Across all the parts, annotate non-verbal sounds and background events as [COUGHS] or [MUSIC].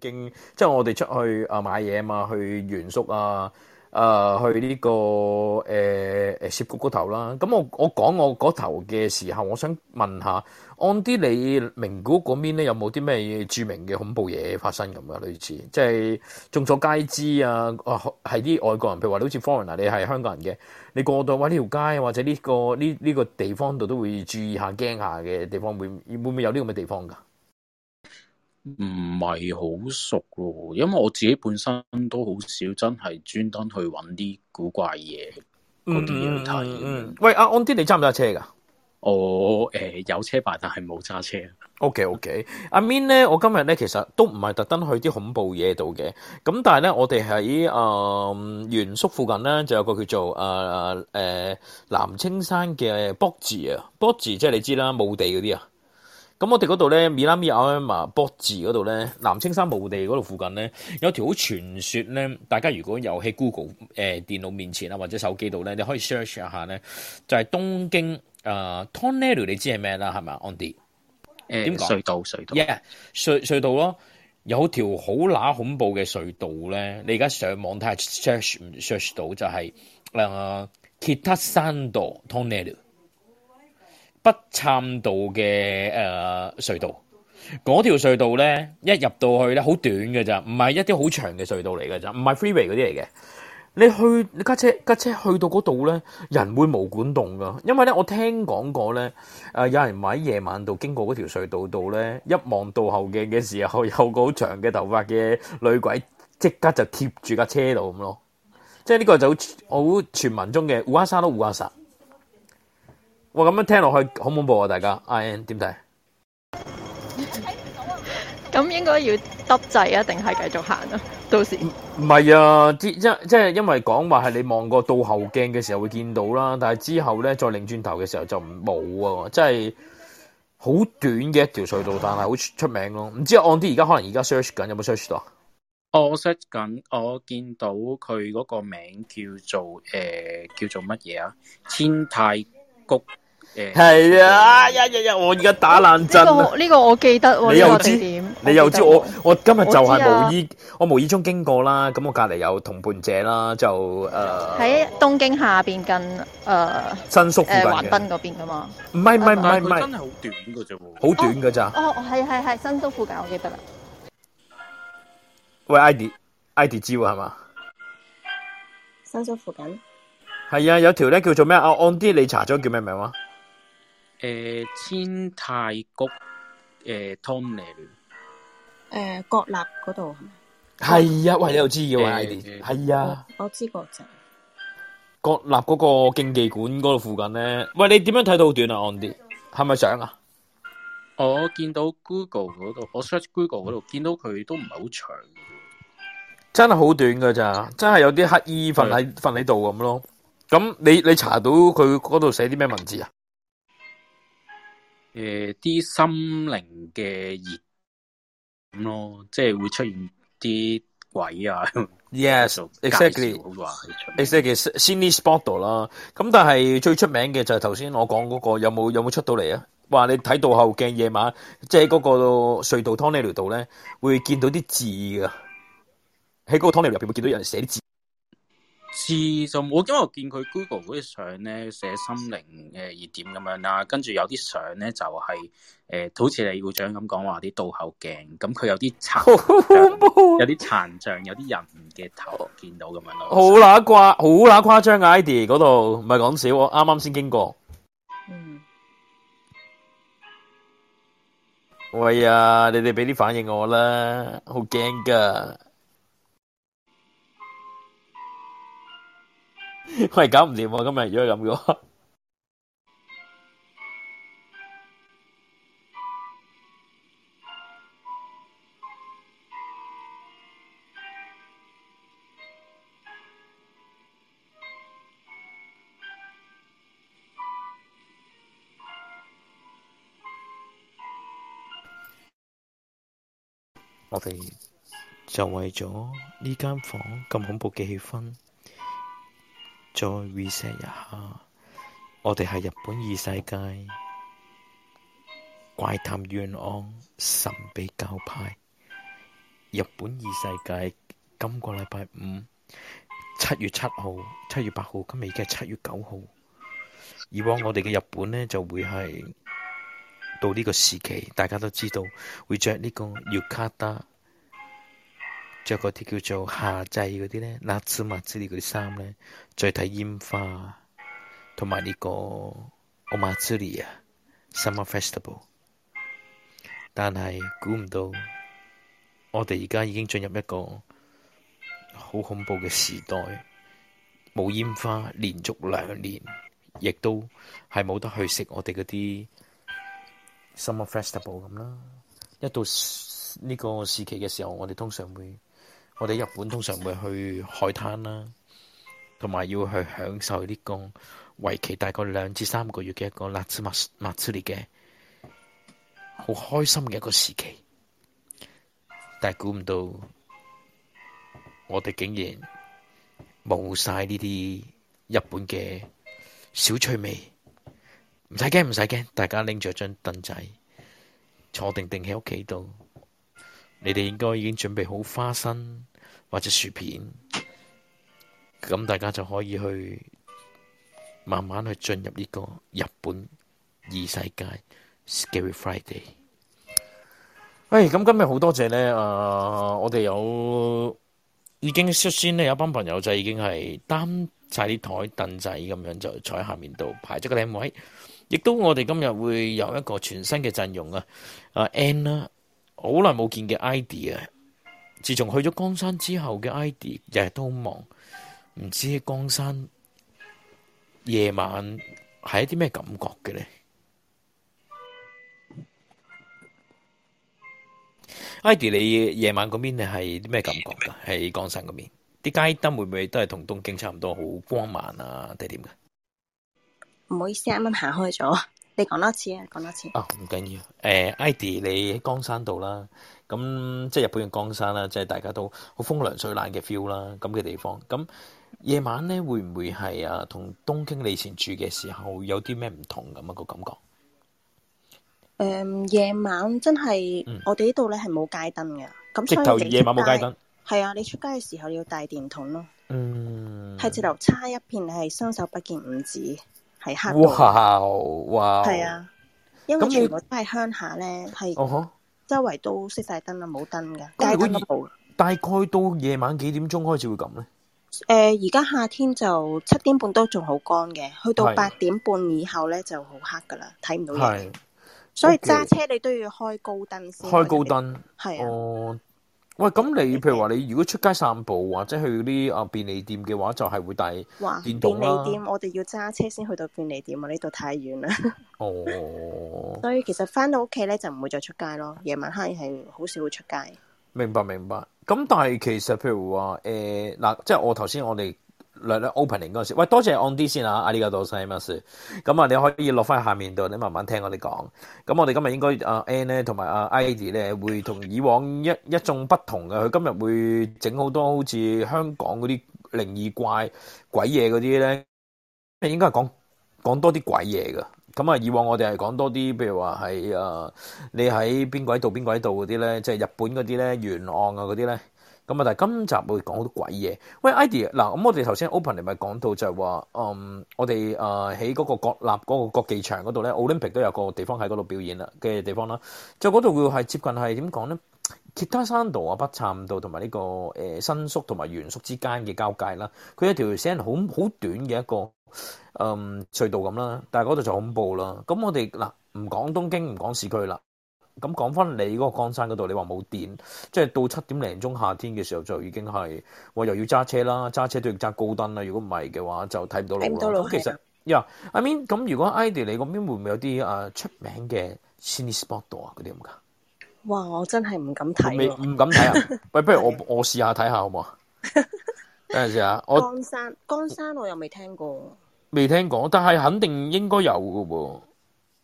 經即係我哋出去啊買嘢嘛，去原宿啊，誒、呃、去呢、這個誒誒涉谷嗰、嗯、頭啦。咁我我講我嗰頭嘅時候，我想問下，按啲你名古屋嗰邊咧有冇啲咩著名嘅恐怖嘢發生咁啊？類似即係眾所皆知啊，係、啊、啲外國人，譬如話你好似 Foreigner，你係香港人嘅，你過到話呢條街或者呢、這個呢呢、這個地方度都會注意下驚下嘅地方，會會唔會有呢個咁嘅地方噶？唔係好熟咯，因為我自己本身都好少真係專登去搵啲古怪嘢嗰啲嘢睇。嗯，喂，阿 a n 你揸唔揸車噶？我誒、呃、有車牌，但係冇揸車。O K O K。阿 Min 咧，我今日咧其實都唔係特登去啲恐怖嘢度嘅。咁但係咧，我哋喺誒袁叔附近咧就有個叫做誒誒、呃呃、南青山嘅 box 啊，box 即係你知啦，墓地嗰啲啊。咁、嗯、我哋嗰度咧，米拉米亞嘛博字嗰度咧，南青山墓地嗰度附近咧，有條好傳説咧。大家如果有喺 Google 誒、呃、電腦面前啊，或者手機度咧，你可以 search 一下咧，就係、是、東京誒 Tunnel、呃。你知係咩啦？係咪，Andy？誒點講？隧道隧道。Yes，、yeah, 隧隧道咯，有條好乸恐怖嘅隧道咧。你而家上網睇下，search search 到就係誒 Kitasando Tunnel 北參道嘅誒隧道，嗰條隧道咧，一入到去咧，好短嘅咋，唔係一啲好長嘅隧道嚟嘅咋，唔係 freeway 嗰啲嚟嘅。你去你架車架車去到嗰度咧，人會冇管動噶，因為咧我聽講過咧，誒有人喺夜晚度經過嗰條隧道度咧，一望倒後鏡嘅時候，有個好長嘅頭髮嘅女鬼即刻就貼住架車度咁咯，即係呢個就好好傳聞中嘅烏鴉山都烏鴉實。我咁樣聽落去好恐怖啊！大家，Ian 點睇？咁應該要得滯啊，定係繼續行啊？到時唔係啊，即即係因為講話係你望過倒後鏡嘅時候會見到啦，但係之後咧再擰轉頭嘅時候就冇啊！即係好短嘅一條隧道，但係好出名咯。唔知按啲而家可能而家 search 緊有冇 search 到啊？我 search 緊，我見到佢嗰個名叫做誒、呃，叫做乜嘢啊？千泰谷。係啊！呀呀呀，我而家打爛陣。呢個呢個我記得我呢個地點。你又知我我今日就係無意，我無意中經過啦。咁我隔籬有同伴姐啦，就誒喺東京下邊近誒新宿附近橫濱嗰邊噶嘛？唔係唔係唔係，佢真係好短噶啫，好短噶咋？哦，係係係新宿附近，我記得啦。喂，I D I D 知係嘛？新宿附近係啊，有條咧叫做咩啊？On 啲，你查咗叫咩名啊？誒，千泰谷誒，湯尼，誒，國立嗰度係咪？係啊，喂，你又知嘅？係呀，我知國際，國立嗰個競技館嗰度附近咧。喂，你點樣睇到好短啊？安啲、嗯，係咪想啊？我見到 Google 嗰度，我 search Google 嗰度見到佢都唔係好長真，真係好短噶咋？真係有啲乞衣瞓喺瞓喺度咁咯。咁你你查到佢嗰度寫啲咩文字啊？誒，啲心靈嘅熱咁咯，即係會出現啲鬼啊。Yes，exactly。exactly。Sydney spot 度啦，咁但係最出名嘅就係頭先我講嗰個，有冇有冇出到嚟啊？哇！你睇到後鏡夜晚，即係嗰個隧道 Tunnel 度咧，會見到啲字噶。喺嗰個 Tunnel 入邊會見到有人寫啲字。事訊，我今日見佢 Google 嗰啲相咧寫心靈誒熱點咁樣啦，跟住有啲相咧就係、是、誒，好、呃、似你會長咁講話啲倒後鏡，咁佢有啲殘 [LAUGHS] 有啲殘障，有啲人嘅頭見到咁樣咯、那個，好乸誇好乸誇張嘅，I D 嗰度唔係講笑，我啱啱先經過。嗯。喂啊！你哋俾啲反應我啦，好驚噶。喂，搞唔掂啊！今日如果係咁嘅話，我哋就為咗呢間房咁恐怖嘅氣氛。再 reset 一下，我哋係日本異世界怪談冤案神秘教派。日本異世界今個禮拜五七月七號、七月八號，今日已經係七月九號。以往我哋嘅日本呢，就會係到呢個時期，大家都知道會着呢個 yukata。着嗰啲叫做夏祭嗰啲咧，なつまつり嗰啲衫咧，再睇煙花，同埋呢個お祭り啊 summer festival。但係估唔到，我哋而家已經進入一個好恐怖嘅時代，冇煙花，連續兩年亦都係冇得去食我哋嗰啲 summer festival 咁啦。一到呢個時期嘅時候，我哋通常會。我哋日本通常會去海灘啦，同埋要去享受呢個為期大概兩至三個月嘅一個辣 a s t m o 嘅好開心嘅一個時期。但係估唔到，我哋竟然冇晒呢啲日本嘅小趣味。唔使驚，唔使驚，大家拎住張凳仔坐定定喺屋企度。你哋應該已經準備好花生或者薯片，咁大家就可以去慢慢去進入呢個日本異世界 Scary Friday。誒、哎，咁今日好多謝呢。誒、呃，我哋有已經率先呢，有班朋友就已經係擔晒啲台凳仔咁樣就坐喺下面度排咗個靚位，亦都我哋今日會有一個全新嘅陣容啊，啊、呃、N 啦。好耐冇見嘅 I D 啊！自從去咗江山之後嘅 I D 日日都忙，唔知江山夜晚係一啲咩感覺嘅咧？I D 你夜晚嗰邊你係啲咩感覺噶？喺江山嗰邊啲街燈會唔會都係同東京差唔多好光猛啊？定係點噶？唔好意思啱啱行開咗。你講多次啊，講多次。次哦，唔緊要。誒、欸、Ivy 你喺江山度啦，咁即係日本嘅江山啦，即係大家都好風涼水冷嘅 feel 啦，咁嘅地方。咁夜晚咧，會唔會係啊？同東京你以前住嘅時候有啲咩唔同咁啊？個感覺？誒、嗯，夜晚真係、嗯、我哋呢度咧係冇街燈嘅，咁直頭夜晚冇街燈。係啊，你出街嘅時候要帶電筒咯。嗯。係直頭差一片，係伸手不見五指。.係黑到哇，哇！係啊，因為全部都係鄉下咧，係你周圍都熄晒燈啦，冇燈嘅，街燈都冇。大概到夜晚幾點鐘開始會咁咧？誒、呃，而家夏天就七點半都仲好干嘅，去到八點半以後咧就好黑噶啦，睇唔的到嘢。的所以揸車你都要開高燈先。開高燈係。的喂，咁你譬如話你如果出街散步或者去啲啊便利店嘅話，就係、是、會帶便利店，我哋要揸車先去到便利店啊，呢度太遠啦。 [LAUGHS] 哦，所以其實翻到屋企咧就唔會再出街咯，夜晚黑係好少會出街。明白明白，咁但係其實譬如話誒嗱，即係我頭先我哋。略略 opening 嗰陣時，喂，多謝 on 啲先啊，阿李教授，阿 Ms。咁啊，你可以落翻下面度，你慢慢聽我哋講。咁、嗯、我哋今日應該啊 Ann 咧，同埋啊 Id 咧，會同以往一一眾不同嘅。佢今日會整好多好似香港嗰啲靈異怪鬼嘢嗰啲咧，應該係講講多啲鬼嘢㗎。咁、嗯、啊，以往我哋係講多啲，譬如話係啊，你喺邊鬼度，邊鬼度嗰啲咧，即係日本嗰啲咧，冤案啊嗰啲咧。咁啊！但係今集我哋講好多鬼嘢。喂，Ivy，嗱，咁我哋頭先 open 嚟咪講到就係話，嗯，我哋誒喺嗰個國立嗰個國技場嗰度咧，Olympic 都有個地方喺嗰度表演啦嘅地方啦。就嗰度會係接近係點講咧？其他山道啊、北參道同埋呢個誒新宿同埋原宿之間嘅交界啦。佢有條線好好短嘅一個嗯隧道咁啦。但係嗰度就恐怖啦。咁我哋嗱唔講東京唔講市區啦。咁講翻你嗰個江山嗰度，你話冇電，即係到七點零鐘夏天嘅時候，就已經係我、哎、又要揸車啦，揸車都要揸高燈啦。如果唔係嘅話，就睇唔到路啦。咁其實，呀、啊，阿 Min，咁如果 i d 你嗰邊會唔會有啲啊出名嘅 senior spot 度啊？嗰啲咁噶？哇！我真係唔敢睇，唔敢睇啊！喂， [LAUGHS] 不如我我試下睇下好唔好啊？等陣先啊！我江山江山，江山我又未聽過，未聽過，但係肯定應該有嘅喎。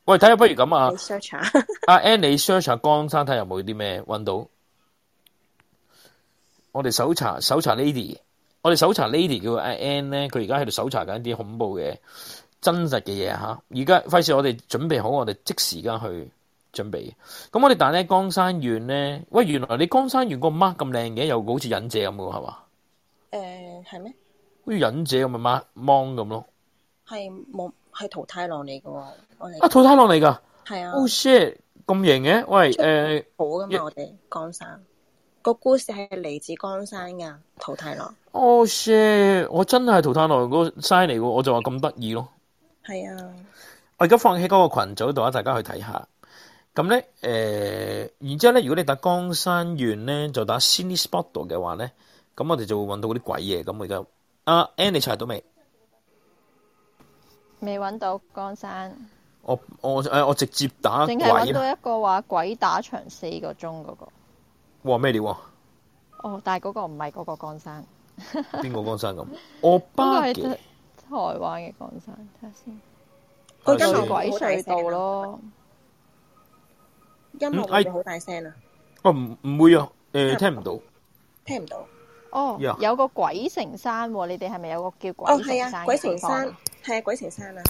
喂，睇下，不如咁啊！阿 Ann，你 search 下江山睇有冇啲咩揾到？我哋搜查搜查 Lady，我哋搜查 Lady 叫阿 Ann 咧，佢而家喺度搜查緊一啲恐怖嘅真實嘅嘢吓。而家費事，我哋準備好，我哋即時間去準備。咁我哋但係咧，江山縣咧，喂，原來你江山縣個 mark 咁靚嘅，又好似忍者咁嘅係嘛？誒，係咩？好似忍者咁咪 mark 芒咁咯，係冇，係淘汰落嚟嘅。啊！桃太郎嚟噶，係啊！Oh shit，咁型嘅，喂，誒，好噶嘛，耶我哋岡山，那個故事係嚟自岡山噶，桃太郎。Oh shit，哦、我真係桃太郎嗰個山嚟噶，我就話咁得意咯。係啊哪，我而家放喺嗰個群組度啊，大家去睇下。咁咧，誒、呃，然之後咧，如果你打岡山縣咧，就打 Sinisport 嘅話咧，咁我哋就會搵到嗰啲鬼嘢。咁我而家，阿 Andy 查到未？未搵到岡山。我我誒、哎，我直接打。淨係搵到一個話鬼打牆四個鐘嗰、那個。哇，咩料啊？哦，但係嗰個唔係嗰個江山。邊 [LAUGHS] 個江山咁？我、 [LAUGHS] 哦、巴嘅。 [LAUGHS] 台灣嘅江山，睇下先。佢跟住鬼隧道咯。音樂會好大聲啊！哦、哎，唔、啊、唔會啊，誒、呃，聽唔到。聽唔到。哦，Yeah. 有個鬼城山喎、哦，你哋係咪有個叫鬼城山鬼城山？係、哦、啊，鬼城山，看看鬼城山啊。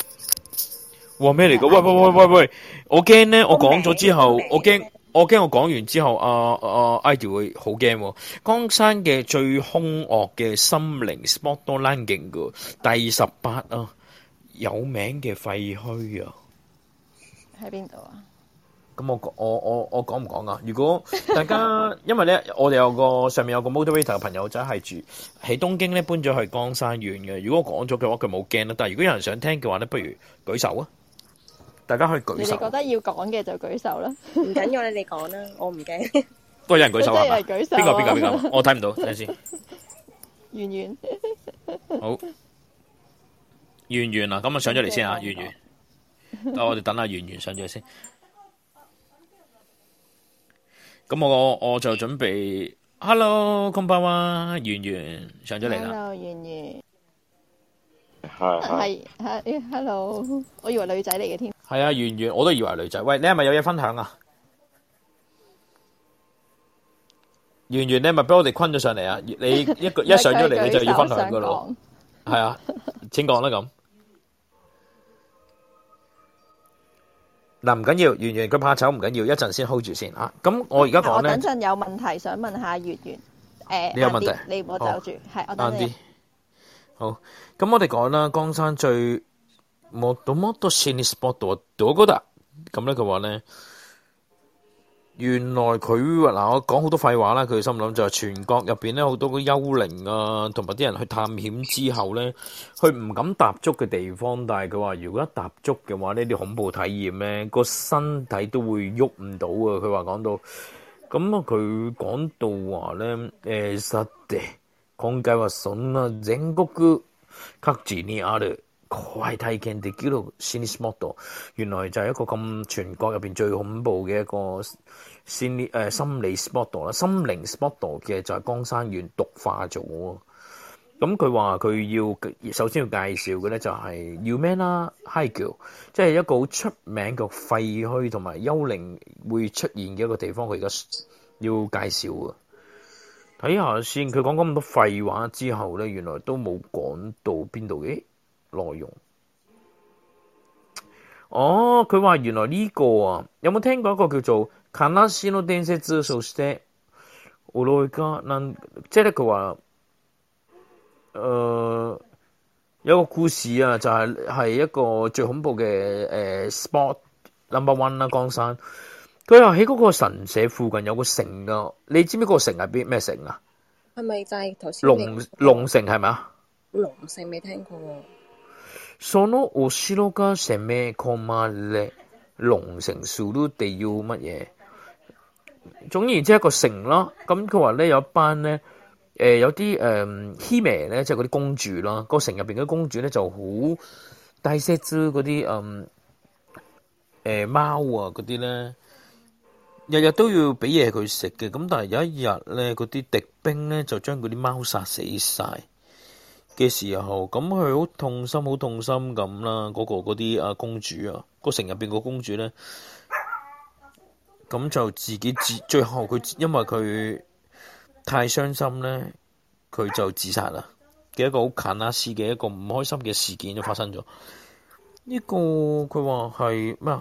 話咩嚟噶？喂喂喂喂喂，我驚咧！我講咗之後，我驚我驚我講完之後，阿、啊、阿、啊、I D 會好驚。岡山嘅最凶惡嘅心靈 Spot ランキング，第二十八啊，有名嘅廢墟啊，喺邊度啊？咁我我我我講唔講啊？如果大家 [LAUGHS] 因為咧，我哋有個上面有個 Motivator 嘅朋友仔係住喺東京咧，搬咗去岡山縣嘅。如果我講咗嘅話，佢冇驚啦。但係如果有人想聽嘅話咧，不如舉手啊！大家可以舉手。你哋覺得要講嘅就舉手啦，唔緊要咧，你講啦，我唔驚。都係有人舉手啊！都係有人舉手。邊個？邊個？邊個？我睇唔到，等陣先。圓圓。好。圓圓啊，咁啊上咗嚟先啊，圓圓。我哋等下圓圓上咗嚟先。咁我我就準備，hello，kompa，圓圓上咗嚟啦。hello，圓圓。係係，hello，我以為女仔嚟嘅添。係啊，圓圓，我都以為女仔。喂，你係咪有嘢分享啊？圓圓，你咪俾我哋昆咗上嚟啊！你一個一上咗嚟，你就要分享噶啦。係啊，請講啦咁。嗱，唔緊要，圓圓佢怕醜，唔緊要，一陣先 hold 住先啊。咁我而家講咧，我等陣有問題想問下圓圓。誒，你有問題，你唔好走住，係我等你。好，咁我哋講啦，江山最冇到冇多 serious 度啊，我覺得咁咧嘅話咧，原來佢嗱我講好多廢話啦，佢心諗就係全國入邊咧，好多個幽靈啊，同埋啲人去探險之後咧，佢唔敢踏足嘅地方，但係佢話如果一踏足嘅話呢啲恐怖體驗咧，個身體都會喐唔到啊，佢話講到，咁啊佢講到話咧，誒、欸，實今回はそんな全國各地にある怖い體験できる心理スポット，原來就係一個咁全國入邊最恐怖嘅一個心理誒、呃、心理 spot 啦，心靈 spot 嘅就係江山縣毒化組。咁佢話佢要首先要介紹嘅咧就係 Yumena Haikyo，即係一個好出名嘅廢墟同埋幽靈會出現嘅一個地方，佢而家要介紹啊。睇下先，佢講咁多廢話之後咧，原來都冇講到邊度嘅內容。哦，佢話原來呢、這個啊，有冇聽過一個叫做《Can a send dance I 哀 y 的傳說》呃？首先，我來家，那即係佢話，誒有個故事啊，就係、是、係一個最恐怖嘅誒、呃、spot number one 啦，江山。佢話喺嗰個神社附近有個城啊，你知唔知個城係邊咩城啊？係咪就係頭先？龍龍城係咪啊？龍城未聽過。sono oshiro ga semekomare 龍城 sudu deu 乜嘢？ [LAUGHS] 總然之一個城啦。咁佢話咧有一班咧，誒、呃、有啲誒，hime 咧即係嗰啲公主啦。個城入邊嘅公主咧就好大隻隻嗰啲誒，誒、呃、貓、呃、啊嗰啲咧。日日都要俾嘢佢食嘅，咁但係有一日咧，嗰啲敵兵咧就將嗰啲貓殺死晒嘅時候，咁佢好痛心，好痛心咁啦。嗰、嗰個嗰啲啊公主啊，個城入邊個公主咧，咁就自己自最後佢因為佢太傷心咧，佢就自殺啦。嘅一個好近啊，事嘅一個唔開心嘅事件就發生咗。呢、個佢話係咩？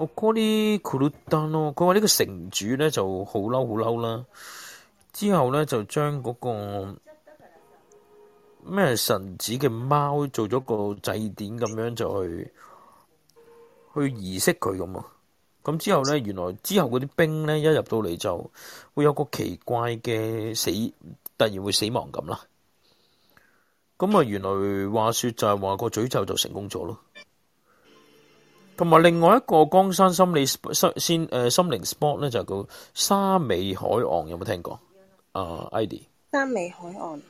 我哥啲佢話呢個城主咧就好嬲，好嬲啦。之後咧就將嗰個咩神子嘅貓做咗個祭典咁樣就去去儀式佢咁啊。咁之後咧，原來之後嗰啲兵咧一入到嚟就會有個奇怪嘅死，突然會死亡咁啦。咁啊，原來話說就係話個詛咒就成功咗咯。同埋另外一個岡山心理先誒心靈、呃、spot 咧，就叫沙尾海岸有冇聽過？啊 i d y 沙尾海岸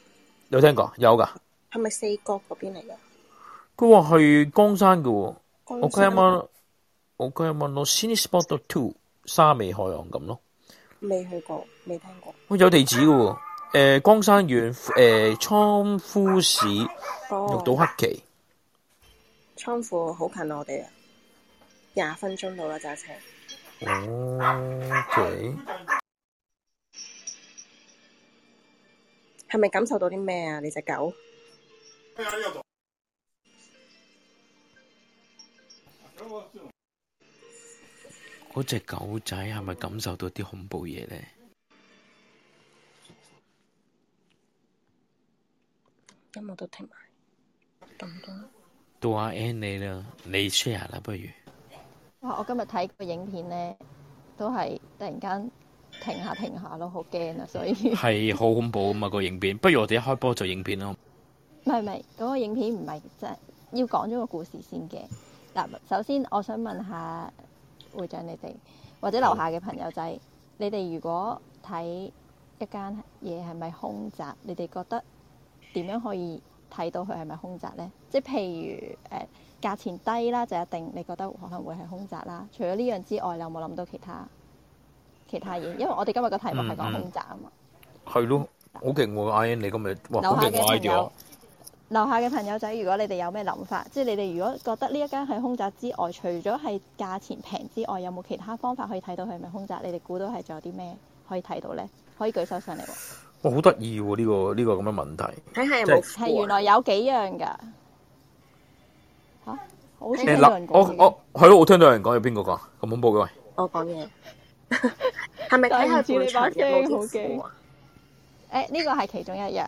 有聽過？有噶。係咪四國嗰邊嚟噶？佢話去岡山嘅。我今日我今日我心靈 spot 到 two 沙尾海岸咁咯。未去過，未聽過。我有地址嘅。誒、呃，岡山縣誒倉敷市玉島、oh, 黑崎。倉敷好近我哋啊！廿分鐘到啦，揸車。哦，OK。係咪感受到啲咩啊？你隻狗。嗰隻 [NOISE] 狗仔係咪感受到啲恐怖嘢咧？咁我都停埋，凍到。到我 n 你啦，你 share 啦，不如。我今日睇個影片呢，都係突然間停下停下咯，好驚啊！所以係 [LAUGHS] 好恐怖啊嘛，個影片。不如我哋一開波做影片咯。唔係唔係，嗰個影片唔係即係要講咗個故事先嘅。嗱，首先我想問下會長你哋，或者樓下嘅朋友仔，好你哋如果睇一間嘢係咪空宅，你哋覺得點樣可以睇到佢係咪空宅呢？即係譬如誒。呃價錢低啦，就一定你覺得可能會係凶宅啦。除咗呢樣之外，你有冇諗到其他其他嘢？因為我哋今日個題目係講凶宅啊嘛。係咯、嗯，嗯嗯、好勁喎！I N，你今日哇，好勁喎！I 樓下嘅朋友，哦、朋友仔，如果你哋有咩諗法，即係你哋如果覺得呢一間係凶宅之外，除咗係價錢平之外，有冇其他方法可以睇到佢係咪凶宅？你哋估到係仲有啲咩可以睇到咧？可以舉手上嚟喎、哦。好得意喎！呢、呢個呢、呢個咁嘅、呢個、問題，即係原來有幾樣㗎。吓，好少人講。我我係咯，我聽到有人講，有邊個講咁恐怖嘅？喂！我講嘢，係咪？戴爾，你把聲好驚。誒，呢個係其中一樣，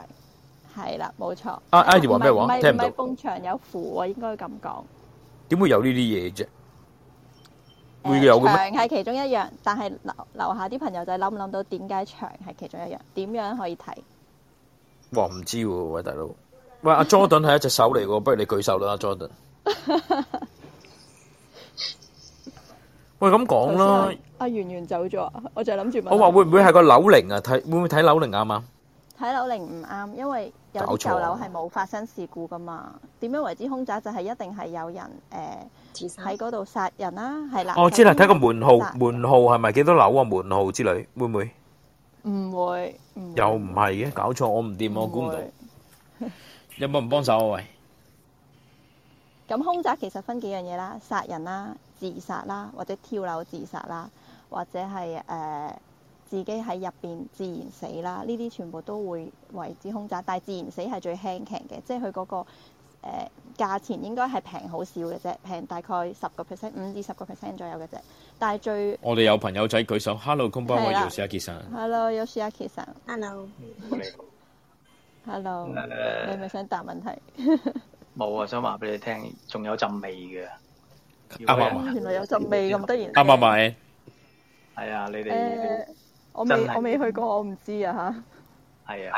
係啦，冇錯。阿阿怡話咩話？聽唔到。唔係唔係，風牆有符，應該咁講。點會有呢啲嘢啫？會有嘅咩？牆係其中一樣，但係樓樓下啲朋友就諗唔諗到點解牆係其中一樣？點樣可以睇？哇，唔知喎，喂大佬，喂阿 Jordan 係一隻手嚟嘅，不如你舉手啦，Jordan。喂，咁講啦。阿圓圓走咗啊，我就諗住問。我話會唔會係個樓齡啊？睇會唔會睇樓齡啱唔啱？睇樓齡唔啱，因為有舊樓係冇發生事故噶嘛。點樣為之凶宅就係一定係有人誒喺嗰度殺人啦，係啦。我知啦，睇個門號，門號係咪幾多樓啊？門號之類會唔會？唔會。又唔係嘅，搞錯，我唔掂，我估唔到。有冇人幫手啊？喂？咁凶宅其實分幾樣嘢啦，殺人啦、自殺啦，或者跳樓自殺啦，或者係誒、呃、自己喺入邊自然死啦，呢啲全部都會為之凶宅。但係自然死係最輕平嘅，即係佢嗰個誒、呃、價錢應該係平好少嘅啫，平大概十個 percent、五至十個 percent 左右嘅啫。但係最我哋有朋友仔舉手，Hello 空幫我搖手啊 Yoshiaki san。Hello，Yoshiaki san。Hello。Hello。你係咪想答問題？ [LAUGHS] 冇啊！想話俾你聽，仲有陣味嘅。阿、嗯、係原來有陣味咁得意。阿啱、嗯？咪、嗯，係啊、哎，你哋、呃。我未我未去過，我唔知啊吓。係、哎、啊。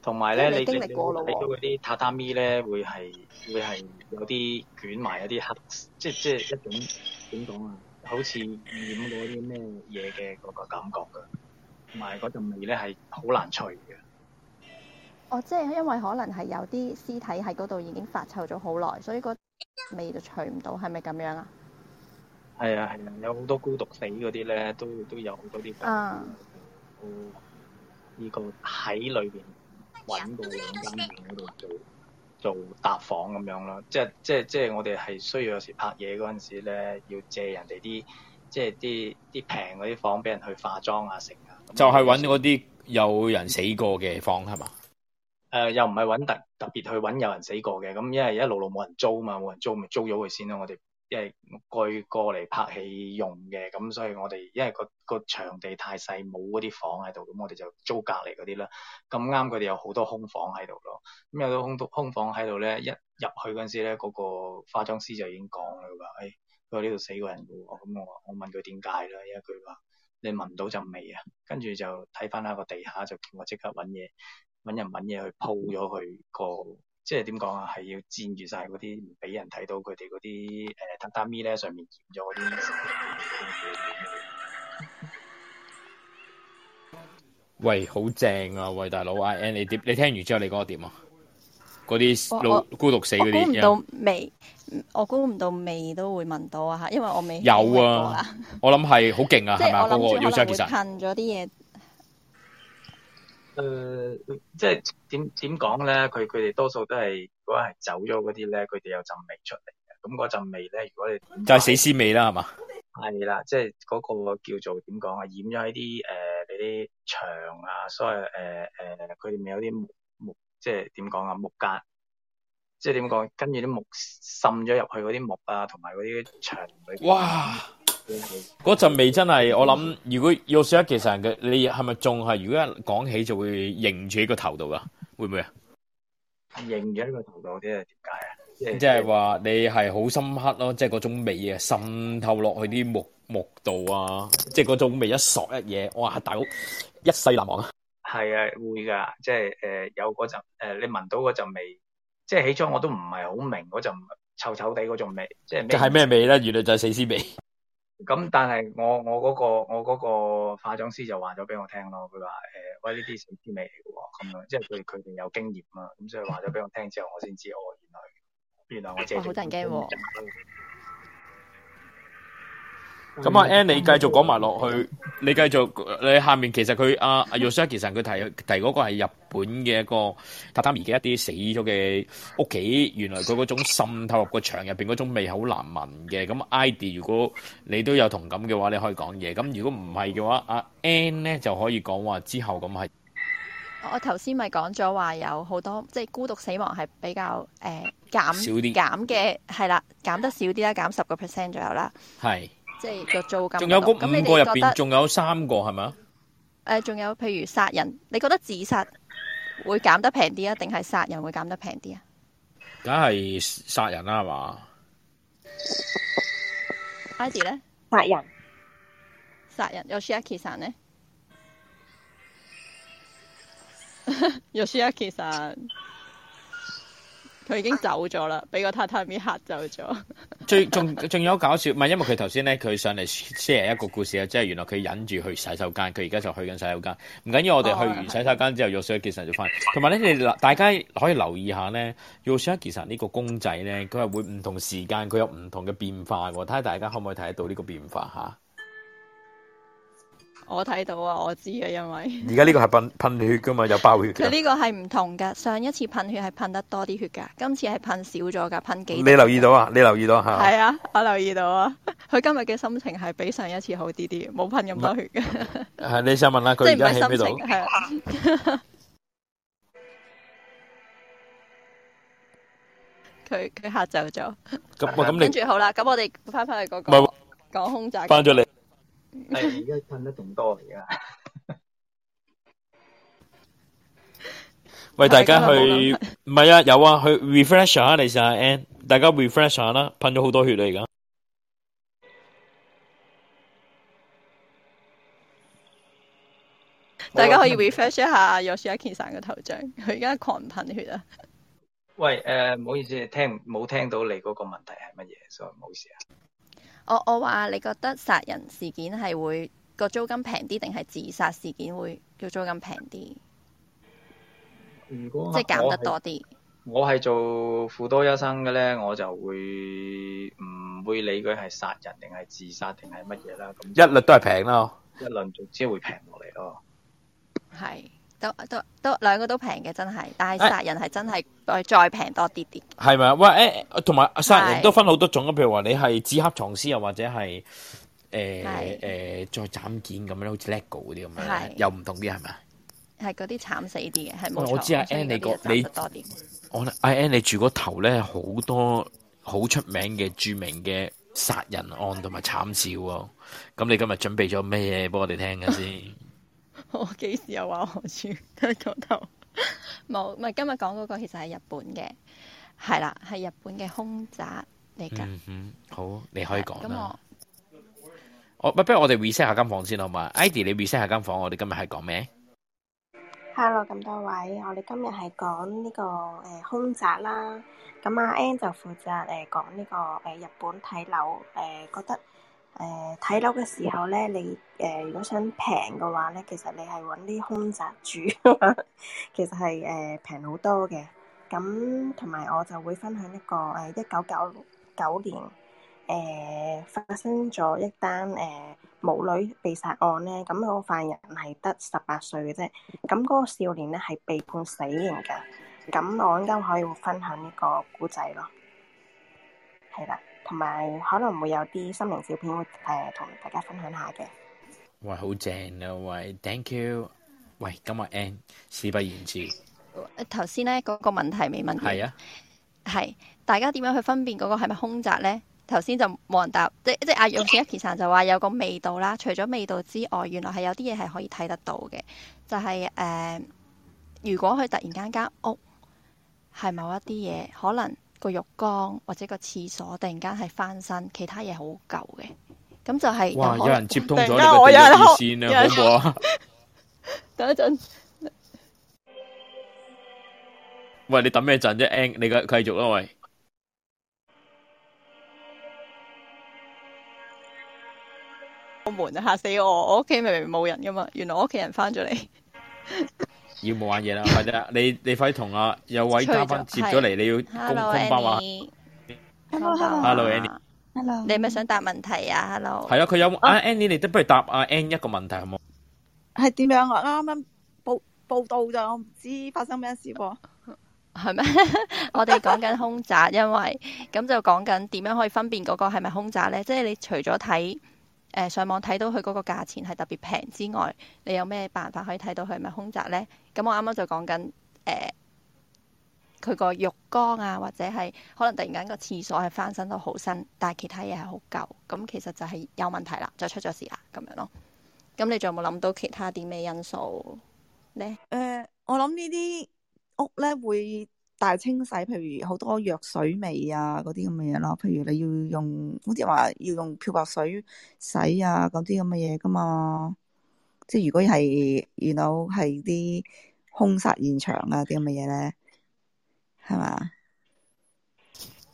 同埋咧，你你你經過睇到嗰啲榻榻米咧，會係會係有啲捲埋一啲黑，即係即係一種點講啊？好似染到啲咩嘢嘅嗰個感覺噶，同埋嗰陣味咧係好難除嘅。哦，即係因為可能係有啲屍體喺嗰度已經發臭咗好耐，所以個味就除唔到，係咪咁樣啊？係啊，係啊，有好多孤獨死嗰啲咧，都都有好多啲房。哦、啊，呢、這個喺裏邊搵到兩間房度做做，做搭房咁樣咯。即係即係即係我哋係需要有時拍嘢嗰陣時咧，要借人哋啲即係啲啲平嗰啲房俾人去化妝啊，食啊。就係搵嗰啲有人死過嘅房係嘛？誒、呃，又唔係揾特特別去揾有人死過嘅，咁因為一路路冇人租嘛，冇人租，咪租咗佢先咯。我哋因為過過嚟拍戲用嘅，咁所以我哋因為、那個個場地太細，冇嗰啲房喺度，咁我哋就租隔籬嗰啲啦。咁啱佢哋有好多空房喺度咯。咁有咗空空房喺度咧，一入去嗰陣時咧，嗰、那個化妝師就已經講啦，佢話，誒、哎，佢話呢度死過人噶。咁、哦、我我問佢點解啦，因為佢話你聞到陣味啊，跟住就睇翻下個地下，就叫我即刻揾嘢。搵人搵嘢去鋪咗佢個，即係點講啊？係要占住晒嗰啲，唔俾人睇到佢哋嗰啲誒，榻榻米咧上面鹽咗嗰啲。喂，好正啊！喂，大佬，I N 你點？ [LAUGHS] 你聽完之後你覺得點啊？嗰啲老孤獨死嗰啲嘢。我，我估唔到味都會聞到啊。誒、呃，即係點點講咧？佢佢哋多數都係，如果係走咗嗰啲咧，佢哋有陣味出嚟嘅。咁嗰陣味咧，如果你點就係死屍味啦，係嘛？係啦，即係嗰個叫做點講啊？染咗喺啲誒，嗰啲牆啊，所謂誒誒，佢哋咪有啲木木，即係點講啊？木格，即係點講？跟住啲木滲咗入去嗰啲木啊，同埋嗰啲牆裏。哇嗰陣味真係，我諗如果要說一其實嘅，你係咪仲係？如果一講起就會認住喺個頭度噶，會唔會啊？認住喺個頭度，啲係點解啊？即係話你係好深刻咯，即係嗰種味啊，滲透落去啲木木度啊，即係嗰種味一索一嘢，哇！大佬一世難忘啊！係啊，會噶，即係誒、呃，有嗰陣誒，你聞到嗰陣味，即係起初我都唔係好明嗰陣臭臭地嗰種味，即係咩？係咩味咧？原來就係死屍味。咁但係我我嗰個我嗰個化妝師就話咗俾我聽咯，佢話誒，喂，呢啲水珠味嚟嘅喎，咁樣，即係佢佢哋有經驗啊，咁所以話咗俾我聽之後，我先知哦，原來原來我借好這樣 [LAUGHS] 咁阿 Ann，你繼續講埋落去，你繼續，你下面其實佢阿阿若 Sir，其實佢提提嗰個係日本嘅一個榻榻米嘅一啲死咗嘅屋企，原來佢嗰種滲透入個牆入邊嗰種味係好難聞嘅。咁 I D，如果你都有同感嘅話，你可以講嘢。咁如果唔係嘅話，阿 Ann 咧就可以講話之後咁係。我頭先咪講咗話有好多即係孤獨死亡係比較誒減少啲減嘅係啦，減得少啲啦，減十個 percent 左右啦。係。即係做做咁仲有，五個入邊，仲、嗯、嗎有三個係咪啊？誒，仲有譬如殺人，你覺得自殺會減得平啲啊？定係殺人會減得平啲啊？梗係殺人啦，係嘛？Ivy 咧，殺人，殺人。Yoshiaki-san 呢？Yoshiaki-san。 [LAUGHS] Yoshi 佢已經走咗啦，俾個榻榻米嚇走咗。 [LAUGHS] 最仲仲有搞笑，唔係因為佢頭先咧，佢上嚟 share 一個故事啊，即係原來佢忍住去洗手間，佢而家就去緊洗手間。唔緊要，我哋去完洗手間之後若水其實、哦、就翻。同埋咧，你大家可以留意下咧，若水其實呢個公仔咧，佢係會唔同時間佢有唔同嘅變化喎。睇下大家可唔可以睇得到呢個變化嚇？啊我睇到啊，我知啊，因為而家呢個係噴噴血噶嘛，有爆血。佢呢個係唔同噶，上一次噴血係噴得多啲血噶，今次係噴少咗噶，噴幾多。你留意到啊？你留意到吓？係啊，我留意到啊。佢 [LAUGHS] 今日嘅心情係比上一次好啲啲，冇噴咁多血。係 [LAUGHS] 啊、你想問啦，佢而家唔係心情？係佢佢吓走咗。咁咁跟住好啦，咁我哋翻返去嗰個是講空仔。翻咗嚟。係而家噴得仲多嚟㗎， [LAUGHS] 喂！大家去唔係 [LAUGHS] 啊，有啊，去 refresh 下你試下啊，N，大家 refresh 下啦，噴咗好多血啊，而家 [LAUGHS] 大家可以 refresh 一下，有雪一 k i 嘅頭像，佢而家狂噴血啊！喂，誒、呃，唔好意思，聽冇聽到你嗰個問題係乜嘢，所以唔好意思啊。我我話你覺得殺人事件係會個租金平啲，定係自殺事件會叫租金平啲？如果即係減得多啲。我係做富多醫生嘅咧，我就會唔會理佢係殺人定係自殺定係乜嘢啦。咁一律都係平咯， [LAUGHS] 一律總之會平落嚟咯。係。都都都兩個都平嘅真係，但係殺人係真係再平多啲啲。係咪？喂，誒、欸，同埋殺人都分好多種啊，譬如話你係紙盒藏屍，又或者係誒誒再斬件咁樣，好似 Lego 嗰啲咁樣，又唔同啲係咪？係嗰啲慘死啲嘅，係冇錯。我知阿 An、嗯，你個你多啲。我阿 An，你住個頭咧好多好出名嘅著名嘅殺人案同埋慘事喎、啊。咁你今日準備咗咩嘢俾我哋聽下先？ [LAUGHS] 我幾時又話何處？喺嗰度冇咪？今日講嗰個其實係日本嘅，係啦，係日本嘅空宅嚟㗎、嗯。嗯好，你可以講咁、嗯、我我不如我哋 reset 下間房間，先好嘛？Idy，你 reset 下間房間，我哋今日係講咩？Hello，咁多位，我哋今日係講呢個誒，空宅啦。咁阿 Ann 就負責誒講呢個誒、呃、日本睇樓誒，覺得。誒，睇樓嘅時候咧，你誒、呃，如果想平嘅話咧，其實你係揾啲空宅住， [LAUGHS] 其實係誒平好多嘅。咁同埋我就會分享一個誒一九九九年誒、呃、發生咗一單誒、呃、母女被殺案咧，咁嗰個犯人係得十八歲嘅啫，咁嗰個少年咧係被判死刑噶，咁我應該可以分享呢個古仔咯，係啦。同埋可能會有啲心靈小片會誒同大家分享下嘅，啊。喂，好正啊！喂，Thank you。喂，今日 end 事不宜遲。頭先咧嗰個問題未問題？係啊，係。大家點樣去分辨嗰個係咪凶宅咧？頭先就冇人答，即即阿楊 Sir、e、啊啊、就話有個味道啦。除咗味道之外，原來係有啲嘢係可以睇得到嘅。就係、是、誒、呃，如果佢突然間間屋係、哦、某一啲嘢，可能。個浴缸或者個廁所突然間係翻身，其他嘢好舊嘅，咁就係哇！有人接通咗個電視線啊，嗰個，好好 [LAUGHS] 等一陣，喂，你等咩陣啫 n 你個繼續啦，喂，我門啊嚇死我！我屋企明明冇人噶嘛，原來我屋企人翻咗嚟。 [LAUGHS] 要冇玩嘢啦，或者 [LAUGHS] 你你快同阿、啊、有位嘉賓了接咗嚟，的你要公公拜話。Hello Hello。Hello Annie。Hello。你係咪想答問題啊？Hello。係啊，佢有啊，Annie，你都不如答阿、啊、Annie 一個問題，好冇？係點樣？啊？啱啱報報道就我唔知發生咩事噃、啊。係咩是嗎？ [LAUGHS] 我哋講緊凶宅，因為咁 [LAUGHS] 就講緊點樣可以分辨嗰、那個係咪凶宅咧？即係、就是、你除咗睇。誒上網睇到佢嗰個價錢係特別平之外，你有咩辦法可以睇到佢係咪空宅呢？咁我啱啱就講緊誒，佢、呃、個浴缸啊，或者係可能突然間個廁所係翻身到好新，但係其他嘢係好舊，咁其實就係有問題啦，就出咗事啦咁樣咯。咁你仲有冇諗到其他啲咩因素呢？誒、呃，我諗呢啲屋咧會。大清洗，譬如好多藥水味啊，嗰啲咁嘅嘢咯。譬如你要用，好似話要用漂白水洗啊，嗰啲咁嘅嘢噶嘛。即係如果係遇到係啲兇殺現場啊，啲咁嘅嘢咧，係嘛？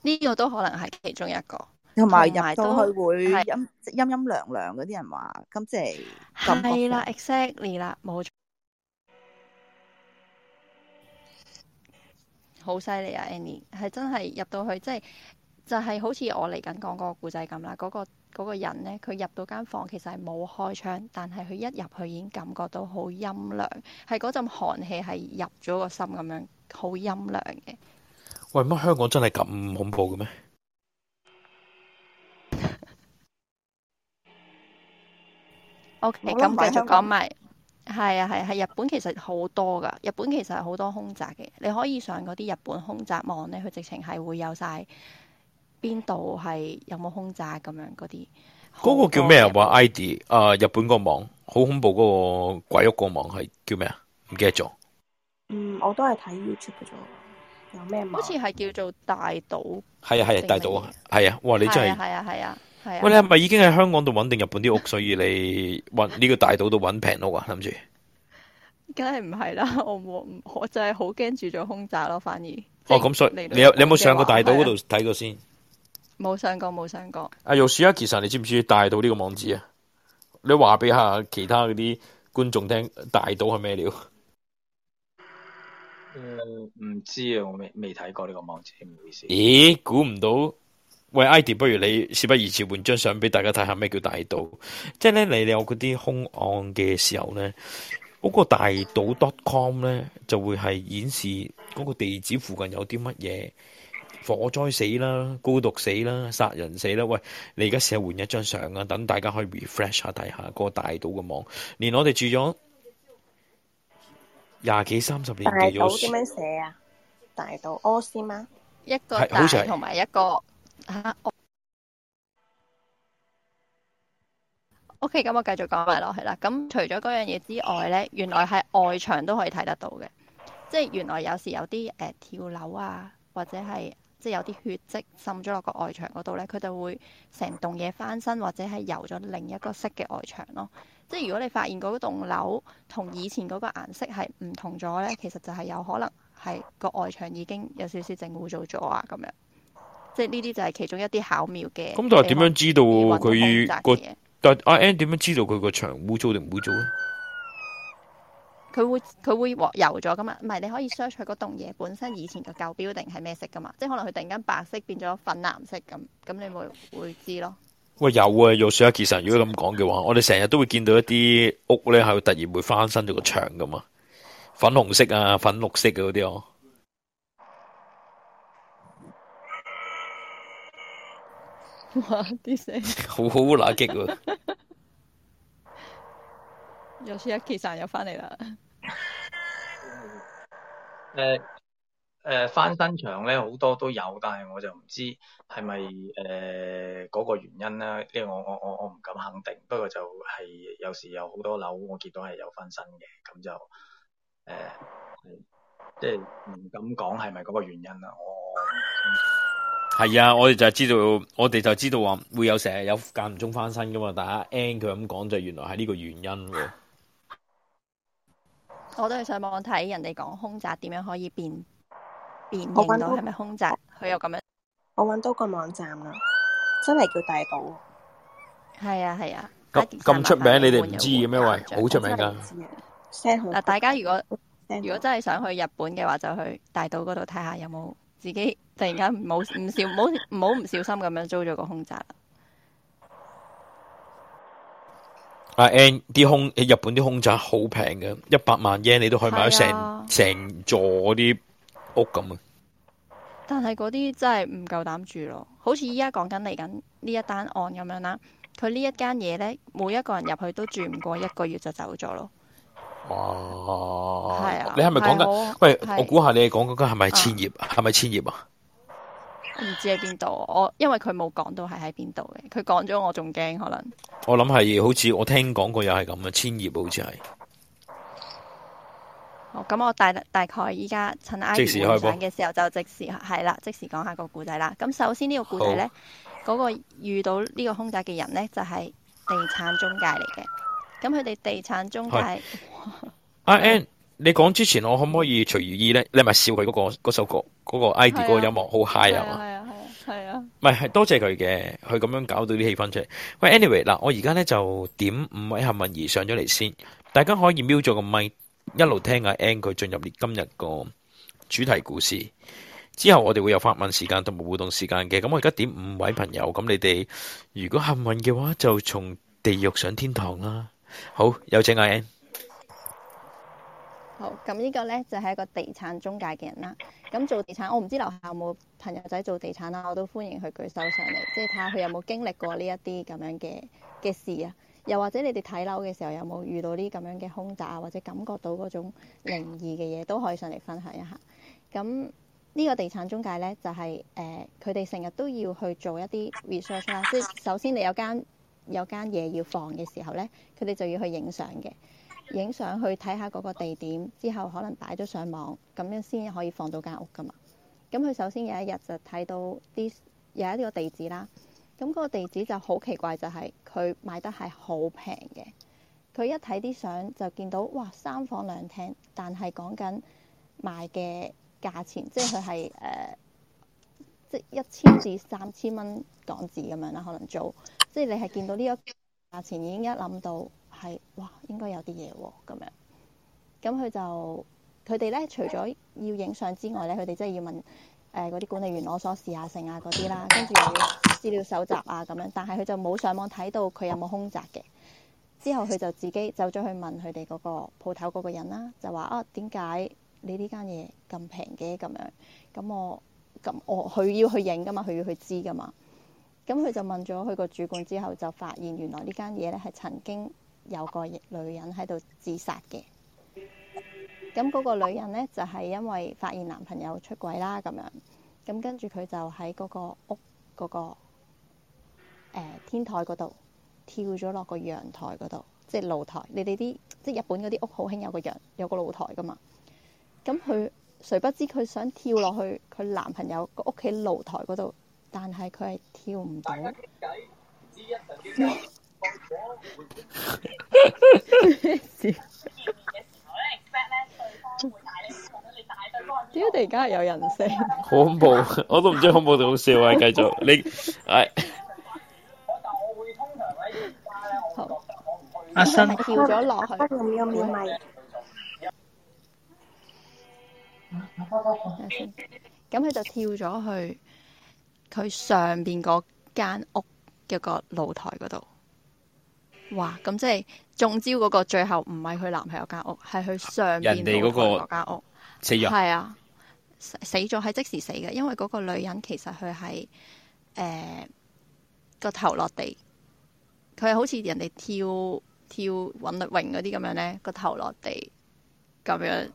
呢個都可能係其中一個，同埋入到去會陰陰陰涼涼嗰啲人話，咁即係咁係啦，exactly 啦，冇錯。好犀利啊！Annie，係真係入到去，即係就係好似我嚟緊講嗰個故仔咁啦。嗰個嗰個人呢，佢入到間房，其實係冇開窗，但係佢一入去已經感覺到好陰涼，係嗰陣寒氣係入咗個心咁樣，好陰涼嘅。為乜香港真係咁恐怖嘅咩？OK，咁繼續講埋。係啊，係係日本其實好多噶，日本其實係好多凶宅嘅。你可以上嗰啲日本凶宅網咧，佢直情係會有晒邊度係有冇凶宅咁樣嗰啲。嗰個叫咩啊？話 ID 啊，日本個網好恐怖嗰個鬼屋個網係叫咩啊？唔記得咗。嗯，我都係睇 YouTube 嘅啫。有咩網？好似係叫做大島。係啊係啊，大島啊，係啊。哇！你真係。係啊係啊。喂，你係咪已經喺香港度穩定日本啲屋，所以你搵呢個大島度搵平屋啊？諗住，梗係唔係啦，我我我真係好驚住咗空炸咯、啊，反而。哦，咁所以你有你有冇上過大島嗰度睇過先？冇上過，冇上過。阿玉樹啊，其實你知唔知大島呢個網址啊？你話俾下其他嗰啲觀眾聽，大島係咩料？唔知啊，我未未睇過呢個網址，唔好意思。咦？估唔到。喂，Ivy，不如你事不宜遲換張相俾大家睇下咩叫大島？即係咧你有嗰啲凶案嘅時候咧，嗰、嗰個大島 .com 咧就會係顯示嗰個地址附近有啲乜嘢火災死啦、孤獨死啦、殺人死啦。喂，你而家寫換一張相啊，等大家可以 refresh 下睇下嗰個大島嘅網。連我哋住咗廿幾三十年嘅大島點樣寫啊？大島阿斯馬一個大同埋一個。OK，咁我繼續講埋落去啦。咁除咗嗰樣嘢之外呢，原來係外牆都可以睇得到嘅，即係原來有時有啲誒、呃、跳樓啊，或者係即係有啲血跡滲咗落個外牆嗰度呢，佢就會成棟嘢翻身，或者係游咗另一個色嘅外牆咯。即係如果你發現嗰棟樓同以前嗰個顏色係唔同咗呢，其實就係有可能係個外牆已經有少少整污糟咗啊，咁樣。即係呢啲就係其中一啲巧妙嘅。咁但係點樣知道佢、啊、個？但係阿 N 點樣知道佢個牆污糟定唔污糟咧？佢會佢會油咗噶嘛？唔係你可以 search 佢嗰棟嘢本身以前嘅舊標定係咩色噶嘛？即係可能佢突然間白色變咗粉藍色咁，咁你會會知咯。喂，有啊，有時其，其實如果咁講嘅話，的我哋成日都會見到一啲屋咧，係突然會翻新咗個牆噶嘛，粉紅色啊，粉綠色嘅嗰啲哦。哇！啲聲好好乸激喎，又似一結散又翻嚟啦。誒誒、呃呃，翻新場咧好多都有，但係我就唔知係咪誒嗰個原因啦。因為我我我我唔敢肯定。不過就係有時有好多樓我見到係有翻新嘅，咁就誒、呃、即係唔敢講係咪嗰個原因啦。我係啊，我哋就係知道，我哋就知道話會有成日有間唔中翻身噶嘛。大家 N 佢咁講，就原來係呢個原因。我都係上網睇人哋講凶宅點樣可以辨辨認到係咪凶宅，佢又咁樣。我搵到個網站啊，真係叫大島。係啊係啊，咁咁出名，你哋唔知嘅咩？喂，好出名噶。嗱，大家如果如果真係想去日本嘅話，就去大島嗰度睇下有冇自己。突然間冇唔小冇冇唔小心咁樣租咗個凶宅啦。啊，N 啲空日本啲凶宅好平嘅，一百萬 yen 你都可以買咗成成座嗰啲屋咁啊。但係嗰啲真係唔夠膽住咯，好似依家講緊嚟緊呢一單案咁樣啦。佢呢一間嘢咧，每一個人入去都住唔過一個月就走咗咯。哇！係啊，你係咪講緊？喂，的我估下你講緊係咪千葉？係咪千葉啊？是唔知喺邊度，我因為佢冇講到係喺邊度嘅，佢講咗我仲驚可能。我諗係好似我聽講過又係咁嘅，千葉好似係。好，咁我大大概依家趁阿姨地產嘅時候就即時係啦，即時講下個故仔啦。咁首先呢個故仔呢，嗰好個遇到呢個空姐嘅人呢，就係、是、地產中介嚟嘅。咁佢哋地產中介。你講之前，我可唔可以隨意呢？你咪笑佢嗰個嗰首歌嗰個 ID 嗰個音樂好嗨呀嘛？啊！係啊係啊係啊！唔係，係多謝佢嘅，佢咁樣搞到啲氣氛出嚟。喂，anyway 嗱，我而家呢就點五位幸運兒上咗嚟先，大家可以瞄咗個咪，一路聽啊 N 佢進入今日個主題故事。之後我哋會有發問時間同埋互動時間嘅，咁我而家點五位朋友，咁你哋如果幸運嘅話就從地獄上天堂啦。好，有請啊 N。咁呢個呢，就係、是、一個地產中介嘅人啦。咁做地產，我、哦、唔知樓下有冇朋友仔做地產啦、啊，我都歡迎佢舉手上嚟，即係睇下佢有冇經歷過呢一啲咁樣嘅嘅事啊。又或者你哋睇樓嘅時候有冇遇到呢咁樣嘅兇宅、啊、或者感覺到嗰種靈異嘅嘢，都可以上嚟分享一下。咁呢個地產中介呢，就係、是、誒，佢哋成日都要去做一啲 research 啦、啊。即係首先你有間有間嘢要放嘅時候呢，佢哋就要去影相嘅。影相去睇下嗰個地點之後，可能擺咗上網，咁樣先可以放到間屋噶嘛。咁佢首先有一日就睇到啲有一個地址啦，咁嗰個地址就好奇怪，就係佢賣得係好平嘅。佢一睇啲相就見到，哇，三房兩廳，但係講緊賣嘅價錢，即係佢係誒，即係一千至三千蚊港紙咁樣啦，可能租。即係你係見到呢一個價錢已經一諗到。係哇，應該有啲嘢喎。咁樣咁佢就佢哋咧，除咗要影相之外咧，佢哋真係要問誒嗰啲管理員攞鎖試下、啊、成啊嗰啲啦，跟住資料搜集啊咁樣。但係佢就冇上網睇到佢有冇空宅嘅。之後佢就自己走咗去問佢哋嗰個鋪頭嗰個人啦，就話啊，點解你呢間嘢咁平嘅咁樣？咁我咁我佢要去影㗎嘛，佢要去知㗎嘛。咁佢就問咗佢個主管之後，就發現原來呢間嘢咧係曾經。有個女人喺度自殺嘅，咁嗰個女人呢，就係、是、因為發現男朋友出軌啦，咁樣，咁跟住佢就喺嗰個屋嗰、嗰個、呃、天台嗰度跳咗落個陽台嗰度，即係露台。你哋啲即係日本嗰啲屋好興有個陽，有個露台噶嘛。咁佢誰不知佢想跳落去佢男朋友個屋企露台嗰度，但係佢係跳唔到。屌，哋家係有人聲，好恐怖，我都唔知恐怖定、哎、好笑啊！繼續你係阿新跳咗落去，咁佢、 [LAUGHS] 啊、就跳咗去佢上邊嗰間屋嘅個露台嗰度。哇！咁即係中招嗰個，最後唔係佢男朋友間屋，係佢上邊嗰個間屋，死咗。係啊，死咗係即時死嘅，因為嗰個女人其實佢係誒個頭落地，佢係好似人哋跳跳揾泳嗰啲咁樣咧，個頭落地咁樣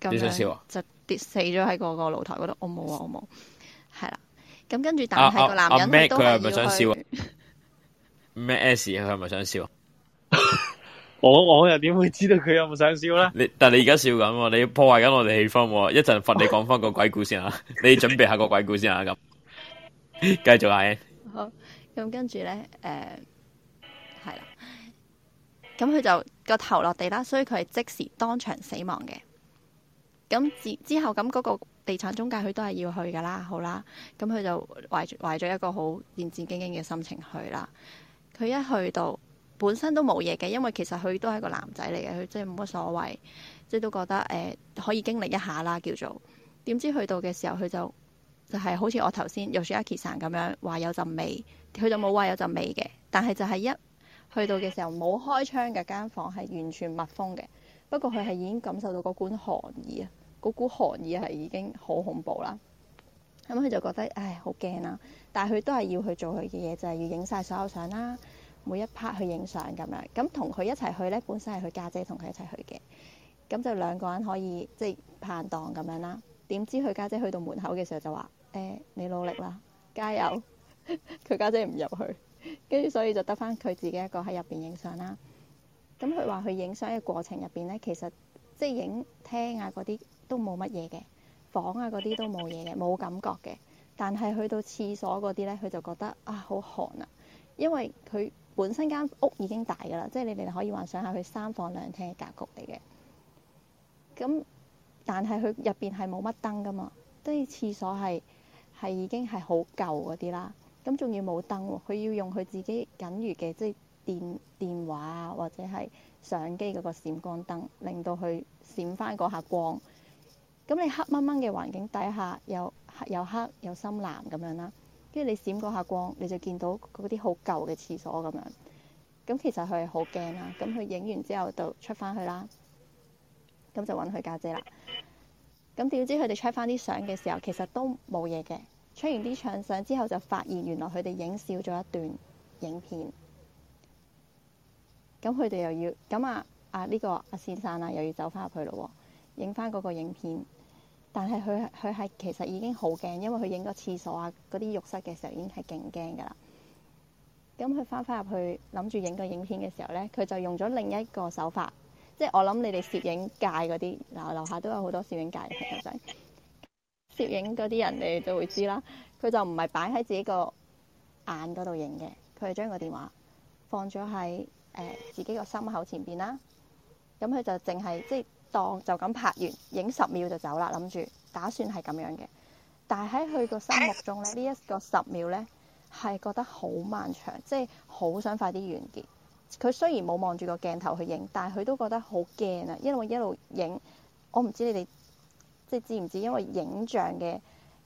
咁樣就跌死咗喺嗰個露台嗰度。我冇啊，我、哦、冇。係、哦、啦，咁跟住但係個男人咩？啊啊啊、都係想笑？咩？S 佢係咪想笑？我我又點會知道佢有冇想笑咧？你但係你而家笑緊喎，你破壞緊我哋氣氛喎！一陣罰你講翻個鬼故先吓，你準備下個鬼故先吓，咁，繼續阿。好，咁跟住咧，誒、呃，係啦，咁佢就個頭落地啦，所以佢係即時當場死亡嘅。咁之之後咁嗰個地產中介佢都係要去噶啦，好啦，咁佢就懷懷着一個好戰戰兢兢嘅心情去啦。佢一去到。本身都冇嘢嘅，因為其實佢都係一個男仔嚟嘅，佢即係冇乜所謂，即係都覺得誒、呃、可以經歷一下啦。叫做。點知去到嘅時候，佢就就係、是、好似我頭先又住阿傑層咁樣話有陣味，佢就冇話有陣味嘅，但係就係一去到嘅時候，冇開窗嘅間房係完全密封嘅。不過佢係已經感受到嗰股寒意啊，嗰股寒意係已經好恐怖啦。咁佢就覺得唉，好驚啦。但係佢都係要去做佢嘅嘢，就係、是、要影晒所有相啦。每一 part 去影相咁樣，咁同佢一齊去呢，本身係佢家姐同佢一齊去嘅，咁就兩個人可以即係、就是、拍檔咁樣啦。點知佢家姐去到門口嘅時候就話：誒、欸，你努力啦，加油！佢 [LAUGHS] 家姐唔入去，跟住所以就得翻佢自己一個喺入邊影相啦。咁佢話佢影相嘅過程入邊呢，其實即係影廳啊嗰啲都冇乜嘢嘅，房啊嗰啲都冇嘢嘅，冇感覺嘅。但係去到廁所嗰啲呢，佢就覺得啊好寒啊，因為佢。本身間屋已經大㗎啦，即係你哋可以幻想下佢三房兩廳嘅格局嚟嘅。咁，但係佢入邊係冇乜燈㗎嘛，即係廁所係係已經係好舊嗰啲啦。咁仲要冇燈喎，佢要用佢自己僅餘嘅即係電電話啊，或者係相機嗰個閃光燈，令到佢閃返嗰下光。咁你黑掹掹嘅環境底下，有有黑有深藍咁樣啦。跟住你閃嗰下光，你就見到嗰啲好舊嘅廁所咁樣。咁其實佢係好驚啦。咁佢影完之後就出翻去啦。咁就揾佢家姐啦。咁點知佢哋 check 翻啲相嘅時候，其實都冇嘢嘅。check 完啲相之後，就發現原來佢哋影少咗一段影片。咁佢哋又要咁啊啊呢、這個阿、啊、先生啊，又要走翻入去咯喎，影翻嗰個影片。但係佢佢係其實已經好驚，因為佢影個廁所啊、嗰啲浴室嘅時候已經係勁驚㗎喇。咁佢翻返入去諗住影個影片嘅時候呢，佢就用咗另一個手法，即係我諗你哋攝影界嗰啲嗱，樓下都有好多攝影界嘅朋友仔，攝影嗰啲人你哋都會知啦。佢就唔係擺喺自己個眼嗰度影嘅，佢係將個電話放咗喺誒自己個心口前邊啦。咁佢就淨係即係。當就咁拍完，影十秒就走啦，諗住打算係咁樣嘅。但係喺佢個心目中咧，呢、這、一個十秒呢係覺得好漫長，即係好想快啲完結。佢雖然冇望住個鏡頭去影，但係佢都覺得好驚啊，因為一路影，我唔知你哋即係知唔知，因為影像嘅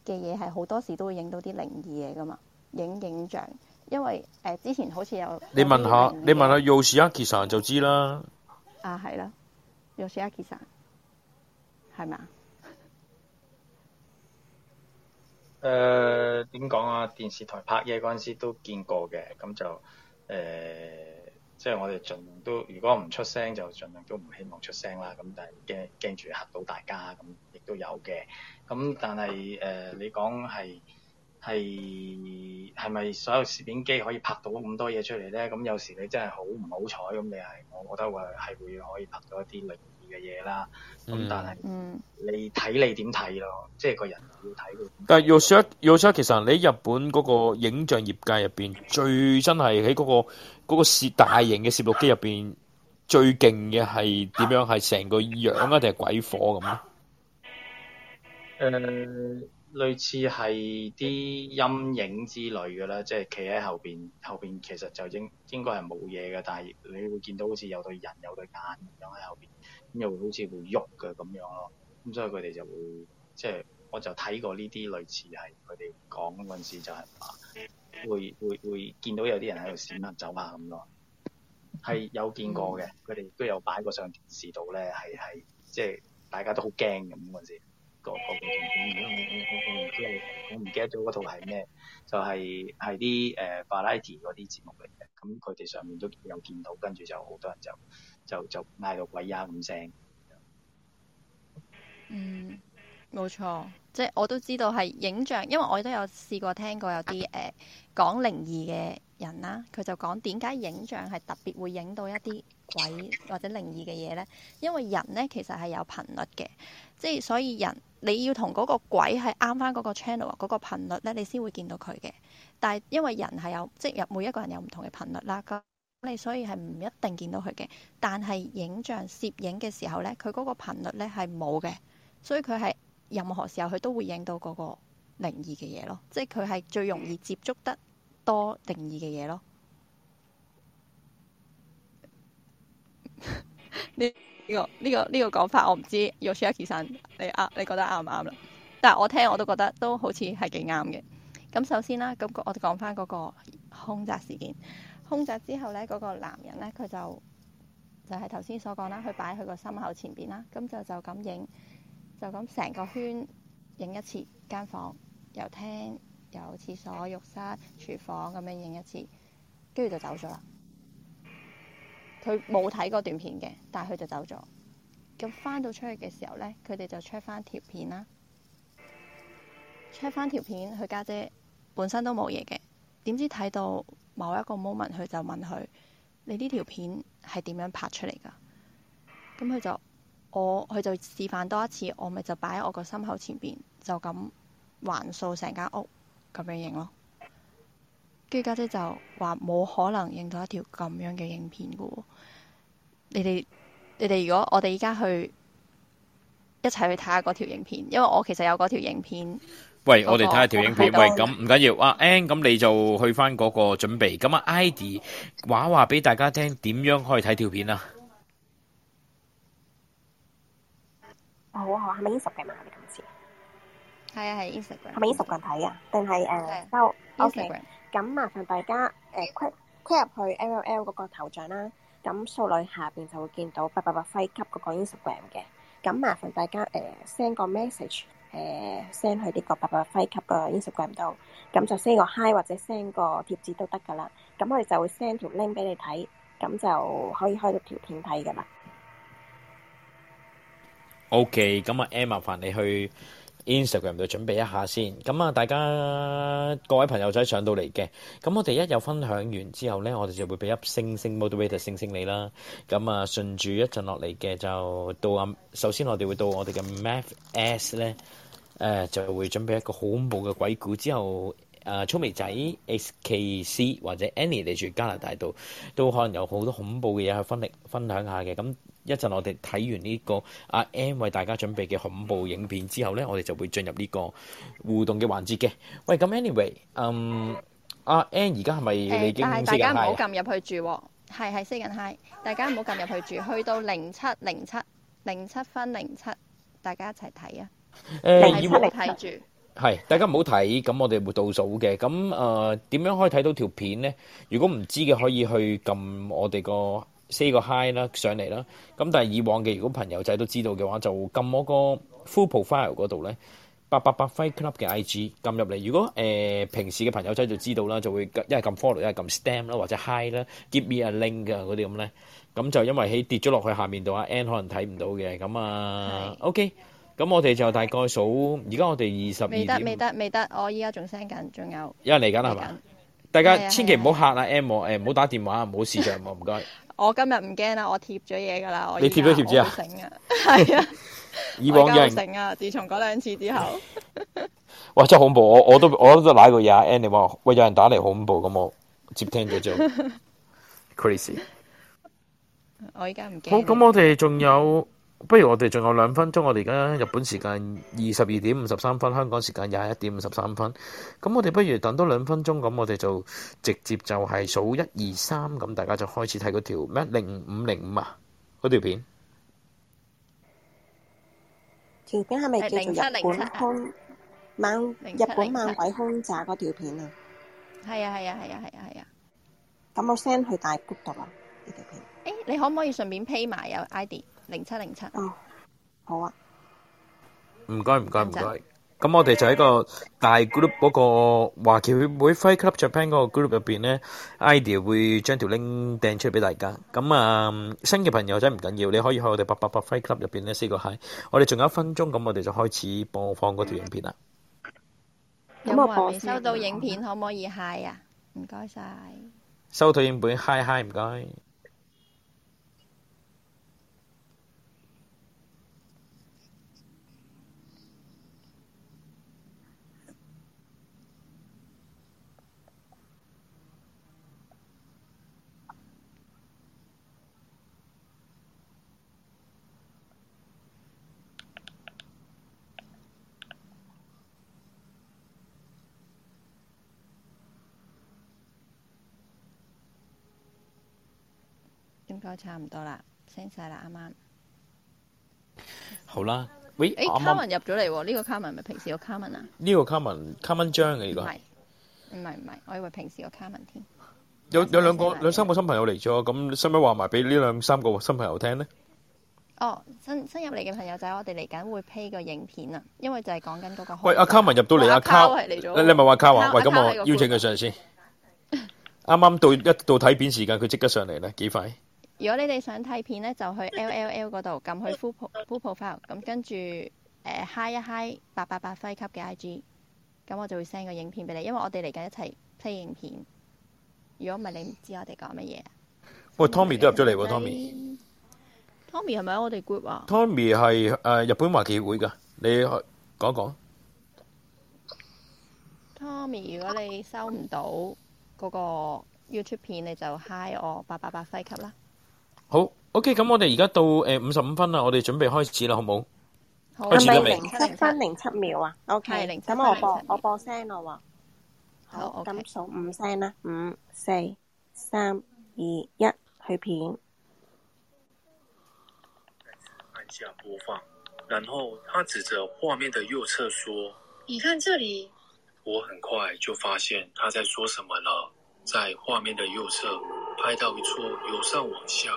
嘅嘢係好多時都會影到啲靈異嘢噶嘛。影影像，因為誒、呃、之前好似有你問下，你問下 Rose Garcia 就知啦。啊，係啦。有寫其實係咪？誒點講啊？電視台拍嘢嗰陣時都見過嘅，咁就誒，即、uh, 係我哋盡量都，如果唔出聲就盡量都唔希望出聲啦。咁但係驚驚住嚇到大家，咁亦都有嘅。咁但係誒，uh, 你講係。係係咪所有攝影機可以拍到咁多嘢出嚟咧？咁有時你真係好唔好彩咁，你係我覺得話係會可以拍到一啲靈異嘅嘢啦。咁、嗯嗯、但係你睇你點睇咯，即係個人要睇。但係 Yoshio 其實你日本嗰個影像業界入邊最真係喺嗰個嗰、嗰個、大型嘅攝錄機入邊最勁嘅係點樣？係成個樣啊，定係鬼火咁咧？誒、呃。類似係啲陰影之類嘅啦，即係企喺後邊，後邊其實就應應該係冇嘢嘅，但係你會見到好似有對人有對眼咁樣喺後邊，咁、嗯、又會好似會喐嘅咁樣咯。咁、嗯、所以佢哋就會即係，我就睇過呢啲類似係佢哋講嗰陣時就係、是、話，會會會見到有啲人喺度閃嚇走下咁咯。係有見過嘅，佢哋、嗯、都有擺過上電視度咧，係係即係大家都好驚咁嗰陣時。個我唔知，我唔記得咗嗰套係咩，就係係啲誒 variety 嗰啲節目嚟嘅，咁佢哋上面都有見到，跟住就好多人就就就嗌到鬼呀咁聲。嗯，冇錯，即係我都知道係影像，因為我都有試過聽過有啲誒、啊呃、講靈異嘅。人啦、啊，佢就講點解影像係特別會影到一啲鬼或者靈異嘅嘢咧？因為人咧其實係有頻率嘅，即係所以人你要同嗰個鬼係啱翻嗰個 channel 啊，嗰、嗰個頻率咧你先會見到佢嘅。但係因為人係有即係每一個人有唔同嘅頻率啦，咁你所以係唔一定見到佢嘅。但係影像攝影嘅時候咧，佢嗰個頻率咧係冇嘅，所以佢係任何時候佢都會影到嗰個靈異嘅嘢咯。即係佢係最容易接觸得多定義嘅嘢咯，呢、 [LAUGHS] 呢個呢、呢個呢、呢個講法我，我唔知 Yoshiaki 生你啱，你覺得啱唔啱啦？但係我聽我都覺得都好似係幾啱嘅。咁首先啦，咁我哋講翻嗰個凶宅事件。凶宅之後咧，嗰、嗰個男人咧，佢就就係頭先所講啦，佢擺喺佢個心口前邊啦，咁就就咁影，就咁成個圈影一次間房，又聽。有廁所、浴室、廚房咁樣影一次，跟住就走咗啦。佢冇睇過段片嘅，但係佢就走咗。咁翻到出去嘅時候呢，佢哋就 check 翻條片啦。check 翻條片，佢家姐本身都冇嘢嘅，點知睇到某一個 moment，佢就問佢：你呢條片係點樣拍出嚟噶？咁佢就我佢就示範多一次，我咪就擺喺我個心口前邊，就咁橫掃成間屋。咁樣影咯，跟住家姐就話冇可能影到一條咁樣嘅影片噶。你哋你哋如果我哋而家去一齊去睇下嗰條影片，因為我其實有嗰條影片。喂，那個、我哋睇下條影片。哇喂，咁唔緊要。啊 N，咁你就去返嗰個準備。咁啊，Idy 話話俾大家聽點樣可以睇條片呢？好啊？我我我，我喺十幾碼。係啊係，Instagram 係咪 Instagram 睇啊？定係誒係啊，OK 咁麻煩大家誒，queque、嗯啊、入去、ML、L L L 嗰個頭像啦。咁數列下邊就會見到八八八輝級嗰個 Instagram 嘅。咁麻煩大家誒，send、呃、個 message，誒，send 去呢個八八八輝級個 Instagram 度。咁就 send 個 hi 或者 send 個貼紙都得噶啦。咁我哋就會 send 條 link 俾你睇，咁就可以開到條片睇噶啦。OK，咁啊 M，麻煩你去。Instagram 度準備一下先，咁啊，大家各位朋友仔上到嚟嘅，咁我哋一有分享完之後咧，我哋就會俾一星星 moderator，、er、星星你啦。咁啊，順住一陣落嚟嘅就到啊，首先我哋會到我哋嘅 Maths 咧，誒、啊、就會準備一個好恐怖嘅鬼故。之後啊，粗眉仔 SKC 或者 Annie 嚟住加拿大度，都可能有好多恐怖嘅嘢去分嚟分享下嘅。咁。一陣，我哋睇完呢個阿 N 為大家準備嘅恐怖影片之後呢，我哋就會進入呢個互動嘅環節嘅。喂，咁 Anyway，、um, an 啊、嗯，阿 N 而家係咪大家唔好撳入去住、啊，係係熄緊 hi，大家唔好撳入去住，、啊去住啊，去到零七零七零七分零七、啊呃，大家一齊睇啊！誒，睇住，係大家唔好睇，咁我哋會倒數嘅。咁誒，點、呃、樣可以睇到條片呢？如果唔知嘅，可以去撳我哋個。Say 個 hi 啦，上嚟啦。咁但係以往嘅，如果朋友仔都知道嘅話，就撳我個 full profile 嗰度咧，八八八 Fight Club 嘅 IG 撳入嚟。如果誒平時嘅朋友仔就知道啦，就會一係撳 follow，一係撳 stamp 啦，或者 high 啦，give me a link 噶嗰啲咁咧。咁就因為喺跌咗落去下面度，阿 N 可能睇唔到嘅咁啊。OK，咁我哋就大概數而家我哋二十未得未得未得，我依家仲 send 緊，仲有有人嚟緊啦，係嘛？大家千祈唔好嚇啊！N 我誒唔好打電話，冇視象我唔該。我今日唔驚啦，我貼咗嘢，噶啦，我而家唔好醒啊，係啊， [LAUGHS] 以往驚醒 [LAUGHS] 啊，自從嗰兩次之後， [LAUGHS] 哇，真恐怖！我我都我都拉過嘢，Andy 啊話喂，有人打嚟恐怖咁，我接聽咗就 Cris， [LAUGHS] 我依家唔驚。好，咁我哋仲有。不如我哋仲有兩分鐘，我哋而家日本時間二十二點五十三分，香港時間廿一點五十三分。咁我哋不如等多兩分鐘，咁我哋就直接就係數一二三，咁大家就開始睇嗰條咩零五零五啊，嗰條片。條片係咪叫做日本空日本猛鬼轟炸嗰條片啊？係啊，係啊，係啊，係啊，係啊！咁、啊啊啊啊、我 send 去大 Google 啊，呢條片。誒、欸，你可唔可以順便批埋有 ID？零七零七，好啊，唔該唔該唔該，咁等我哋就喺個大 group 嗰個華僑會會 Fight Club Japan 嗰個 group 入邊咧，idea 會將條 link 掟出嚟俾大家。咁啊、嗯，新嘅朋友真係唔緊要緊，你可以去我哋八八八 Fight Club 入邊咧，四個嗨。我哋仲有一分鐘，咁我哋就開始播放嗰條影片啦。有冇未收到影片，可唔可以嗨啊？唔該晒，收到影片嗨嗨，唔該。應該差唔多啦，升晒啦，啱啱好啦。喂，誒，卡文入咗嚟喎？呢個卡文係咪平時個卡文啊？呢個卡文卡文張啊，而家唔係唔係，我以為平時個卡文添。有有兩個兩三個新朋友嚟咗，咁使唔使話埋俾呢兩三個新朋友聽咧？哦，新新入嚟嘅朋友仔，我哋嚟緊會 play 個影片啊，因為就係講緊嗰個。喂，阿卡文入到嚟，阿卡係你咪話卡文？喂，咁我邀請佢上嚟先。啱啱到一到睇片時間，佢即刻上嚟咧，幾快？如果你哋想睇片咧，就去 L L L 度，撳去 full profile 咁跟住誒、呃、hi 一 hi 八八八輝級嘅 I G，咁我就會 send 個影片俾你。因為我哋嚟緊一齊 play 影片，如果唔係你唔知我哋講乜嘢。喂、哦、，Tommy 都入咗嚟，Tommy，Tommy 係咪我哋 group 啊？Tommy 係誒日本華協會噶，你講一講。Tommy，如果你收唔到嗰個 YouTube 片，你就 hi 我八八八輝級啦。好，OK，咁我哋而家到誒五十五分啦，我哋準備開始啦，好唔好？係咪零七分零七秒啊？OK，咁我播我播聲咯喎。好，咁數五聲啦，五四三二一，5, 4, 3, 2, 1, 去片。按下播放，然後他指着畫面的右側說：你看這裏。我很快就發現他在說什麼了，在畫面的右側拍到一撮由上往下。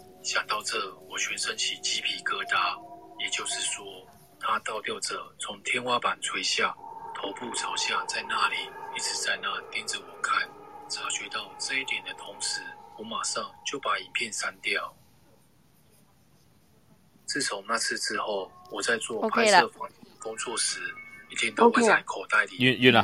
想到這，我全身起雞皮疙瘩。也就是說，他倒吊着從天花板垂下，頭部朝下，在那裏一直在那盯着我看。察覺到這一點的同時，我馬上就把影片刪掉。自從那次之後，我在做拍攝房工作時、okay、一天都會在口袋裏。暈、okay、暈了，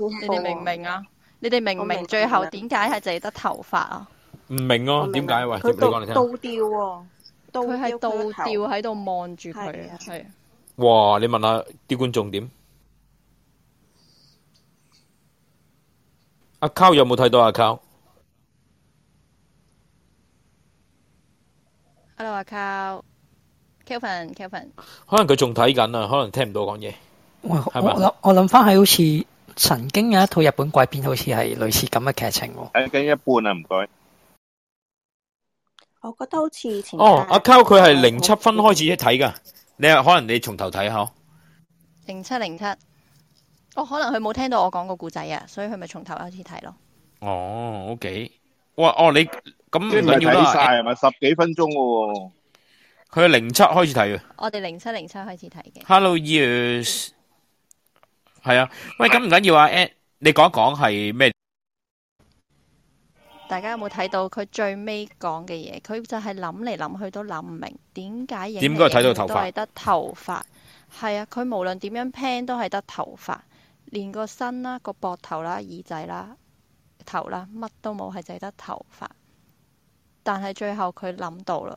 暈、嗯、了！你哋明唔明啊？你哋明唔明，明最後點解係自己得頭髮啊？唔明啊，點解？喂，倒你講嚟聽倒、哦。倒吊喎，佢係倒吊喺度望住佢。係哇的的，你問下啲觀眾點？阿靠有冇睇到阿靠？hello，阿靠，Kevin，Kevin。可能佢仲睇緊啊，可能聽唔到我講嘢喂吧。我我諗我諗翻起好似曾經有一套日本鬼片，好似係類似咁嘅劇情。睇緊一半啊，唔該。我覺得好似以前哦，阿秋佢係零七分開始一睇噶，你係可能你從頭睇下？零七零七，哦可能佢冇聽到我講過故仔啊，所以佢咪從頭開始睇咯。哦，OK，哇，哦你咁唔係睇晒係咪十幾分鐘噶？佢係零七開始睇嘅。我哋零七零七開始睇嘅。Hello years，係啊，喂，咁唔緊要啊，At，你講一講係咩？大家有冇睇到佢最尾講嘅嘢？佢就係諗嚟諗去都諗唔明點解影，影。點都係睇到頭髮。都係得頭髮。係啊，佢無論點樣 plan 都係得頭髮，連個身啦、個膊頭啦、耳仔啦、頭啦，乜都冇，係淨係得頭髮。但係最後佢諗到啦，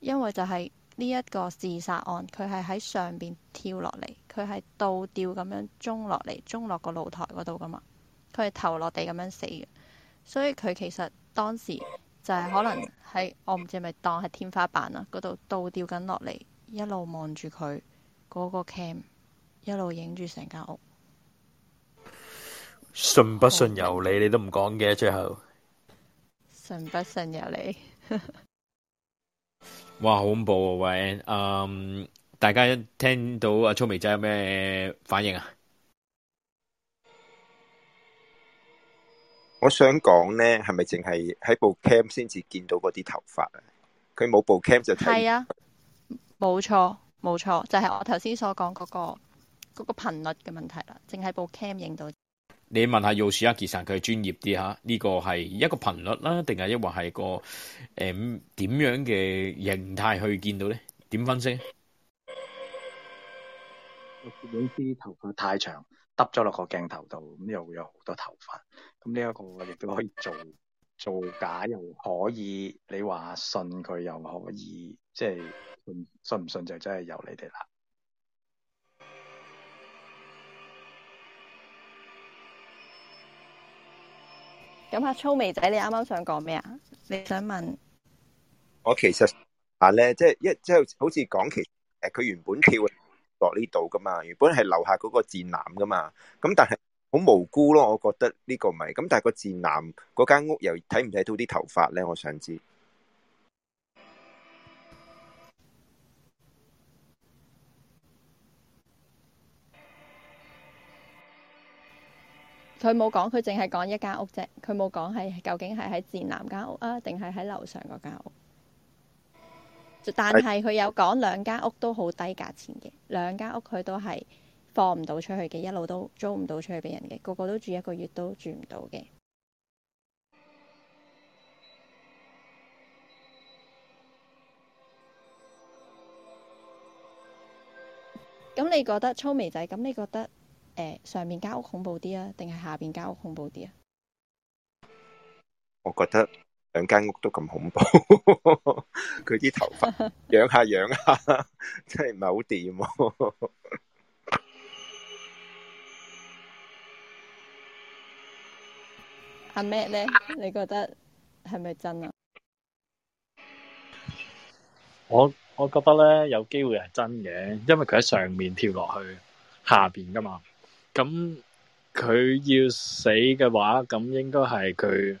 因為就係呢一個自殺案，佢係喺上邊跳落嚟，佢係倒吊咁樣中落嚟，中落個露台嗰度噶嘛，佢係頭落地咁樣死嘅。所以佢其實當時就係可能喺我唔知係咪當係天花板啊嗰度倒吊緊落嚟，一路望住佢嗰個 cam，一路影住成間屋。信不信由 [LAUGHS] 你，你都唔講嘅最後。信不信由你。 [LAUGHS] 哇，好恐怖啊！喂，Anne um, 大家一聽到阿聰眉仔有咩反應啊？我想講咧，係咪淨係喺部 cam 先至見到嗰啲頭髮啊？佢冇部 cam 就係啊，冇錯冇錯，就係、是、我頭先所講嗰個嗰個頻率嘅問題啦。淨係部 cam 影到。你問下要斯阿其實，佢專業啲吓？呢個係一個頻率啦，定係抑或係個誒點、呃、樣嘅形態去見到咧？點分析？攝影師頭髮太長。揼咗落個鏡頭度，咁又會有好多頭髮。咁呢一個亦都可以做做假又可以，你話信佢又可以，即係信唔信就真係由你哋啦。咁阿、啊、粗眉仔，你啱啱想講咩啊？你想問？我其實話咧、啊，即係一即係好似講其實，佢原本跳。落呢度噶嘛，原本係樓下嗰個賤男噶嘛，咁但係好無辜咯，我覺得個個看看呢個咪，咁但係個賤男嗰間屋又睇唔睇到啲頭髮咧？我想知，佢冇講，佢淨係講一間屋啫，佢冇講係究竟係喺賤男間屋啊，定係喺樓上嗰間屋。但係佢有講兩間屋都好低價錢嘅，兩間屋佢都係放唔到出去嘅，一路都租唔到出去俾人嘅，個個都住一個月都住唔到嘅。咁你覺得粗眉仔？咁你覺得誒上面間屋恐怖啲啊，定係下邊間屋恐怖啲啊？我覺得。兩間屋都咁恐怖，佢啲頭髮仰下仰下，真係唔係好掂。阿 Matt 咧，你覺得係咪真啊？我我覺得咧，有機會係真嘅，因為佢喺上面跳落去下邊㗎嘛。咁佢要死嘅話，咁應該係佢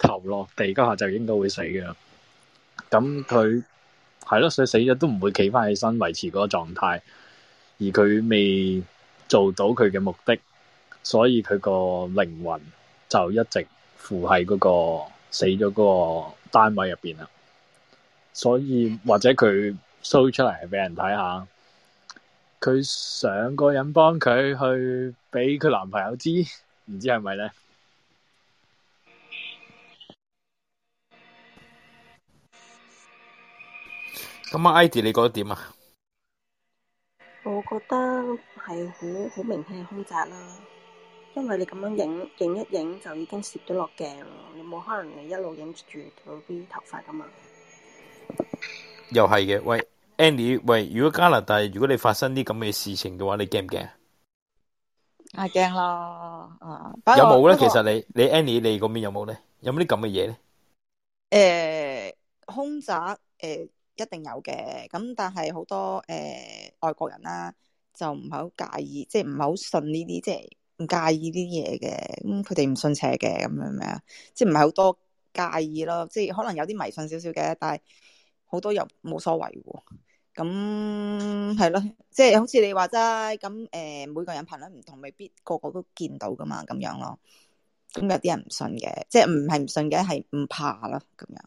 頭落地，嗰下就應該會死嘅。咁佢係咯，所以死咗都唔會企翻起身維持嗰個狀態。而佢未做到佢嘅目的，所以佢個靈魂就一直附喺嗰個死咗嗰個單位入邊啦。所以或者佢 show 出嚟畀人睇下，佢想個人幫佢去畀佢男朋友知，唔知係咪咧？咁阿 Idy 你覺得點啊？我覺得係好好明顯係凶宅啦，因為你咁樣影影一影就已經攝咗落鏡，你冇可能你一路影住嗰啲頭髮噶嘛。又係嘅，喂 Andy，喂，如果加拿大，如果你發生啲咁嘅事情嘅話，你驚唔驚？啊驚咯啊！有冇咧？那個、其實你你 Andy，你嗰邊有冇咧？有冇啲咁嘅嘢咧？誒、哎，凶宅誒。哎一定有嘅，咁但係好多誒、呃、外國人啦，就唔係好介意，即係唔係好信呢啲，就是，即係唔介意呢啲嘢嘅，咁佢哋唔信邪嘅，咁樣咩啊？即係唔係好多介意咯，即係可能有啲迷信少少嘅，但係好多又冇所謂喎。咁係咯，即係好似你話齋，咁、嗯、誒每個人頻率唔同，未必個個都見到噶嘛，咁樣咯。咁、嗯、有啲人唔信嘅，即係唔係唔信嘅，係唔怕啦，咁樣。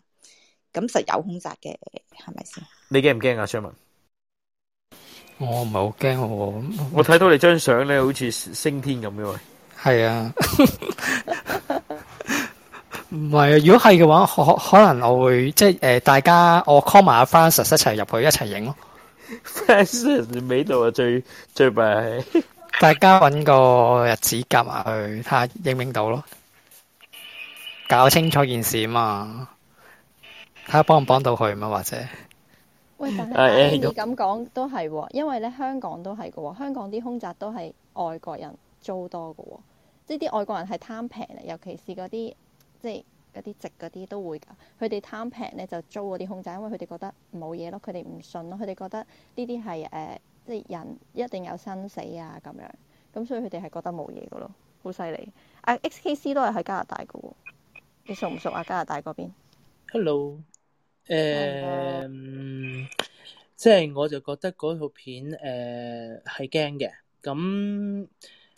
咁實有凶宅嘅，係咪先？你驚唔驚啊，Sherman？我唔係好驚，我睇到你張相咧，好似升天咁樣。係啊，唔 [LAUGHS] 係啊？如果係嘅話，可可能我會即係誒、呃，大家我 call 埋阿 Francis 一齊入去一齊影咯。Francis 尾度啊，最最弊大家揾個日子夾埋去睇下，影唔影到咯？搞清楚件事啊嘛！睇下幫唔幫到佢吖嘛？或者喂，但係、哎、but, 你咁講都係、哦，因為咧香港都係嘅、哦，香港啲凶宅都係外國人租多嘅、哦，即係啲外國人係貪平啊，尤其是嗰啲即係嗰啲值嗰啲都會噶，佢哋貪平咧就租嗰啲凶宅，因為佢哋覺得冇嘢咯，佢哋唔信咯，佢哋覺得呢啲係誒即係人一定有生死啊咁樣，咁所以佢哋係覺得冇嘢嘅咯，好犀利。阿、啊、XKC 都係喺加拿大嘅、哦，你熟唔熟啊？加拿大嗰邊？Hello。誒、嗯，即係我就覺得嗰套片誒係驚嘅，咁、呃嗯、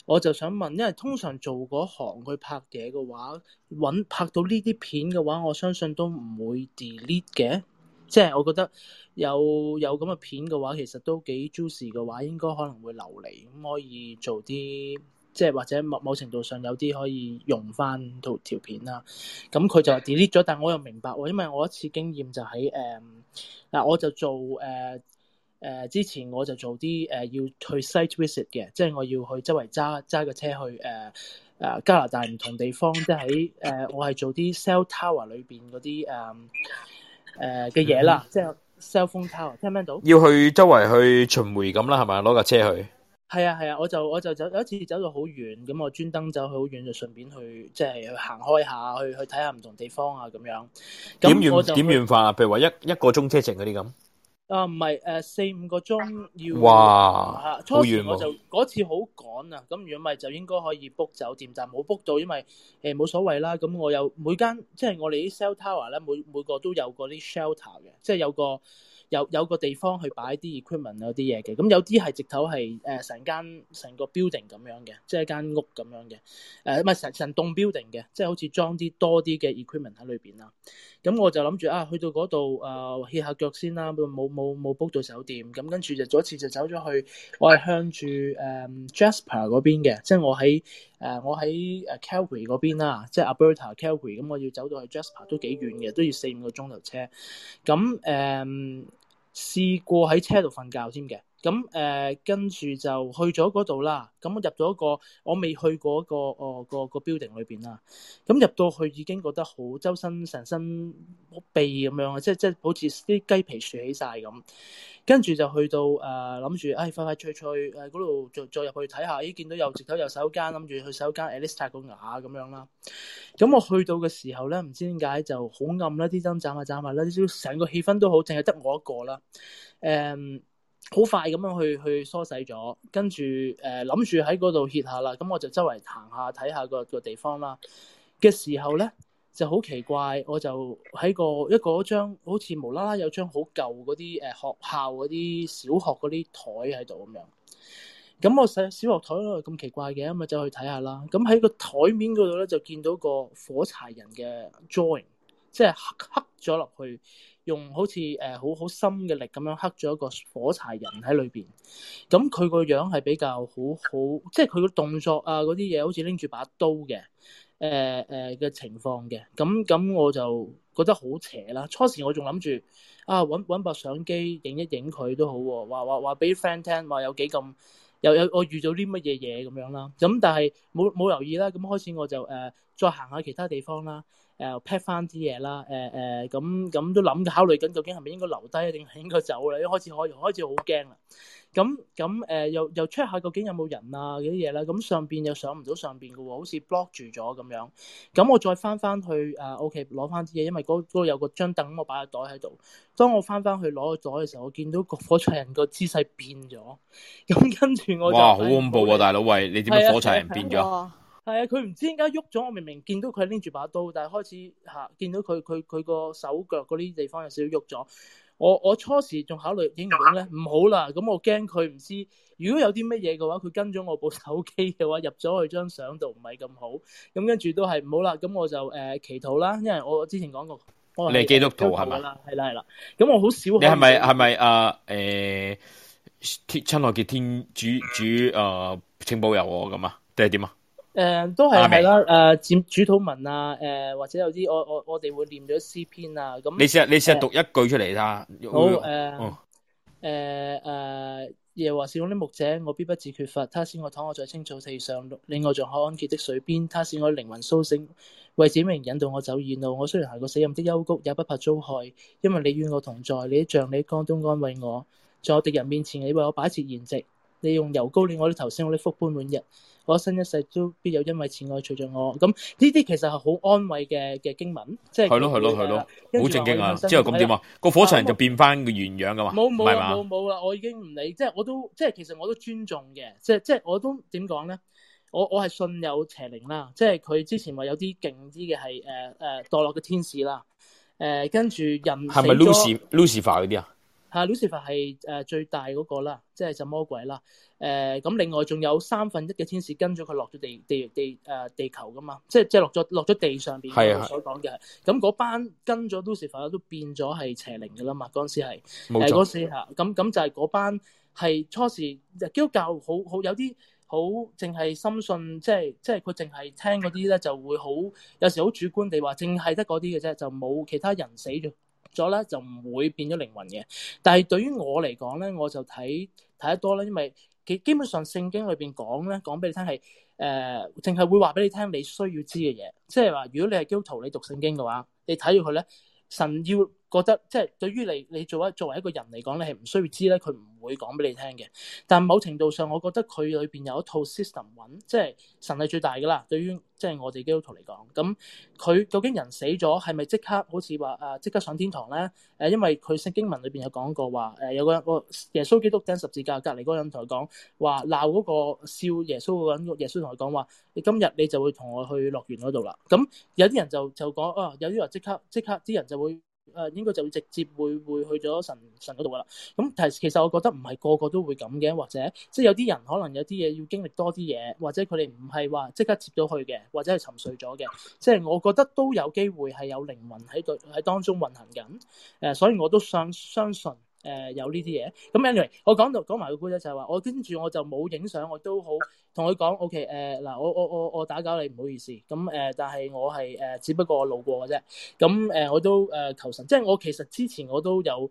我就想問，因為通常做嗰行去拍嘢嘅話，搵拍到呢啲片嘅話，我相信都唔會 delete 嘅，即係我覺得有有咁嘅片嘅話，其實都幾 juicy 嘅話，應該可能會留嚟，咁可以做啲。即係或者某某程度上有啲可以用翻套條片啦，咁佢就 delete 咗，但係我又明白、哦，因為我一次經驗就喺誒嗱，我就做誒誒、呃、之前我就做啲誒、呃、要去 site visit 嘅，即係我要去周圍揸揸個車去誒誒、呃、加拿大唔同地方，即係喺誒我係做啲 cell tower 裏邊嗰啲誒誒嘅嘢啦，嗯、即係 cell phone tower 聽唔聽到？要去周圍去巡迴咁啦，係咪攞架車去？係啊係啊，我就我就走有一次走到好遠，咁我專登走去好遠，就順便去即係行開下去去睇下唔同地方啊，咁樣。點遠點遠法啊？譬如話一一個鐘車程嗰啲咁啊？唔係誒四五個鐘要哇？初時我就嗰次好趕啊，咁如果咪就應該可以 book 酒店，但係冇 book 到，因為誒冇、呃、所謂啦。咁我有每間即係我哋啲 cell tower 咧，每 ter, 每，每個都有個啲 shelter 嘅，即係有個。有有個地方去擺啲 equipment 有啲嘢嘅，咁有啲係直頭係誒成間成個 building 咁樣嘅，即係間屋咁樣嘅，誒唔係成成棟 building 嘅，即係好似裝啲多啲嘅 equipment 喺裏邊啦。咁我就諗住啊，去到嗰度誒歇下腳先啦，冇冇冇 book 到酒店，咁跟住就再一次就走咗去，我係向住誒、呃、Jasper 嗰邊嘅，即係我喺。誒、呃、我喺誒 Calgary 嗰邊啦，即係 Alberta Calgary、嗯咁，我要走到去 Jasper 都幾遠嘅，都要四五個鐘頭車，咁誒、嗯、試過喺車度瞓覺添嘅。咁誒、嗯，跟住就去咗嗰度啦。咁、嗯、入咗個我未去過一個哦、呃、個個 building 裏邊啦。咁、嗯、入到去已經覺得好周身成身痹咁樣啊，即係即係好似啲雞皮豎起晒咁。跟住就去到誒，諗住唉，快快脆脆誒嗰度再再入去睇下。咦，去去看看見到又直頭有洗手間，諗住去洗手間 at least 刷個牙咁樣啦。咁我去到嘅時候咧，唔知點解就好暗啦，啲燈眨下眨下啦，少成個氣氛都好，淨係得我一個啦。誒。好快咁樣去去梳洗咗，跟住誒諗住喺度歇下啦，咁我就周圍行下睇下個個地方啦。嘅時候咧就好奇怪，我就喺個，個一個張好似無啦啦有張好舊啲誒學校啲小學啲台喺度咁樣。咁我細小學台度咁奇怪嘅，咁啊走去睇下啦。咁喺個台面度咧就見到個火柴人嘅 join，即係黑。咗落去，用好似誒好好深嘅力咁樣刻咗一個火柴人喺裏邊，咁佢個樣係比較好好，即係佢個動作啊嗰啲嘢，好似拎住把刀嘅，誒誒嘅情況嘅，咁咁我就覺得好邪啦。初時我仲諗住啊，搵搵部相機影一影佢都好，啊，話話話俾 friend 聽，話有幾咁，又有，有我遇到啲乜嘢嘢咁樣啦。咁但係冇冇留意啦。咁開始我就誒、呃、再行下其他地方啦。誒 p a c 翻啲嘢啦，誒誒、呃，咁、呃、咁、呃、都諗考慮緊，究竟係咪應該留低啊，定係應該走啦？一開始開始，開始好驚啦。咁咁，誒、呃，又又 check 下究竟有冇人啊，啲嘢啦。咁上邊又上唔到上邊嘅喎，好似 block 住咗咁樣。咁我再翻翻去誒、呃、，OK，攞翻啲嘢，因為嗰嗰有個張凳，我把個袋喺度。當我翻翻去攞個袋嘅時候，我見到個火柴人個姿勢變咗。咁跟住我哇，好恐怖喎、啊，大佬喂，你點解火柴人變咗？呃就是係啊，佢唔知點解喐咗。我明明見到佢拎住把刀，但係開始吓見到佢佢佢個手腳嗰啲地方有少少喐咗。我我初時仲考慮影唔影咧，唔好啦。咁我驚佢唔知，如果有啲乜嘢嘅話，佢跟咗我部手機嘅話入咗去張相度唔係咁好。咁跟住都係唔好啦。咁我就誒、呃、祈禱啦，因為我之前講過，你係基督徒係嘛？係啦係啦。咁我好少。你係咪係咪啊？誒、呃，天親愛嘅天主主啊，請保佑我咁啊？定係點啊？誒、嗯，都係係啦，誒，佔主禱文啊，誒、呃，或者有啲我我我哋會念咗詩篇啊，咁、嗯、你試下你試下讀一句出嚟啦。嗯、要要好，誒、呃，誒誒、哦呃，耶和華是我的牧者，我必不致缺乏。他使我躺臥在青草地上，領我坐可安潔的水邊。他使我靈魂甦醒，為指明引導我走義路。我雖然行過死蔭的幽谷，也不怕遭害，因為你與我同在，你像你江中安慰我，在我敵人面前，你為我，我擺設筵席，你用油膏令我，我的頭，使，我福杯滿，滿溢。我一生一世都必有因為慈愛隨著我，咁呢啲其實係好安慰嘅嘅經文，即係係咯係咯係咯，好正經啊！之後咁點啊？個火場就變翻個原樣噶嘛？冇冇冇冇啦！我已經唔理，即係我都即係其實我都尊重嘅，即係即係我都點講咧？我我係信有邪靈啦，即係佢之前話有啲勁啲嘅係誒誒墮落嘅天使啦，誒跟住人係咪 Lucifer 嗰啲啊？係、啊、Lucifer 係誒最大嗰、那個啦，即係就魔鬼啦。誒，咁、呃、另外仲有三分一嘅天使跟咗佢落咗地，地地誒、呃、地球噶嘛，即係即係落咗落咗地上邊是是 所講嘅。咁嗰是是、嗯、班跟咗 Lucifer 都變咗係邪靈噶啦嘛，嗰時係，誒嗰沒錯、呃、時吓，咁咁就係嗰班係初時基督教好好，好有啲好淨係深信，即係即係佢淨係聽嗰啲咧，就會好有時好主觀地話，淨係得嗰啲嘅啫，就冇其他人死咗咗咧，就唔會變咗靈魂嘅。但係對於我嚟講咧，我就睇睇得多啦，因為。佢基本上聖經裏邊講咧，講俾你聽係，誒、呃，淨係會話俾你聽你需要知嘅嘢，即係話如果你係基督徒，你讀聖經嘅話，你睇住佢咧，神要。覺得，即係對於你你做一作為一個人嚟講，你係唔需要知咧，佢唔會講俾你聽嘅。但某程度上，我覺得佢裏邊有一套 system，即係神係最大噶啦。對於即係我哋基督徒嚟講，咁、嗯、佢究竟人死咗係咪即刻好似話誒即刻上天堂咧？誒，因為佢聖經文裏邊有講過話，誒、啊、有個個耶穌基督釘十字架，隔籬嗰個人同佢講話，鬧嗰個笑耶穌嗰個耶穌同佢講話，你今日你就會同我去樂園嗰度啦。咁、嗯、有啲人就就講啊，有啲話即刻即刻啲人就會。誒，應該就會直接會會去咗神神度噶啦。咁，但係其實我覺得唔係個個都會咁嘅，或者即係有啲人可能有啲嘢，要經歷多啲嘢，或者佢哋唔係話即刻接到去嘅，或者係沉睡咗嘅。即係我覺得都有機會係有靈魂喺度喺當中運行緊。誒，所以我都相相信誒有呢啲嘢。咁 anyway，我講到講埋個故事就係話，我跟住我就冇影相，我都好。同佢講，OK，誒、呃、嗱，我我我我打攪你，唔好意思。咁誒、呃，但係我係誒、呃，只不過我路過嘅啫。咁誒、呃，我都誒求神，即係我其實之前我都有誒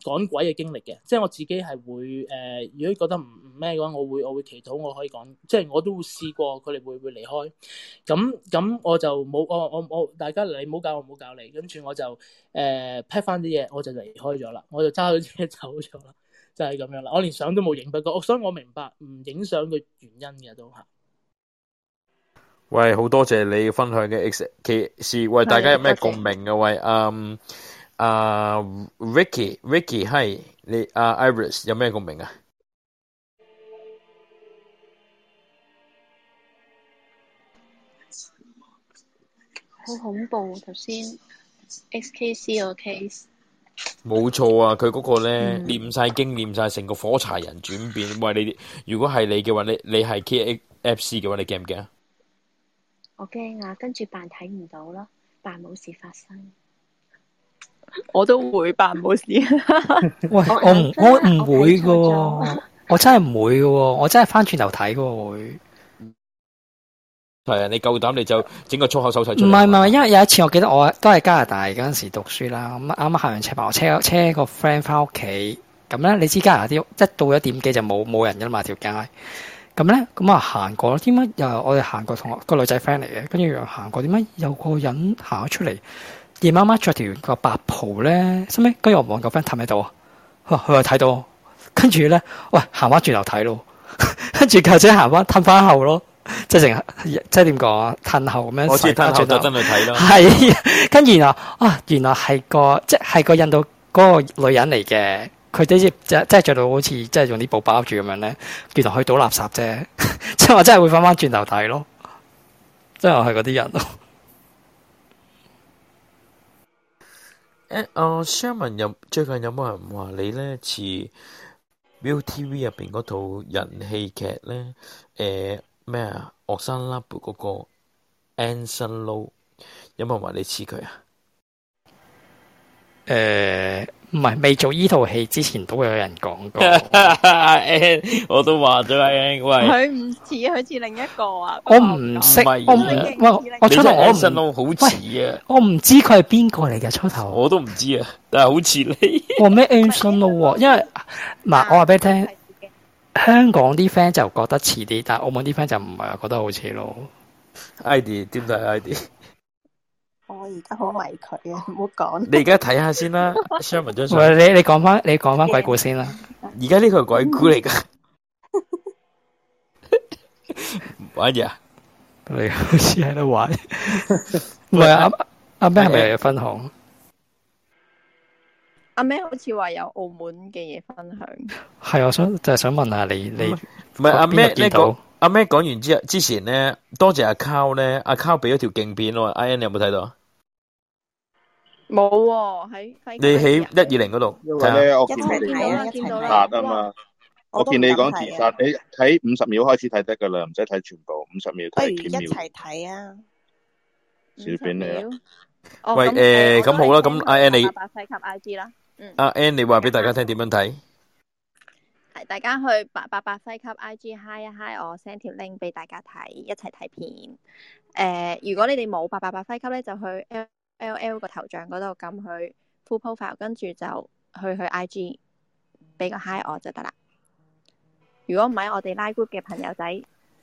趕、呃、鬼嘅經歷嘅。即係我自己係會誒、呃，如果覺得唔唔咩嘅話，我會我會祈禱我可以趕。即係我都會試過佢哋會會離開。咁咁我就冇，我我我大家你唔好教我，唔好教你。跟住我就誒 pack 翻啲嘢，我就離開咗啦，我就揸咗車走咗啦。就係咁樣啦，我連相都冇影，不過，所以我明白唔影相嘅原因嘅都吓。喂，好多謝你分享嘅 XK，是喂的大家有咩共鳴啊？okay. 喂，阿、um, 阿、uh, Ricky, Ricky, hi 你阿、uh, Iris 有咩共鳴啊？好恐怖、哦，頭先 XKC 個 case。冇錯啊！佢嗰個咧、嗯、念晒經，念晒成個火柴人轉變。喂，你如果係你嘅話，你你係 KF, FC 嘅話，你驚唔驚啊？我驚啊！跟住扮睇唔到咯，扮冇事發生。 [LAUGHS] 我都會扮冇事 [LAUGHS] 喂，我我唔會噶，我真係唔會噶，我真係翻轉頭睇噶會。係啊！你夠膽你就整個粗口手勢。唔係唔係，因為有一次我記得我都係加拿大嗰陣時讀書啦。咁啱啱行完我車吧，車車個 friend 翻屋企。咁咧，你知加拿大啲一到一點幾就冇冇人噶啦嘛？條街。咁咧，咁啊行過點解又我哋行過同學個女仔 friend 嚟嘅。跟住又行過點解有個人行咗出嚟，夜晚晚着條個白袍咧。使尾跟住我望個 friend 氹喺度啊。哇！佢又睇到，跟住咧，喂行翻轉頭睇咯，跟住架車行翻，褪翻後咯。即係成，即係點講？褪後咁樣，我知褪後就真係睇咯。係，跟住然後，啊，原來係個，即係個印度嗰個女人嚟嘅。佢哋即係即係着到好似即係用啲布包住咁樣咧，原來去倒垃圾啫。即係話真係會翻翻轉頭睇咯，即係我係嗰啲人咯。誒，阿 Sherman 有最近有冇人話你咧似 ViuTV 入邊嗰套人氣劇咧？誒。咩啊？學生拉布嗰個 Anson Lo 有冇話你似佢啊？誒、呃，唔係未做呢套戲之前都會有人講過， [LAUGHS] 我都話咗啦，因為佢唔似，佢似另一個啊。我唔識，我唔不哇，我初頭 Anson Lo 好似啊，我唔知佢係邊個嚟嘅初頭，我都唔知啊，但係好似你。我咩 Anson Lo？因為嗱，我話俾你聽。香港啲 friend 就覺得似啲，但係澳門啲 friend 就唔係話覺得好似咯。I D 點解 I D？我而家好迷佢啊，唔好講。你而家睇下先啦，張唔係你，你講翻，你講翻鬼故先啦。而家呢個係鬼故嚟噶。 [LAUGHS] [LAUGHS] 玩啊，你好似喺度玩。唔係阿阿 Ben 嚟分行？阿咩好似話有澳門嘅嘢分享，係我想就係想問下你你，唔係阿咩？你講阿咩講完之後，之前咧多謝阿 cow 咧，阿 cow 俾咗條鏡片喎，Ian 你有冇睇到啊？冇喎，喺你喺一二零嗰度，因為我見你講自殺啊嘛，我見你講自殺，你睇五十秒開始睇得噶啦，唔使睇全部，五十秒睇。不如一齊睇啊！五十秒。喂，誒，咁好啦，咁 Ian 你。及 I G 啦。阿 Andy 話俾大家聽點樣睇？係大家去八八八輝級 I G hi 一 hi 我 send 條 link 俾大家睇，一齊睇片。誒，如果你哋冇八八八輝級咧，就去 L L L 個頭像嗰度撳去 full profile，跟住就去去 I G 俾個 hi 我就得啦。如果唔係，我哋拉 group 嘅朋友仔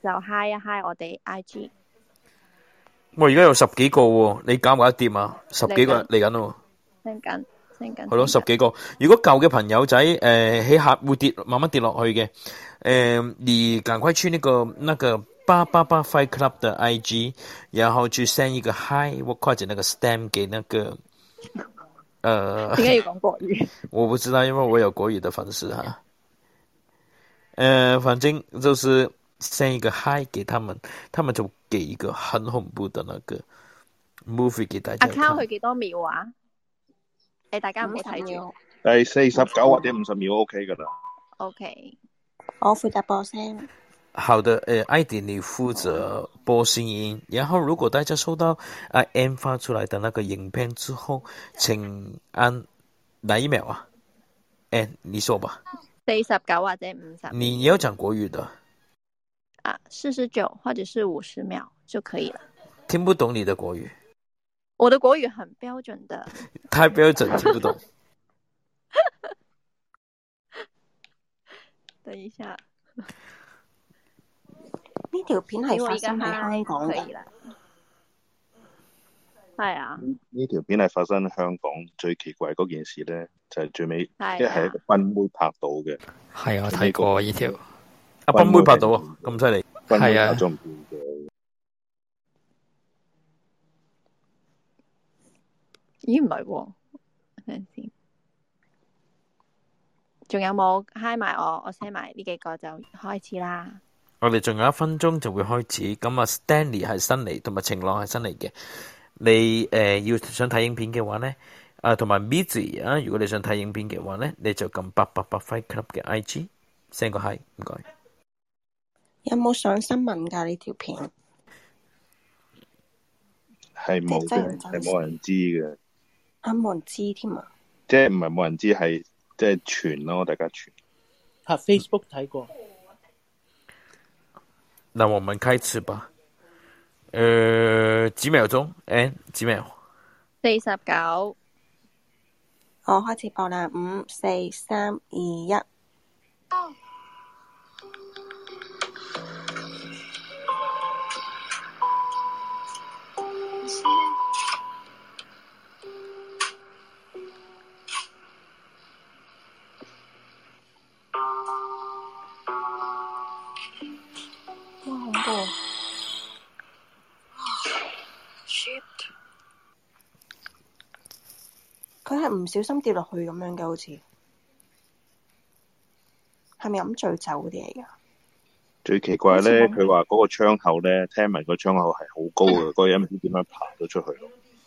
就 hi 一 hi 我哋 I G。我而家有十幾個喎，你搞唔搞得掂啊？十幾個嚟緊咯。聽緊。Educate. 係咯十幾個，如果舊嘅朋友仔誒，起、呃、客會跌，慢慢跌落去嘅。誒、呃，你趕快去呢個那個八八、那、八、個、Fight Club 的 IG，然後去 send 一個 hi，我跨住那個 stamp 給那個，誒、呃。點解要講國語？ [LAUGHS] 我不知道，因為我有國語的粉絲哈。誒、呃，反正就是 send 一個 hi 給他們，他們就給一個很恐怖的那個 movie 給大家看。a c c 多秒啊？誒，大家唔好睇住。誒秒，四十九或者五十秒 OK 噶啦。OK，我負責播聲。好的，誒，艾迪你負責播聲音。音然後如果大家收到 I、啊、M 發出來的那個影片之後，請按哪一秒啊？誒，你說吧。四十九或者五十。 [NOISE] 你要講國語的。啊，四十九或者是五十秒就可以了。聽不懂你的國語。我的國語很標準的， [LAUGHS] 太標準聽不懂。 [LAUGHS] 等一下，呢條片係發生喺香港噶，係啊。呢條片係發生喺香港，最奇怪嗰件事咧，就係、是、最尾，即係、啊、一個賓妹拍到嘅。係啊，我睇過呢條。阿賓妹、啊、妹拍到啊，咁犀利。係啊，做咦唔係喎，等陣先，仲有冇嗨埋我？我寫埋呢幾個就開始啦。我哋仲有一分鐘就會開始，咁啊，Stanley 係新嚟，同埋晴朗係新嚟嘅。你誒要、呃、想睇影片嘅話咧，啊同埋 Mizzy 啊，如果你想睇影片嘅話咧，你就撳八八八 Fight Club 嘅 IG，send 個 hi 唔該。有冇上新聞噶呢條片？係冇嘅，係冇人知嘅。啱冇、啊、人知添啊！即係唔係冇人知，係即係傳咯，大家傳。吓、啊、，Facebook 睇過、嗯。那我們開始吧。誒、呃，幾秒鐘？誒、哎，幾秒？四十九。我開始播啦，五四三二一。Oh. 唔小心跌落去咁樣嘅，好似係咪飲醉酒嗰啲嚟噶？最奇怪咧，佢話嗰個窗口咧，聽聞個窗口係好高嘅，個人唔知點樣爬咗出去。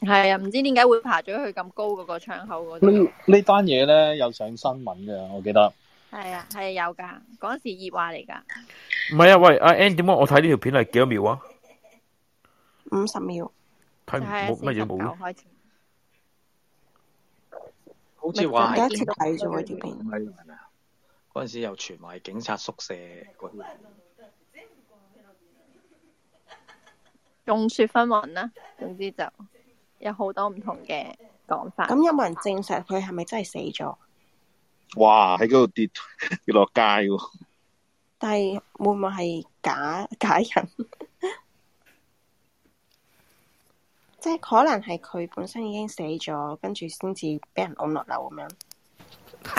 係啊，唔知點解會爬咗去咁高嗰個窗口，嗰、嗰個？嗯、呢呢單嘢咧有上新聞嘅，我記得。係啊，係有噶，嗰時熱話嚟噶。唔係啊，喂，阿、啊、Ann 點啊？我睇呢條片係幾多秒啊？五十秒。睇係乜嘢冇？49 好似話係警察，嗰陣時又傳埋警察宿舍嗰啲，眾說紛紜啦。總之就有好多唔同嘅講法。咁有冇人證實佢係咪真係死咗？哇！喺嗰度跌跌落街喎。但係會唔會係假假人？即係可能係佢本身已經死咗，跟住先至俾人按落樓咁樣。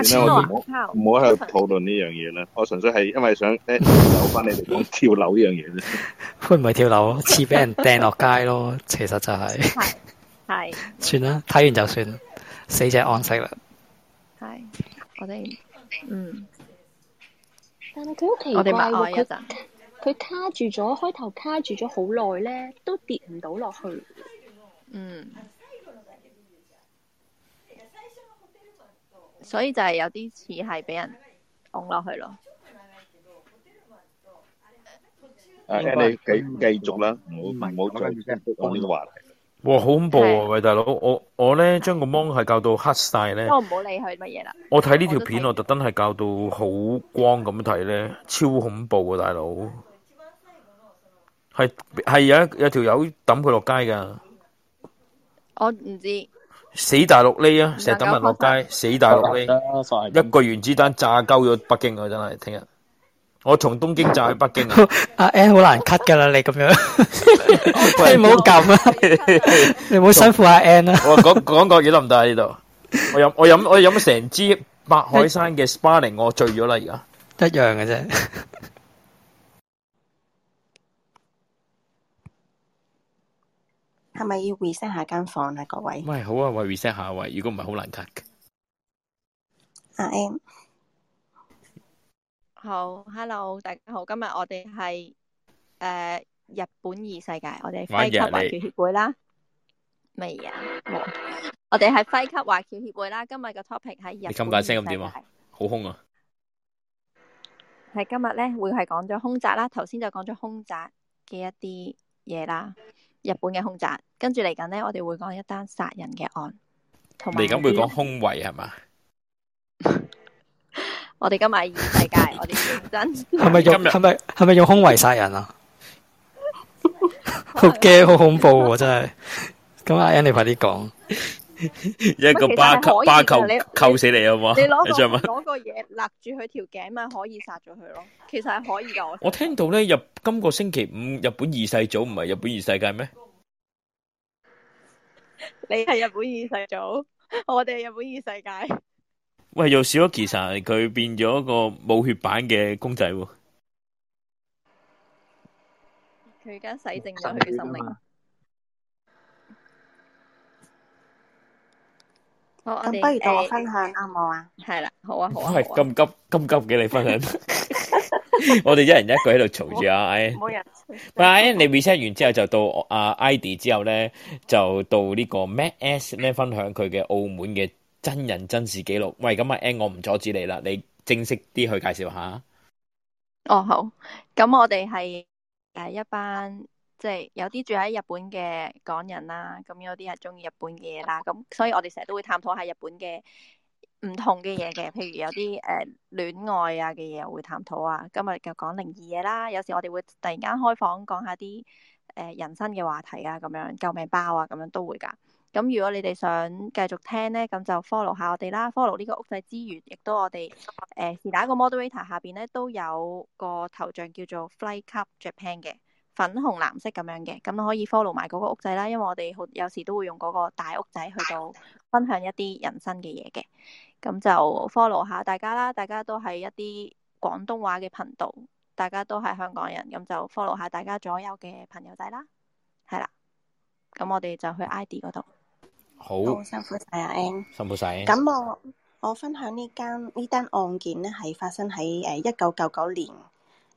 唔好唔好喺度討論呢樣嘢啦，了我純粹係因為想誒扭翻你哋講跳樓呢樣嘢啫。佢唔係跳樓咯，似俾人掟落街咯。其實就係係算啦，睇完就算啦，死者安息啦。係我哋嗯，但係佢好奇怪佢佢的、啊、卡住咗，開頭卡住咗好耐咧，都跌唔到落去。嗯，所以就係有啲似係俾人拱落去咯。啊、嗯，嗯、你繼繼續啦，唔好唔好再講呢個話題。嗯、哇，好恐怖啊！的喂，大佬，我我咧將個芒係教到黑晒咧，我唔好理佢乜嘢啦。我睇呢條片，我特登係教到好光咁睇咧，超恐怖啊！大佬，係係有一有條友抌佢落街噶。我唔知死大陸呢啊，成日等人落街死大陸呢，一個原子彈炸鳩咗北京啊！真係聽日我從東京炸去北京啊！阿 Ann 好難 cut 噶啦，你咁樣你唔好撳啊！你唔好辛苦阿 Ann 啊。我講講講完得唔得啊呢度，我飲我飲我飲咗成支白海山嘅 sparkling，我醉咗啦而家一樣嘅啫。係咪要 reset 下間房啊？各位，喂，好啊，喂 reset 下位，如果唔係 I am. 好難夾嘅。阿 M，好，Hello，大家好，今日我哋係誒日本二世界，我哋輝、啊、級華僑協會啦。未啊你、哦？我我哋係輝級華僑協會啦。今日嘅 topic 係日。你咁大聲咁點啊？好空啊！係今日咧會係講咗凶宅啦，頭先就講咗凶宅嘅一啲嘢啦。日本嘅空炸，跟住嚟緊咧，我哋會講一單殺人嘅案。同嚟緊會講凶圍係嘛？我哋今日異世界，我哋真係咪用係咪係咪用凶圍殺人啊？ [LAUGHS] 好驚，好恐怖啊！真係咁阿 a n d 快啲講。 [LAUGHS] 一個巴扣，你巴扣扣，你扣死你啊好嘛好！你攞個攞 [LAUGHS] 個嘢勒住佢條頸咪可以殺咗佢咯。其實係可以噶，我，我聽到呢。到咧，日今個星期五日本二世祖唔係日本二世界咩？你係日本二世祖，我哋係日本二世界。喂，又少咗，其實佢變咗個冇血版嘅公仔。佢而家洗淨咗佢嘅心靈。 [LAUGHS] 咁不如同我分享阿冇啊，係啦，好啊，好啊，喂，咁急咁急畀你分享，我哋一人一句喺度嘈住啊，冇人嘈，喂，你 reset 完之後就到阿 I D 之後咧，就到呢個 Matt S 咧分享佢嘅澳門嘅真人真事記錄，喂，咁啊，N 我唔阻止你啦，你正式啲去介紹下。哦，好，咁我哋係誒一班。即係有啲住喺日本嘅港人啦，咁有啲係中意日本嘅嘢啦，咁所以我哋成日都會探討下日本嘅唔同嘅嘢嘅，譬如有啲誒戀愛啊嘅嘢會探討啊，今日就講靈異嘢啦，有時我哋會突然間開房講下啲誒、呃、人生嘅話題啊，咁樣救命包啊，咁樣都會噶。咁如果你哋想繼續聽咧，咁就 follow 下我哋啦，follow 呢個屋仔資源，亦都我哋誒是打個 moderator 下邊咧都有個頭像叫做 Fly Cup Japan 嘅。粉紅藍色咁樣嘅，咁可以 follow 埋嗰個屋仔啦，因為我哋好有時都會用嗰個大屋仔去到分享一啲人生嘅嘢嘅，咁就 follow 下大家啦，大家都係一啲廣東話嘅頻道，大家都係香港人，咁就 follow 下大家左右嘅朋友仔啦，係啦，咁我哋就去 ID 嗰度，好辛苦晒啊，辛苦晒，咁我我分享呢間呢單案件咧，係發生喺誒一九九九年。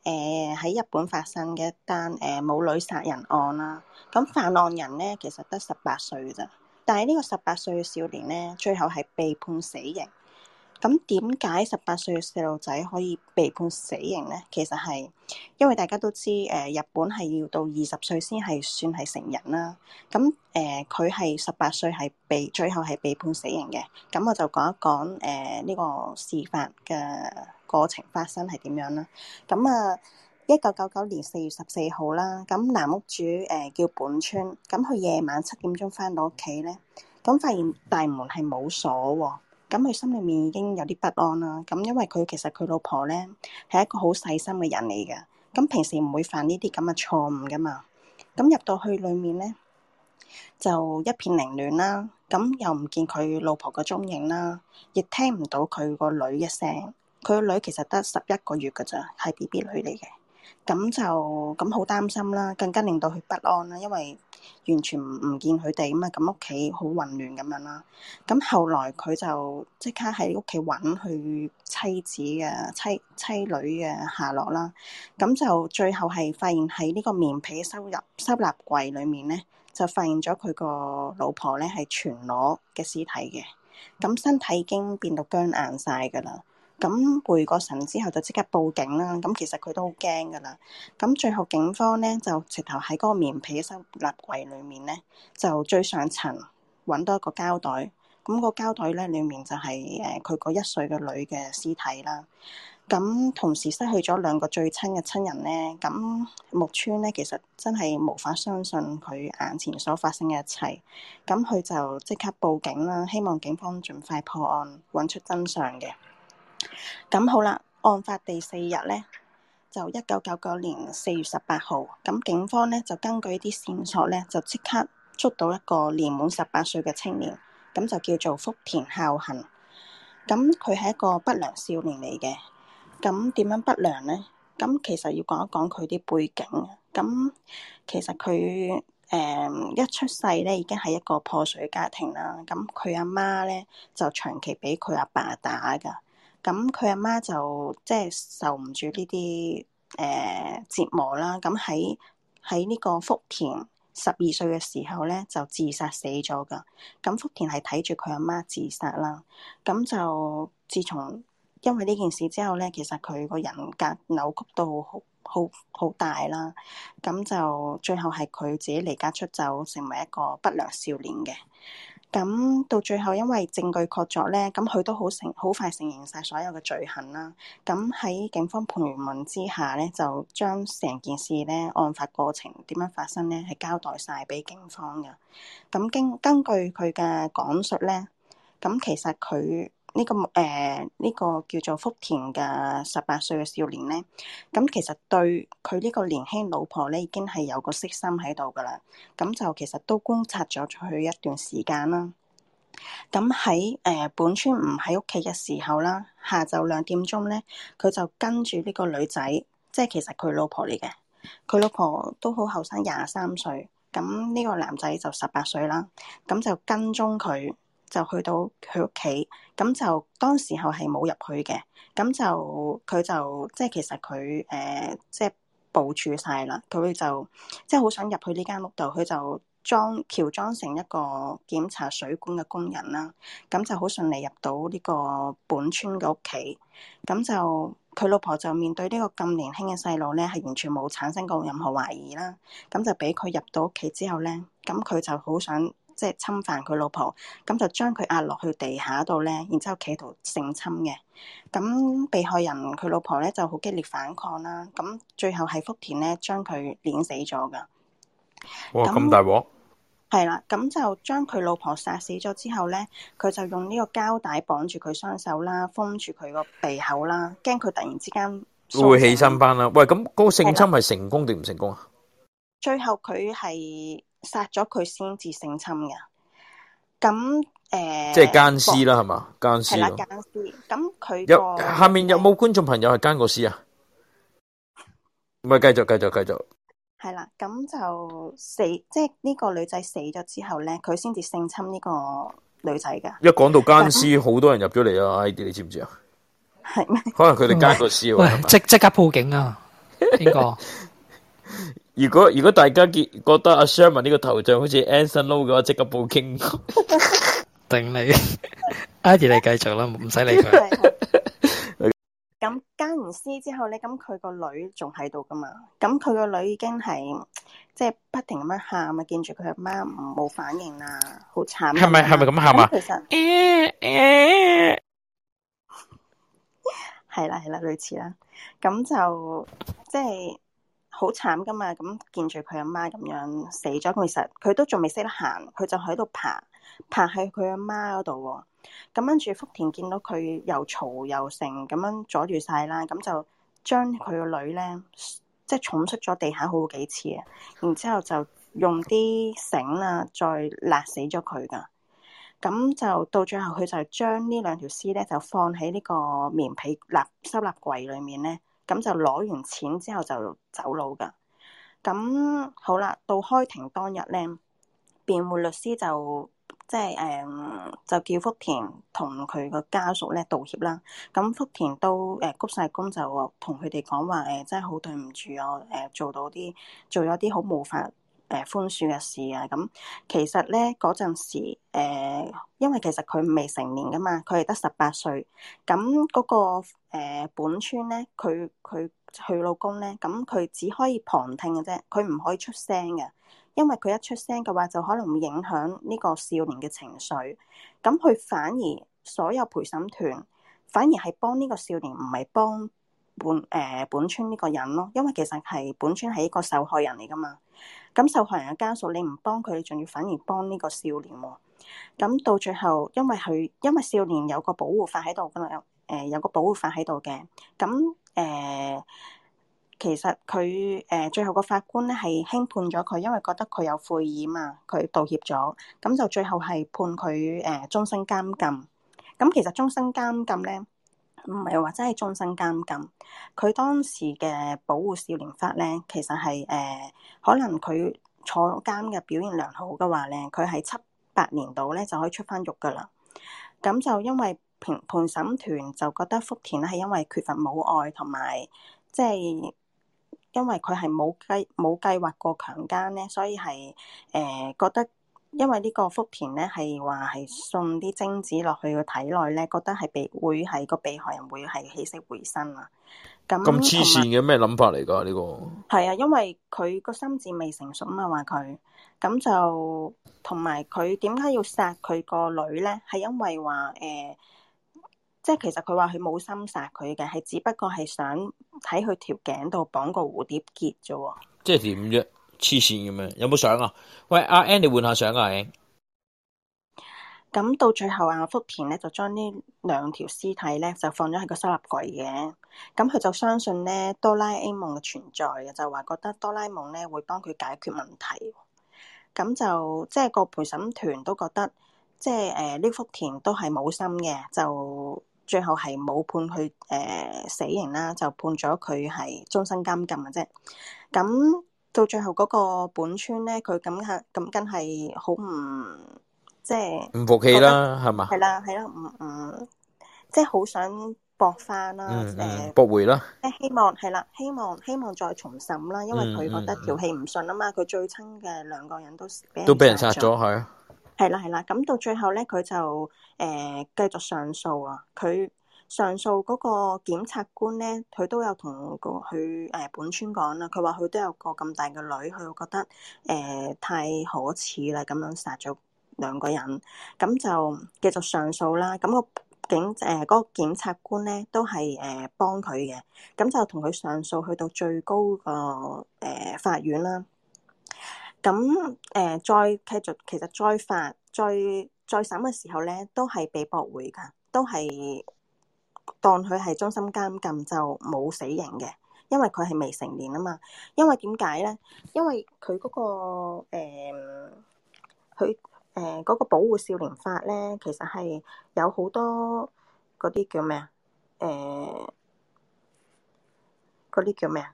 誒喺、呃、日本發生嘅一單誒、呃、母女殺人案啦、啊，咁犯案人咧，其實得十八歲咋，但係呢個十八歲嘅少年咧，最後係被判死刑。咁點解十八歲嘅細路仔可以被判死刑咧？其實係因為大家都知誒，日本係要到二十歲先係算係成人啦。咁誒，佢係十八歲係被最後係被判死刑嘅。咁我就講一講誒呢個事發嘅過程發生係點樣啦。咁啊，一九九九年四月十四號啦。咁男屋主誒、呃、叫本村，咁佢夜晚七點鐘翻到屋企咧，咁發現大門係冇鎖喎。咁佢心裏面已經有啲不安啦，咁因為佢其實佢老婆咧，係一個好細心嘅人嚟噶，咁平時唔會犯呢啲咁嘅錯誤噶嘛，咁入到去裏面咧，就一片凌亂啦，咁又唔見佢老婆嘅蹤影啦，亦聽唔到佢個女一聲，佢個女其實得十一個月噶咋，係 BB 女嚟嘅，咁就咁好擔心啦，更加令到佢不安啦，因為。完全唔唔見佢哋啊嘛，咁屋企好混亂咁樣啦。咁後來佢就即刻喺屋企揾佢妻子嘅妻妻女嘅下落啦。咁就最後係發現喺呢個棉被收入收納櫃裏面咧，就發現咗佢個老婆咧係全裸嘅屍體嘅。咁身體已經變到僵硬晒噶啦。咁回過神之後，就即刻報警啦。咁其實佢都好驚噶啦。咁最後警方咧就直頭喺嗰個棉被收納櫃裏面咧，就最上層揾到一個膠袋。咁個膠袋咧裏面就係誒佢個一歲嘅女嘅屍體啦。咁同時失去咗兩個最親嘅親人咧，咁木村咧其實真係無法相信佢眼前所發生嘅一切。咁佢就即刻報警啦，希望警方盡快破案，揾出真相嘅。咁好啦，案發第四日呢，就一九九九年四月十八號。咁警方呢，就根據啲線索呢，就即刻捉到一個年滿十八歲嘅青年，咁就叫做福田孝行。咁佢係一個不良少年嚟嘅。咁點樣不良呢？咁其實要講一講佢啲背景。咁其實佢誒、嗯、一出世呢，已經係一個破碎家庭啦。咁佢阿媽呢，就長期俾佢阿爸打噶。咁佢阿媽就即係受唔住呢啲誒折磨啦，咁喺喺呢個福田十二歲嘅時候咧就自殺死咗噶，咁福田係睇住佢阿媽自殺啦，咁就自從因為呢件事之後咧，其實佢個人格扭曲到好好好大啦，咁就最後係佢自己離家出走，成為一個不良少年嘅。咁到最後，因為證據確鑿咧，咁佢都好成好快承認晒所有嘅罪行啦。咁喺警方盤問之下咧，就將成件事咧，案發過程點樣發生咧，係交代晒俾警方㗎。咁經根據佢嘅講述咧，咁其實佢。呢、這個誒，呢、呃，這個叫做福田嘅十八歲嘅少年咧，咁其實對佢呢個年輕老婆咧，已經係有個色心喺度噶啦，咁就其實都觀察咗佢一段時間啦。咁喺誒本村唔喺屋企嘅時候啦，下晝兩點鐘咧，佢就跟住呢個女仔，即係其實佢老婆嚟嘅。佢老婆都好後生，廿三歲，咁呢個男仔就十八歲啦，咁就跟蹤佢。就去到佢屋企，咁就當時候係冇入去嘅，咁就佢就即係其實佢誒、呃、即係部署晒啦，佢就即係好想入去呢間屋度，佢就裝喬裝成一個檢查水管嘅工人啦，咁就好順利入到呢個本村嘅屋企，咁就佢老婆就面對呢個咁年輕嘅細路咧，係完全冇產生過任何懷疑啦，咁就俾佢入到屋企之後咧，咁佢就好想。即係侵犯佢老婆，咁就將佢壓落去地下度咧，然之後企圖性侵嘅。咁被害人佢老婆咧就好激烈反抗啦。咁最後喺福田咧將佢碾死咗噶。哇！咁大鑊係啦。咁就將佢老婆殺死咗之後咧，佢就用呢個膠帶綁住佢雙手啦，封住佢個鼻口啦，驚佢突然之間會，會起身翻啦。喂，咁、那、嗰個性侵係成功定唔成功啊？最後佢係。殺咗佢先至性侵嘅，咁誒，呃、即係奸屍啦，係嘛、嗯，奸屍奸屍咁佢，有下面有冇觀眾朋友係奸過屍啊？唔係，繼續，繼續，繼續。係啦，咁就死，即係呢個女仔死咗之後咧，佢先至性侵呢個女仔噶。一講到奸屍，嗯、好多人入咗嚟啊！I D，你知唔知啊？係咩嗎？可能佢哋奸過屍，即即刻報警啊！邊個？ [LAUGHS] [LAUGHS] 如果如果大家結覺得阿 Sherman 呢個頭像好似 Anson Lo 嘅話即、啊 [LAUGHS] 定理，即刻報警。頂你，阿爺你繼續啦，唔使理佢。咁奸完屍之後咧，咁佢個女仲喺度噶嘛？咁佢個女已經係即係不停咁樣喊啊，見住佢阿媽冇反應啦，好慘。係咪係咪咁喊啊？其實，係啦係啦，類似啦。咁就即係。好慘噶嘛，咁見住佢阿媽咁樣死咗，其實佢都仲未識得行，佢就喺度爬，爬喺佢阿媽嗰度。咁跟住福田見到佢又嘈又成咁樣阻住晒啦，咁就將佢個女咧，即係重出咗地下好幾次啊，然之後就用啲繩啦，再勒死咗佢噶。咁就到最後佢就將呢兩條屍咧，就放喺呢個棉被立收納櫃裏面咧。咁就攞完錢之後就走佬噶。咁好啦，到開庭當日咧，辯護律師就即係誒、嗯，就叫福田同佢個家屬咧道歉啦。咁福田都誒鞠曬躬，呃、就同佢哋講話誒，真係好對唔住啊！誒做到啲做咗啲好無法。誒，寬恕嘅事啊，咁其實咧嗰陣時，誒、呃，因為其實佢未成年噶嘛，佢係得十八歲，咁嗰、嗰個誒、呃、本村咧，佢佢佢老公咧，咁佢只可以旁聽嘅啫，佢唔可以出聲嘅，因為佢一出聲嘅話，就可能會影響呢個少年嘅情緒，咁佢反而所有陪審團反而係幫呢個少年，唔係幫本誒、呃、本村呢個人咯，因為其實係本村係一個受害人嚟噶嘛。咁受害人嘅家屬你，你唔幫佢，仲要反而幫呢個少年喎？咁到最後，因為佢因為少年有個保護法喺度噶嘛，有誒有個保護法喺度嘅。咁誒、呃，其實佢誒、呃、最後個法官咧係輕判咗佢，因為覺得佢有悔意嘛，佢道歉咗。咁就最後係判佢誒終身監禁。咁其實終身監禁咧。唔係話真係終身監禁，佢當時嘅保護少年法咧，其實係誒、呃，可能佢坐監嘅表現良好嘅話咧，佢係七八年度咧就可以出返獄㗎喇。咁就因為評、陪審團就覺得福田咧係因為缺乏母愛同埋，即係因為佢係冇計冇計劃過強姦咧，所以係誒、呃、覺得。因為呢個福田咧係話係送啲精子落去個體內咧，覺得係被會係個被害人會係起死回生啊。咁咁黐線嘅咩諗法嚟㗎呢個？係啊，因為佢個心智未成熟啊嘛，話佢咁就同埋佢點解要殺佢個女咧？係因為話誒、呃，即係其實佢話佢冇心殺佢嘅，係只不過係想喺佢條頸度綁個蝴蝶結啫。即係點啫？黐線咁樣有冇相啊？喂，阿 Andy 你換下相啊！咁到最後啊，福田咧就將呢兩條屍體咧就放咗喺個收納櫃嘅。咁佢就相信咧哆啦 A 夢嘅存在嘅，就話覺得哆啦 A 夢咧會幫佢解決問題。咁就即係、就是、個陪審團都覺得，即係誒呢福田都係冇心嘅，就最後係冇判佢誒、呃、死刑啦，就判咗佢係終身監禁嘅啫。咁。到最後嗰個本村咧，佢咁吓咁緊係好唔，即係唔服氣啦，係嘛？係啦係啦，唔，唔，即係好想駁翻啦，誒駁回啦，即希望係啦，希望，希望，希望，希望再重審啦，因為佢覺得條氣唔順啊嘛，佢、嗯嗯、最親嘅兩個人都都俾人殺咗，係啊，係啦係啦，咁到最後咧，佢就誒呃、繼續上訴啊，佢。上訴嗰個檢察官咧，佢都有同個佢誒本村講啦。佢話佢都有個咁大嘅女，佢覺得誒、呃、太可恥啦，咁樣殺咗兩個人，咁就繼續上訴啦。咁、那個、呃、警誒嗰個檢察官咧都係誒、呃、幫佢嘅，咁就同佢上訴去到最高個誒、呃、法院啦。咁誒、呃、再繼續，其實再發再再審嘅時候咧，都係被駁回噶，都係。當佢係終身監禁就冇死刑嘅，因為佢係未成年啊嘛。因為點解咧？因為佢嗰、嗰個誒，佢、呃、誒、呃嗰個保護少年法咧，其實係有好多嗰啲叫咩啊？誒、呃，嗰啲叫咩啊？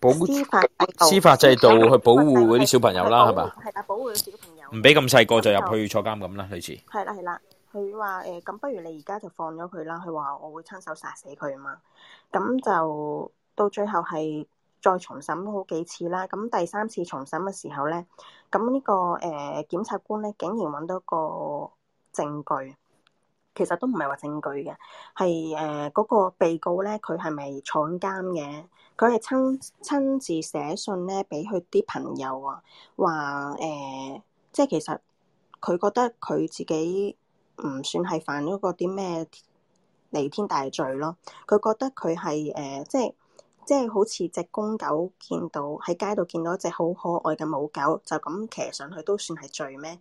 保護護法、司法制度去保護嗰啲小朋友啦，係嘛？係啊，吧保護小朋友，唔俾咁細個就入去坐監咁啦，就類似。係啦，係啦。佢話：誒咁，欸、不如你而家就放咗佢啦。佢話：我會親手殺死佢啊嘛。咁就到最後係再重審好幾次啦。咁第三次重審嘅時候咧，咁呢、這個誒、呃、檢察官咧，竟然搵到個證據，其實都唔係話證據嘅，係誒嗰個被告咧，佢係咪坐監嘅？佢係親親自寫信咧，俾佢啲朋友啊，話、呃、誒，即係其實佢覺得佢自己。唔算係犯咗嗰啲咩彌天大罪咯。佢覺得佢係誒，即係即係好似隻公狗見到喺街度見到一隻好可愛嘅母狗，就咁騎上去都算係罪咩？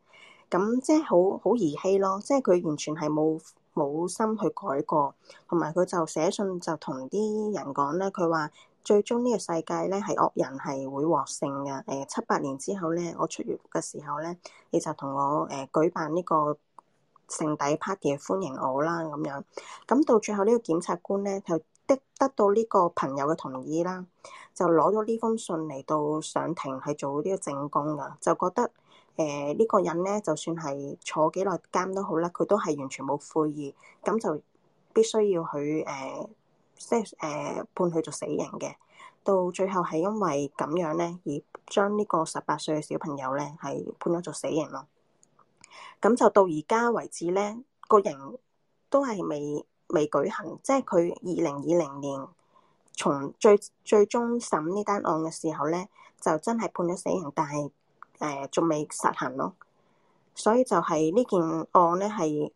咁即係好好兒戲咯。即係佢完全係冇冇心去改過，同埋佢就寫信就同啲人講咧。佢話最終呢個世界咧係惡人係會獲勝嘅。誒、呃，七八年之後咧，我出獄嘅時候咧，你就同我誒、呃、舉辦呢、這個。盛底 party 歡迎我啦，咁樣，咁到最後呢個檢察官咧，就得得到呢個朋友嘅同意啦，就攞咗呢封信嚟到上庭係做呢個證供噶，就覺得誒呢個人咧，就算係坐幾耐監都好啦，佢都係完全冇悔意，咁就必須要去誒即係誒判佢做死刑嘅，到最後係因為咁樣咧而將呢個十八歲嘅小朋友咧係判咗做死刑咯。咁就到而家為止咧，個刑都係未未舉行，即係佢二零二零年從最最終審呢單案嘅時候咧，就真係判咗死刑，但係誒仲未實行咯。所以就係呢件案咧，係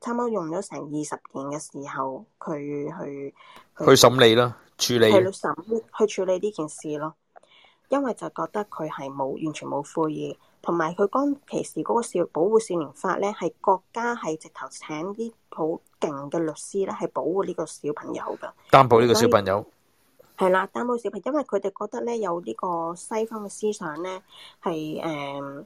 差唔多用咗成二十年嘅時候，佢去去審理啦，處理去審去處理呢件事咯，因為就覺得佢係冇完全冇悔意。同埋佢當時嗰個少保護少年法咧，係國家係直頭請啲好勁嘅律師咧，係保護呢個小朋友㗎，擔保呢個小朋友係啦，擔保小朋友，因為佢哋覺得咧有呢個西方嘅思想咧，係誒，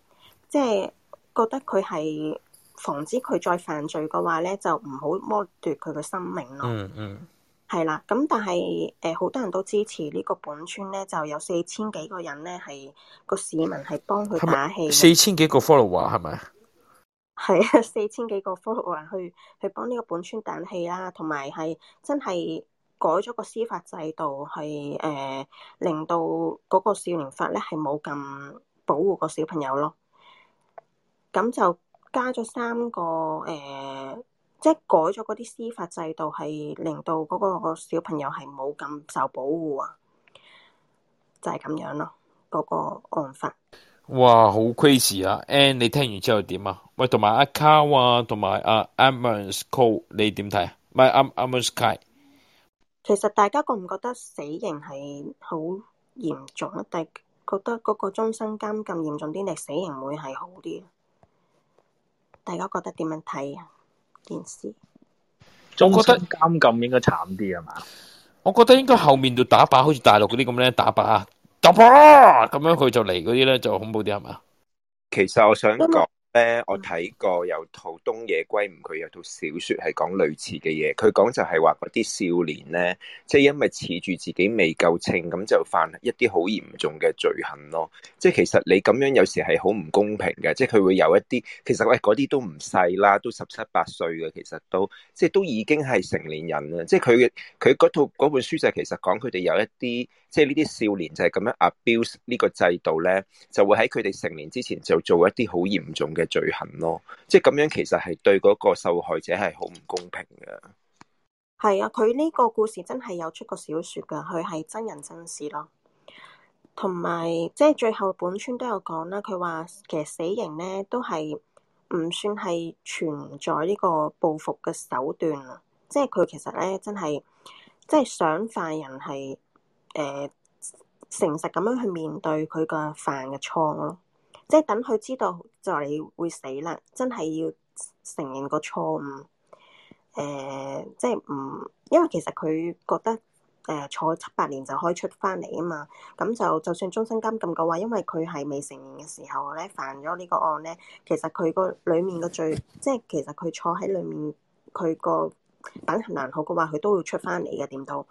即、呃、係、就是、覺得佢係防止佢再犯罪嘅話咧，就唔好剝奪佢嘅生命咯、嗯。嗯嗯。係啦，咁但係誒，好、呃、多人都支持呢個本村咧，就有四千幾個人咧，係個市民係幫佢打氣。四千幾個 follower 係咪？係啊，四千幾個 follower 去去幫呢個本村打氣啦，同埋係真係改咗個司法制度，係、呃、誒令到嗰個少年法咧係冇咁保護個小朋友咯。咁就加咗三個誒。呃即係改咗嗰啲司法制度，係令到嗰個小朋友係冇咁受保護啊，就係、是、咁樣咯。嗰、那個案發哇，好 crazy 啊！And 你聽完之後點啊？喂，同埋阿 Cal 啊，同埋阿 Amos Call，你點睇啊？唔係阿阿 Amos Guy。其實大家覺唔覺得死刑係好嚴重啊？但係覺得嗰個終身監禁嚴重啲，定死刑會係好啲？大家覺得點樣睇啊？我覺得監禁應該慘啲啊嘛？我覺得應該後面就打靶，好似大陸啲咁咧打靶啊，突破咁樣佢就嚟啲咧就恐怖啲係嘛？其實我想講、嗯。咧，我睇過有套《東野圭吾》，佢有套小說係講類似嘅嘢。佢講就係話啲少年咧，即係因為恃住自己未夠秤，咁就犯一啲好嚴重嘅罪行咯。即係其實你咁樣有時係好唔公平嘅。即係佢會有一啲，其實喂啲都唔細啦，都十七八歲嘅，其實都即係都已經係成年人啦。即係佢嘅佢套本書就係其實講佢哋有一啲，即係呢啲少年就係咁樣 abuse 呢個制度咧，就會喺佢哋成年之前就做一啲好嚴重嘅。罪行咯，即係咁樣，其實係對嗰個受害者係好唔公平嘅。係啊，佢呢個故事真係有出過小說噶，佢係真人真事咯。同埋，即係最後本村都有講啦，佢話其實死刑咧都係唔算係存在呢個報復嘅手段啊。即係佢其實咧真係，即係想犯人係誒誠實咁樣去面對佢個犯嘅錯咯。即係等佢知道就係會死啦，真係要承認個錯誤。誒、呃，即係唔因為其實佢覺得誒、呃、坐七八年就可以出翻嚟啊嘛。咁就就算終身監禁嘅話，因為佢係未成年嘅時候咧犯咗呢個案咧，其實佢個裏面個罪，即係其實佢坐喺裏面佢個品行良好嘅話，佢都會出翻嚟嘅。點到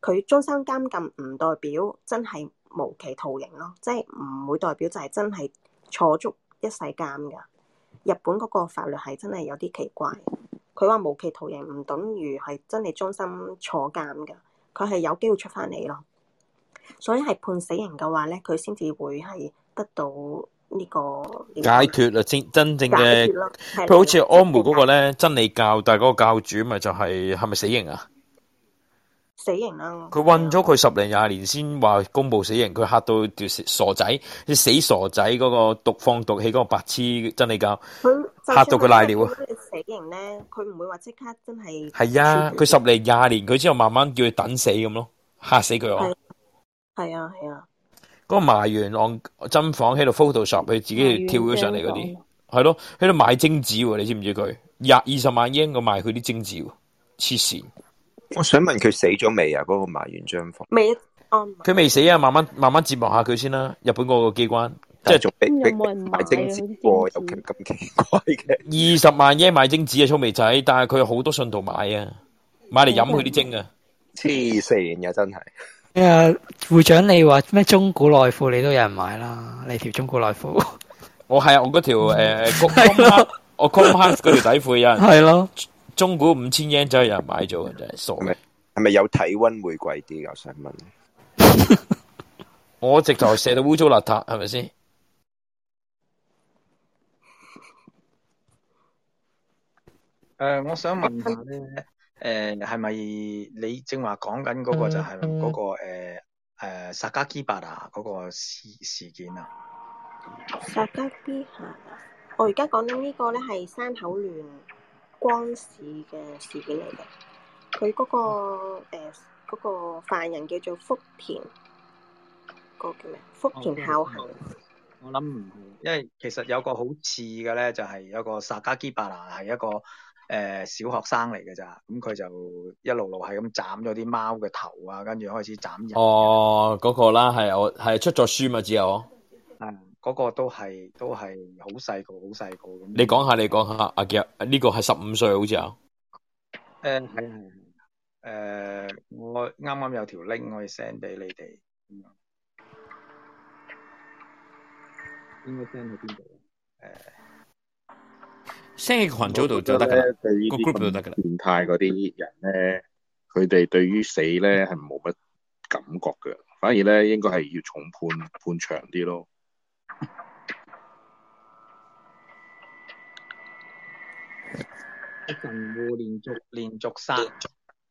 佢終身監禁唔代表真係無期徒刑咯，即係唔會代表就係真係。坐足一世監噶，日本嗰個法律係真係有啲奇怪。佢話無期徒刑唔等於係真係終身坐監噶，佢係有機會出翻嚟咯。所以係判死刑嘅話咧，佢先至會係得到呢個解脫啦。真真正嘅，佢好似安培嗰個咧，真理教大嗰個教主咪就係係咪死刑啊？死刑啊，佢韞咗佢十零廿年先話公布死刑，佢吓到條傻仔，啲死傻仔嗰個毒放毒氣嗰個白痴真理教，佢吓到佢瀨尿啊！死刑咧，佢唔會話即刻真係係啊！佢十零廿年，佢之後慢慢叫佢等死咁咯，吓死佢啊！係啊係啊！嗰、啊啊、個埋完案針房喺度 Photoshop，佢自己跳咗上嚟嗰啲，係咯喺度賣精子、啊，你知唔知佢廿二十萬英我賣佢啲精子、啊，黐線！我想問佢死咗未啊？嗰個埋完張房未？佢未死啊，慢慢慢慢折磨下佢先啦。日本嗰個機關即係做逼逼買精子貨，有咁奇怪嘅二十萬耶買精子嘅草莓仔！但係佢好多信徒買啊，買嚟飲佢啲精啊，黐線啊，真係。啊，會長你話咩？中古內褲你都有人買啦？你條中古內褲我係啊，我嗰條誒，我 com p a n t 條底褲有人係咯。中古五千日圓有人買咗，真係傻！係咪？係咪有體溫會貴啲？我想問， [LAUGHS] [LAUGHS] 我直頭射到污糟邋遢，係咪先？誒、呃，我想問下咧，誒、呃，係咪你正話講緊嗰個就係嗰、那個誒誒薩加基伯嗰個事事件啊？薩加基伯，我而家講緊呢個咧係山口亂光市嘅事件嚟嘅，佢嗰、嗰個誒、呃嗰個犯人叫做福田，個叫咩？福田孝行。我諗唔，因為其實有個好似嘅咧，就係有個沙加基伯拿係一個誒小學生嚟嘅咋，咁佢就一路路係咁斬咗啲貓嘅頭啊，跟住開始斬人。哦，嗰、嗰個啦，係我係出咗書嘛，之後。嗰個都係都係好細個，好細個咁。嗯、你講下，你講下阿杰呢、呢個係十五歲，好似啊？誒係係係我啱啱有條 link 可以 send 俾你哋，應該 send 去邊度？誒，聲群組度就得㗎啦，個 group 度得㗎啦。變態嗰啲人咧，佢哋對於死咧係冇乜感覺嘅，反而咧應該係要重判判長啲咯。喺神戶連續連續殺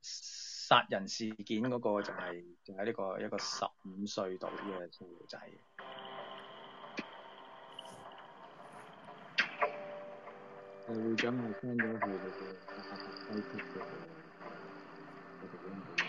殺人事件嗰個就係、是、就係、是、呢個一個十五歲度嘅少女。誒， [LAUGHS] 最近係聽到係嗰個。 [NOISE] [NOISE] [NOISE]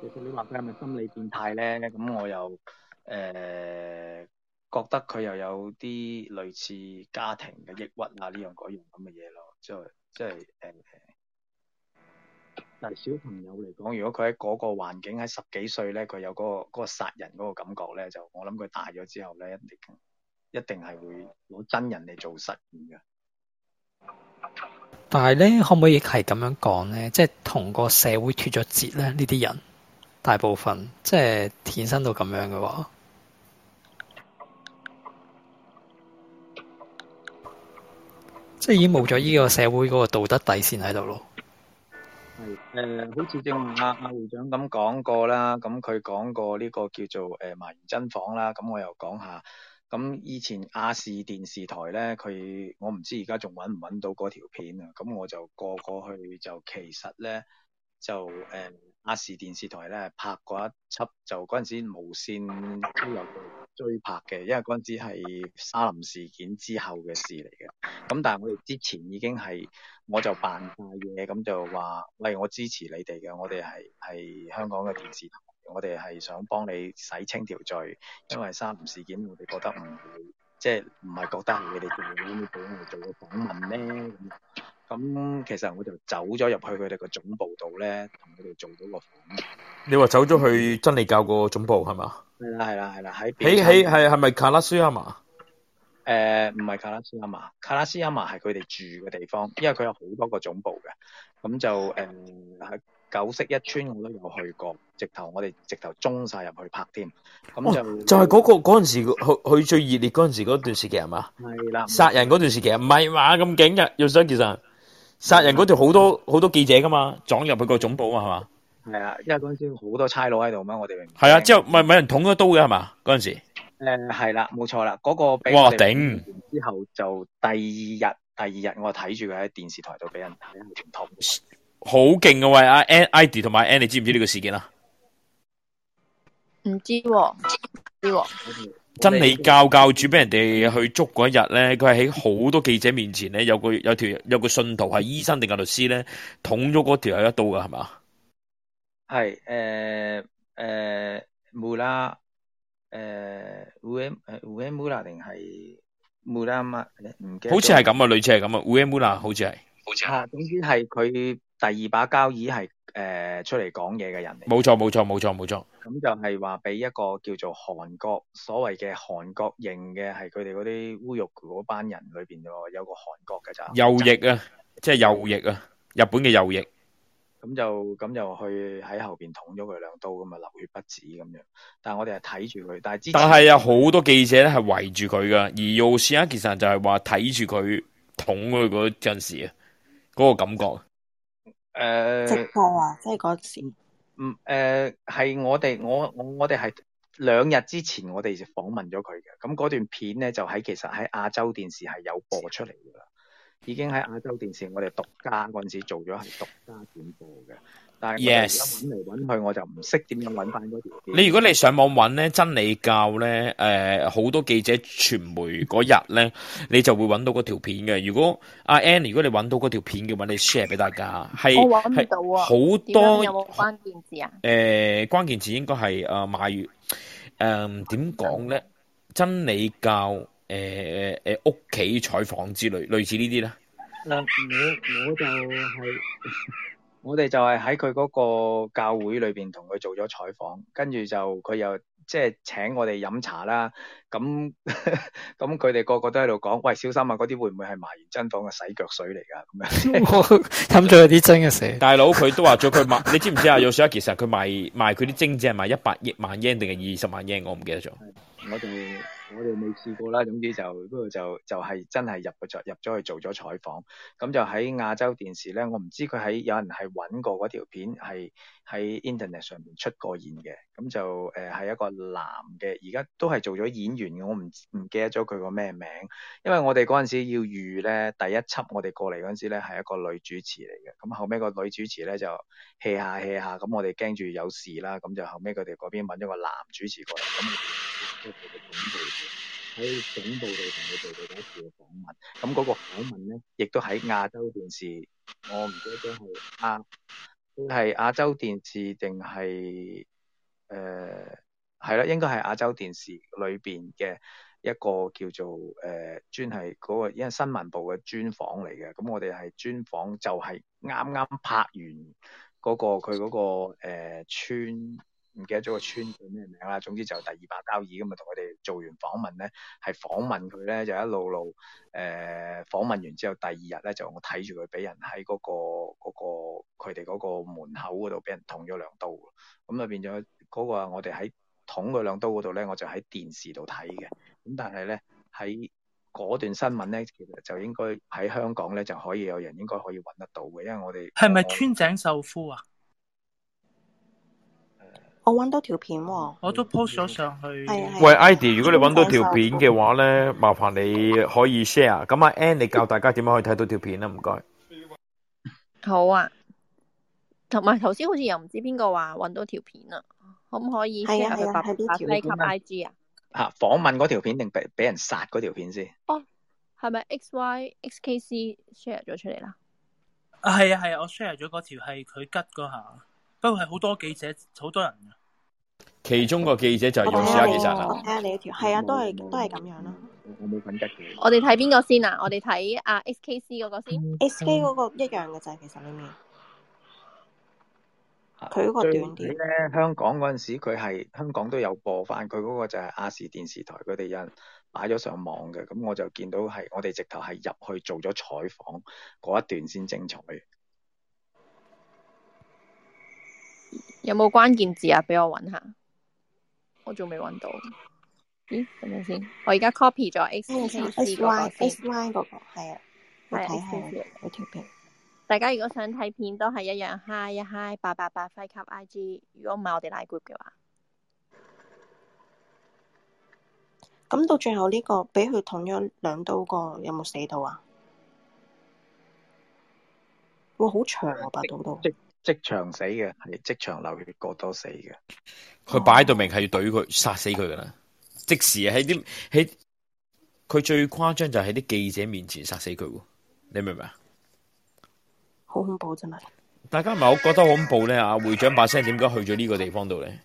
其實你話佢係咪心理變態咧？咁我又誒、呃、覺得佢又有啲類似家庭嘅抑鬱啊呢樣嗰樣咁嘅嘢咯，即係即係誒。但係小朋友嚟講，如果佢喺嗰個環境喺十幾歲咧，佢有嗰個嗰個殺人嗰個感覺咧，就我諗佢大咗之後咧一定一定係會攞真人嚟做實驗㗎。但係咧，可唔可以係咁樣講咧？即係同個社會脫咗節咧？呢啲人。大部分即係天生到咁樣嘅話，即係已經冇咗呢個社會嗰個道德底綫喺度咯。係誒、呃，好似正阿阿會長咁講過啦，咁佢講過呢個叫做誒、呃、埋真房啦，咁我又講下。咁以前亞視電視台咧，佢我唔知而家仲搵唔搵到嗰條片啊。咁我就過過去就其實咧就誒。呃亞視、啊、電視台咧拍過一輯，就嗰陣時無線都有追拍嘅，因為嗰陣時係沙林事件之後嘅事嚟嘅。咁但係我哋之前已經係，我就扮晒嘢，咁就話喂，我支持你哋嘅，我哋係係香港嘅電視台，我哋係想幫你洗清條罪，因為沙林事件，我哋覺得唔會，即係唔係覺得係你哋會會做個訪問咧。咁其實我就走咗入去佢哋個總部度咧，同佢哋做咗個訪問。你話走咗去真理教個總部係嘛？係啦，係啦，係啦，喺喺係係咪卡拉斯阿瑪？誒，唔係卡拉斯阿瑪，卡拉斯阿瑪係佢哋住嘅地方，因為佢有好多個總部嘅。咁就誒，呃、喺九色一村我都有去過，直頭我哋直頭中晒入去拍添。咁就、哦、就係、是、嗰、那個嗰陣時去去最熱烈嗰陣時嗰段時期係嘛？係啦，殺了人嗰段時期唔係話咁勁嘅，要想傑神。殺人嗰，條好多好多記者噶嘛，撞入去個總部嘛係嘛？係啊，因為嗰陣時好多差佬喺度嘛，我哋係啊，之後咪咪人捅咗刀嘅係嘛？嗰陣時誒，係啦，冇錯啦，嗰、嗰個俾完，哇頂，之後就第二日，第二日我睇住佢喺電視台度俾人捅，好勁嘅喂！阿 Andy 同埋 Andy 你知唔知呢個事件啊？唔知、啊，唔知、啊。真理教教主俾人哋去捉嗰一日咧，佢係喺好多記者面前咧，有個有，有條有個信徒係醫生定個律師咧，捅咗嗰條係一刀噶係嘛？係誒誒穆拉誒 William 誒 William 穆拉定係穆拉乜？唔記得。好似係咁啊，類似係咁啊 William 穆拉好似係，好似係。總之係佢第二把交椅係。誒、呃，出嚟講嘢嘅人嚟，冇錯冇錯冇錯冇錯，咁就係話俾一個叫做韓國所謂嘅韓國型嘅，係佢哋嗰啲侮辱嗰班人裏邊就有個韓國嘅咋右翼啊，即係右翼啊，日本嘅右翼，咁就咁就去喺後邊捅咗佢兩刀，咁啊流血不止咁樣，但係我哋係睇住佢，但係之但係有好多記者咧係圍住佢噶，而奧斯啊其實就係話睇住佢捅佢嗰陣時啊，嗰、嗰個感覺。 [LAUGHS] 呃、直播啊，即係嗰陣時嗯。嗯，誒、呃，係我哋，我我我哋係兩日之前我，我哋就訪問咗佢嘅。咁嗰段片咧，就喺其實喺亞洲電視係有播出嚟噶啦，已經喺亞洲電視我哋獨家嗰陣時做咗係獨家轉播嘅。 [LAUGHS] 但係我而家揾嚟揾去，我就唔識點樣揾翻嗰條。你如果你上網揾咧，真理教咧，誒、呃，好多記者傳媒嗰日咧，你就會揾到嗰條片嘅。如果阿、啊、Ann，如果你揾到嗰條片嘅話，你 share 俾大家係。我揾唔到啊！好多點樣有冇關鍵字？啊？誒、啊呃，關鍵詞應該係誒馬月誒，點講咧？真理教誒誒誒，屋、呃呃、企採訪之類類似呢啲咧。嗱，我我就係、是。 [LAUGHS] 我哋就係喺佢嗰個教會裏邊同佢做咗採訪，跟住就佢又即係請我哋飲茶啦，咁咁佢哋個個都喺度講，喂，小心啊，嗰啲會唔會係埋完真房嘅洗腳水嚟噶？咁樣飲咗啲精嘅死大佬佢都話咗佢賣，你知唔知啊，有 o 其實佢賣賣佢啲精只係賣一百億萬 yen 定係二十萬 yen？我唔記得咗。我哋我哋未試過啦，總之就不過就就係真係入咗入咗去做咗採訪，咁、嗯、就喺亞洲電視咧。我唔知佢喺有人係揾過嗰條片，係喺 Internet 上面出過現嘅。咁、嗯、就誒係、呃、一個男嘅，而家都係做咗演員嘅。我唔唔記得咗佢個咩名，因為我哋嗰陣時要預咧第一輯我，我哋過嚟嗰陣時咧係一個女主持嚟嘅。咁、嗯、後尾個女主持咧就 hea 下 hea 下，咁、嗯、我哋驚住有事啦，咁、嗯、就後尾佢哋嗰邊揾咗個男主持過嚟。嗯嗯喺總部度同佢做到一次嘅訪問，咁、嗯、嗰、那個訪問咧，亦都喺亞洲電視。我唔記得咗係亞，係亞洲電視定係誒係啦，應該係亞洲電視裏邊嘅一個叫做誒專、呃、係嗰、那個，因為新聞部嘅專訪嚟嘅。咁、嗯、我哋係專訪，就係啱啱拍完嗰、那個佢嗰、那個誒、呃、村。唔記得咗個村叫咩名啦，總之就第二把交椅咁啊，同佢哋做完訪問咧，係訪問佢咧，就一路路誒、呃、訪問完之後，第二日咧就我睇住佢俾人喺嗰個、嗰個佢哋嗰個門口嗰度俾人捅咗兩刀，咁啊變咗嗰個我哋喺捅嗰兩刀嗰度咧，我就喺電視度睇嘅。咁但係咧喺嗰段新聞咧，其實就應該喺香港咧就可以有人應該可以揾得到嘅，因為我哋係咪村井秀夫啊？我揾到條片喎、啊，我都 post 咗上去。喂，i d y 如果你揾到條片嘅話咧，的麻煩你可以 share。咁阿 Ann，你教大家點樣可以睇到條片啊？唔該。好啊，同埋頭先好似又唔知邊個話揾到條片啊？可唔可以 share 八八低級 IG 啊？吓，訪問嗰條片定被俾人殺嗰條片先？哦，係咪 X Y X K C share 咗出嚟啦？啊，係啊係啊，我 share 咗嗰條係佢吉嗰下，不過係好多記者，好多人。其中個記者就用其他技術啊！其實我睇下你條，係啊，都係都係咁樣咯、啊。我冇品格嘅。我哋睇邊個先啊？我哋睇阿 SKC 嗰個先，SK、嗯、嗰個一樣嘅就係其實裏面。佢嗰個短片。最尾咧，香港嗰陣時，佢係香港都有播翻，佢嗰個就係亞視電視台，佢哋有人擺咗上網嘅，咁我就見到係我哋直頭係入去做咗採訪嗰一段先精彩。有冇關鍵字啊？俾我揾下。我仲未揾到，咦？等陣先，我而家 copy 咗 x, x y 嗰、嗰個，係啊，的我睇下睇條片。大家如果想睇片都係一樣，high 一 high 八八八，快加、啊、IG。如果唔係我哋拉 group 嘅話，咁到最後呢個俾佢捅咗兩刀個，刀有冇死到啊？哇、哦，好長啊，八刀都。即場死嘅係即場流血過多死嘅，佢擺到明係要懟佢殺死佢噶啦。哦、即時喺啲喺佢最誇張就喺啲記者面前殺死佢，你明唔明啊？好恐怖真係！大家唔係好覺得恐怖咧啊，會長把聲點解去咗呢個地方度咧？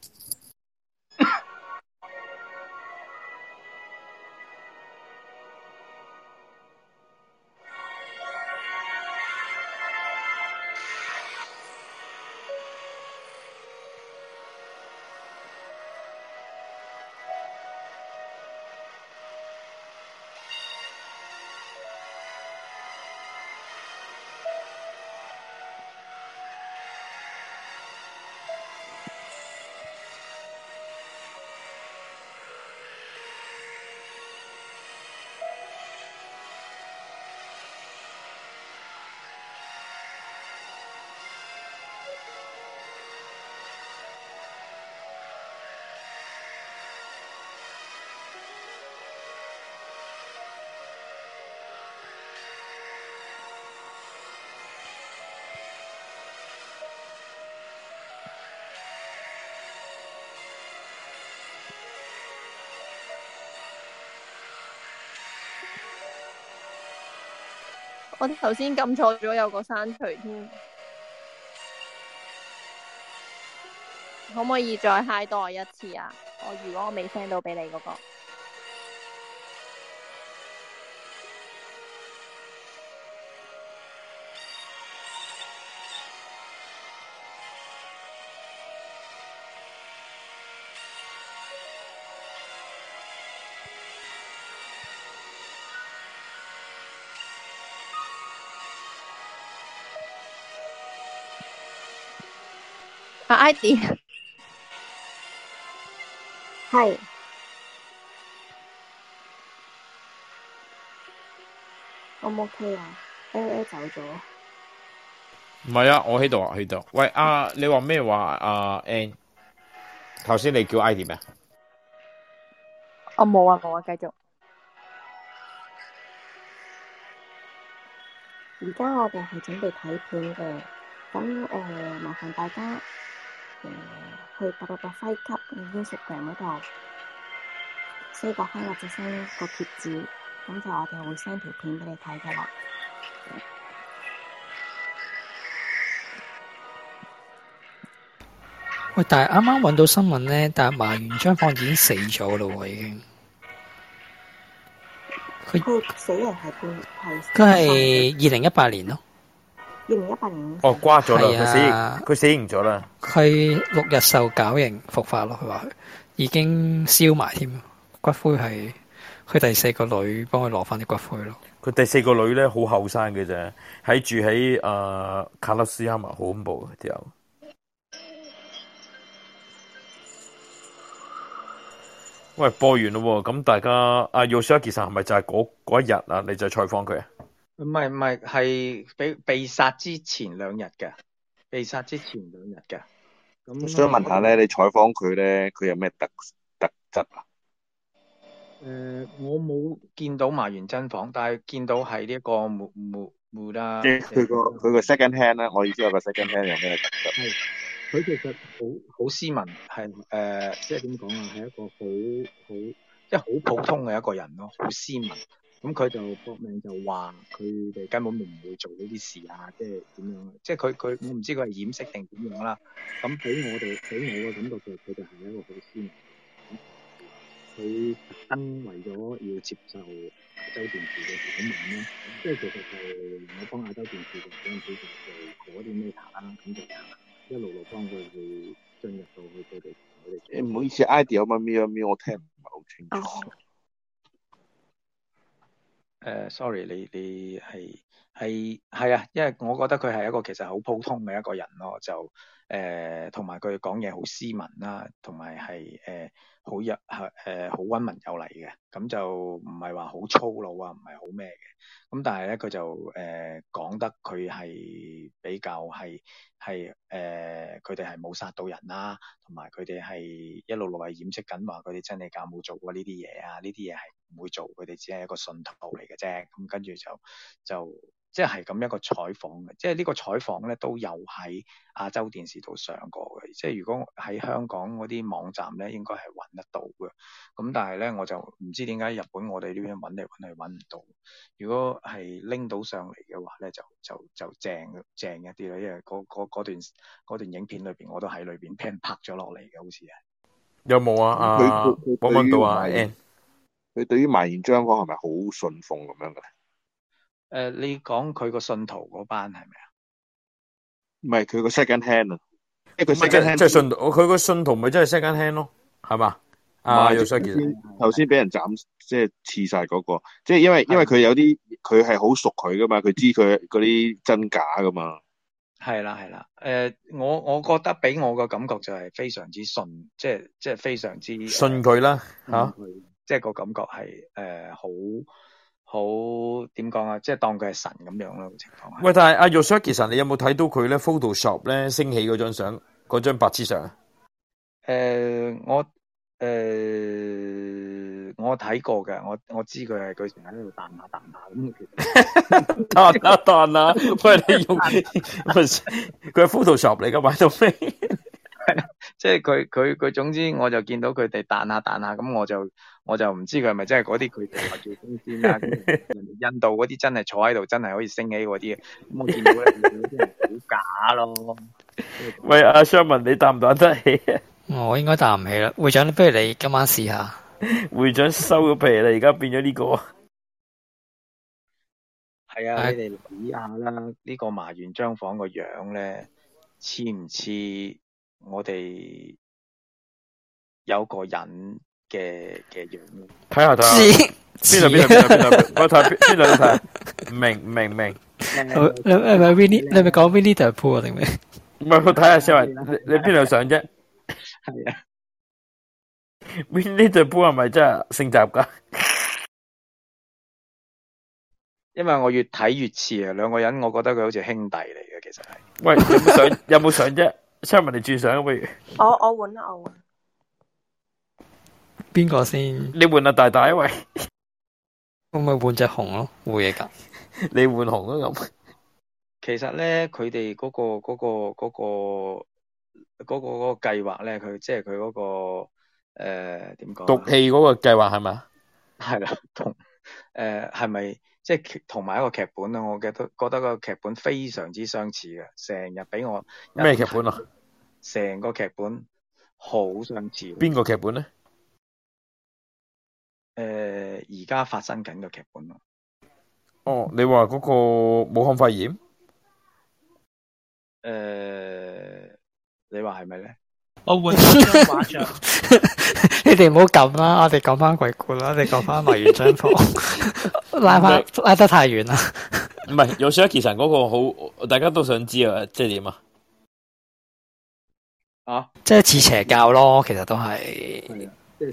我頭先撳錯咗有個刪除添，可唔可以再 high 多我一次啊？我如果我未 send 到畀你嗰、嗰個。I D，係，O 唔 O K 啊？L A 走咗，唔係啊，我喺度啊，喺度。喂啊，你話咩話啊？誒、欸，頭先你叫 I D 咩？我冇啊，冇啊，繼、啊、續。而家我哋係準備睇片嘅，咁誒、呃，麻煩大家。誒、嗯，去到到到輝吉英雄病嗰度，所以講翻我只生個帖子，咁就我哋會 send 條片俾你睇嘅啦。嗯、喂，但係啱啱搵到新聞呢，但係麻原彰晃已經死咗咯，已經。佢它死人係邊？佢係二零一八年咯。二零一八哦，瓜咗啦，佢、啊、死，佢死完咗啦。佢六日受絞刑，復發咯，佢話已經燒埋添，骨灰係佢第四個女幫佢攞翻啲骨灰咯。佢第四個女咧好後生嘅啫，喺住喺誒、呃、卡拉斯哈嘛，好恐怖之後。 [NOISE] 喂，播完咯，咁、嗯、大家阿 Rosie 其實係咪就係嗰一日啊？你就採訪佢啊？唔係唔係，係被被殺之前兩日嘅，被殺之前兩日嘅。咁想問下咧，嗯、你採訪佢咧，佢有咩特特質啊？誒、呃，我冇見到麻原真房，但係見到係呢一個冇冇冇啦。即係佢個佢個 second hand 咧，我意思係個 second hand 有咩特質？係，佢其實好好斯文，係誒、呃，即係點講啊？係一個好好即係好普通嘅一個人咯，好斯文。咁佢、嗯、就搏命就話，佢哋根本唔會做呢啲事啊！即係點樣？即係佢佢，我唔知佢係掩飾定點樣啦。咁俾我哋，俾我嘅感覺就，佢就係一個好斯文。佢、嗯、特登為咗要接受亞洲電視嘅訪問咧，即係其實係我幫亞洲電視做嗰啲咩查啦，咁就一路路幫佢去進入到去哋，佢。誒，唔好意思，idea 有乜咩我聽唔係好清楚。Oh. 誒、uh，sorry，你你係係係啊，因為我覺得佢係一個其實好普通嘅一個人咯，就誒同埋佢講嘢好斯文啦，同埋係誒好入係好溫文有禮嘅，咁就唔係話好粗魯啊，唔係好咩嘅，咁但係咧佢就誒講、呃、得佢係比較係係誒佢哋係冇殺到人啦，同埋佢哋係一路路係掩飾緊話佢哋真係冇做過呢啲嘢啊，呢啲嘢係。唔會做，佢哋只係一個信徒嚟嘅啫。咁跟住就就即係咁一個採訪嘅，即係呢個採訪咧都有喺亞洲電視度上過嘅。即係如果喺香港嗰啲網站咧，應該係揾得到嘅。咁、嗯、但係咧，我就唔知點解日本我哋呢邊揾嚟揾去揾唔到。如果係拎到上嚟嘅話咧，就就就正正一啲啦，因為嗰、那個、段段影片裏邊我都喺裏邊聽拍咗落嚟嘅，好似啊，有冇啊？啊、嗯，冇揾到啊！嗯嗯嗯嗯嗯嗯佢對於埋現張講係咪好信奉咁樣嘅？誒、呃，你講佢個信徒嗰班係咪啊？唔係佢個 Second hand 啊！一個 Second hand，即係信徒。佢個信徒咪真係 Second hand 咯，係嘛？是啊！又頭先俾人斬，即係刺晒嗰、那個。即係因為因為佢有啲，佢係好熟佢噶嘛，佢知佢嗰啲真假噶嘛。係啦係啦。誒、呃，我我覺得俾我個感覺就係非常之信，即係即係非常之信佢啦嚇。即係個感覺係誒、呃，好好點講啊？即係當佢係神咁樣咯，個情況。喂，但係阿約塞其神，你有冇睇到佢咧？Photoshop 咧，升起嗰張相、嗰張白癡相。誒、呃，我誒、呃，我睇過嘅，我我知佢係佢成日喺度彈下彈下咁，彈下彈下，喂，你用佢係 Photoshop 嚟噶嘛，度未？即係佢佢佢，總之我就見到佢哋彈下彈下，咁我就我就唔知佢係咪真係嗰啲佢哋話做公司啦。 [LAUGHS] 印度嗰啲真係坐喺度，真係可以升起嗰啲嘅。咁我見到咧，嗰啲好假咯。 [LAUGHS] 喂，阿 s h 你彈唔彈得起啊？哦、我應該彈唔起啦。會長，不如你今晚試下。會長收咗皮啦，而家變咗呢、這個。係 [LAUGHS] 啊，你睇下啦，呢、這個麻完張房個樣咧，似唔似？我哋有個人嘅嘅樣睇下睇邊度邊度邊度邊度，我睇下，邊度睇，下，明明明，你咪咪 Vinny，你咪講 Vinny 在抱定咩？唔係我睇下小話，你你邊度上啫？係啊，Vinny 在抱係咪真係性集㗎？因為我越睇越似啊，兩個人，我覺得佢好似兄弟嚟嘅，其實係喂，有冇相？有冇相啫？出埋你轉相，不如我我換啦，我換邊個先？你換阿、啊、大大 [LAUGHS] 換一位，我咪換隻熊咯，換嘢噶。你換熊都咁。其實咧，佢哋嗰個嗰個嗰個嗰個嗰個計劃咧，佢、嗰個嗰個，即係佢嗰個誒點講？呃、毒氣嗰個計劃係咪啊？係啦，毒誒係咪？呃是即係同埋一個劇本啊，我嘅都覺得個劇本非常之相似嘅，成日俾我咩劇本啊？成個劇本好相似。邊個劇本咧？誒、呃，而家發生緊嘅劇本咯。哦，你話嗰個武漢肺炎？誒、呃，你話係咪咧？我換張板，你哋唔好咁啦，我哋講翻鬼故啦，我哋講翻埋元張房。拉翻拉得太遠啦。唔 [LAUGHS] 係，有 shot 其實嗰個好，大家都想知啊，即係點啊？啊，即係似邪教咯，其實都係，對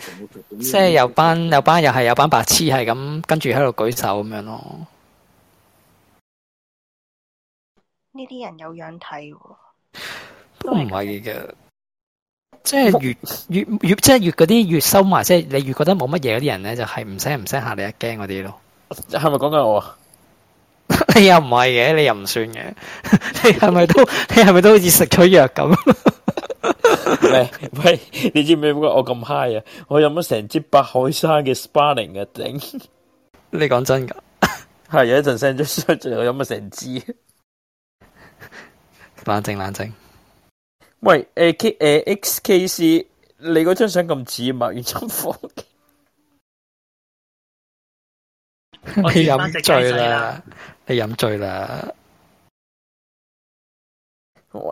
即係有班有班又係有班白痴係咁跟住喺度舉手咁樣咯。呢啲人有樣睇，哦，都唔係嘅。即係越越越即係越嗰啲越收埋，即係你越覺得冇乜嘢嗰啲人咧，就係唔使唔使吓你一驚嗰啲咯。係咪講緊我啊？ [LAUGHS] 你又唔係嘅，你又唔算嘅。 [LAUGHS] 你係咪都你係咪都好似食咗藥咁？喂喂，你知唔知我咁嗨 i 啊？我飲咗成支白海沙嘅 sparring 嘅、啊、頂你講真噶，係 [LAUGHS] [LAUGHS] 有一陣聲咗出，就飲咗成支。 [LAUGHS] 冷靜冷靜。喂，誒、欸、K，誒、欸、XKC，你嗰張相咁似埋完張房， [LAUGHS] 你飲醉啦，你飲醉啦。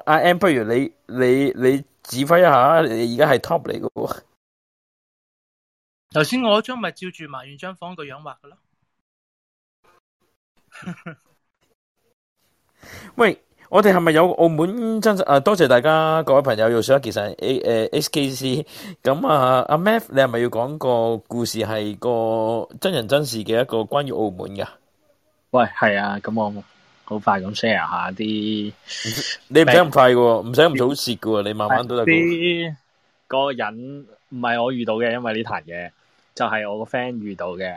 阿 M，不如你你你，你指揮一下，你而家係 top 嚟噶喎。頭 [LAUGHS] 先我張咪照住埋完張房個樣畫噶咯。 [LAUGHS] 喂。我哋係咪有澳門真實？誒，多謝大家各位朋友用上其實 A 誒 HKC 咁啊，阿 Math 你係咪要講個故事係個真人真事嘅一個關於澳門噶？喂，係啊，咁我好快咁 share 下啲，你唔使咁快嘅喎，唔使咁早截嘅，你慢慢都得。嗰個人唔係我遇到嘅，因為呢壇嘢就係、是、我個 friend 遇到嘅。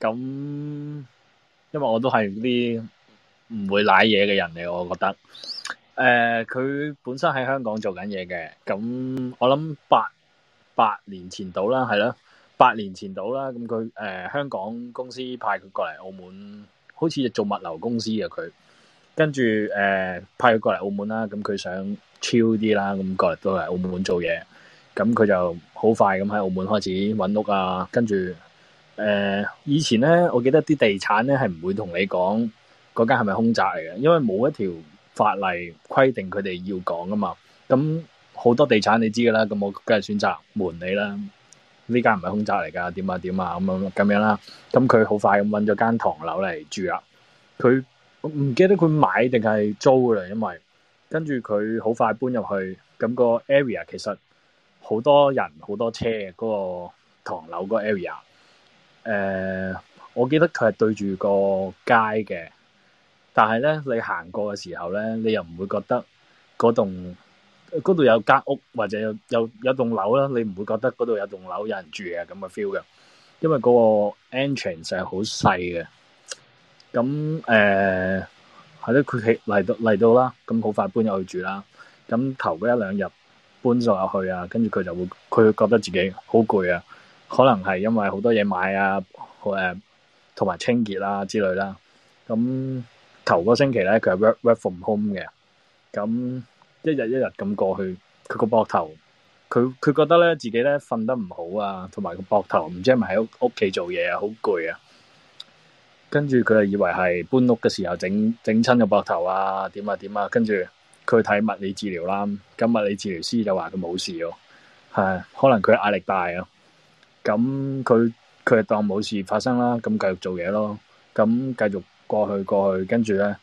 咁因為我都係啲。唔會瀨嘢嘅人嚟，我覺得。誒、呃，佢本身喺香港做緊嘢嘅，咁、嗯、我諗八八年前到啦，係啦，八年前到啦，咁佢誒，香港公司派佢過嚟澳門，好似做物流公司嘅，佢跟住誒派佢過嚟澳門啦，咁、嗯、佢想超啲啦，咁、嗯、過嚟都嚟澳門做嘢。咁、嗯、佢就好快咁喺澳門開始揾屋啊，跟住誒以前咧，我記得啲地產咧係唔會同你講。嗰間係咪空宅嚟嘅？因為冇一條法例規定佢哋要講啊嘛。咁好多地產你知噶啦，咁我梗係選擇瞞你啦。呢間唔係空宅嚟噶，點啊點啊咁樣咁樣啦。咁佢好快咁揾咗間唐樓嚟住啦。佢唔記得佢買定係租噶啦，因為跟住佢好快搬入去。咁個 area 其實好多人好多車嗰個唐樓嗰 area。呃，誒，我記得佢係對住個街嘅。但係咧，你行過嘅時候咧，你又唔會覺得嗰度有間屋，或者有有有棟樓啦。你唔會覺得嗰度有棟樓有人住嘅咁嘅 feel 嘅，因為嗰個 entrance 係好細嘅。咁誒係咯，佢、呃、嚟到嚟到啦，咁好快搬入去住啦。咁頭嗰一兩日搬咗入去啊，跟住佢就會佢會覺得自己好攰啊。可能係因為好多嘢買啊，誒同埋清潔啦、啊、之類啦，咁。頭個星期咧，佢係 work, work from home 嘅，咁一日一日咁過去，佢個膊頭，佢佢覺得咧自己咧瞓得唔好啊，同埋個膊頭唔知係咪喺屋屋企做嘢啊，好攰啊，跟住佢就以為係搬屋嘅時候整整親個膊頭啊，點啊點啊，跟住佢睇物理治療啦，咁物理治療師就話佢冇事咯，啊，係可能佢壓力大啊，咁佢佢係當冇事發生啦，咁繼續做嘢咯，咁繼續。過去過去，跟住咧，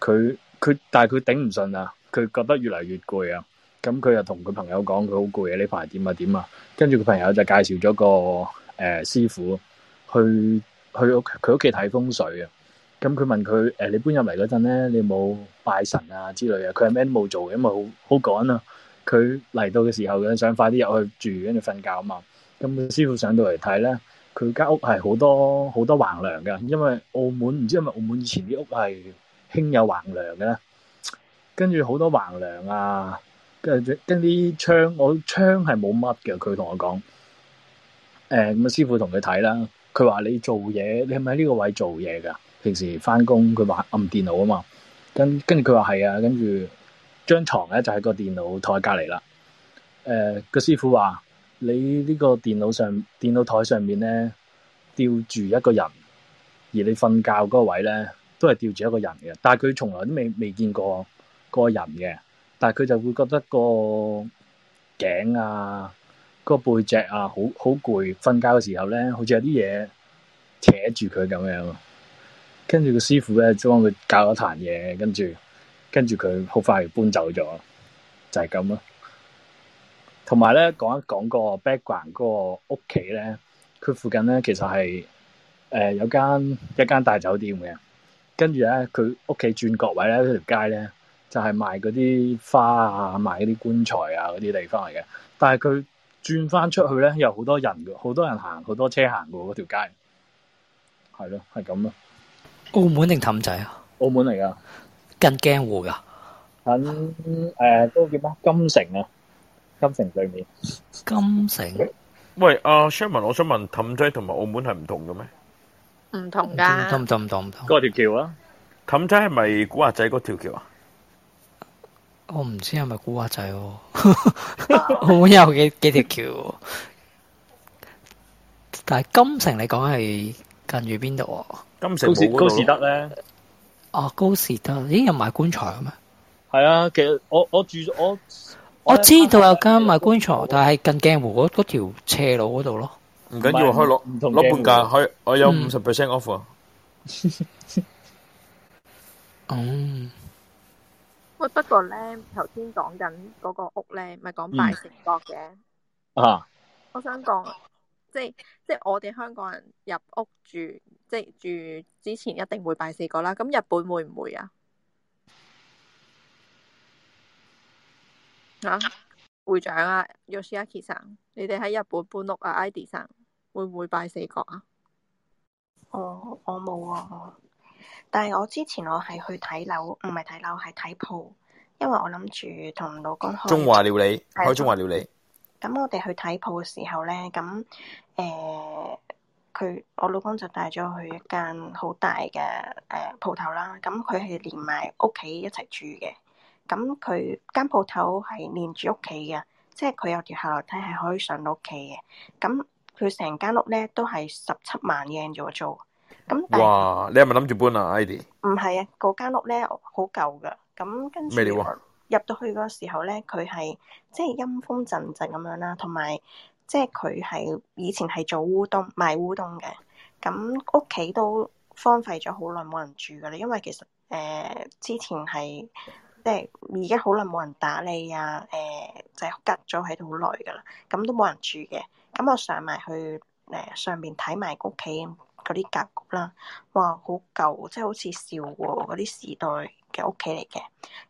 佢佢但係佢頂唔順啊，佢覺得越嚟越攰啊，啊，咁佢又同佢朋友講佢好攰啊，呢排點啊點啊，跟住佢朋友就介紹咗個誒、呃、師傅去去佢屋企睇風水啊，咁佢問佢誒、呃、你搬入嚟嗰陣咧，你冇拜神啊之類啊，佢係咩都冇做嘅，因為好好趕啊，佢嚟到嘅時候佢想快啲入去住，跟住瞓覺啊嘛，咁師傅上到嚟睇咧。佢間屋係好多好多橫梁嘅，因為澳門唔知因為澳門以前啲屋係興有橫梁嘅，跟住好多橫梁啊，跟住跟啲窗，我窗係冇乜嘅。佢同我講，誒咁啊，師傅同佢睇啦。佢話你做嘢，你係咪喺呢個位做嘢噶？平時翻工，佢話暗電腦啊嘛。跟跟住佢話係啊，跟住張床咧就係個電腦台隔離啦。誒、欸、個師傅話，你呢個電腦上電腦台上面呢，吊住一個人，而你瞓覺嗰位呢，都係吊住一個人嘅，但係佢從來都未未見過個人嘅，但係佢就會覺得個頸啊、個背脊啊好好攰，瞓覺嘅時候呢，好似有啲嘢扯住佢咁樣，跟住個師傅呢，就幫佢搞咗一壇嘢，跟住跟住佢好快就搬走咗，就係咁咯。同埋咧，講一講個 background 嗰個屋企咧，佢附近咧其實係誒、呃、有間一間大酒店嘅，跟住咧佢屋企轉角位咧，條街呢條街咧就係、是、賣嗰啲花啊，賣嗰啲棺材啊嗰啲地方嚟嘅。但係佢轉翻出去咧，有好多人好多人行，好多車行過嗰條街，係咯，係咁咯。澳門定氹仔啊？澳門嚟噶，近驚湖噶，喺誒、呃、都叫咩金城啊？金城對面，金城。喂，阿 Sherman，我想問氹仔同埋澳門係唔同嘅咩？唔同噶，氹氹唔同。嗰條橋啊，氹仔係咪古惑仔嗰條橋啊？我唔知係咪古惑仔，澳門有幾幾條橋？但係金城你講係近住邊度？金城高士高士德咧。哦，高士德，咦有埋棺材嘅咩？係啊，其實我我住我。 [NOISE] 我知道有間賣棺材，但係近鏡湖嗰嗰條斜路嗰度咯。唔緊要，可以攞唔同，攞半價，可以。我有五十 percent off 啊。 [LAUGHS] 哦，喂，不過咧，頭先講緊嗰個屋咧，咪講拜四角嘅啊？我想講，即係即係我哋香港人入屋住，即係住之前一定會拜四角啦。咁日本會唔會啊？吓、啊、會長啊，Yoshiaki 生，Yoshi san, 你哋喺日本搬屋啊，Idee 生會唔會拜四角啊？哦，我冇啊，但係我之前我係去睇樓，唔係睇樓係睇鋪，因為我諗住同老公開中華料理，對開中華料理。咁我哋去睇鋪嘅時候咧，咁誒，佢、呃、我老公就帶咗去一間好大嘅誒鋪頭啦，咁佢係連埋屋企一齊住嘅。咁佢間鋪頭係連住屋企嘅，即係佢有條下樓梯係可以上到屋企嘅。咁佢成間屋咧都係十七萬 yen 左右租。咁，哇，你係咪諗住搬啊，Ivy？唔係啊，嗰間屋咧好舊噶。咁跟住入到去嘅時候咧，佢係即係陰風陣陣咁樣啦，同埋即係佢係以前係做烏冬、賣烏冬嘅。咁屋企都荒廢咗好耐，冇人住噶啦。因為其實誒、呃、之前係。即係而家好耐冇人打理啊！誒、呃，就係、是、隔咗喺度好耐噶啦，咁都冇人住嘅。咁我上埋去誒、呃、上面睇埋屋企嗰啲格局啦，哇，好舊，即係好似少嗰啲時代嘅屋企嚟嘅。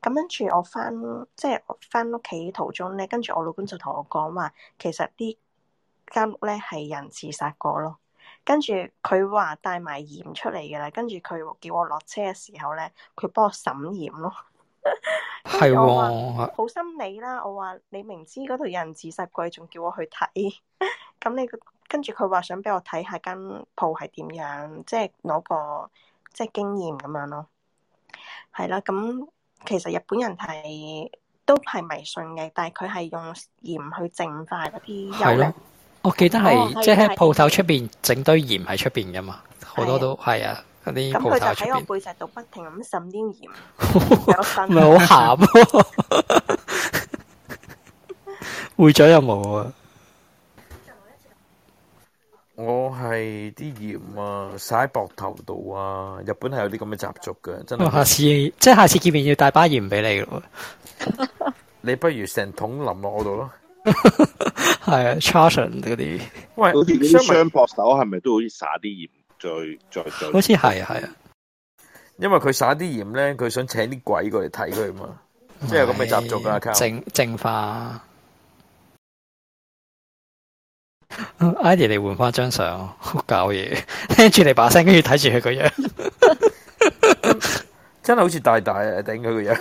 咁跟住我翻即係我翻屋企途中咧，跟住我老公就同我講話，其實啲間屋咧係人自殺過咯。跟住佢話帶埋鹽出嚟嘅啦，跟住佢叫我落車嘅時候咧，佢幫我審鹽咯。係、 [LAUGHS] 哎，好心理啦。我話你明知嗰度有人自殺鬼，仲叫我去睇。咁你跟住佢話想俾我睇下間鋪係點樣，即係攞個即係經驗咁樣咯。係啦，咁其實日本人係都係迷信嘅，但係佢係用鹽去淨化嗰啲油。係咯，我記得係即係喺鋪頭出邊整堆鹽喺出邊噶嘛，好的多都係啊。咁佢就喺我背脊度不停咁滲啲鹽，唔係好鹹，背脊有冇啊！我係啲鹽啊，撒喺膊頭度啊！日本係有啲咁嘅習俗嘅，真係。下次即係下次見面要帶把鹽俾你咯，你不如成桶淋落我度咯。係啊，charon 嗰啲，喂，啲雙膊手係咪都好似撒啲鹽？再再,再 [LAUGHS] 好似係啊係啊，因為佢撒啲鹽咧，佢想請啲鬼過嚟睇佢啊嘛，即係咁嘅習俗啊。淨淨化，Ivy 你換翻張相，好 [LAUGHS] 搞嘢，聽 [LAUGHS] 住你把聲，跟住睇住佢個樣， [LAUGHS] [LAUGHS] 真係好似大大啊頂佢個樣。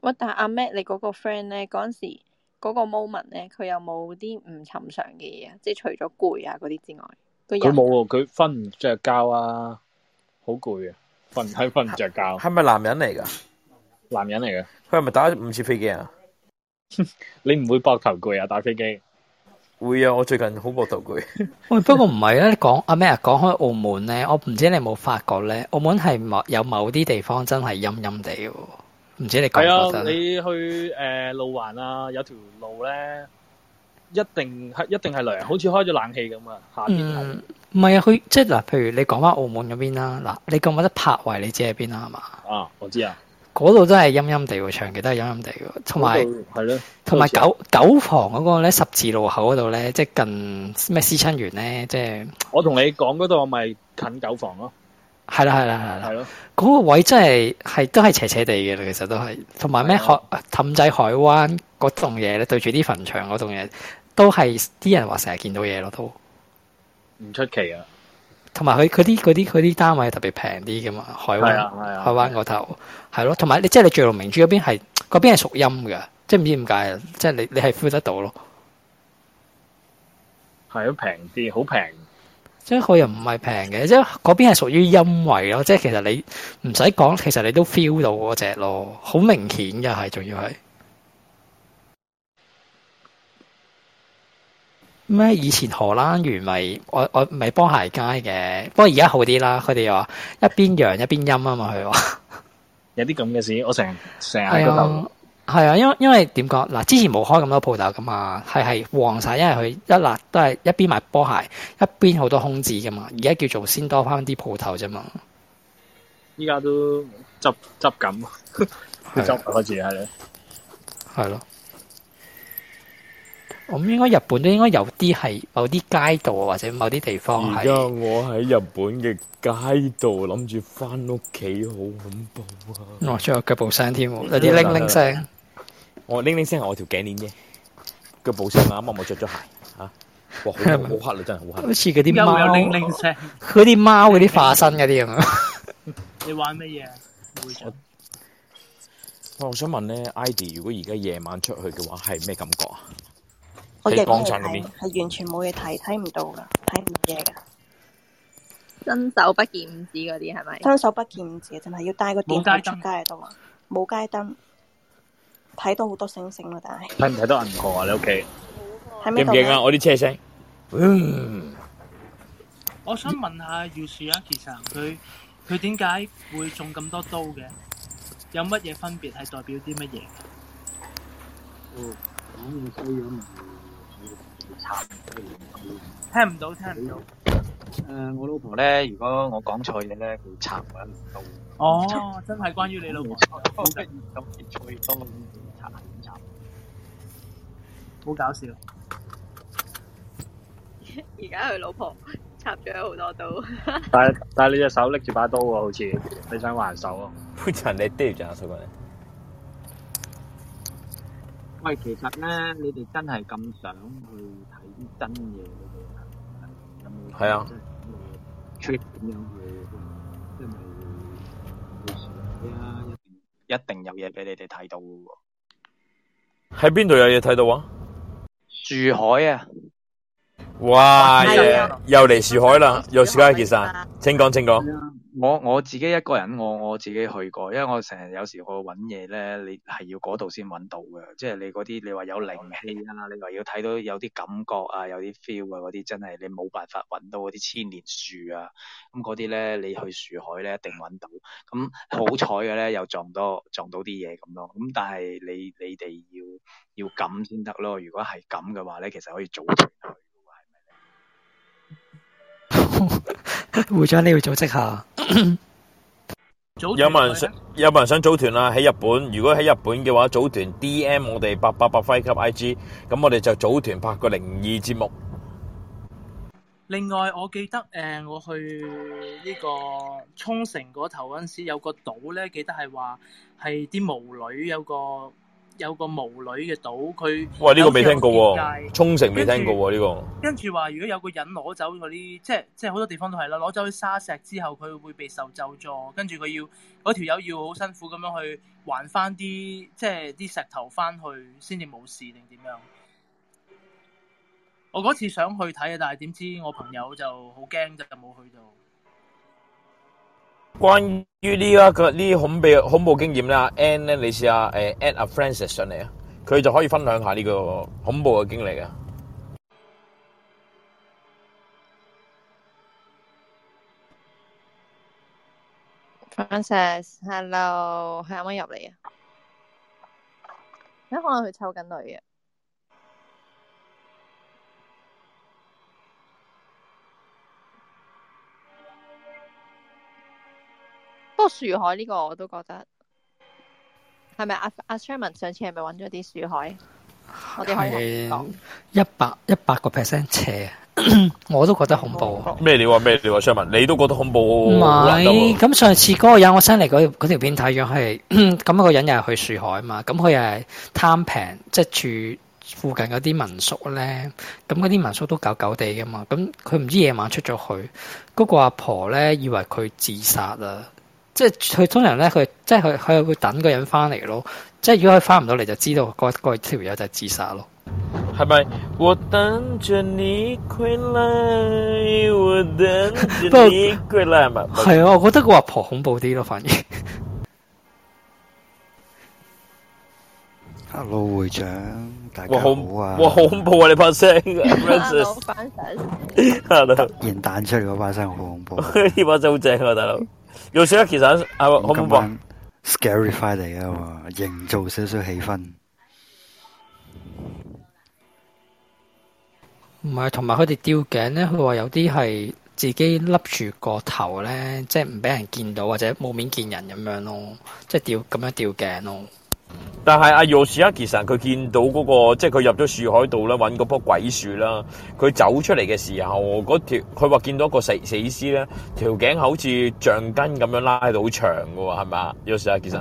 喂，但係阿 Matt，你嗰個 friend 咧嗰陣時嗰個 moment 咧，佢有冇啲唔尋常嘅嘢啊？即係除咗攰啊嗰啲之外。佢冇佢瞓唔着覺啊，好攰 [LAUGHS] 啊，瞓係瞓唔着覺。係咪男人嚟噶男人嚟噶。佢係咪打五次飛機啊？你唔會膊頭攰啊？打飛機？會啊！我最近好膊頭攰。喂 [LAUGHS] [LAUGHS] 不過唔係咧，講阿咩啊，講開澳門咧，我唔知，知你有冇發覺咧，澳門係冇有某啲地方真係陰陰地，唔知你係啊？你去誒、呃、路環啊，有條路咧。一定係，一定係涼，好似開咗冷氣咁啊！夏天唔係啊，佢、嗯、即係嗱，譬如你講翻澳門嗰邊啦，嗱，你覺唔覺得泊位，你知喺邊啦嘛？啊，我知啊，嗰度都係陰陰地喎，長期都係陰陰地嘅，同埋係咯，同埋有九九房嗰個咧，十字路口嗰度咧，即係近咩思親園咧，即係我同你講嗰度咪近九房咯，係啦係啦係啦，係咯，嗰的的個位真係係都係斜斜地嘅，其實都係，同埋咩海氹仔海灣嗰棟嘢咧，對住啲墳場嗰棟嘢。都係啲人話成日見到嘢咯，都唔出奇啊！同埋佢啲佢啲佢啲單位特別平啲噶嘛，海灣海灣嗰頭係咯，同埋你即係你聚龍明珠嗰邊係嗰邊係屬陰噶，即係唔知點解啊！即係你你係 feel 得到咯，係啊，平啲，好平。即係佢又唔係平嘅，即係嗰邊係屬於陰位咯。即係其實你唔使講，其實你都 feel 到嗰隻咯，好明顯噶係，仲要係。咩？以前荷蘭園咪我我唔係波鞋街嘅，不過而家好啲啦。佢哋又話一邊陽一邊陰啊嘛，佢話有啲咁嘅事。我成成日喺度諗，係啊、哎，因為因為點講嗱？之前冇開咁多鋪頭噶嘛，係係旺晒，因為佢一辣都係一邊賣波鞋，一邊好多空置噶嘛。而家叫做先多翻啲鋪頭啫嘛。依家都執執緊，執埋佢住係咯，係咯。 [LAUGHS] 的的咁應該日本都應該有啲係某啲街道啊，或者某啲地方。而家我喺日本嘅街道，諗住返屋企，好恐怖啊！攞咗個腳步聲添，有啲鈴鈴聲。我鈴鈴聲係我條頸鏈啫，腳步聲啊！啱啱我著咗鞋嚇，哇！好黑你真係好黑。好似嗰啲貓有鈴鈴聲，嗰啲貓嗰啲化身嗰啲咁啊！你玩乜嘢？我我想問咧，Idy，如果而家夜晚出去嘅話，係咩感覺啊？喺江鎮裏邊，係完全冇嘢睇，睇唔到噶，睇唔到嘢噶。伸手不見五指嗰啲係咪？伸手不見五指真係要帶個電筒出街喺度啊！冇街燈，睇到好多星星啊！但係睇唔睇到銀河啊？你屋企見唔見啊？我啲車聲。我想問下樹啊，其實佢佢點解會種咁多刀嘅？有乜嘢分別係代表啲乜嘢？哦，講嘢衰咗嘛？聽唔到，聽唔到。誒，我老婆咧，如果我講錯嘢咧，佢插我一刀。哦，真係關於你老婆。好得意，咁切菜刀插下點插？好搞笑。而家佢老婆插咗好多刀。但但係你隻手拎住把刀喎，好似你想還手啊？唔趁你爹哋仲有手過你。喂，其實咧，你哋真係咁想去？係啊，對一定有嘢俾你哋睇到，喺邊度有嘢睇到啊？樹海啊！哇又嚟樹海啦！又、啊、有時間結束啦，請講，請講、啊。我我自己一個人，我我自己去過，因為我成日有時我揾嘢咧，你係要嗰度先揾到嘅，即係你嗰啲你話有靈氣啊，你話要睇到有啲感覺啊，有啲 feel 啊嗰啲，真係你冇辦法揾到嗰啲千年樹啊，咁嗰啲咧你去樹海咧一定揾到，咁好彩嘅咧又撞多撞到啲嘢咁咯，咁但係你你哋要要咁先得咯，如果係咁嘅話咧，其實可以組團。會長 [LAUGHS] 你要組織下，有冇人想有冇人想組團啊？喺日本，如果喺日本嘅話組團，D M 我哋八八八輝級 I G，咁我哋就組團拍個靈異節目。另外，我記得誒、呃，我去呢個沖繩嗰頭嗰時，有個島咧，記得係話係啲巫女有個。有個巫女嘅島，佢喂，呢個未聽過，沖繩未聽過呢個。跟住話，如果有個人攞走嗰啲，即係即係好多地方都係啦，攞走啲沙石之後，佢會被受咒助，跟住佢要嗰條友要好辛苦咁樣去還翻啲即係啲石頭翻去，先至冇事定點樣？我嗰次想去睇啊，但係點知我朋友就好驚，就冇去到。關於呢一個呢恐怖，恐怖經驗咧 Anne 咧，你試下誒，add 阿 Francis 上嚟啊，佢就可以分享下呢個恐怖嘅經歷啊。Francis，hello，係可唔可以入嚟啊？點可能佢湊緊女啊？不過樹海呢個我都覺得係咪阿阿、啊啊、Sherman 上次係咪揾咗啲樹海？係一百一百個 percent 斜 [COUGHS] ，我都覺得恐怖。咩你話啊？咩你話啊，啊？Sherman，你都覺得恐怖？唔係是，咁、啊、上次嗰個人我 send 嚟嗰嗰條片睇咗係，咁嗰 [COUGHS] 個人又係去樹海啊嘛。咁佢又係貪平，即、就、係、是、住附近嗰啲民宿咧。咁嗰啲民宿都狗狗地噶嘛。咁佢唔知夜晚出咗去，嗰、那個阿婆咧以為佢自殺啦。即係佢通常咧，佢即係佢，佢會等個人翻嚟咯。即係如果佢翻唔到嚟，就知道嗰嗰條友就係自殺咯。係咪？我等住你回來，我等着你回來啊！係 [LAUGHS] 啊，我覺得個阿婆恐怖啲咯，反而。Hello，會長，大家好啊！哇，好恐怖啊！你把聲 [LAUGHS] [LAUGHS] 啊，老班長。大佬，突然彈出個把聲，好恐怖。呢把聲好正啊，大佬。有少其實係我冇 scary 翻嚟㗎，營造少少氣氛。唔係，同埋佢哋吊頸咧，佢話有啲係自己笠住個頭咧，即係唔俾人見到或者冇面見人咁樣咯，即係吊咁樣吊頸咯。但係阿若士啊，其實佢見到嗰個即係佢入咗樹海度咧，揾嗰棵鬼樹啦。佢走出嚟嘅時候，嗰條佢話見到一個死死屍咧，條頸好似橡筋咁樣拉到好長噶，係咪啊？若士啊，其實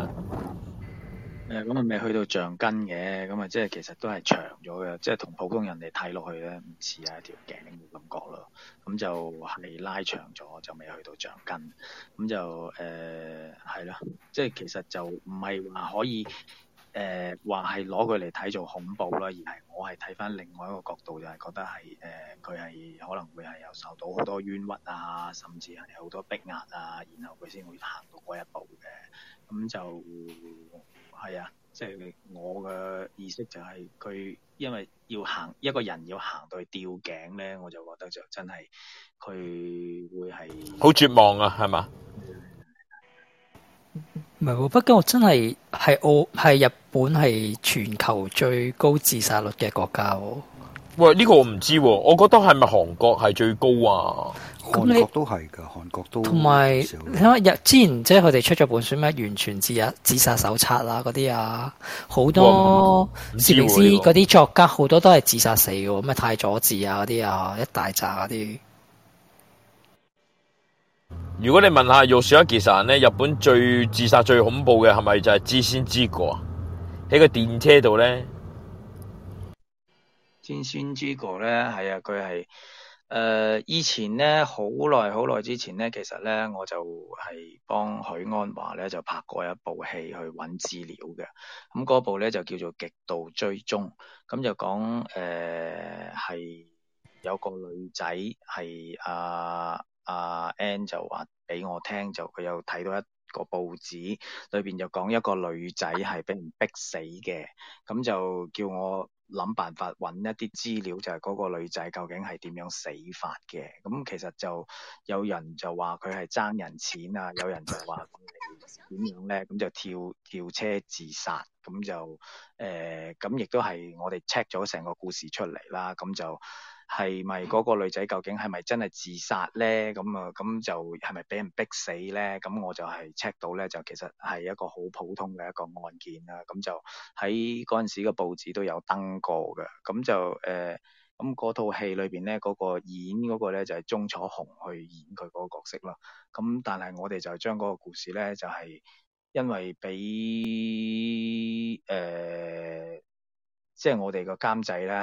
誒，咁啊未去到橡筋嘅，咁啊即係其實都係長咗嘅，即係同普通人哋睇落去咧唔似啊條頸嘅感覺咯。咁就係拉長咗，就未去到橡筋。咁就誒係啦，即係其實就唔係話可以誒話係攞佢嚟睇做恐怖啦，而係我係睇翻另外一個角度，就係、是、覺得係誒佢係可能會係有受到好多冤屈啊，甚至係好多逼壓啊，然後佢先會行到嗰一步嘅。咁就係啊，即係我嘅意識就係佢。因為要行一個人要行到去吊頸呢，我就覺得就真係佢會係好絕望啊，係嘛？唔係喎， [NOISE] 北京我真係係澳係日本係全球最高自殺率嘅國家。喂，呢個我唔知、啊，我覺得係咪韓國係最高啊？韓國都係噶，韓國都同埋你睇下日，之前即係佢哋出咗本書咩？完全自殺自殺手冊啊嗰啲啊，好多攝影師嗰啲作家好多都係自殺死嘅，咩太佐治啊嗰啲啊，一大紮嗰啲。如果你問下若小一其實咧，日本最自殺最恐怖嘅係咪就係知先知過喺個電車度咧？先孫朱哥咧，係啊，佢係誒以前咧，好耐好耐之前咧，其實咧，我就係幫許安華咧，就拍過一部戲去揾資料嘅。咁、嗯、嗰部咧就叫做《極度追蹤》，咁、嗯、就講誒係有個女仔係阿阿 N 就話俾我聽，就佢有睇到一個報紙，裏邊就講一個女仔係俾人逼死嘅，咁、嗯、就叫我。諗辦法搵一啲資料，就係嗰個女仔究竟係點樣死法嘅。咁其實就有人就話佢係爭人錢啊，有人就話點樣呢？咁就跳跳車自殺。咁就誒，咁亦都係我哋 check 咗成個故事出嚟啦。咁就。係咪嗰個女仔究竟係咪真係自殺咧？咁啊，咁就係咪俾人逼死咧？咁我就係 check 到咧，就其實係一個好普通嘅一個案件啦。咁就喺嗰陣時嘅報紙都有登過嘅。咁就誒，咁、呃、嗰套戲裏邊咧，嗰、那個演嗰個咧，就係鍾楚紅去演佢嗰個角色咯。咁但係我哋就將嗰個故事咧，就係、是、因為俾誒，即、呃、係、就是、我哋個監製咧，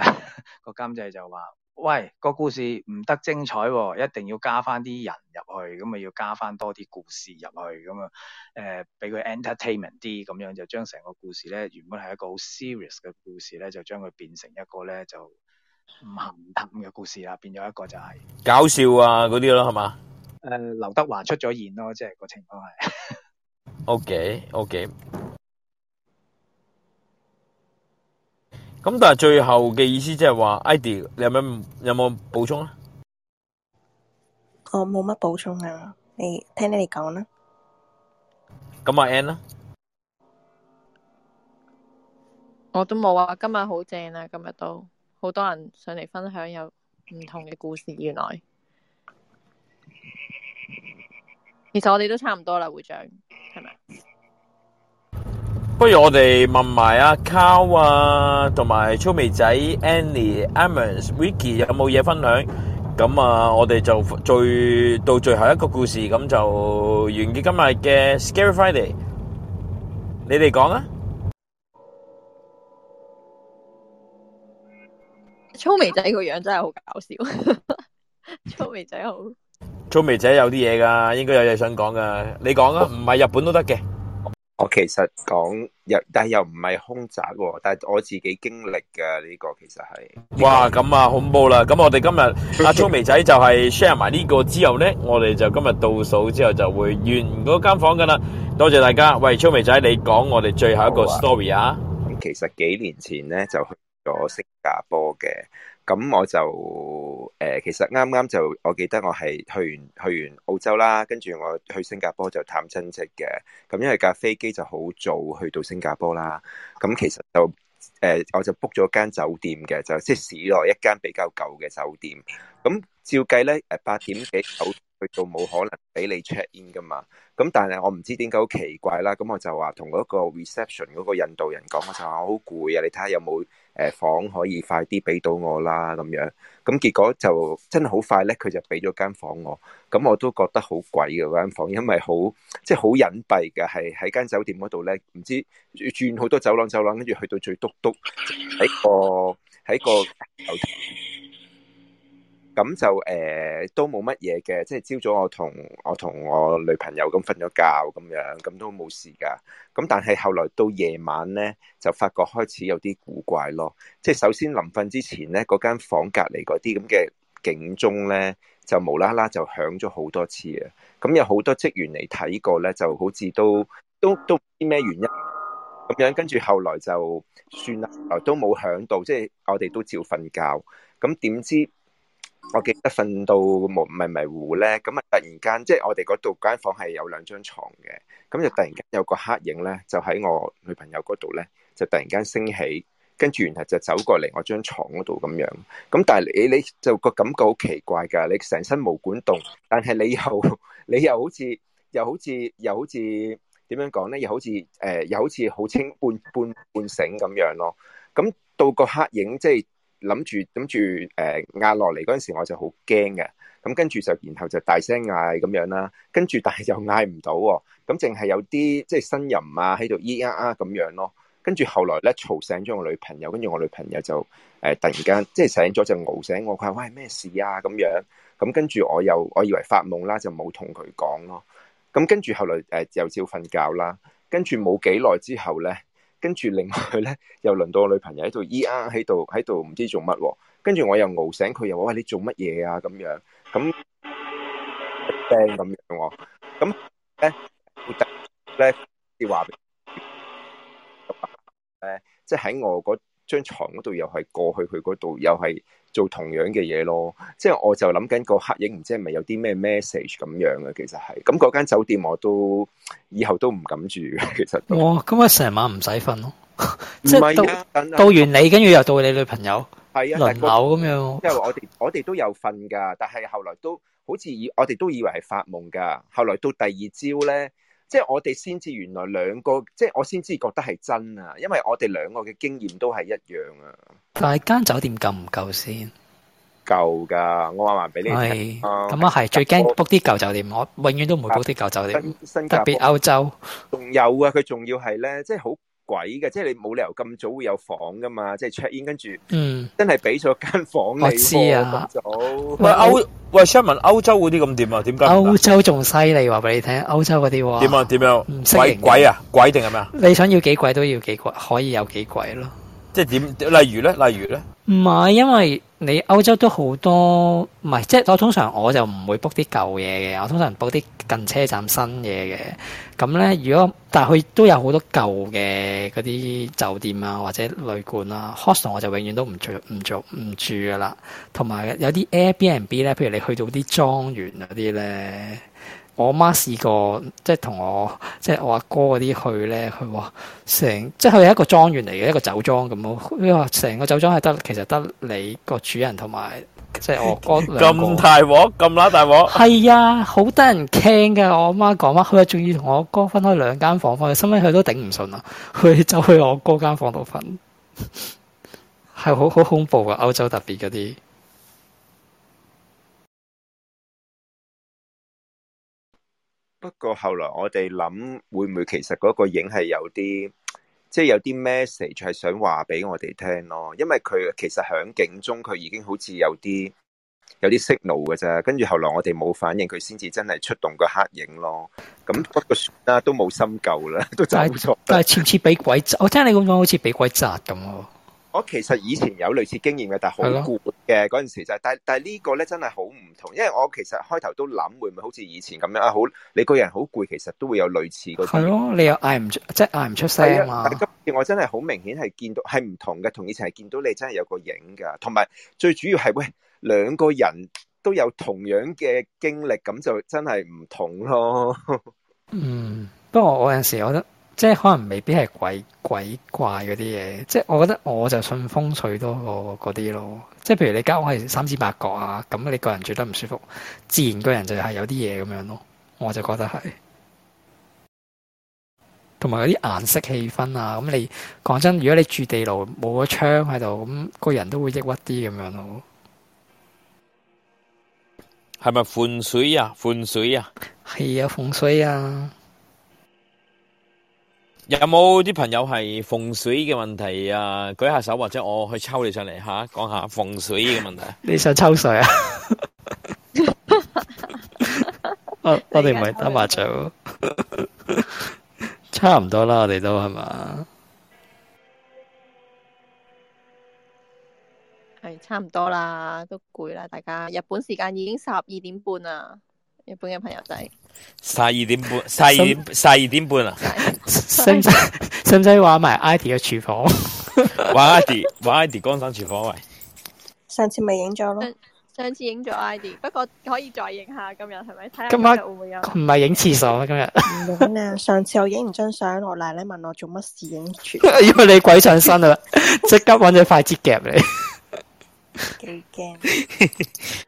個監製就話。喂，個故事唔得精彩喎，哦，一定要加翻啲人入去，咁啊要加翻多啲故事入去，咁啊誒，俾佢 entertainment 啲，咁樣就將成個故事咧，原本係一個好 serious 嘅故事咧，就將佢變成一個咧就唔鹹唔淡嘅故事啦，變咗一個就係、是、搞笑啊嗰啲咯，係嘛？誒、呃，劉德華出咗現咯，即係個情況係。OK OK。咁但係最後嘅意思即係話 Idy 你有冇有冇補充咧？我冇乜補充啊，你聽你嚟講啦。咁啊，end 啦。我都冇啊，今日好正啊，今日都好多人上嚟分享有唔同嘅故事，原來。其實我哋都差唔多啦，會長，係咪？不如我哋問埋阿 Cow 啊，同埋粗眉仔、Annie、Amos、Vicky 有冇嘢分享？咁啊，我哋就最，到最後一個故事，咁就完結今日嘅 Scary Friday。你哋講啊！粗眉仔個樣真係好搞笑，粗眉仔好。粗眉仔有啲嘢㗎，應該有嘢想講㗎，你講啊！唔係日本都得嘅。我其實講又，但係又唔係兇宅，但係我自己經歷嘅呢個其實係，哇咁啊恐怖啦！咁我哋今日阿粗眉仔就係 share 埋呢個之後咧，我哋就今日倒數之後就會完嗰間房噶啦，多謝大家。喂，粗眉仔，你講我哋最後一個 story 啊？啊其實幾年前咧就去咗新加坡嘅。咁、嗯、我就誒、呃，其實啱啱就我記得我係去完去完澳洲啦，跟住我去新加坡就探親戚嘅。咁、嗯、因為架飛機就好早去到新加坡啦，咁、嗯、其實就誒、呃，我就 book 咗間酒店嘅，就即市內一間比較舊嘅酒店。咁、嗯、照計呢，誒八點幾就去到冇可能俾你 check in 噶嘛。咁、嗯、但係我唔知點解好奇怪啦。咁我就話同嗰個 reception 嗰個印度人講，我就話我好攰啊，你睇下有冇？誒房可以快啲俾到我啦，咁樣，咁結果就真係好快咧，佢就俾咗間房我，咁我都覺得好鬼嘅嗰間房，因為好即係好隱蔽嘅，係喺間酒店嗰度咧，唔知轉好多走廊走廊，跟住去到最篤篤喺個喺個酒店。咁就誒、欸、都冇乜嘢嘅，即係朝早我同我同我女朋友咁瞓咗覺咁樣，咁都冇事㗎。咁但係後來到夜晚咧，就發覺開始有啲古怪咯。即係首先臨瞓之前咧，嗰間房隔離嗰啲咁嘅警鐘咧，就無啦啦就響咗好多次啊。咁有好多職員嚟睇過咧，就好似都都都唔知咩原因咁樣。跟住後來就算啦，都冇響到，即係我哋都照瞓覺。咁點知？我記得瞓到迷迷糊咧，咁啊突然間，即係我哋嗰度間房係有兩張床嘅，咁就突然間有個黑影咧，就喺我女朋友嗰度咧，就突然間升起，跟住然後就走過嚟我張床嗰度咁樣。咁但係你你就個感覺好奇怪㗎，你成身毛管動，但係你又你又好似又好似又好似點樣講咧？又好似誒又好似好，好、呃、好清半半半醒咁樣咯。咁到個黑影即係。諗住諗住誒壓落嚟嗰陣時，我就好驚嘅。咁跟住就然後就大聲嗌，咁樣啦。跟住但係又嗌唔到，咁淨係有啲即係呻吟啊喺度咿啊啊咁樣咯。跟住後來咧，嘈醒咗我女朋友，跟住我女朋友就誒、呃、突然間即係醒咗就熬醒我，佢話喂，咩事啊咁樣。咁跟住我又我以為發夢啦，就冇同佢講咯。咁跟住後來誒又照瞓覺啦。跟住冇幾耐之後咧。跟住另外咧，又輪到我女朋友喺度咿呀，喺度，喺度唔知做乜喎。跟住我又冇醒佢，又話：喂，你做乜嘢啊？咁樣咁聲咁樣喎。咁咧，會得咧，話誒，即喺我嗰張床嗰度又係，過去佢嗰度又係做同樣嘅嘢咯，即係我就諗緊個黑影唔知係咪有啲咩 message 咁樣嘅、啊，其實係咁，嗰間酒店我都以後都唔敢住嘅，其實都。哇！咁 [LAUGHS] 啊，成晚唔使瞓咯，即係下到完你跟住下又到你女朋友，係啊輪流咁樣。因係、嗰個就係、我哋我哋都有瞓噶，但係後來都好似以我哋都以為係發夢噶，後來到第二朝咧。即係我哋先至原來兩個，即係我先至覺得係真啊，因為我哋兩個嘅經驗都係一樣啊。但係間酒店夠唔夠先？夠噶，我話埋俾你聽。咁啊係，最驚 book 啲舊酒店，我永遠都唔會 book 啲舊酒店，特別歐洲。仲有啊，佢仲要係咧，即係好。鬼嘅，即係你冇理由咁早會有房噶嘛，即係 check in 跟住，真係俾咗間房。我知啊，咁早。喂歐，喂 Sherman 歐洲嗰啲咁掂啊？點解？歐洲仲犀利，話俾你聽，歐洲嗰啲點啊？點樣？鬼鬼啊？鬼定係咩啊？你想要幾鬼都要幾鬼，可以有幾鬼咯。即係點？例如咧，例如咧，唔係，因為你歐洲都好多，唔係，即係我通常我就唔會 book 啲舊嘢嘅，我通常 book 啲近車站新嘢嘅。咁咧，如果但係佢都有好多舊嘅嗰啲酒店啊，或者旅館啊 host [MUSIC] 我就永遠都唔住。唔做唔住噶啦。同埋有啲 Airbnb 咧，譬如你去到啲莊園嗰啲咧。我媽試過即係同我即係我阿哥嗰啲去咧，佢話成即係佢係一個莊園嚟嘅，一個酒莊咁咯。佢話成個酒莊係得其實得你個主人同埋即係我哥哥兩個咁大鑊，咁乸大鑊，係 [LAUGHS] 啊，好得人驚嘅。我媽講話，佢仲要同我哥分開兩間房去，收尾佢都頂唔順啊。佢走去我哥哥間房度瞓，係好好恐怖噶，歐洲特別嗰啲。不過後來我哋諗，會唔會其實嗰個影係有啲，即係有啲 message 係想話俾我哋聽咯。因為佢其實響警鐘，佢已經好似有啲有啲 signal 㗎啫，跟住後來我哋冇反應，佢先至真係出動個黑影咯。咁不過都冇深究啦，都真係冇錯。但係似唔似俾鬼？我聽你咁講，好似俾鬼扎咁咯。我其實以前有類似經驗嘅，但係好攰嘅嗰陣時就係、是，但但係呢個咧真係好唔同，因為我其實開頭都諗會唔會好似以前咁樣啊，好你個人好攰，其實都會有類似嗰種係咯。你又嗌唔出，即係嗌唔出聲啊嘛。但但今次我真係好明顯係見到係唔同嘅，同以前係見到你真係有個影噶，同埋最主要係喂兩個人都有同樣嘅經歷，咁就真係唔同咯。嗯，不過我有陣時我覺得。即係可能未必係鬼鬼怪嗰啲嘢，即係我覺得我就信風水多過嗰啲咯。即係譬如你間屋係三指八角啊，咁你個人住得唔舒服，自然個人就係有啲嘢咁樣咯。我就覺得係，同埋嗰啲顏色氣氛啊。咁、嗯、你講真，如果你住地牢冇個窗喺度，咁個人都會抑鬱啲咁樣咯。係咪風水啊？風水啊？係啊，風水啊！有冇啲朋友係風水嘅問題啊？舉下手或者我去抽你上嚟吓，講下風水嘅問題。 [LAUGHS] 你想抽水啊？我我哋唔係打麻雀， [LAUGHS] [LAUGHS] [LAUGHS] 差唔多啦，我哋都係嘛？係差唔多啦，都攰啦，大家。日本時間已經十二點半啦。日本嘅朋友仔，十二點半，十二十 [LAUGHS] 二點半啊！使唔使使唔使玩埋 I D 嘅廚房？玩 I D，玩 I D 乾身廚房喂。上次咪影咗咯，上次影咗 I D，不過可以再影下今日係咪？今日會唔會唔係影廁所啊今日。唔好咩？上次我影完張相，我奶奶問我做乜事影廚， [LAUGHS] 因為你鬼上身啊！即刻揾隻筷子夾你，夾佢幾驚。 [LAUGHS]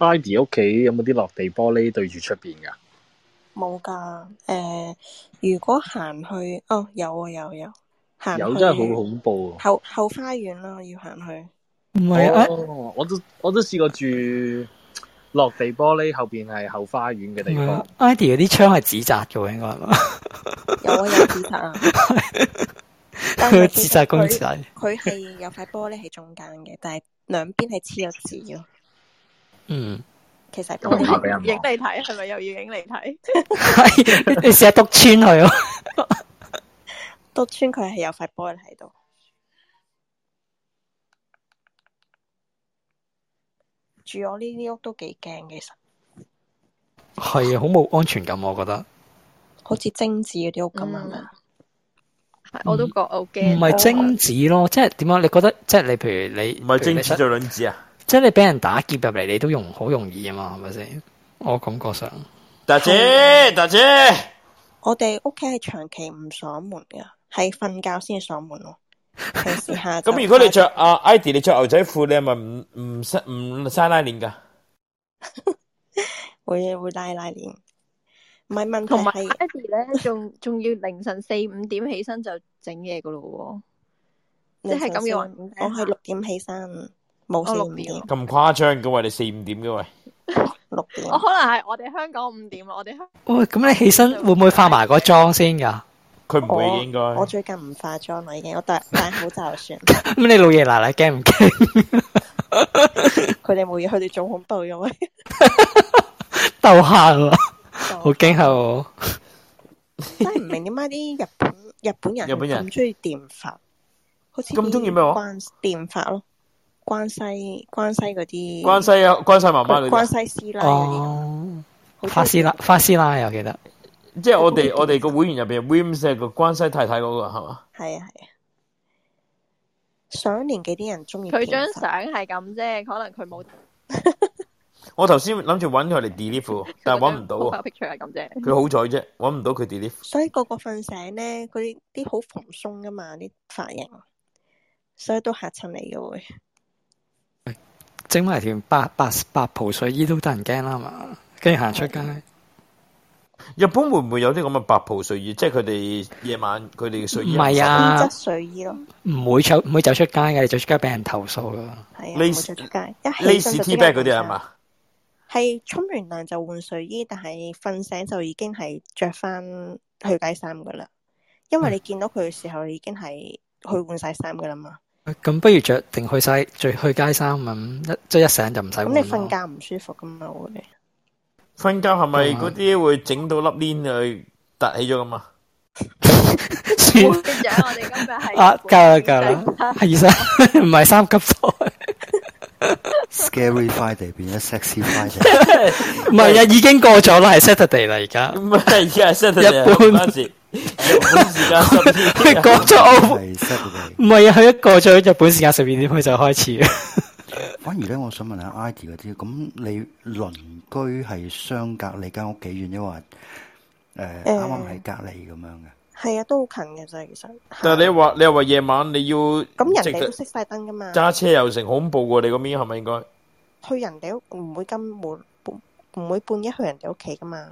Ivy 屋企有冇啲落地玻璃對住出邊噶？冇噶，誒、呃，如果行去，哦，有啊，有啊有。有真係好恐怖。後後花園咯，要行去。唔係是、oh, 啊，我都我都試過住落地玻璃後邊係後花園嘅地方。Ivy 嗰啲窗係紙紮嘅，應該係嘛？ [LAUGHS] 有啊，有紙紮。 [LAUGHS] [LAUGHS] 是紙紮公仔。佢係有塊玻璃喺中間嘅，但係兩邊係黐咗紙嘅。嗯其，是是，其實影嚟睇，係咪又要影嚟睇？係你成日督穿佢，督穿佢，係有塊玻璃喺度。住我呢啲屋都幾驚，其實係啊，好冇安全感，我覺得 [LAUGHS] 好似貞子嗰啲屋咁樣。嗯，我都覺好驚，嗯，唔係貞子咯，我即係點啊？你覺得即係你譬如你唔係貞子做卵子啊？即係你俾人打劫入嚟，你都容好容易啊嘛，係咪先？我感覺上，大姐大姐，我哋屋企係長期唔鎖門噶，係瞓覺先鎖門咯。平時下咁，如果你着阿 I D，你着牛仔褲，你係咪唔唔塞唔塞拉鏈噶？會會拉拉鏈，唔係問題。同埋 I D 咧，仲仲要凌晨四五點起身就整嘢噶咯喎，即係咁嘅話，我係六點起身。冇，我六點。咁誇張嘅喂，你四五點嘅喂。六點，我可能係我哋香港五點啊，我哋香。喂，咁你起身會唔會化埋個妝先㗎？佢唔會應該。我最近唔化妝啦，已經我戴戴口罩就算。咁你老爺奶奶驚唔驚？佢哋冇嘢，佢哋做恐怖用啊。逗吓啦，好驚吓我。真係唔明點解啲日本日本人咁中意電發，好似咁中意咩？電發咯。關西，關西嗰啲，關西啊，關西媽媽關西師奶哦，啲，法師奶，法師奶又記得，即係我哋我哋個會員入邊，Williams 係個關西太太嗰、那個係嘛？係啊係啊，上年幾啲人中意佢張相係咁啫，可能佢冇。 [LAUGHS] 我頭先諗住搵佢嚟 delete，但係搵唔到啊！截 [LAUGHS] 圖係咁啫，佢好彩啫，搵唔到佢 delete。所以個個瞓醒咧，佢啲好蓬鬆噶嘛，啲髮型， [LAUGHS] 所以都吓親你嘅喎。整埋條白白白，白袍睡衣都得人驚啦嘛，跟住行出街。日本會唔會有啲咁嘅白袍睡衣？即係佢哋夜晚佢哋嘅睡衣，係啊，針織睡衣咯。唔會出唔會走出街嘅，走出街俾人投訴啦。係啊，唔會走出街。一 heat t b a c 嗰啲係嘛？係沖 L ays, 完涼就換睡衣，衣，但係瞓醒就已經係着翻去街衫噶啦。因為你見到佢嘅時候已經係、嗯、去換晒衫噶啦嘛。咁不如着定去曬，着去街衫啊！一即係一醒就唔使。咁你瞓覺唔舒服噶嘛？我瞓覺係咪嗰啲會整到粒鏈去凸起咗咁啊？算啦，我哋今日係啊夠啦夠啦，係二十唔係三級賽。Scary Friday 變咗 Sexy Friday，唔係啊，已經過咗啦，係 Saturday 啦，而家唔係而家係 Saturday，唔得止。過咗，唔係啊！佢一過咗日本時間十二點佢就開始。反而咧，我想問下 Idy 嗰啲，咁你鄰居係相隔你間屋企幾遠？因為誒，啱啱喺隔籬咁樣嘅，係啊，都好近嘅。就其實，但係你話你又話夜晚你要咁人哋都熄晒燈噶嘛？揸車又成恐怖喎！你嗰邊係咪應該去人哋屋唔會跟半唔會半夜去人哋屋企噶嘛？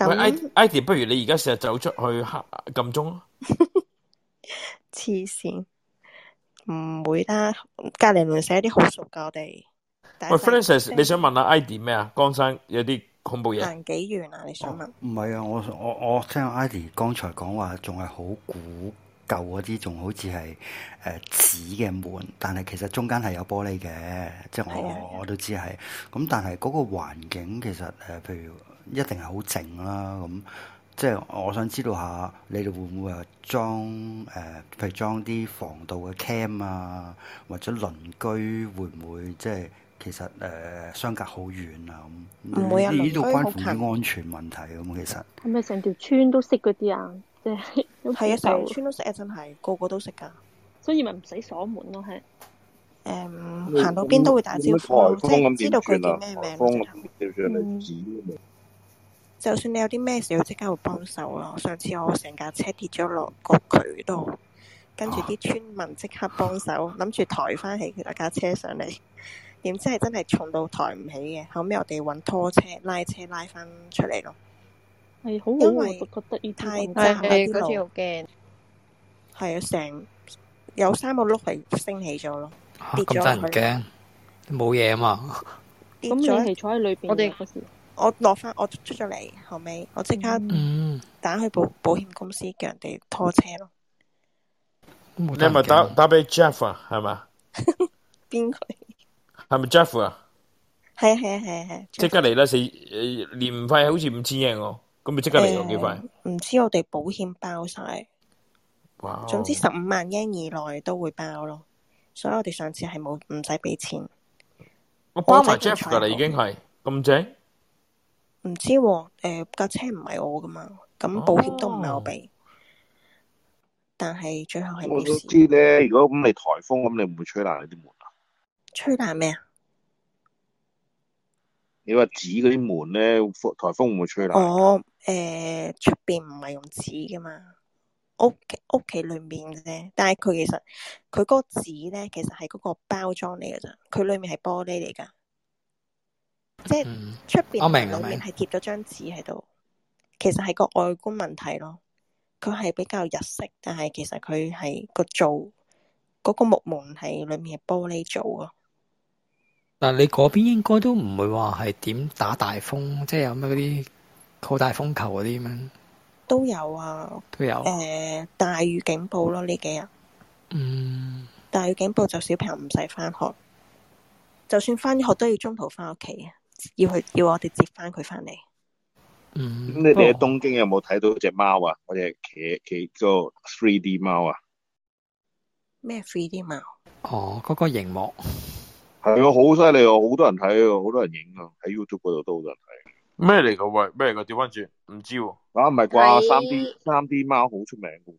喂、嗯、，I I 弟，不如你而家成日走出去黑撳鐘咯？黐線，唔 [LAUGHS] 會啦，隔籬門寫啲好熟㗎我哋，喂 [LAUGHS] ，Frances，你想問下 I 弟咩啊？江山有啲恐怖嘢。行幾遠啊？你想問？唔係、哦、啊，我我我聽 I 弟剛才講話，仲係好古舊嗰啲，仲好似係誒紙嘅門，但係其實中間係有玻璃嘅，即係我的我都知係。咁但係嗰個環境其實誒，譬、呃、如。一定係好靜啦，咁即係我想知道下，你哋會唔會啊裝誒，譬、呃、如裝啲防盜嘅 cam 啊，或者鄰居會唔會即係其實誒相隔好遠啊咁？唔會啊，呢度日關乎啲安全問題咁，嗯嗯、其實係咪成條村都識嗰啲 [LAUGHS] 啊？即係係啊，成條村都識，真係個個都識噶，所以咪唔使鎖門咯，係誒行到邊都會打招呼，即係知道佢叫咩名。就算你有啲咩事，佢即刻會幫手咯。上次我成架車跌咗落個渠度，跟住啲村民即刻幫手，諗住抬翻起架車上嚟，點知係真係重到抬唔起嘅。後尾我哋揾拖車拉車拉翻出嚟咯。係好，因為我覺得太胎係嗰次好驚，係啊，成有三個碌係升起咗咯，啊、跌咗真係驚，冇嘢啊嘛。咁了你係坐喺裏邊？我哋時。我落翻我出咗嚟，後尾我即刻打去保保險公司叫人哋拖車咯。你係咪打打俾 Jeff 啊，係嘛？邊佢？係咪 Jeff 啊？係係係係。即刻嚟啦！四誒年費好似五千英咯，咁咪即刻嚟用幾塊？唔知我哋保險包晒。總之十五萬英以內都會包咯，所以我哋上次係冇唔使俾錢。我包埋 Jeff 噶啦，已經係咁正。唔知誒、啊，架、呃、車唔係我噶嘛，咁保險都唔係我俾。哦、但係最後係我都知咧。如果咁你颱風咁，你唔會吹爛你啲門啊？吹爛咩啊？你話紙嗰啲門咧，颱風颱風唔會吹爛？我誒、哦，出邊唔係用紙噶嘛？屋屋企裏面嘅啫，但係佢其實佢嗰個紙咧，其實係嗰個包裝嚟噶咋，佢裏面係玻璃嚟噶。即係出邊，明明係貼咗張紙喺度。面面嗯、其實係個外觀問題咯。佢係比較日式，但係其實佢係個做嗰、嗰個木門係裏面係玻璃做啊。但，你嗰邊應該都唔會話係點打大風，即係有咩嗰啲掛大風球嗰啲咁樣都有啊。都有誒、呃，大雨警報咯呢幾日。嗯，大雨警報就小朋友唔使翻學，就算翻學都要中途翻屋企啊。要去要我哋接翻佢翻嚟。嗯，咁、哦、你哋喺東京有冇睇到隻貓啊？嗰隻企茄個 three D 貓啊？咩 three D 貓？哦，嗰、嗰個熒幕係喎，好犀利喎，好多人睇喎，好多人影啊！喺 YouTube 嗰度都好多人睇。咩嚟噶？喂，咩嚟噶？調翻轉，唔知喎，啊，唔係啩？三 D 三 D 貓好出名噶。誒、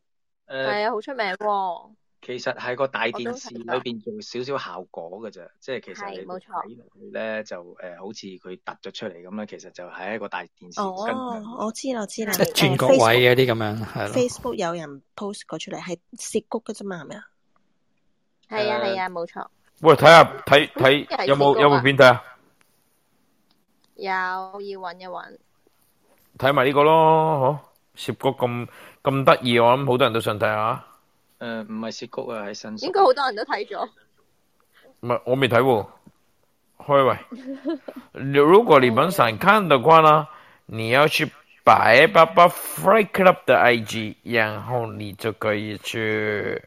呃，係啊，好出名。其實喺個大電視裏邊做少，少少效果嘅啫，即係其實你睇佢咧，就誒、呃，好似佢突咗出嚟咁樣，其實就係一個大電視。哦，我知啦，我知啦。即係、嗯、轉角位嗰啲咁樣，係啦。Facebook 有人 post 過出嚟，係涉谷嘅啫嘛，係咪啊？係啊，係啊，冇錯、呃。喂，睇下睇睇有冇有冇片睇啊？ [LAUGHS] 有，要搵一搵。睇埋呢個咯，嗬、哦？涉谷咁咁得意，我諗好多人都想睇下。誒、呃，唔係雪谷啊，喺新。應該好多人都睇咗。唔係、嗯、我未睇喎，開胃。如果你哋想睇的話啦、啊，你要去一爸爸 Free Club 嘅 IG，然後你就可以去。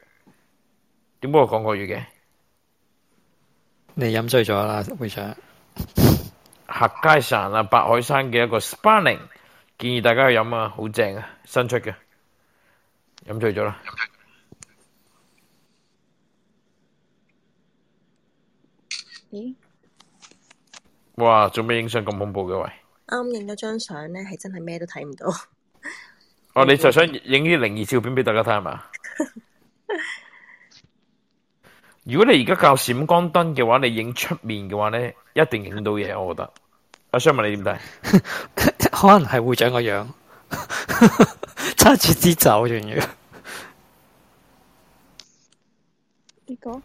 點解我講個月嘅？你飲醉咗啦，會長。合 [LAUGHS] 街散啊，白海山嘅一個 spanning，建議大家去飲啊，好正啊，新出嘅。飲醉咗啦。咦！嗯、哇，做咩影相咁恐怖嘅喂？啱啱影咗張相咧，係真係咩都睇唔到。 [LAUGHS] 哦，你就想影啲靈異照片俾大家睇下嘛？ [LAUGHS] 如果你而家教閃光燈嘅話，你影出面嘅話咧，一定影到嘢，我覺得。我想問你點睇？ [LAUGHS] 可能係會長個樣， [LAUGHS] 樣，揸住支酒仲要。結果。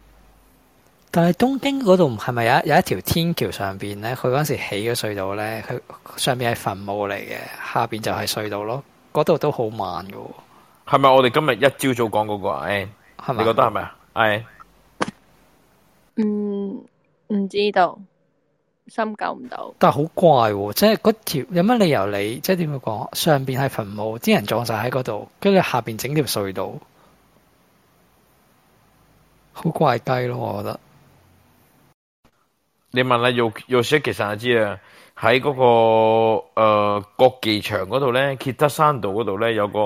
但係東京嗰度係咪有有一條天橋上邊咧？佢嗰時起個隧道咧，佢上邊係墳墓嚟嘅，下邊就係隧道咯。嗰度都好慢嘅。係咪我哋今日一朝早講嗰個啊？係咪嗎？你覺得係咪啊？係嗎。嗯，唔知道，深究唔到。但係好怪，即係嗰條有乜理由你即係點樣講？上邊係墳墓，啲人撞晒喺嗰度，跟住下邊整條隧道，好怪雞咯，我覺得。你問下，若若雪其實阿知啊、那個，喺嗰個誒國技場嗰度咧，傑德山道嗰度咧有個，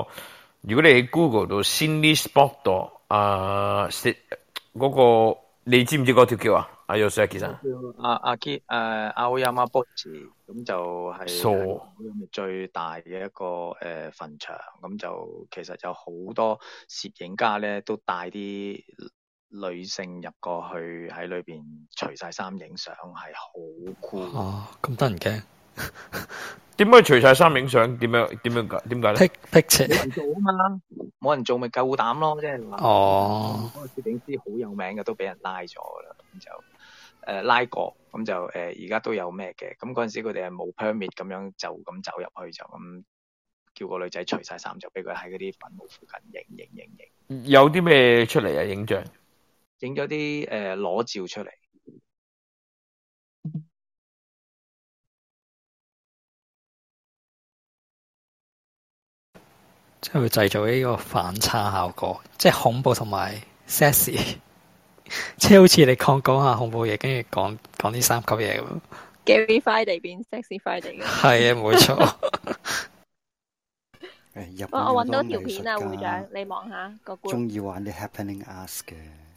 如果你喺 Google 度 search spot 度，啊，嗰個你知唔知嗰條橋啊？阿若雪其實啊啊，叫誒阿奧亞馬波斯，咁就係最大嘅一個誒墳場，咁就其實有好多攝影家咧都帶啲。女性入過去喺裏邊除晒衫影相係好酷啊，咁得人驚？點解除晒衫影相？點樣？點樣？點解咧？辟辟邪人做乜？嘛，冇 [LAUGHS] 人做咪夠膽咯，即係哦。嗰時攝影師好有名嘅都俾人拉咗啦，就誒拉過，咁就誒而家都有咩嘅？咁嗰陣時佢哋係冇 permit 咁樣就咁走入去，就咁叫個女仔除晒衫，就俾佢喺嗰啲墳墓附近影影影影。有啲咩出嚟啊？影像？整咗啲誒裸照出嚟，即係會製造呢個反差效果，即係恐怖同埋 sexy， [LAUGHS] 即係好似你講講下恐怖嘢，跟住講講啲三級嘢咁。Gary，fight 地你 [LAUGHS] 變 sexy，fight 地。係啊，冇錯。我我揾到條片啊，會長，你望下個。鍾意玩啲 happening ask 嘅。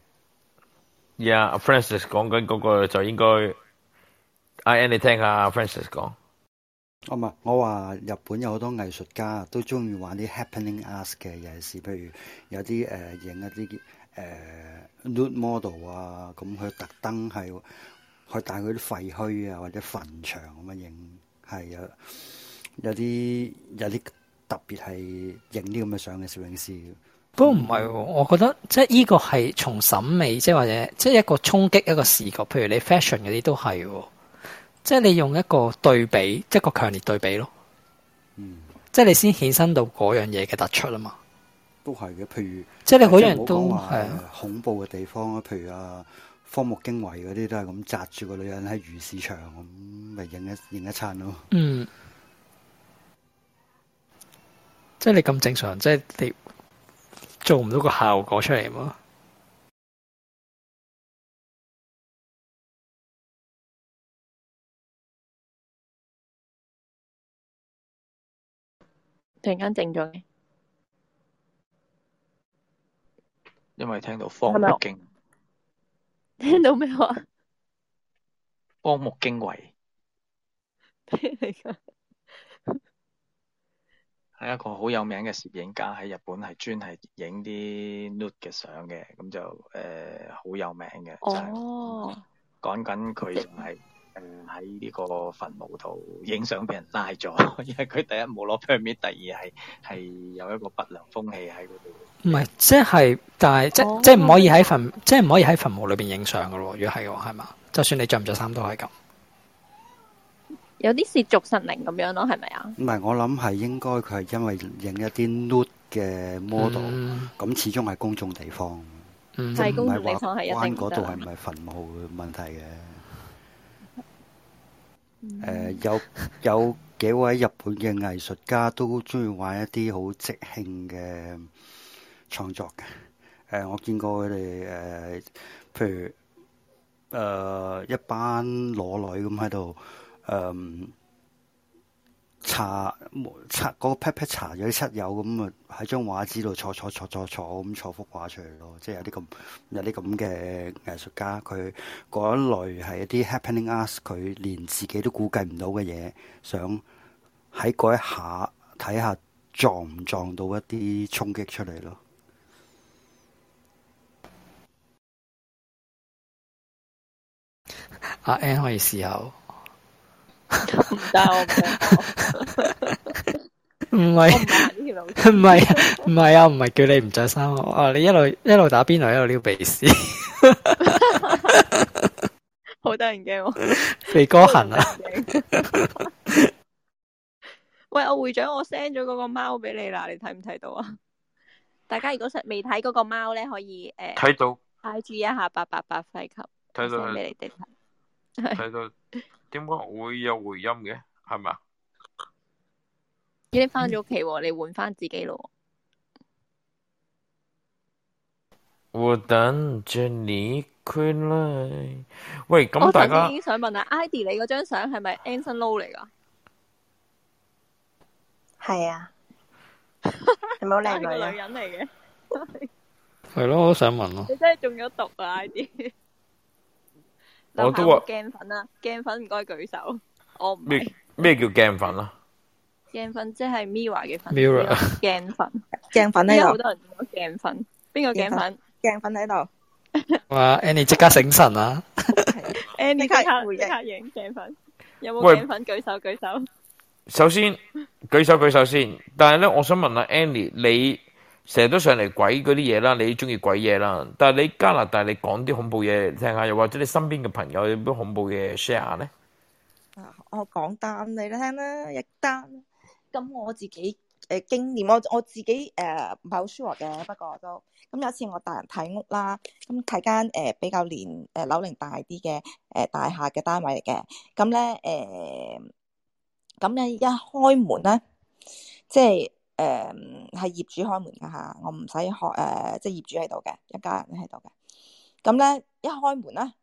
呀、yeah，Francis 講緊嗰句就應該，I N 你聽下 Francis 講。我唔係，我話日本有好多藝術家都中意玩啲 happening art 嘅，尤其是，譬如有啲誒影一啲 nude、呃呃、model 啊，咁佢特登係去帶佢啲廢墟啊或者墳場咁樣影，係啊，有啲有啲特別係影啲咁嘅相嘅攝影師。不過唔係，我覺得即係呢個係從審美，即係或者即係一個衝擊一個視覺。譬如你 fashion 嗰啲都係，即係你用一個對比，一個強烈對比咯。嗯，即係你先衍生到嗰樣嘢嘅突出啦嘛。都係嘅，譬如即係你好多人都係恐怖嘅地方啦，譬如啊荒木經惟嗰啲都係咁紮住個女人喺魚市場咁咪影一影一餐咯。嗯，即係你咁正常，即係你。做唔到個效果出嚟嗎？突然間靜咗，因為聽到方木經，Hello? 經聽到咩話？ [LAUGHS] 方木經緯。 [LAUGHS] 係一個好有名嘅攝影家喺日本係專係影啲 nude 嘅相嘅，咁就誒好、呃、有名嘅。就哦、係，講緊佢仲係誒喺呢個墳墓度影相俾人拉咗，因為佢第一冇攞 permit，第二係係有一個不良風氣喺嗰度。唔係，即係，但係即、oh. 即唔可以喺墳，即唔可以喺墳墓裏邊影相噶咯。如果係嘅話，係嘛？就算你着唔着衫都可以咁。有啲褻瀆神靈咁樣咯，係咪啊？唔係，我諗係應該佢係因為影一啲 nude 嘅 model，咁始終係公眾地方，即係唔係話關嗰度係唔係墳墓嘅問題嘅？誒，有有幾位日本嘅藝術家都中意玩一啲好即興嘅創作嘅。誒，我見過佢哋誒，譬如誒一班裸女咁喺度。誒，查查嗰個 pet pet 查咗啲室友咁啊，喺張畫紙度坐坐坐坐坐咁坐幅畫出嚟咯，即係有啲咁有啲咁嘅藝術家，佢嗰一類係一啲 happening art，佢連自己都估計唔到嘅嘢，想喺嗰一下睇下撞唔撞到一啲衝擊出嚟咯。阿 N，可以試下。唔得， [LAUGHS] 我唔係，唔係、 [LAUGHS] er，唔係啊，唔係叫你唔着衫啊。你一路一路打邊爐，一路撩鼻屎，好得人驚啊！鼻哥痕啊！喂，我會長，我 send 咗嗰個貓俾你啦，你睇唔睇到啊？大家如果未睇嗰個貓咧，可以誒睇到，I G 一下八八八快購，睇上俾你睇到。點解會有回音嘅？係咪啊？嗯、你翻咗屋企，你換翻自己咯。我等著你歸來。喂，咁大家，我已經想問啊，I D 你嗰張相係咪 Anson Lo 嚟㗎？係啊，係咪好靚女啊？ [LAUGHS] 女人嚟嘅，係 [LAUGHS] 咯，我都想問咯。你真係中咗毒啊，I D！ [LAUGHS] 我都話鏡粉啦，鏡粉唔該舉手，我唔係咩叫鏡粉啦？鏡粉即係 Mirror 嘅粉，Mirror，Mirror .鏡粉鏡粉喺度，有好多人做鏡粉，邊個鏡粉？鏡粉喺度。 [LAUGHS] 哇，Annie 即刻醒神啦 [LAUGHS] [LAUGHS] ！Annie 睇下，即應刻影鏡粉，有冇鏡粉喂舉手舉手？首先舉手舉手先，但係咧，我想問下 Annie 你。成日都上嚟鬼嗰啲嘢啦，你中意鬼嘢啦。但係你加拿大，你講啲恐怖嘢聽下，又或者你身邊嘅朋友有咩恐怖嘢 share 咧？啊，我講單你都聽啦，一單。咁我自己誒、呃、經驗，我我自己誒唔係好舒服嘅，不過都咁有一次我帶人睇屋啦，咁睇間誒比較年誒樓齡大啲嘅誒大廈嘅單位嚟嘅。咁咧誒，咁、呃、咧一開門咧，即係。誒，係、嗯、業主開門噶吓，我唔使學誒，即、呃、係、就是、業主喺度嘅，一家人喺度嘅。咁咧一開門咧，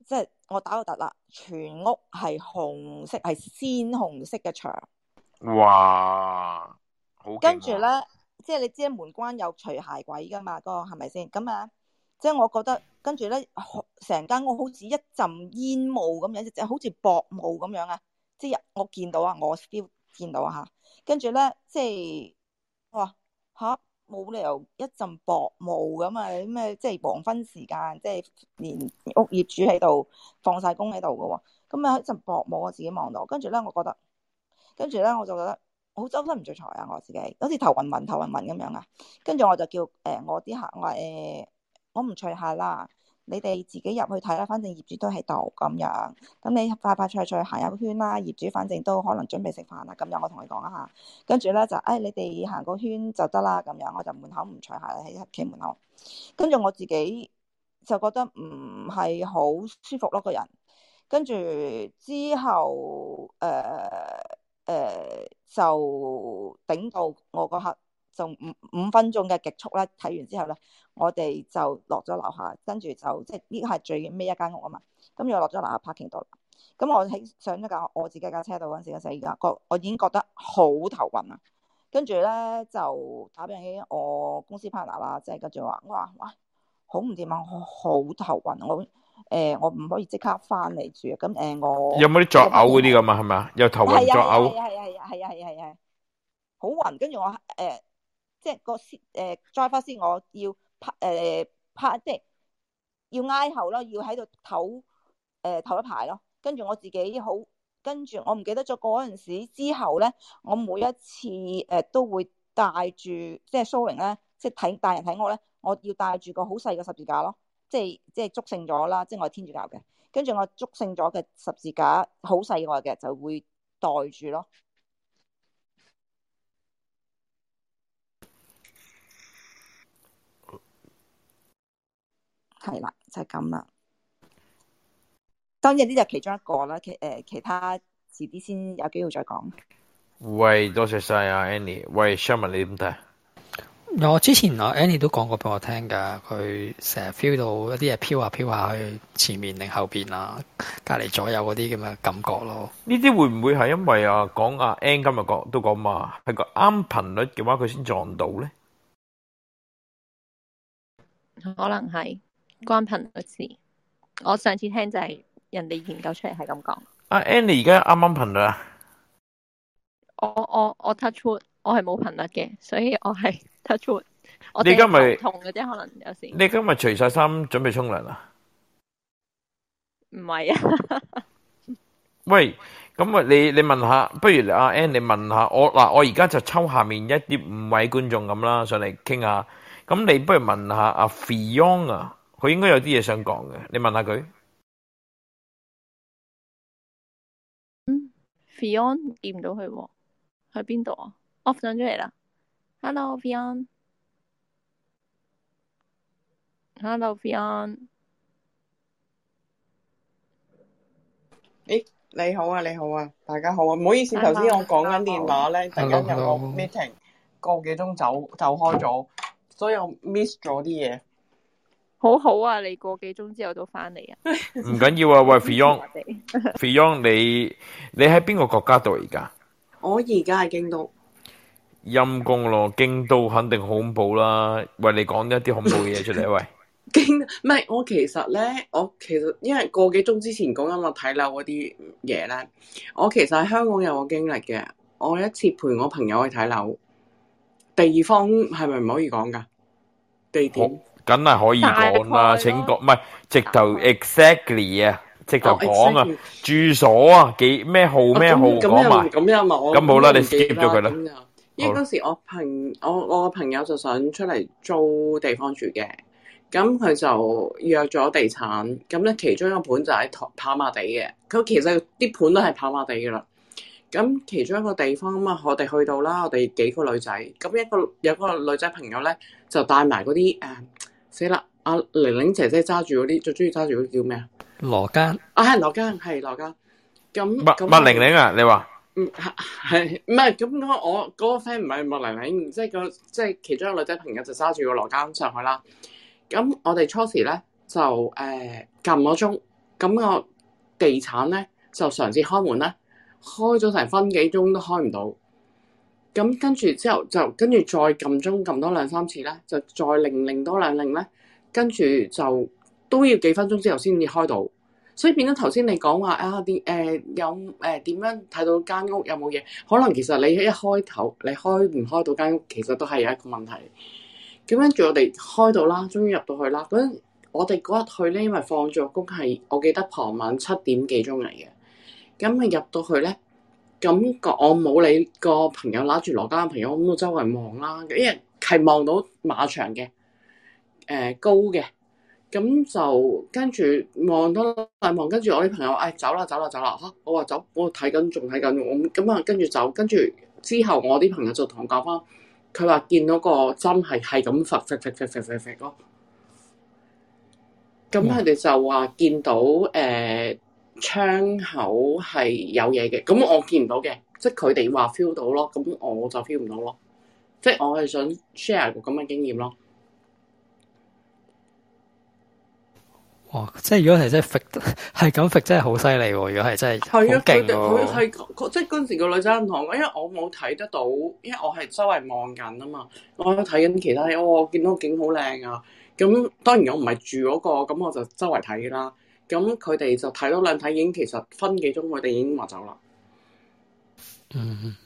即、就、係、是、我打個突啦，全屋係紅色，係鮮紅色嘅牆。哇，啊、跟住咧，即、就、係、是、你知門關有除鞋櫃噶嘛？那個係咪先？咁啊，即、那、係、個就是、我覺得跟住咧，成間屋好似一陣煙霧咁樣，就是、好似薄霧咁樣啊！即、就、係、是、我見到啊，我 feel 見到吓。跟住咧，即係哇，吓、啊、冇理由一陣薄霧咁啊！咩即係黃昏時間，即係連屋業主喺度放晒工喺度噶喎。咁、嗯、啊，一陣薄霧我自己望到，跟住咧，我覺得，跟住咧，我就覺得好周身唔着財啊！我自己好似頭暈暈、頭暈暈咁樣啊！跟住我就叫誒、欸，我啲客我話誒，我唔除、欸、下啦。你哋自己入去睇啦，反正業主都喺度咁樣。咁你快快脆脆行一圈啦，業主反正都可能準備食飯啦。咁樣我同你講一下，跟住咧就，唉、哎，你哋行個圈就得啦。咁樣我就門口唔除鞋，喺屋企門口。跟住我自己就覺得唔係好舒服咯，那個人。跟住之後，誒、呃、誒、呃、就頂到我個客。就五五分鐘嘅極速咧，睇完之後咧，我哋就落咗樓下，跟住就即係呢個係最尾一間屋啊嘛。咁又落咗樓下 parking 到啦。咁我喺上咗架我自己架車度嗰陣時咧，就而家我已經覺得好頭暈啊。跟住咧就打俾我公司 partner 啦，即係跟住話，我話哇，好唔掂啊，好頭暈，我誒、呃、我唔可以即刻翻嚟住咁，誒、嗯、我有冇啲作嘔嗰啲噶嘛？係咪啊？有頭暈作嘔？係啊係啊係啊係啊係啊好暈。跟住我誒。呃呃呃呃即係個先，誒 drive 先，我要拍，誒、呃，拍，即係要挨後咯，要喺度唞，誒、呃，唞一排咯。跟住我自己好，跟住我唔記得咗嗰陣時之後咧，我每一次誒都會帶住，即係蘇榮咧，即係睇大人睇我咧，我要帶住個好細嘅十字架咯，即係即係祝聖咗啦，即係我係天主教嘅，跟住我祝聖咗嘅十字架好細外嘅，就會袋住咯。係啦，就係咁啦。當然呢就其中一個啦，其誒、呃、其他遲啲先有機會再講。喂，多謝晒啊，Annie。喂，Shaman 你點睇？我之前啊，Annie 都講過俾我聽噶，佢成日 feel 到一啲嘢飄下飄下去前面定後邊啊，隔籬左右嗰啲咁嘅感覺咯。呢啲會唔會係因為啊講啊 Ann 今日講都講嘛，係個啱頻率嘅話佢先撞到咧？可能係。關頻率個字，我上次聽就係人哋研究出嚟係咁講。阿、uh, Anne 而家啱啱頻率啊，我我我 touch wood，我係冇頻率嘅，所以我係 touch wood。我你咪日同嘅啫，可能有時你今日除晒衫準備沖涼不是啊？唔係啊，喂，咁啊，你你問下，不如阿、uh, Anne 你問下我嗱，我而家就抽下面一啲五位觀眾咁啦，上嚟傾下。咁你不如問下阿 Fiona 啊？佢應該有啲嘢想講嘅，你問下佢。嗯，Fion 見唔到佢喎，喺邊度啊？Off 上出嚟啦 Hello，Fion。Hello，Fion。咦，你好啊，你好啊，大家好啊，唔好意思，頭先我講緊電話咧，Hello. 突然間有冇 meeting，個幾鐘走走開咗，所以 miss 咗啲嘢。好好啊！你過幾個幾鐘之後都翻嚟啊？唔緊要啊！喂 [LAUGHS] Fiona，Fiona 你你喺邊個國家度而家？我而家喺京都。陰公咯，京都肯定恐怖啦！喂，你講一啲恐怖嘅嘢，出嚟喂？ [LAUGHS] 京都唔係我其實咧，我其實因為個幾鐘之前講緊我睇樓嗰啲嘢咧，我其實喺香港有個經歷嘅。我一次陪我朋友去睇樓，地方係咪唔可以講噶？地點。梗係可以講啦，請講，唔係直頭 exactly 啊，直頭講啊，住所啊，幾咩號咩號講埋，咁又冇，咁冇啦，你 skip 咗佢啦。因為嗰時我朋我我個朋友就想出嚟租地方住嘅，咁佢就約咗地產，咁咧其中一個盤就喺台跑馬地嘅，佢其實啲盤都係跑馬地嘅啦。咁其中一個地方咁啊，我哋去到啦，我哋幾個女仔，咁一個有嗰個女仔朋友咧，就帶埋嗰啲誒。死啦！阿玲玲姐姐揸住嗰啲最中意揸住嗰啲叫咩姦啊？羅庚啊，係羅庚，係羅庚。咁麥那麥玲玲啊，你話？嗯，係唔係咁？我嗰、嗰個 friend 唔係麥玲玲，即係個即係其中一個女仔朋友就揸住個羅庚上去啦。咁我哋初時咧就誒，撳咗鐘，咁個地產咧就嘗試開門咧，開咗成分幾鐘都開唔到。咁跟住之後就跟住再撳鍾撳多兩三次咧，就再零零多兩零咧，跟住就都要幾分鐘之後先至開到，所以變咗頭先你講話啊點誒、呃呃呃呃、有誒點樣睇到間屋有冇嘢？可能其實你一開頭你開唔開到間屋，其實都係有一個問題。咁跟住我哋開到啦，終於入到去啦。嗰陣我哋嗰日去咧，因為放咗工係我記得傍晚七點幾鐘嚟嘅，咁咪入到去咧。感覺我冇你個朋友攞住羅家朋友咁，到周圍望啦，因為係望到馬場嘅，誒、呃、高嘅，咁就跟住望到，多望，跟住我啲朋友話、哎：，走啦，走啦，走啦！嚇，我話走，我睇緊，仲睇緊，咁咁啊，跟住走，跟住、嗯、之後，我啲朋友就同我講翻，佢話見到個真係係咁拂拂拂拂拂拂拂咯，咁佢哋就話見到誒。呃窗口係有嘢嘅，咁我見唔到嘅，即係佢哋話 feel 到咯，咁我就 feel 唔到咯。即係我係想 share 個咁嘅經驗咯。哇！即係如果係真係 fit 係咁真係好犀利喎！如果係真係係啊，佢係即係嗰陣時個女仔同我，因為我冇睇得到，因為我係周圍望緊啊嘛，我睇緊其他嘢，哦，我見到景好靚啊！咁當然我唔係住嗰個，咁我就周圍睇啦。咁佢哋就睇到兩睇已經，其實分幾鐘佢哋已經話走啦、嗯。嗯、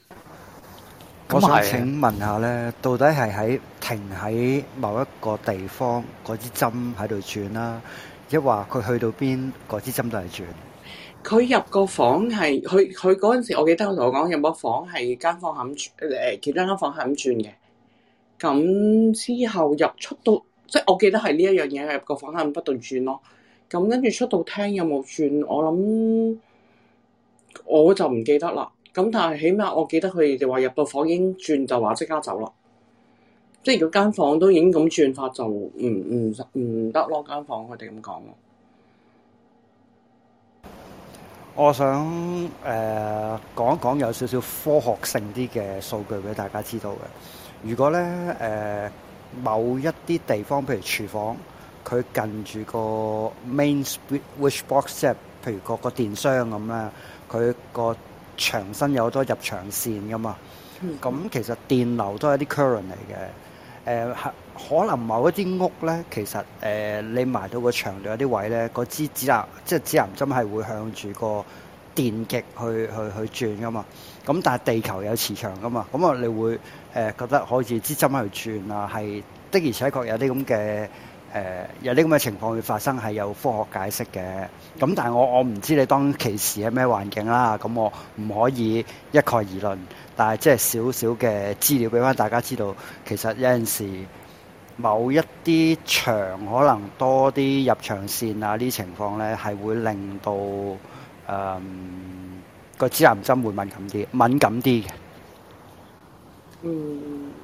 咁、嗯、我想請問下咧，嗯、到底係喺停喺某一個地方嗰支針喺度轉啦，一話佢去到邊，嗰支針都係轉。佢入個房係，佢佢嗰陣時，我記得我同我講入個房係間房咁轉，誒，其他間房係咁轉嘅。咁之後入出到，即係我記得係呢一樣嘢，係入個房係不斷轉咯。咁跟住出到廳有冇轉？我諗我就唔記得啦。咁但係起碼我記得佢哋話入到房已經轉，就話即刻走啦。即如果間房間都已經咁轉法，就唔唔唔得咯。間房佢哋咁講，我想誒講、呃、一講有少少科學性啲嘅數據俾大家知道嘅。如果咧誒、呃、某一啲地方，譬如廚房。佢近住個 main switch box set，譬如個個電箱咁啦，佢個牆身有好多入牆線噶嘛。咁、嗯、其實電流都係啲 current 嚟嘅。誒、呃、可能某一啲屋咧，其實誒、呃、你埋到個牆度有啲位咧，嗰支指南即係指南針係會向住個電極去去去轉噶嘛。咁但係地球有磁場噶嘛，咁啊，你會誒、呃、覺得好似支針去轉啊，係的而且確有啲咁嘅。誒、呃、有啲咁嘅情況會發生，係有科學解釋嘅，咁但係我我唔知你當其時係咩環境啦，咁我唔可以一概而論，但係即係少少嘅資料俾翻大家知道。其實有陣時某一啲場可能多啲入場線啊，呢啲情況呢，係會令到誒個指南針會敏感啲敏感啲嘅。嗯。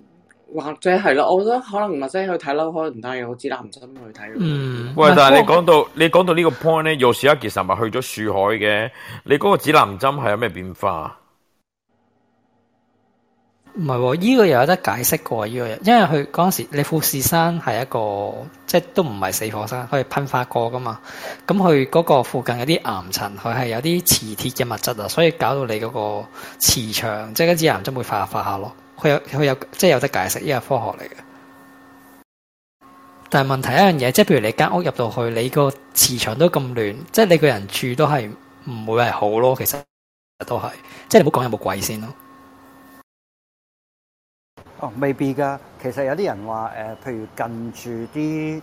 或者係咯，我覺得可能或者去睇樓能唔得嘅，我指南針去睇。嗯，喂，但係不你講到你講到呢個 point 咧，又 [LAUGHS] 是阿杰神咪去咗樹海嘅，你嗰個指南針係有咩變化？唔係，依、這個又有得解釋過依、這個，因為佢嗰陣時，你富士山係一個即係都唔係死火山，佢噴發過噶嘛。咁佢嗰個附近有啲岩層，佢係有啲磁鐵嘅物質啊，所以搞到你嗰個磁場，即係個指南針會化化下咯。佢有，佢有即係有得解釋，呢個科學嚟嘅。但係問題一樣嘢，即係譬如你間屋入到去，你個磁場都咁亂，即係你個人住都係唔會係好咯。其實都係，即你唔好講有冇鬼先咯。哦，未必噶。其實有啲人話誒、呃，譬如近住啲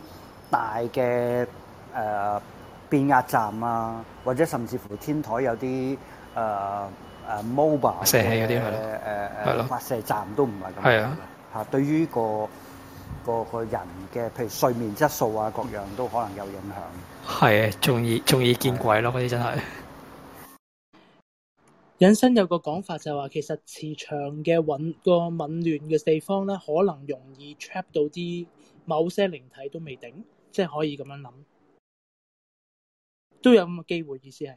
大嘅誒、呃、變壓站啊，或者甚至乎天台有啲誒。呃誒、uh, mobile 射氣嗰啲誒誒發射站都唔係咁，係啊嚇！對，了對於個個個人嘅，譬如睡眠質素啊，各樣都可能有影響。係，中意中意見鬼咯！嗰啲的真係的。引申有個講法就話，其實磁場嘅混個紊亂嘅地方咧，可能容易 trap 到啲某些靈體都未定，即係可以咁樣諗，都有咁嘅機會。意思係。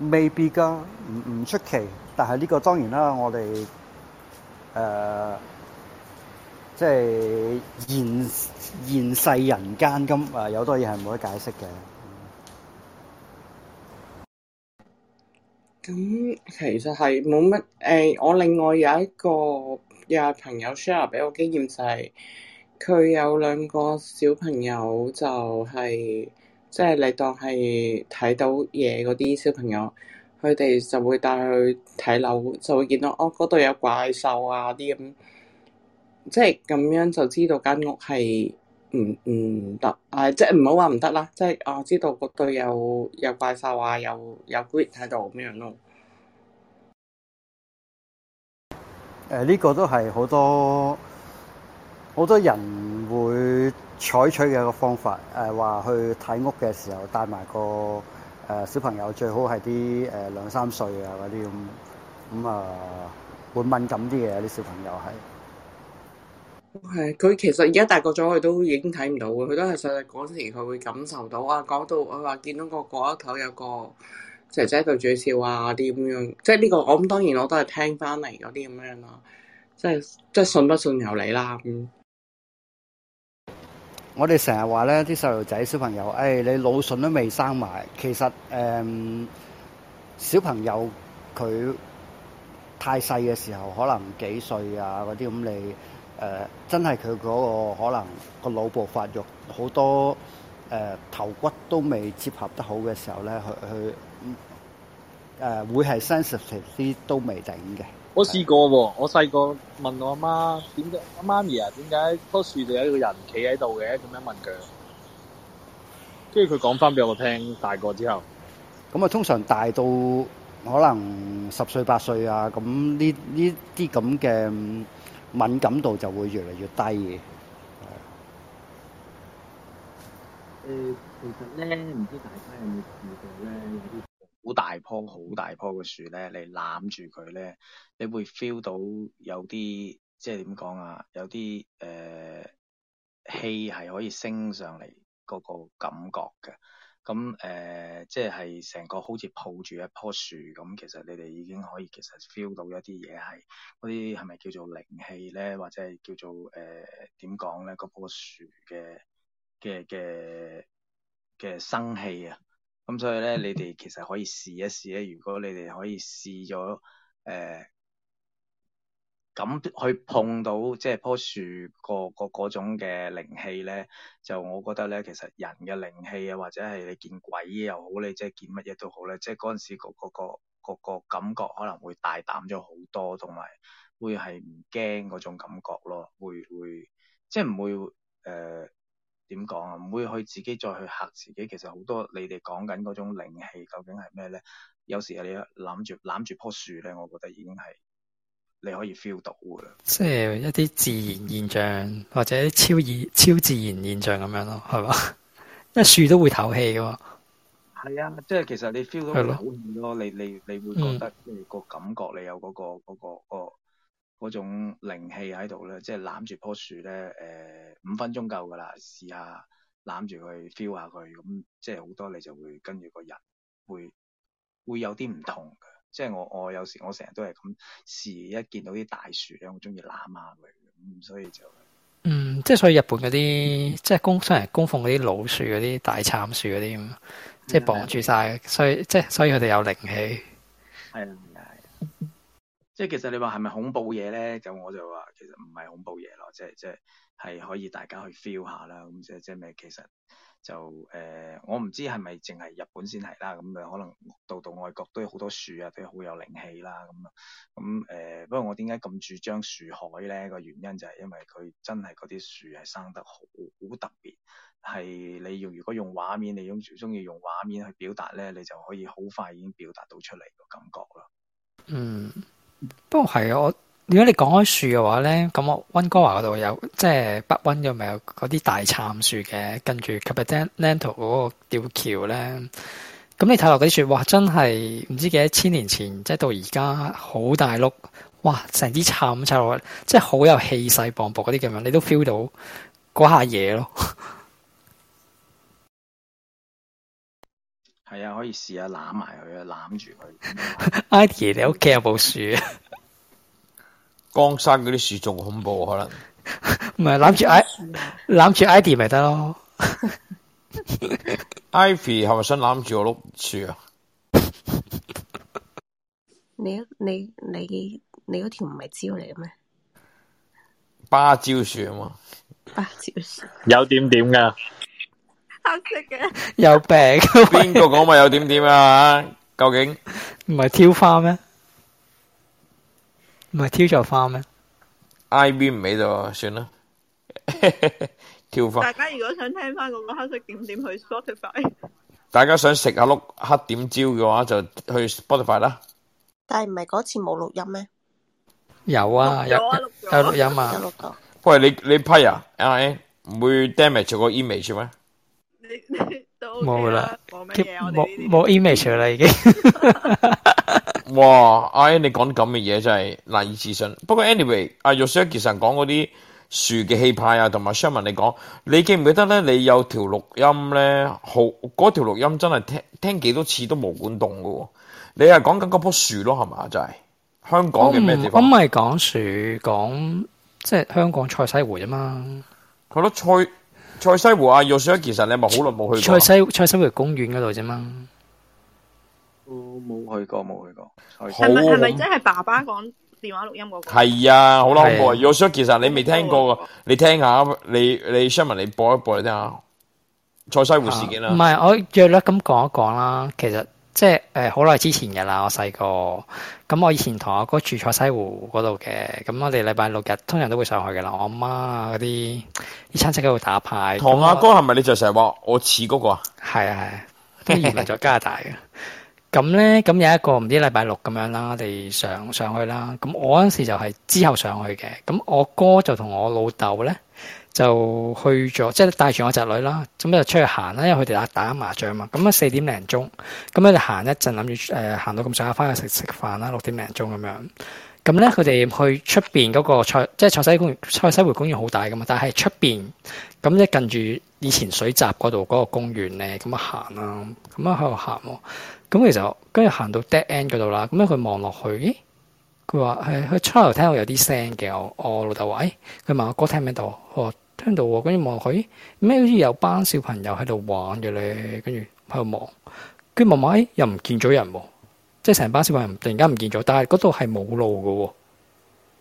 未必㗎，唔唔出奇。但係呢個當然啦，我哋誒即係現現世人間咁啊，有多嘢係冇得解釋嘅。咁其實係冇乜誒。我另外有一個啊朋友 share 俾我經驗就係，佢有兩個小朋友就係、是。即係你當係睇到嘢嗰啲小朋友，佢哋就會帶去睇樓，就會見到哦，嗰度有怪獸啊啲咁，即係咁樣就知道間屋係唔唔得啊！即係唔好話唔得啦，即係我知道嗰度有有怪獸啊，有有鬼喺度咁樣咯。誒、呃、呢、這個都係好多好多人會。採取嘅一個方法，誒、呃、話去睇屋嘅時候帶埋個誒、呃、小朋友，最好係啲誒兩三歲啊，嗰啲咁咁啊，會敏感啲嘅啲小朋友係。係佢其實而家大個咗，佢都已經睇唔到，佢都係細細嗰時，佢會感受到啊，講到佢話見到個過 h e 有個姐姐對住笑啊，啲咁樣，即係呢個我咁，當然我都係聽翻嚟嗰啲咁樣啦，即係即係信不信由你啦咁。嗯我哋成日話咧，啲細路仔、小朋友，誒你腦囟都未生埋。其實誒小朋友佢太細嘅時候，可能幾歲啊啲咁，你誒、呃、真係佢、嗰個可能個腦部發育好多誒、呃、頭骨都未接合得好嘅時候咧，去去誒會係 sensitive 啲都未整嘅。我試過喎，我細個問我阿媽，點解阿媽爺咪啊，點解棵樹就有一個人企喺度嘅？咁樣問佢，跟住佢講翻俾我聽。大個之後，咁啊，通常大到可能十歲八歲啊，咁呢呢啲咁嘅敏感度就會越嚟越低嘅。誒、呃，其實咧唔知大家有冇試過咧好大棵、好大棵嘅樹咧，你攬住佢咧，你會 feel 到有啲即係點講啊，有啲誒氣係可以升上嚟嗰個感覺嘅。咁誒、呃，即係成個好似抱住一棵樹咁，其實你哋已經可以其實 feel 到一啲嘢係嗰啲係咪叫做靈氣咧，或者係叫做誒點講咧？嗰、呃、棵樹嘅嘅嘅嘅生氣啊！咁所以咧，你哋其實可以試一試咧。如果你哋可以試咗誒，咁、呃、去碰到即係樖樹個個嗰種嘅靈氣咧，就我覺得咧，其實人嘅靈氣啊，或者係你見鬼又好，你即係見乜嘢都好咧，即係嗰陣時、個個、個個個個感覺可能會大膽咗好多，同埋會係唔驚嗰種感覺咯，會會即係唔會誒。呃點講啊？唔會去自己再去嚇自己。其實好多你哋講緊嗰種靈氣，究竟係咩咧？有時你攬住攬住棵樹咧，我覺得已經係你可以 feel 到嘅啦。即係一啲自然現象，或者超自超自然現象咁樣咯，係嘛？ [LAUGHS] 因為樹都會透氣嘅喎。係啊，即係其實你 feel 到好氣咯，你你你會覺得即係個感覺，你有嗰、嗰個嗰嗰種靈氣喺度咧，即係攬住棵樹咧，誒、呃、五分鐘夠㗎啦，試下攬住佢 feel 下佢，咁、嗯、即係好多你就會跟住個人會會有啲唔同嘅，即係我我有時我成日都係咁試，時一見到啲大樹咧，我中意攬下佢。咁、嗯、所以就嗯，即係所以日本嗰啲即係供，成日供奉嗰啲老樹嗰啲大杉樹嗰啲，即係綁住晒。所以即係所以佢哋有靈氣，係啊。即係其實你話係咪恐怖嘢咧？咁我就話其實唔係恐怖嘢咯，即係即係係可以大家去 feel 下啦。咁即係即係咩？其實就誒、呃，我唔知係咪淨係日本先係啦。咁、嗯、啊，可能到到外國都有好多樹啊，都好有，有靈氣啦。咁、嗯、啊，咁、呃、誒，不過我點解咁主張樹海咧？個原因就係因為佢真係嗰啲樹係生得好好特別，係你要如果用畫面，你中中意用畫面去表達咧，你就可以好快已經表達到出嚟個感覺咯。嗯。 [NOISE] 不過係我、啊，如果你講開樹嘅話咧，咁我溫哥華嗰度有即係北溫嘅，咪有嗰啲大杉樹嘅，跟住 Capilano 嗰個吊橋咧，咁你睇落啲樹，哇，真係唔知幾多千年前，即係到而家好大碌，哇，成支杉咁插落，即係好有氣勢磅礴嗰啲咁樣，你都 feel 到嗰下嘢咯。 [LAUGHS] 係啊，可以試下攬埋佢，啊。攬住佢。Ivy，你屋企有部樹啊？ [LAUGHS] 江山嗰啲樹仲恐怖，可能唔係攬住 I 攬住 Ivy 咪得咯。Ivy 係咪想攬住我碌樹啊？你你你你嗰條唔係蕉嚟嘅咩？芭蕉樹啊嘛，芭蕉樹 [LAUGHS] 有點點噶。黑色嘅有病，邊個講話有點點啊？究竟唔係 [LAUGHS] 挑花咩？唔係挑就花咩？Ivy 唔俾就算啦。挑 [LAUGHS] 花。大家如果想聽翻嗰個黑色點點，怎樣怎樣去 spotify。大家想食阿碌黑點椒嘅話，就去 spotify 啦。但係唔係嗰次冇錄音咩？有啊，有有錄音啊！錄了有錄咗喂，你你批啊？唔 [LAUGHS] 會 damage 個 image 咩？冇啦，冇冇 image 啦已經。 [LAUGHS] 哇，阿、哎、欣你講咁嘅嘢真係難以置信。不過 anyway，阿若士吉神講嗰啲樹嘅氣派啊，同埋 Sherman 你講，你記唔記得咧？你有條錄音咧，好嗰條錄音真係聽聽幾多次都冇管動噶。你係講緊嗰棵樹咯，係嘛？就係、是、香港嘅咩地方？咁咪講樹，講即係香港菜西湖啊嘛。佢都菜。蔡西湖啊，Your Show 其實你係咪好耐冇去過蔡？蔡西、哦、過過蔡西湖公園嗰度啫嘛，我冇去過冇去過。係咪係咪真係爸爸講電話錄音我？係啊，好啦，Your Show 其實你未聽過噶，你聽下，你你 Shawn 你播一播你聽下。蔡西湖事件啦，唔係、啊、我最叻咁講一講啦，其實。即係誒，好耐之前嘅啦。我細個咁，我以前同阿哥住喺西湖嗰度嘅，咁我哋禮拜六日通常都會上去嘅啦。我阿媽嗰啲啲親戚喺度打牌。同阿哥係咪你就成日話我似嗰個啊？係啊，係啊，都移民咗加拿大嘅。咁咧， [LAUGHS] 咁有一個唔知禮拜六咁樣啦，我哋上上去啦。咁我嗰陣時就係之後上去嘅。咁我哥就同我老豆咧。就去咗，即係帶住我侄女啦，咁就出去行啦，因為佢哋打，打打麻將啊嘛。咁啊四點零鐘，咁咧行一陣，諗住誒行到咁上下，翻去食食飯啦，六點零鐘咁樣。咁咧佢哋去出邊嗰個賽，即係賽西公園、賽西湖公園好大㗎嘛，但係出邊咁咧近住以前水閘嗰度嗰個公園咧，咁啊行啦，咁啊喺度行喎。咁其實跟住行到 dead end 嗰度啦，咁咧佢望落去。咦佢話誒，佢出頭聽我有啲聲嘅我、哦、老豆話誒，佢、哎、問我哥哥聽唔、哦、聽到我聽到喎，跟住望佢咩好似有班小朋友喺度玩嘅咧，跟住喺度望跟住望埋，又唔見咗人喎、哦，即係成班小朋友突然間唔見咗，但係嗰度係冇路嘅喎、哦。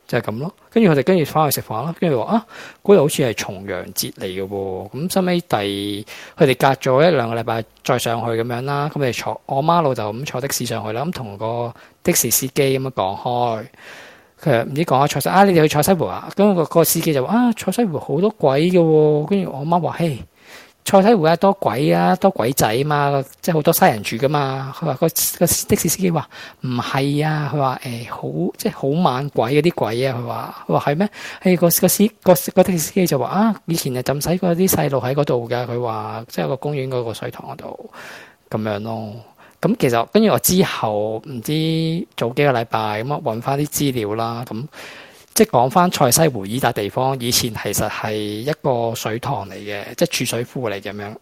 就係咁咯，跟住佢哋跟住翻去食飯咯，跟住話啊，嗰日好似係重陽節嚟嘅喎，咁收尾第二佢哋隔咗一兩個禮拜再上去咁樣啦，咁咪坐我媽老豆咁坐的士上去啦，咁同個的士司機咁樣講開，佢唔知講開坐晒，啊，你哋去坐西湖啊，咁、那個個司機就話啊，坐西湖好多鬼嘅喎、啊，跟住我媽話嘿。菜體會啊，多鬼啊，多鬼仔嘛，即係好多衰人住噶嘛。佢話個個的士司機話唔係啊，佢話誒好即係好猛鬼嗰啲鬼啊。佢話佢話係咩？誒個個司個個的士司機就話啊，以前係浸死過嗰啲細路喺嗰度㗎。佢話即係個公園嗰個水塘嗰度咁樣咯。咁、嗯、其實跟住我之後唔知早幾個禮拜咁啊，揾返啲資料啦咁。嗯即係講翻賽西湖依笪地方，以前其實係一個水塘嚟嘅，即係儲水庫嚟咁樣。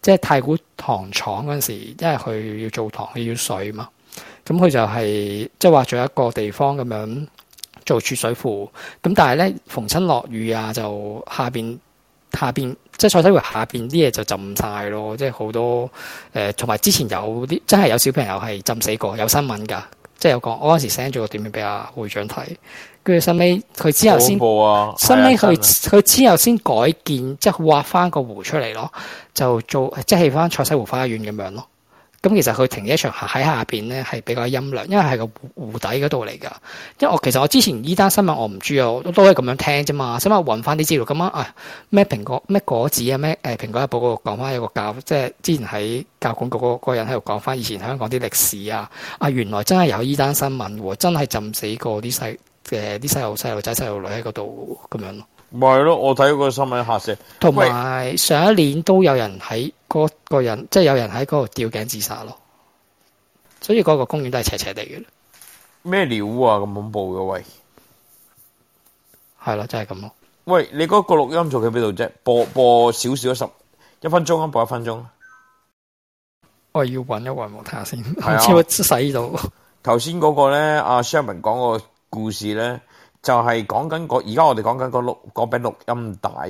即係太古糖廠嗰陣時，因為佢要做糖，佢要水嘛，咁佢就係、是、即係仲有一個地方咁樣做儲水庫。咁但係咧，逢親落雨啊，就下邊下邊，即係賽西湖下邊啲嘢就浸晒咯。即係好多誒，同、呃、埋之前有啲真係有小朋友係浸死過，有新聞㗎。即係有講，我嗰時 send 咗個短片俾阿會長睇，跟住後尾佢之後先，啊、後尾佢佢之後先改建，即係挖翻個湖出嚟咯，就做即係翻賽西湖花園咁樣咯。咁其實佢停車場喺下邊咧，係比較陰涼，因為係個湖底嗰度嚟噶。因為我其實我之前依單新聞我唔知啊，我都係咁樣聽啫嘛。使乜我搵翻啲資料咁啊，咩蘋、哎、果咩果子啊，咩誒蘋果日報講翻一個教，即係之前喺教管局嗰個人喺度講翻以前香港啲歷史啊。啊，原來真係有依單新聞、啊，真係浸死過啲細嘅啲細路細路仔細路女喺嗰度咁樣咯。唔係咯，我睇個新聞嚇死，同埋有喂上一年都有人喺。嗰個人即係有人喺嗰度吊頸自殺咯，所以嗰個公園都係斜斜地嘅，咩料啊？咁恐怖嘅喂，係啦，真係咁咯。喂，就是、喂你嗰個錄音做佢邊度啫？播播少少十一分鐘啊，播一分鐘。我要揾一揾，我睇下先，唔知會唔會洗到。頭先嗰個咧，阿 Sherman 講個故事咧，就係講緊個而家我哋講緊個錄嗰柄錄音帶啊，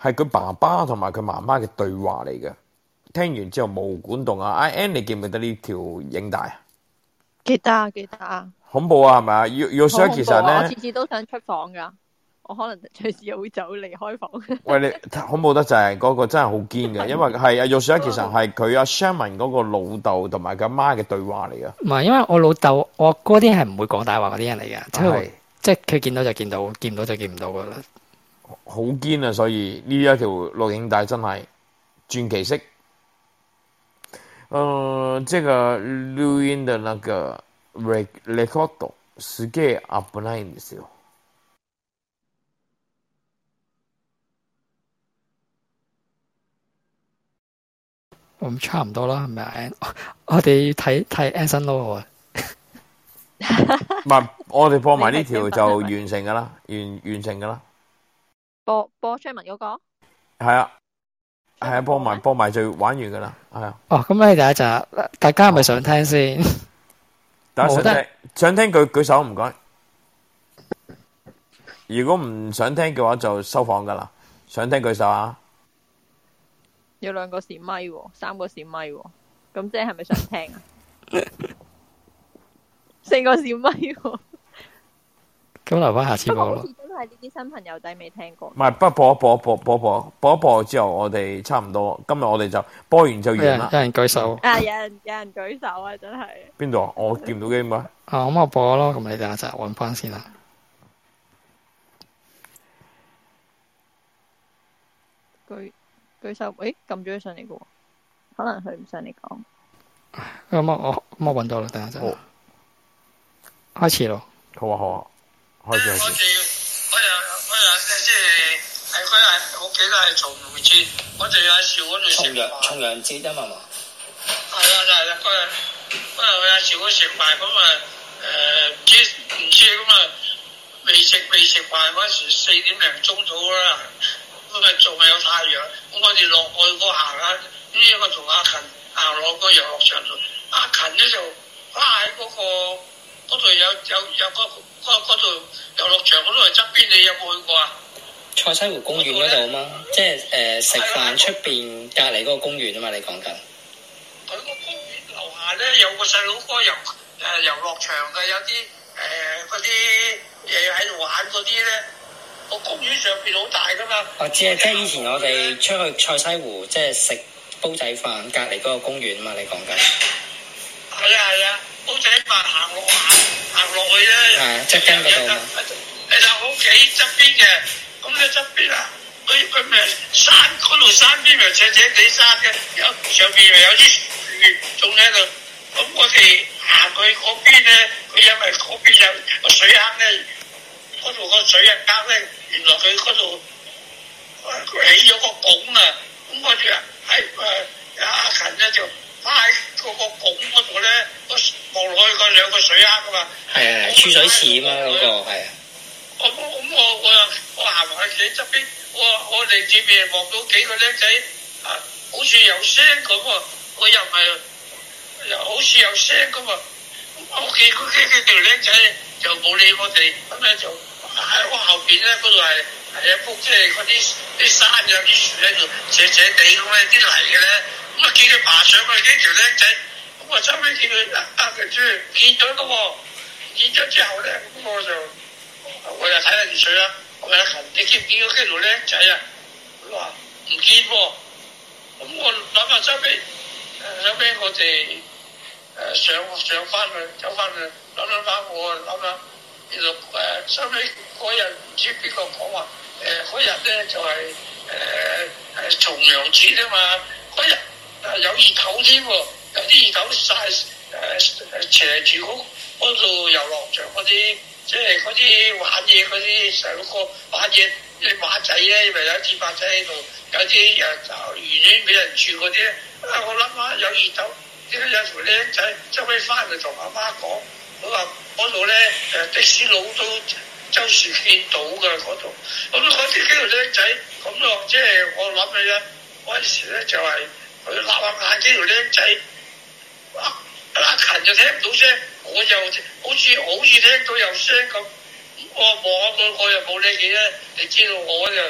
係佢爸爸同埋佢媽媽嘅對話嚟嘅。聽完之後冇管動啊！Ian 你記唔記得呢條影帶啊？記得記得啊！恐怖啊，係咪啊？阿 Rose 其實咧，我次次都想出房噶，我可能隨時會走離開房。喂，你恐怖得就係嗰個真係好堅噶， [LAUGHS] 因為係阿 Rose 其實係佢阿 Shaman 嗰個老豆同埋佢阿媽嘅對話嚟噶。唔係、 [LAUGHS] 啊，因為我老豆我嗰啲係唔會講大話嗰啲人嚟噶，即係即係佢見到就見到，見唔到就見唔到噶啦。好堅啊！所以呢一條錄影帶真係傳奇式。嗯、呃，這個錄音的那個 rec，recorder、哦、是個 online 嘅，咁差唔多啦，係咪？ [LAUGHS] [LAUGHS] [LAUGHS] 我我哋睇睇 Anson 嗰個，唔係，我哋播埋呢條就完成㗎啦，完完成㗎啦。播播 Charmaine 嗰個。係啊。係啊，播埋播埋完就玩完噶啦，係啊。哦，咁喺第一集，大家係咪想聽先？大家想聽，想我的 聽舉舉手，唔該。如果唔想聽嘅話，就收房噶啦。想聽舉手啊！有兩個小咪、哦，三個小咪、哦，咁即係係咪想聽啊？ [LAUGHS] 四個小咪、哦，咁留翻下次播咯。係呢啲新朋友仔未聽過，唔係、啊，不播一、啊、播一、啊、播一、啊、播、啊、播一、啊、播之後我，我哋差唔多今日我哋就播完就完啦。有人舉手， [LAUGHS] 啊有人有人舉手啊，真係邊度啊？我見唔到機嘛？啊咁我播咯，咁你等下就揾翻先啦。舉舉手，誒撳咗上嚟嘅，可能佢唔上嚟講。咁啊我我揾到啦，等下先。好開始咯，好啊好啊，開始開始。 [LAUGHS] 即係喺佢喺屋企都係做農業，我哋有食嗰啲重陽重陽節啲嘛嘛。係啊係啊，嗰日嗰日我有食食埋咁啊，誒唔知唔知咁啊，未食未食埋嗰時四點零鐘到啦，咁啊仲係有太陽，咁我哋落外國行啊，呢個同阿勤行落個遊樂場度，阿勤呢就快過過。嗰度有有有個嗰度遊樂場嗰度側邊，你有冇去過啊？賽西湖公園嗰度啊嘛，即係誒食飯出的邊隔離嗰個公園啊嘛，你講緊。佢個公園樓下咧有個細佬哥遊誒遊樂場嘅，有啲誒嗰啲嘢喺度玩嗰啲咧。個公園上邊好大㗎嘛。我只係聽以前我哋出去賽西湖，即係食煲仔飯，隔離嗰個公園啊嘛，你講緊。係啊係啊。好仔爬行落下，行落去咧。係，即驚到啦。你就好企側邊嘅，咁佢側邊啊，佢佢咪山嗰度山邊咪斜斜地山嘅，有上邊又有啲樹種喺度。咁我哋行佢嗰邊咧，佢因為嗰邊有個水坑咧，嗰度個水啊溝咧，原來佢嗰度，佢起咗個拱啊，咁我哋誒阿阿陳咧就。嗰個拱嗰度咧，望落去個兩個水坑噶嘛，係啊，儲水池啊嘛，嗰個係啊。咁咁我我又我行埋去企側邊，哇！我哋對面望到幾個僆仔，啊，好似有聲咁喎，我又咪又好似有聲噶啊。屋企嗰幾幾條僆仔就冇理我哋，咁咧就喺我後邊咧嗰度係係一幅，即係嗰啲啲山有啲樹喺度斜斜地咁樣啲泥咧。咁我見佢爬上去幾條僆仔，咁我收尾見佢啊，佢條豬見咗咯，見咗之後咧，咁我就、 [NOISE] 那個、我就睇下水啦，我又問：你看看 king, 見唔見嗰幾條僆仔啊？佢話唔見，咁我諗下收尾，收尾我哋誒上上翻去走翻去諗諗翻，我諗下六誒收尾嗰日唔知邊個講話，誒嗰日咧就係誒誒重陽節啊嘛，嗰日。有熱頭添，有啲熱頭曬誒斜住屋嗰度遊樂場嗰啲，即係嗰啲玩嘢嗰啲細佬玩嘢啲馬仔咧，咪有一次馬仔喺度，有啲誒就懸遠俾人住嗰啲咧。我諗下有熱頭，點解有條僆仔周飛翻嚟同阿媽講，佢話嗰度咧誒的士佬都周時見到㗎嗰度。咁嗰時幾條僆仔，咁咯，即係我諗起咧嗰陣時咧就係。佢拉下眼鏡條靚仔，哇！阿勤就聽唔到聲，我又好似好易聽到有聲咁。咁我望下佢，我又冇理佢咧。你知道我又誒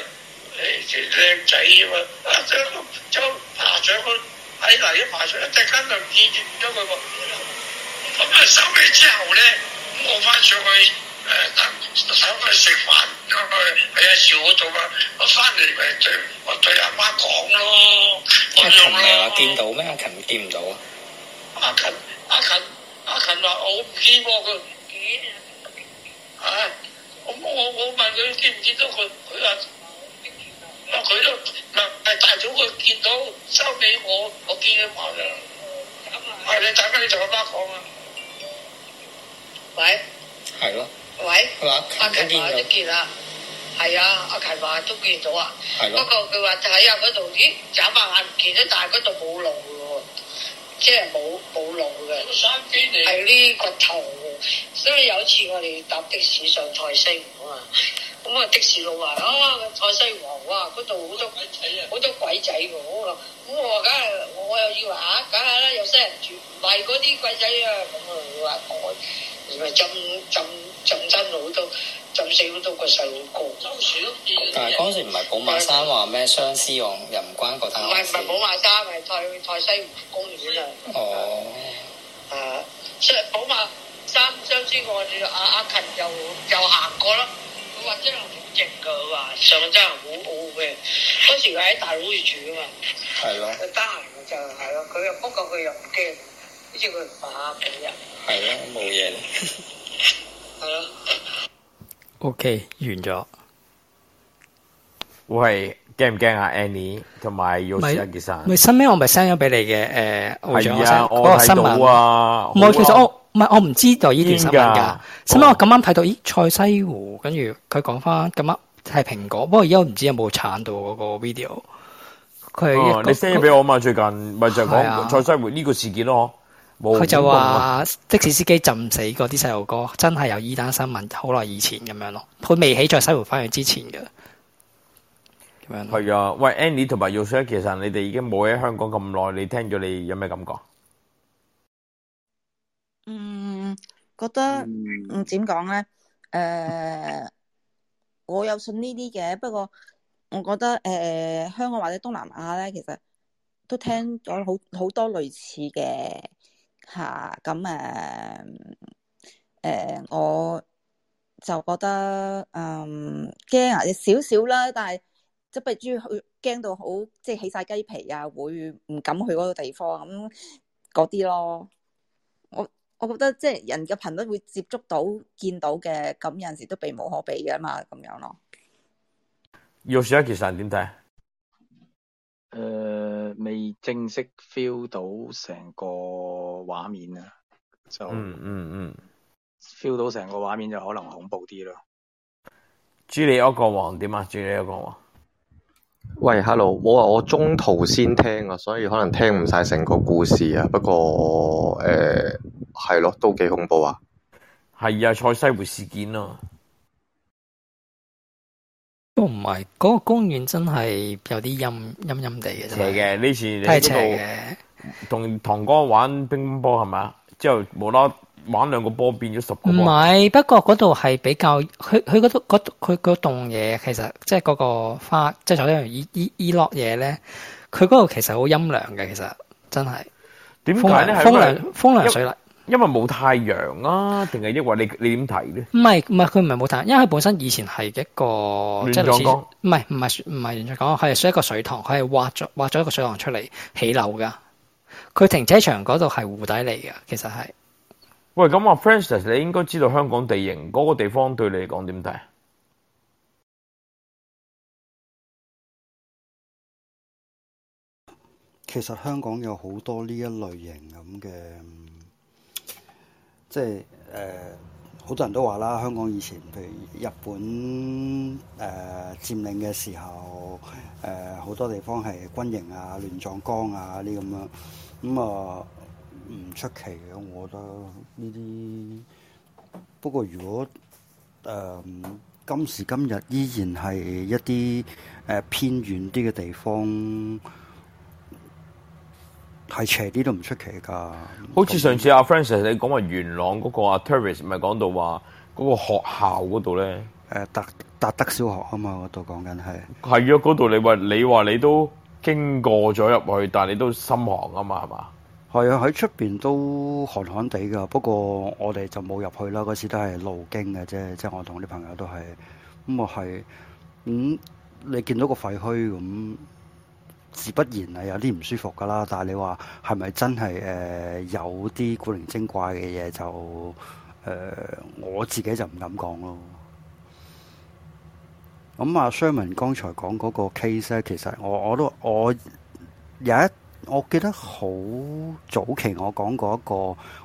全靚仔啊嘛？將將爬上去喺嚟一爬上，一陣間就見住咗佢喎。咁啊收尾之後咧，咁我翻上去。誒，等等翻食飯，咁去喺阿兆度嘛，我翻嚟咪對，我對阿媽講咯，我用阿勤你話見到咩？阿勤見唔到見啊？阿勤阿勤阿勤話我唔見過佢，啊，咁我我，我，我問佢見唔見到佢，佢話，佢、啊、都唔係大早佢見到收俾我，我見佢話嘅，係你陣間你同阿媽講啊？喂、啊，係咯、啊。啊喂，阿勤話都見啦，係啊，阿勤話都見到啊，不過佢話睇下嗰度，咦，眨下眼見咗，但係嗰度冇路喎，即係冇冇路嘅，係呢個頭。所以有次我哋搭的士上泰西湖啊，咁啊的士佬話啊，泰西湖啊，嗰度好多鬼仔啊，好多鬼仔喎，我話，梗係，我又以為啊，梗係啦，有新人住，唔係嗰啲鬼仔啊，咁啊話同我，原來浸浸。浸真好多，浸死好多個細路哥。但係嗰陣時唔係寶馬山話咩相思哦，又唔關個單。唔係唔係寶馬山，係台台西湖公園、哦、啊。哦。啊！所以寶馬山相思外，阿阿勤又又行過啦。佢話真係好正㗎，佢話上真係好好嘅。嗰時佢喺大佬住啊嘛。係咯吧。得閒嘅就係、是、咯，佢又，又不過佢又唔驚，好似佢爬緊人。係咯，冇嘢。o、okay, k 完咗。喂，驚唔驚啊？Annie 同埋 Yoshi 阿新咩？我咪 send 咗俾你嘅誒，我仲、哎、呀個新聞。唔係、啊，啊、其實我唔係我唔知道呢段新聞噶。使咩？我咁啱睇到，咦？蔡西湖，跟住佢講翻，咁啱係蘋果，不過而家唔知有冇鏟到嗰個 video。佢、嗯、你 send 咗俾我嘛？那個、最近咪就講蔡西湖呢個事件咯，佢就話、嗯、的士司機浸死嗰啲細路哥，真係有依單新聞好耐以前咁樣咯。佢未起載細路返去之前嘅，咁樣，係啊。喂，Annie 同埋 Youssef 其實你哋已經冇喺香港咁耐，你聽咗你有咩感覺？嗯，覺得嗯點講咧？誒、呃，我有信呢啲嘅，不過我覺得誒、呃、香港或者東南亞咧，其實都聽咗好好多類似嘅。吓咁誒誒，我就覺得嗯驚啊有少少啦，但係即係不如去驚到好，即係起晒雞皮啊，會唔敢去嗰個地方咁嗰啲咯。我我覺得即係人嘅頻率會接觸到見到嘅，咁有陣時都避無可避噶嘛，咁樣咯。玉小姐，其實點睇？San, 誒，未、uh, 正式 feel 到成個畫面啊，就嗯嗯嗯，feel 到成個畫面就可能恐怖啲咯。朱利歐國王點啊？朱利歐國王，喂，hello，我話我中途先聽啊，所以可能聽唔晒成個故事啊。不過誒，係、呃、咯，都幾恐怖啊。係啊，賽西湖事件咯、啊。都唔係，嗰、哦嗰個公園真係有啲陰陰陰地嘅，真係嘅。呢次嚟呢度同堂哥玩乒乓波係嘛？之後冇啦，玩兩個波變咗十個。唔係，不過嗰度係比較，佢佢嗰度佢嗰棟嘢，其實即係嗰個花，即係坐喺呢樣依依依落嘢咧，佢嗰度其實好陰涼嘅，其實真係。點解咧？風涼，風涼水冷。因為冇太陽啊，定係抑或你你點睇咧？唔係唔係，佢唔係冇太陽，因為本身以前係一個亂葬說崗，唔係唔係唔係亂葬崗，係一個水塘，係挖咗挖咗一個水塘出嚟起樓噶。佢停車場嗰度係湖底嚟噶，其實係。喂，咁阿 f r a n c i s 你應該知道香港地形，嗰、那個地方對你嚟講點睇？其實香港有好多呢一類型咁嘅。即係誒，呃、好多人都話啦，香港以前譬如日本誒、呃、佔領嘅時候，誒、呃、好多地方係軍營啊、亂葬崗啊啲咁樣，咁啊唔出奇嘅，我覺得呢啲。不過如果誒、呃、今時今日依然係一啲誒、呃、偏遠啲嘅地方。係斜啲都唔出奇噶，好似上次阿 Francis 你講話元朗嗰、個阿 Terry 咪講到話嗰個學校嗰度咧，誒，達達德小學啊嘛，嗰度講緊係係啊，嗰度你話你話你都經過咗入去，但係你都心寒啊嘛，係嘛？係啊，喺出邊都寒寒地噶，不過我哋就冇入去啦，嗰時都係路經嘅啫，即係我同啲朋友都係，咁啊係，咁、嗯、你見到個廢墟咁。自不然係有啲唔舒服噶啦，但係你話係咪真係誒、呃、有啲古靈精怪嘅嘢就誒、呃、我自己就唔敢講咯。咁、嗯、阿、啊、Sherman 剛才講嗰個 case 咧，其實我我都我有一，我記得好早期我講過一個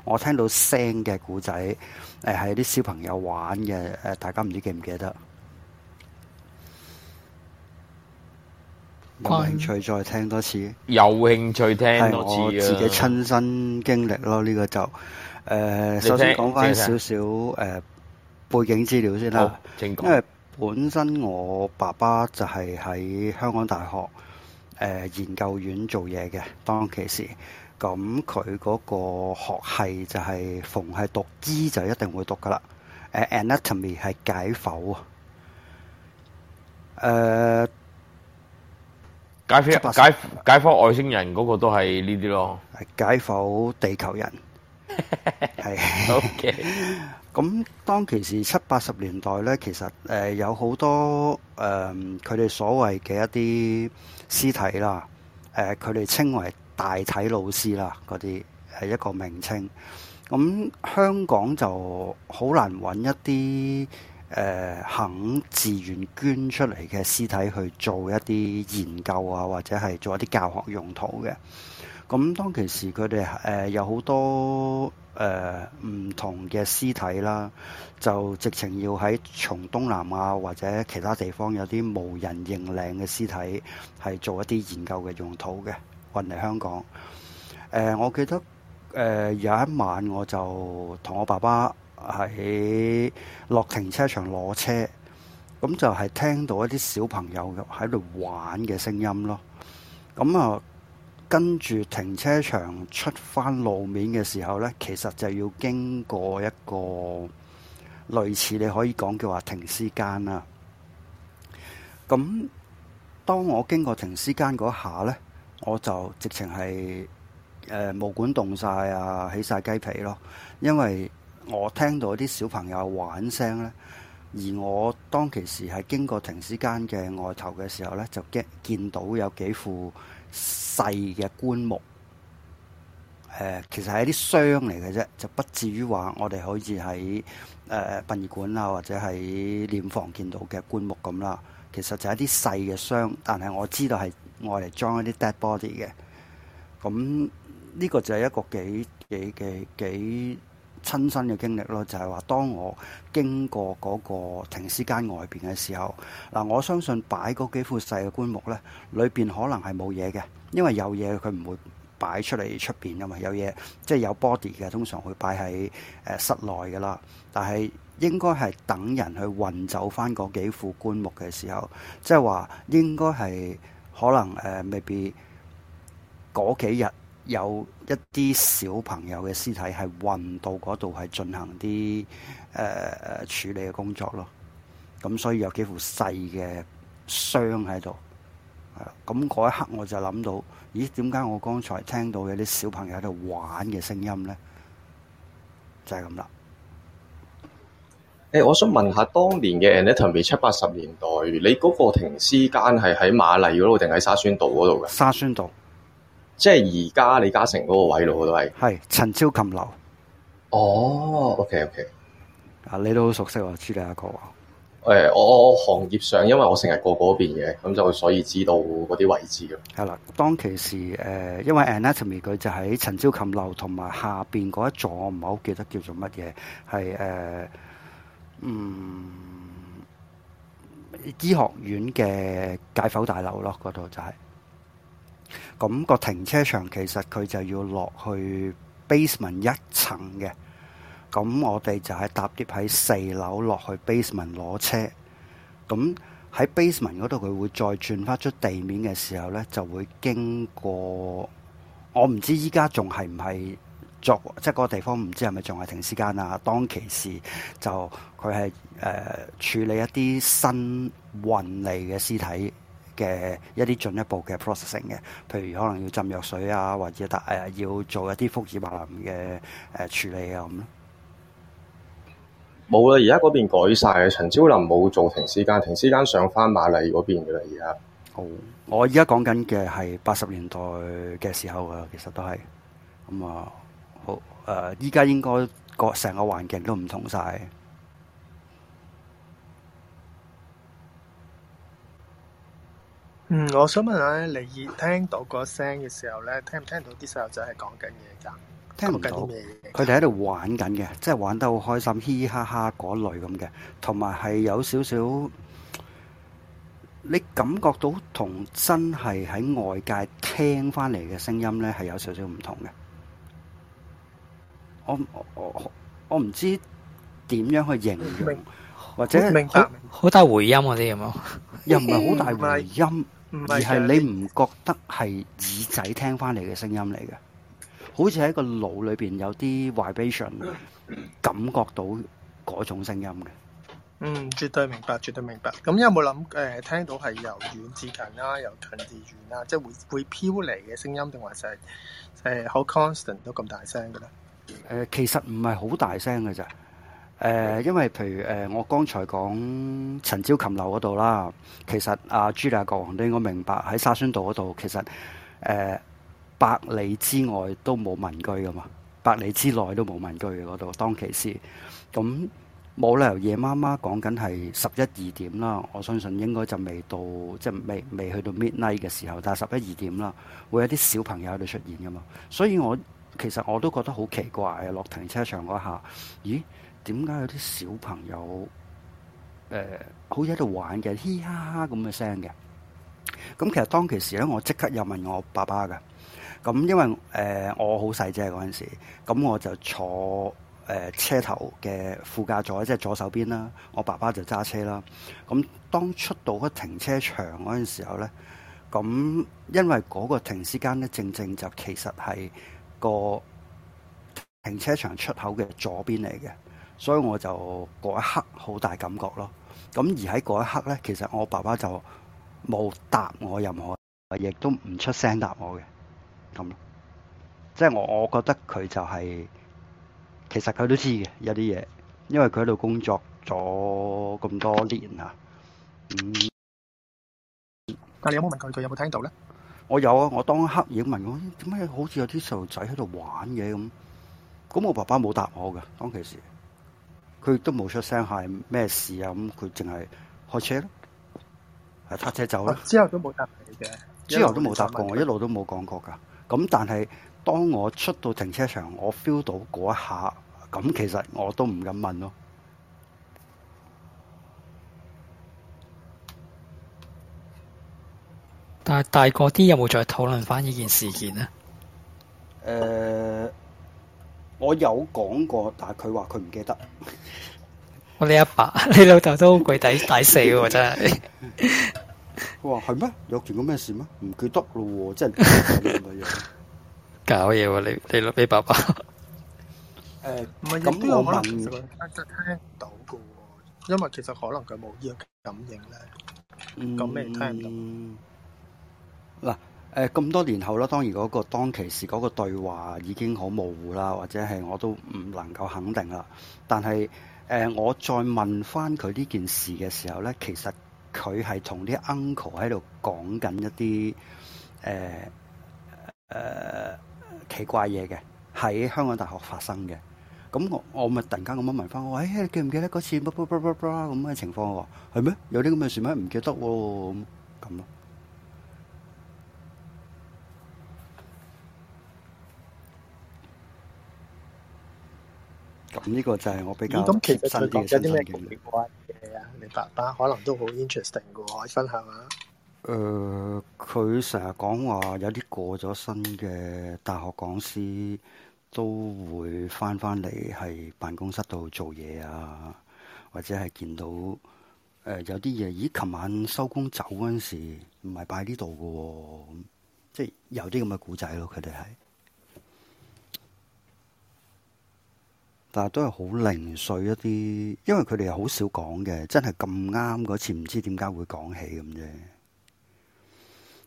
我聽到聲嘅故仔，誒係啲小朋友玩嘅，誒、呃、大家唔知記唔記得？興趣再聽多次，有興趣聽多次係我自己親身經歷咯，呢、這個就誒、呃，首先講翻少少誒背景資料先啦。正因為本身我爸爸就係喺香港大學誒、呃、研究院做嘢嘅，當其時咁佢嗰個學系就係、是、逢係讀醫就一定會讀噶啦。誒、呃、Anatomy 係解剖啊。誒、呃。解剖解解剖外星人嗰個都係呢啲咯，解剖地球人係。好嘅，咁當其時七八十年代咧，其實誒有好多誒佢哋所謂嘅一啲屍體啦，誒佢哋稱為大體老師啦，嗰啲係一個名稱。咁香港就好難揾一啲。誒、呃、肯自願捐出嚟嘅屍體去做一啲研究啊，或者係做一啲教學用途嘅。咁當其時佢哋誒有好多誒唔、呃、同嘅屍體啦，就直情要喺從東南亞或者其他地方有啲無人認領嘅屍體，係做一啲研究嘅用途嘅。運嚟香港。誒、呃，我記得誒、呃、有一晚我就同我爸爸。喺落停車場攞車，咁就係聽到一啲小朋友喺度玩嘅聲音咯。咁啊，跟住停車場出翻路面嘅時候呢，其實就要經過一個類似你可以講叫話停屍間啦。咁當我經過停屍間嗰下呢，我就直情係誒毛管凍晒啊，起晒雞皮咯，因為。我聽到啲小朋友玩聲呢，而我當其時係經過停屍間嘅外頭嘅時候呢，就驚見到有幾副細嘅棺木。誒、呃，其實係一啲箱嚟嘅啫，就不至於話我哋好似喺誒殯儀館啊，或者喺殮房見到嘅棺木咁啦。其實就係一啲細嘅箱，但係我知道係我嚟裝一啲 dead body 嘅。咁、嗯、呢、呢個就係一個幾幾幾幾。幾幾親身嘅經歷咯，就係話當我經過嗰個停屍間外邊嘅時候，嗱，我相信擺嗰幾副細嘅棺木咧，裏邊可能係冇嘢嘅，因為有嘢佢唔會擺出嚟，出邊啊嘛，有嘢即係有 body 嘅，通常會擺喺誒室內嘅啦。但係應該係等人去運走翻嗰幾副棺木嘅時候，即係話應該係可能誒、呃、未必嗰幾日。有一啲小朋友嘅屍體係運到嗰度，係進行啲誒、呃、處理嘅工作咯。咁、嗯、所以有幾乎細嘅傷喺度。咁、嗯、嗰一刻我就諗到，咦？點解我剛才聽到有啲小朋友喺度玩嘅聲音咧？就係咁啦。誒、欸，我想問下，當年嘅 Anatomy 七八十年代，你嗰個停屍間係喺瑪麗嗰度定喺沙宣道嗰度嘅？沙宣道。即係而家李嘉誠嗰個位咯，我都係。係陳超琴樓。哦、oh，OK OK。啊，你都好熟悉喎，知你阿哥。誒、我我，我，我行業上，因為我成日過嗰邊嘅，咁就所以知道嗰啲位置嘅。係啦，當其時誒、呃，因為 Anatomy 佢就喺陳超琴樓同埋下邊嗰一座，我唔係好記得叫做乜嘢，係誒、呃，嗯，醫學院嘅解剖大樓咯，嗰度就係、是。咁個停車場其實佢就要落去 basement 一層嘅，咁我哋就係搭 lift 喺四樓落去 basement 攞車，咁喺 basement 嗰度佢會再轉翻出地面嘅時候呢，就會經過，我唔知依家仲係唔係作即係嗰個地方唔知係咪仲係停屍間啊？當其時就佢係誒處理一啲新運嚟嘅屍體。嘅一啲進一步嘅 processing 嘅，譬如可能要浸藥水啊，或者大誒、呃、要做一啲福爾馬林嘅誒、呃、處理啊咁咯。冇啦，而家嗰邊改晒。啊！陳昭林冇做停屍間，停屍間上返瑪麗嗰邊嘅啦，而家。好，我而家講緊嘅係八十年代嘅時候啊，其實都係咁啊，好、嗯、誒，依、嗯、家、嗯嗯、應該個成個環境都唔同晒。嗯，我想問下，你聽到個聲嘅時候呢，聽唔聽到啲細路仔係講緊嘢噶？聽唔到，佢哋喺度玩緊嘅，即係玩得好開心，嘻嘻哈哈嗰類咁嘅，同埋係有少少，你感覺到同真係喺外界聽翻嚟嘅聲音呢，係有少少唔同嘅。我我我我唔知點樣去形容，或者係好好大回音嗰啲有冇？又唔係好大回音。而係你唔覺得係耳仔聽翻嚟嘅聲音嚟嘅，好似喺個腦裏邊有啲 vibration，感覺到嗰種聲音嘅。嗯，絕對明白，絕對明白。咁有冇諗誒聽到係由遠至近啦、啊，由近至遠啦、啊，即係會會飄嚟嘅聲音，定或是係誒、呃、好 constant 都咁大聲嘅咧？誒、呃，其實唔係好大聲嘅咋。誒、呃，因為譬如誒、呃，我剛才講陳朝琴樓嗰度啦，其實阿、啊、朱大國王，都應該明白喺沙宣道嗰度，其實誒、呃、百里之外都冇民居噶嘛，百里之內都冇民居，嗰度當其時咁冇、嗯、理由夜媽媽講緊係十一二點啦，我相信應該就未到即係未未去到 midnight 嘅時候，但係十一二點啦，會有啲小朋友喺度出現噶嘛，所以我其實我都覺得好奇怪啊，落停車場嗰下，咦？點解有啲小朋友誒、呃、好似喺度玩嘅，嘻嘻哈哈咁嘅聲嘅？咁其實當其時咧，我即刻又問我爸爸㗎。咁因為誒、呃、我好細啫嗰陣時，咁我就坐誒、呃、車頭嘅副駕座，即係左手邊啦。我爸爸就揸車啦。咁當出到個停車場嗰陣時候咧，咁因為嗰個停屍間咧，正正就其實係個停車場出口嘅左邊嚟嘅。所以我就嗰一刻好大感覺咯。咁而喺嗰一刻咧，其實我爸爸就冇答我任何，亦都唔出聲答我嘅咁。即係我，我覺得佢就係，其實佢都知嘅有啲嘢，因為佢喺度工作咗咁多年啊。嗯，但，你有冇問佢？佢有冇聽到咧？我有啊，我當刻已經問我點解好似有啲細路仔喺度玩嘢咁。咁我爸爸冇答我嘅當其時。佢都冇出聲，係咩事啊？咁佢淨係開車咯，係搭車走啦、啊。之後都冇搭你嘅，之後都冇搭過，我，我一路都冇講過噶。咁但係，當我出到停車場，我 feel 到嗰一下，咁其實我都唔敢問咯。但係大個啲有冇再討論翻呢件事件呢？誒、呃。我有講過，但係佢話佢唔記得。我你阿爸，你老豆都好鬼抵抵死喎，真係。佢話係咩？有件咁咩事咩？唔記得咯，真係。搞嘢喎！你你老你爸爸。誒，唔係，亦都有可能，其實佢聽唔到噶。因為其實可能佢冇依個感應咧，咁咩聽唔到。嗱。誒，咁多年後啦，當然嗰、那個當其時嗰個對話已經好模糊啦，或者係我都唔能夠肯定啦。但係誒、呃，我再問翻佢呢件事嘅時候咧，其實佢係同啲 uncle 喺度講緊一啲誒誒奇怪嘢嘅，喺香港大學發生嘅。咁我我咪突然間咁樣問翻我，喂、哎，你記唔記得嗰次啵啵啵啵咁嘅情況喎？係咩？有啲咁嘅事咩？唔記得喎咁咯。呢個就係我比較貼身啲嘅親身經驗。咁其實啲咩奇怪嘅啊？你爸爸可能都好 interesting 嘅喎，可以分享下。誒、呃，佢成日講話有啲過咗身嘅大學講師都會翻翻嚟，係辦公室度做嘢啊，或者係見到誒、呃、有啲嘢。咦？琴晚收工走嗰陣時，唔係擺呢度嘅喎，即係有啲咁嘅古仔咯。佢哋係。但係都係好零碎一啲，因為佢哋又好少講嘅，真係咁啱嗰次唔知點解會講起咁啫。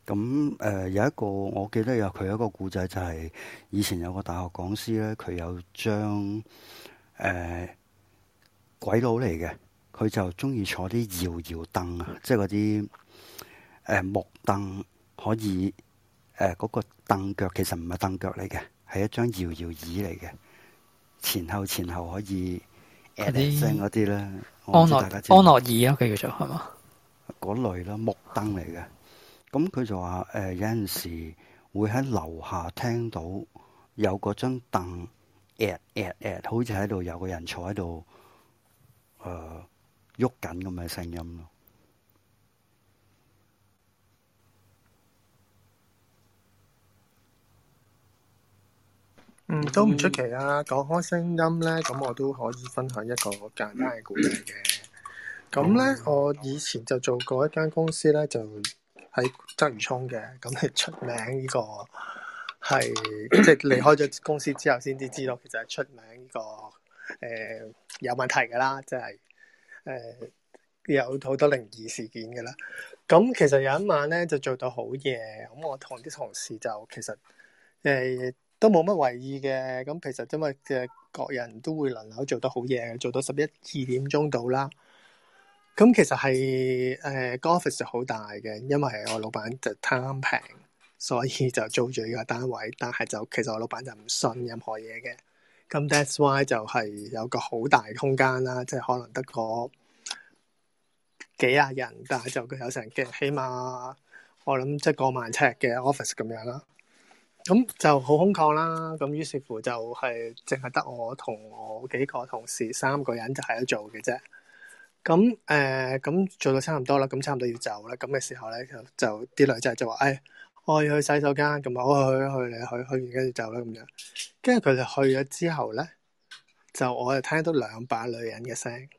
咁誒、呃，有一個我記得有佢、就是、有一個故仔，就係以前有個大學講師咧，佢有張誒、呃、鬼佬嚟嘅，佢就中意坐啲搖搖凳啊，嗯、即係嗰啲誒木凳，可以誒嗰、呃那個凳腳其實唔係凳腳嚟嘅，係一張搖搖椅嚟嘅。前後前後可以 add 啲聲嗰啲咧，安樂安樂椅啊，佢叫做係嘛？嗰類咯，木凳嚟嘅。咁佢就話誒、呃、有陣時會喺樓下聽到有嗰張凳 at at at 好似喺度有個人坐喺度誒喐緊咁嘅聲音咯。嗯，都唔出奇啦、啊。講、嗯、開聲音咧，咁我都可以分享一個簡單嘅故事嘅。咁咧，嗯、我以前就做過一間公司咧，就喺鰂魚涌嘅。咁係出名呢個，係即係離開咗公司之後先至知道，其實係出名呢個誒、呃、有問題噶啦，即係誒有好多靈異事件噶啦。咁其實有一晚咧就做到好夜，咁我同啲同事就其實誒。呃都冇乜為意嘅，咁其實因為嘅各人都會輪流做得好夜，做到十一二點鐘到啦。咁其實係誒個 office 就好大嘅，因為我老闆就貪平，所以就租咗依個單位。但係就其實我老闆就唔信任何嘢嘅。咁 that's why 就係有個好大空間啦，即係可能得個幾廿人，但係就佢有成嘅，起碼我諗即係過萬尺嘅 office 咁樣啦。咁、嗯、就好空曠啦。咁於是乎就係淨係得我同我幾個同事三個人就喺度做嘅啫。咁、嗯、誒、咁、呃、做到差唔多啦。咁差唔多要走咧，咁嘅時候咧就啲女仔就話：誒、哎，我要去洗手間，同埋我去去嚟，去去跟住，走咧咁樣。跟住佢哋去咗之後咧，就我就聽到兩把女人嘅聲，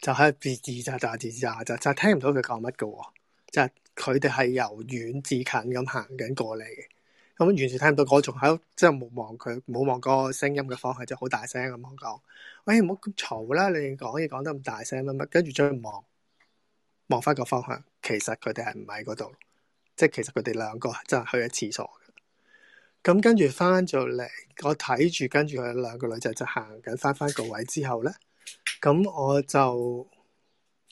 就喺度吱吱喳喳吱吱喳喳，就聽唔到佢講乜嘅，就佢哋係由遠至近咁行緊過嚟。咁完全聽唔到，我仲喺即係冇望佢，冇望個聲音嘅方向，即係好大聲咁講喂，唔好咁嘈啦！你講嘢講得咁大聲乜乜，跟住將佢望望翻個方向，其實佢哋係唔喺嗰度，即係其實佢哋兩個真係去咗廁所。咁跟住翻咗嚟，我睇住跟住佢兩個女仔就行緊翻翻個位之後咧，咁、嗯、我就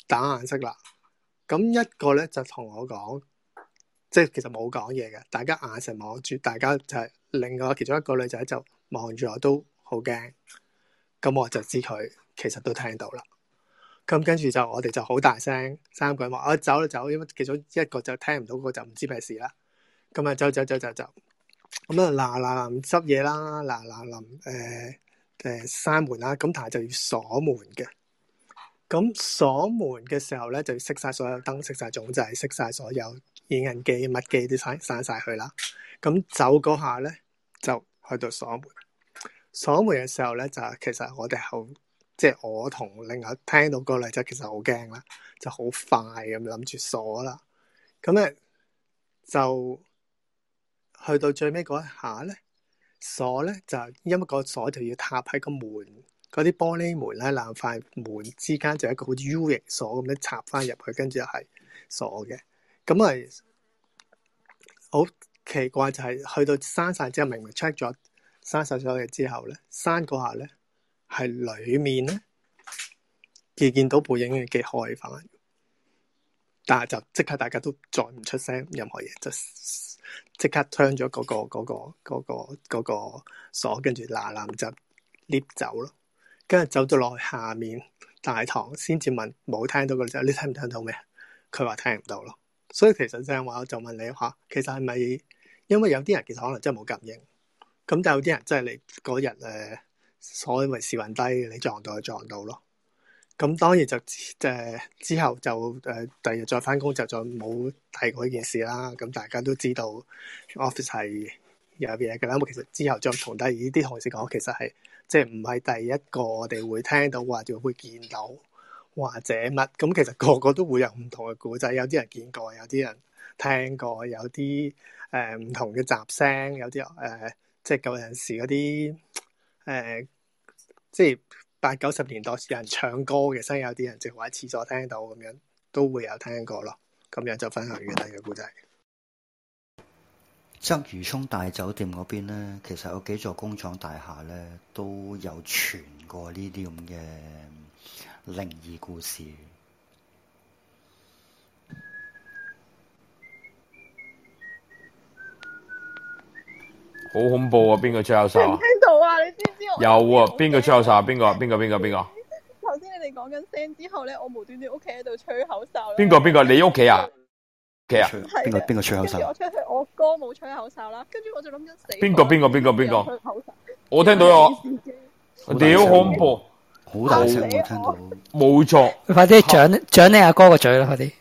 打眼色啦。咁、嗯、一個咧就同我講。即係其實冇講嘢嘅，大家眼神望住，大家就係另外其中一個女仔就望住我，都好驚。咁我就知佢其實都聽到啦。咁跟住就我哋就好大聲三個人話，我走啦，走，因為其中一個就聽唔到，個就唔知咩事啦。咁啊，走走走走走，咁啊嗱嗱臨執嘢啦，嗱嗱臨誒誒閂門啦。咁但係就要鎖門嘅，咁鎖門嘅時候咧就要熄晒所有燈，熄晒總掣，熄晒所有。以人忌物忌，都散散晒去啦。咁走嗰下咧，就去到鎖門鎖門嘅時候咧，就其實我哋好即係我同另外聽到個女仔其實好驚啦，就好快咁諗住鎖啦。咁咧就去到最尾嗰一下咧，鎖咧就因為個鎖就要踏喺個門嗰啲玻璃門啦、兩塊門之間，就一個好似 U 型鎖咁咧插翻入去，跟住係鎖嘅。咁啊，好奇怪就係、是、去到閂晒之後，明明 check 咗閂晒鎖嘅之後咧，閂嗰下咧係裏面咧而見到背影，嘅幾開翻，但係就即刻大家都再唔出聲，任何嘢就即刻 turn 咗嗰個、嗰個、嗰個、嗰個鎖，跟住嗱嗱就 lift 走咯。跟住走到落去下面大堂，先至問冇聽到嗰陣，你聽唔聽到咩？佢話聽唔到咯。所以其實正話，我就問你吓，其實係咪因為有啲人其實可能真係冇感應，咁但係有啲人真係你嗰日誒所謂時運低，你撞到就撞到咯。咁當然就誒之後就誒第二日再翻工就再冇提過呢件事啦。咁大家都知道 office 係有嘢嘅啦。咁其實之後再同第二啲同事講，其實係即係唔係第一個我哋會聽到或者會見到。或者乜咁，其實個個都會有唔同嘅古仔。有啲人見過，有啲人聽過，有啲誒唔同嘅雜聲，有啲誒即係舊陣時嗰啲誒，即係八九十年代時人唱歌嘅聲，所有啲人即係喺廁所聽到咁樣，都會有聽過咯。咁樣就分享完呢嘅古仔。鰂魚涌大酒店嗰邊咧，其實有幾座工廠大廈咧，都有傳過呢啲咁嘅。靈異故事，好恐怖啊！邊個吹口哨啊？有啊？邊個吹口哨？邊個？邊個？邊個？邊個？頭先你哋講緊聲之後咧，我無端端屋企喺度吹口哨。邊個？邊個？你屋企啊？屋企啊？係邊個？邊個吹口哨？我出去，我哥冇吹口哨啦。跟住我就諗緊死。邊個？邊個？邊個？邊個？吹口哨。我聽到啊！屌恐怖。 [LAUGHS] 好大聲，聽到，冇錯。快啲掌掌你阿哥個嘴啦，快啲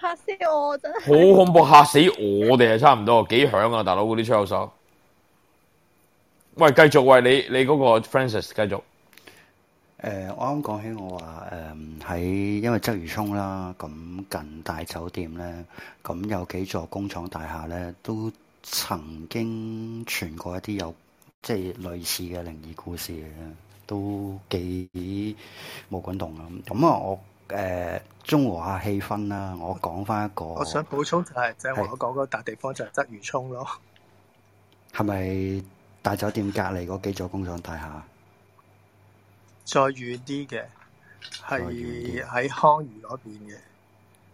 吓死我真係！好恐怖，吓死我哋係，差唔多，幾響啊，大佬嗰啲出口手。喂，繼續喂你，你嗰個 Francis 繼續。誒、呃，我啱講起我，我話誒喺因為鰂魚涌啦，咁近大酒店咧，咁有幾座工廠大廈咧，都曾經傳過一啲有。即係類似嘅靈異故事，都幾冇滾動啦。咁、嗯、啊，我誒、呃，中和下氣氛啦，我講翻一個。我想補充就係、是，就係是我講嗰笪地方就係鰂魚涌咯。係咪大酒店隔籬嗰幾座工廠大廈？再遠啲嘅係喺康怡嗰邊嘅，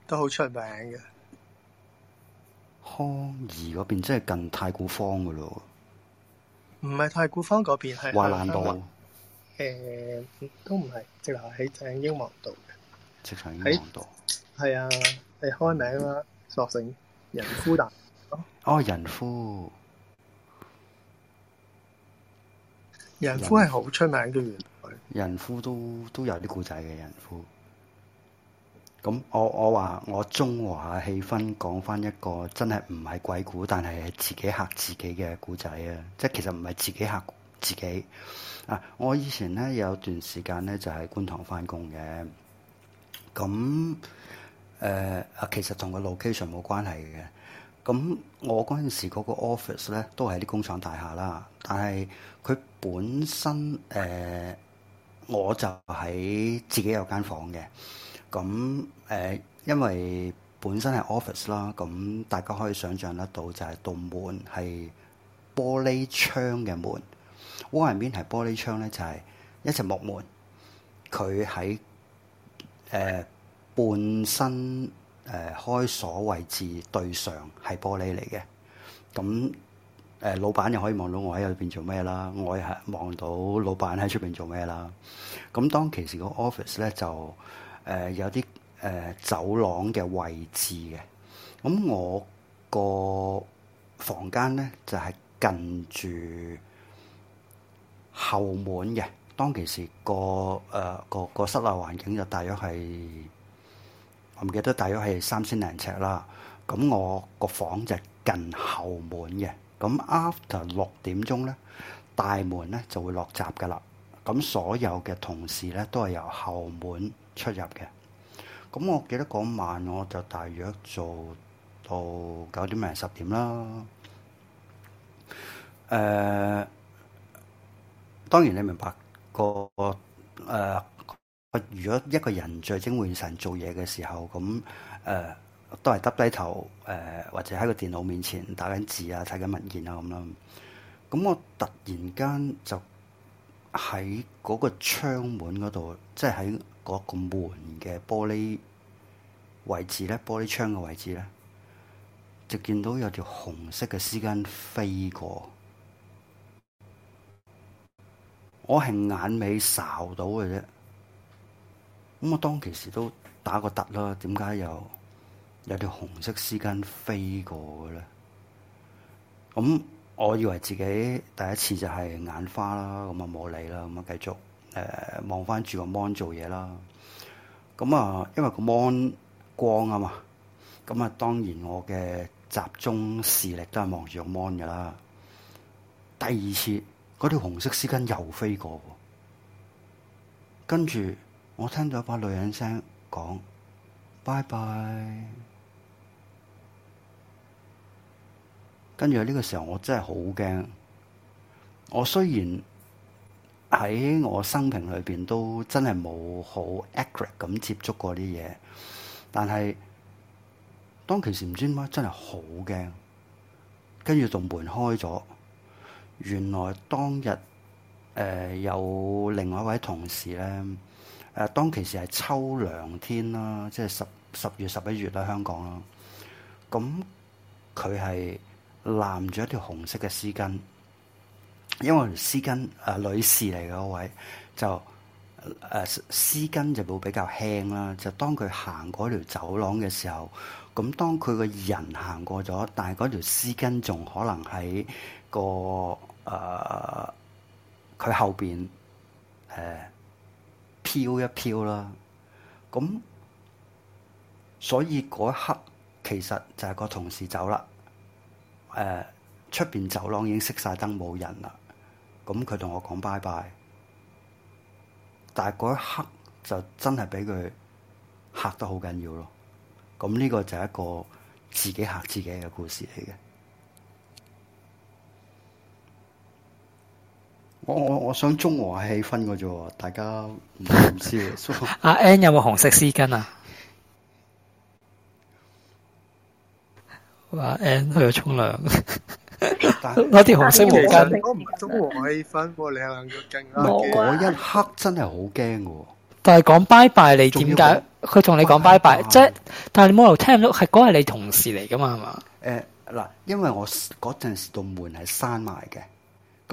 都好出名嘅。康怡嗰邊真係近太古坊噶咯。唔係太古坊嗰邊，華南道。誒、啊嗯，都唔係，直頭喺鄭英望道嘅。直喺英望道。係啊，係開名啊，索性姓人夫達。哦，哦，人夫。人夫係好出名嘅原來。人夫都都有啲故仔嘅人夫。咁、嗯、我我話我中和下氣氛，講翻一個真係唔係鬼故，但係自己嚇自己嘅故仔啊！即係其實唔係自己嚇自己。啊，我以前咧有段時間咧就喺、是、觀塘翻工嘅。咁、嗯、誒、呃，其實同個 location 冇關係嘅。咁、嗯、我嗰陣時嗰個 office 咧都係啲工廠大廈啦，但係佢本身誒、呃，我就喺自己有間房嘅。咁誒、呃，因為本身係 office 啦，咁大家可以想象得到就係道門係玻璃窗嘅門，屋外面係玻璃窗咧，就係、是、一層木門。佢喺誒半身誒、呃、開鎖位置對上係玻璃嚟嘅。咁誒、呃，老闆又可以望到我喺入邊做咩啦，我係望到老闆喺出邊做咩啦。咁當其時個 office 咧就。誒、呃、有啲誒、呃、走廊嘅位置嘅，咁我個房間咧就係、係、近住後門嘅。當其時、呃、個誒個個室內環境就大約係我唔記得大約係三千零尺啦。咁我個房就近後門嘅。咁 after 六點鐘咧，大門咧就會落閘噶啦。咁所有嘅同事咧都係由後門出入嘅咁、嗯，我記得嗰晚我就大約做到九點零十點啦。誒、呃，當然你明白個誒、呃，如果一個人聚精會神做嘢嘅時候，咁誒、呃、都係耷低頭誒、呃，或者喺個電腦面前打緊字啊、睇緊文件啊咁啦。咁、嗯、我突然間就喺嗰個窗門嗰度，即係喺，嗰個門嘅玻璃位置咧，玻璃窗嘅位置咧，就見到有條紅色嘅絲巾飛過。我係眼尾睄到嘅啫。咁我當其時都打個突啦，點解又有，有條紅色絲巾飛過嘅咧？咁我以為自己第一次就係眼花啦，咁啊冇理啦，咁啊繼續。誒、呃，望翻住個 mon 做嘢啦，咁啊，因為個 mon 光啊嘛，咁啊，當然我嘅集中視力都係望住個 mon 噶啦。第二次嗰條紅色絲巾又飛過，跟住我聽到一把女人聲講：拜拜。跟住喺呢個時候，我真係好驚。我雖然。喺我生平裏邊都真係冇好 accurate 咁接觸過啲嘢，但係當其時唔知點解真係好驚，跟住仲門開咗，原來當日誒、呃、有另外一位同事咧，誒、呃、當其時係秋涼天啦，即係十十月十一月啦香港啦，咁佢係攬住一條紅色嘅絲巾。因為條絲巾，啊、呃、女士嚟嘅嗰位就誒絲、呃、巾就會比較輕啦。就當佢行嗰條走廊嘅時候，咁當佢個人行過咗，但係嗰條絲巾仲可能喺個誒佢、呃、後邊誒飄一飄啦。咁、呃、所以嗰一刻其實就係個同事走啦，誒、呃。出邊走廊已經熄晒燈，冇人啦。咁佢同我講拜拜，但係嗰一刻就真係俾佢嚇得好緊要咯。咁呢個就係一個自己嚇自己嘅故事嚟嘅。我我我想中和氣氛嘅啫，大家唔唔知阿 N 有冇紅色絲巾啊？話 N 去沖涼。 [LAUGHS] 但係攞啲紅色毛巾，我唔中和氣氛喎，你兩腳勁啊！嗰一刻真係好驚嘅。但係講拜拜你點解？佢同你講拜拜，即係但係你冇理由聽唔到，係嗰係你同事嚟噶嘛？係嘛？誒嗱，因為我嗰陣時道門係閂埋嘅，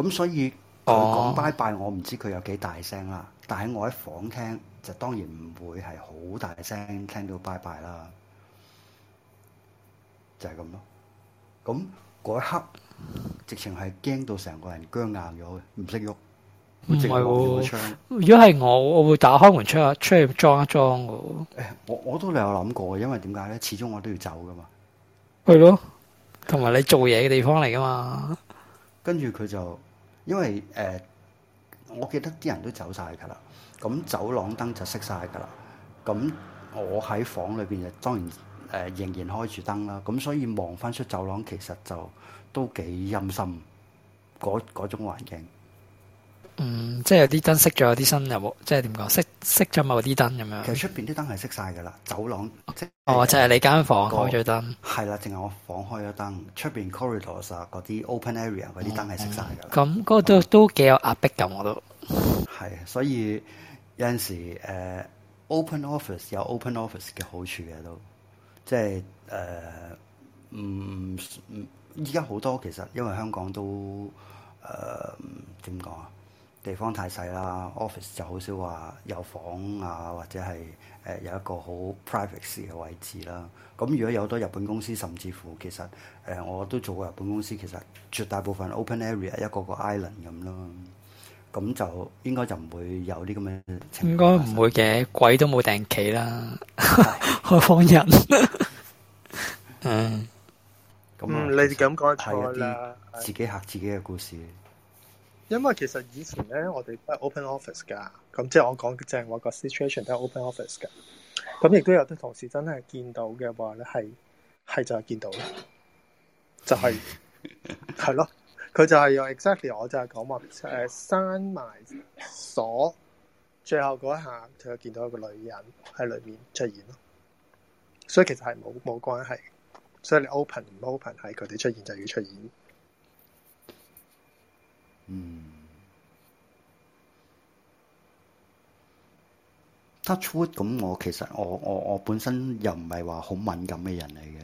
咁所以佢講拜拜，我唔知佢有幾大聲啦。但係我喺房聽就當然唔會係好大聲聽到拜拜啦，就係咁咯。咁。嗰一刻，直情係驚到成個人僵硬咗嘅，唔識喐。唔係喎，如果係我，我會打開門窗啊，出去裝一裝嘅。誒，我我都有諗過，因為點解咧？始終我都要走噶嘛。係咯，同埋你做嘢嘅地方嚟噶嘛。跟住佢就，因為誒、呃，我記得啲人都走晒噶啦，咁走廊燈就熄晒噶啦，咁我喺房裏邊就當然。誒、啊、仍然開住燈啦，咁、啊、所以望翻出走廊，其實就都幾陰森，嗰嗰種環境。嗯，即係有啲燈熄咗，有啲新入冇？即係點講？熄熄咗某啲燈咁樣。其實出邊啲燈係熄晒㗎啦，走廊。即哦，就係你間房開咗燈。係啦，淨係我房開咗燈。出邊 corridors 啊，嗰啲 open area 嗰啲燈係熄曬㗎。咁嗰、嗯嗯嗯、都、嗯、都幾有壓迫感，我都。係， [LAUGHS] 所以有陣時誒、呃、open office 有 open office 嘅好處嘅都。即係誒，唔、呃、唔，依家好多其實因為香港都誒點講啊，地方太細啦，office 就好少話有房啊，或者係誒、呃、有一個好 private 嘅位置啦。咁如果有多日本公司，甚至乎其實誒、呃、我都做過日本公司，其實絕大部分 open area 一個一個一個 island 咁咯。咁就應該就唔會有啲咁嘅情況，應該唔會嘅，在鬼都冇訂期啦，開 [LAUGHS] 放何方人 [LAUGHS] 嗯，咁啊，係一啲，自己吓自己嘅故事。因為其實以前咧，我哋都係 open office 噶，咁、嗯、即係我講即係我個 situation 都係 open office 噶。咁亦都有啲同事真係見到嘅話咧，係係就係見到、就係、 [LAUGHS] 咯，就係係咯，佢就係用 exactly，我就係講話誒閂埋鎖，最後嗰一下就見到一個女人喺裏面出現咯，所以其實係冇冇關係。所以你 open 唔 open 喺佢哋出現就要出現。嗯，touch wood 咁我其實我我我本身又唔係話好敏感嘅人嚟嘅。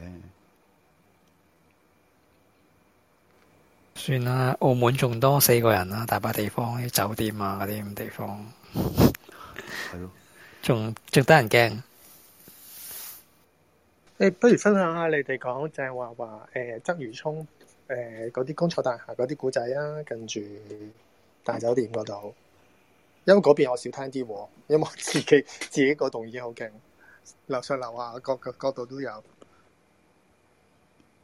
算啦，澳門仲多四個人啦，大把地方，啲酒店啊嗰啲咁地方，係 [LAUGHS] 咯 [LAUGHS] 了，仲仲得人驚。誒、欸，不如分享下你哋講，就係話話誒鰂魚涌誒嗰啲工座大廈嗰啲古仔啊，跟住大酒店嗰度，因為嗰邊我少聽啲，因為我自己自己嗰棟已經好勁，樓上樓下各各角度都有。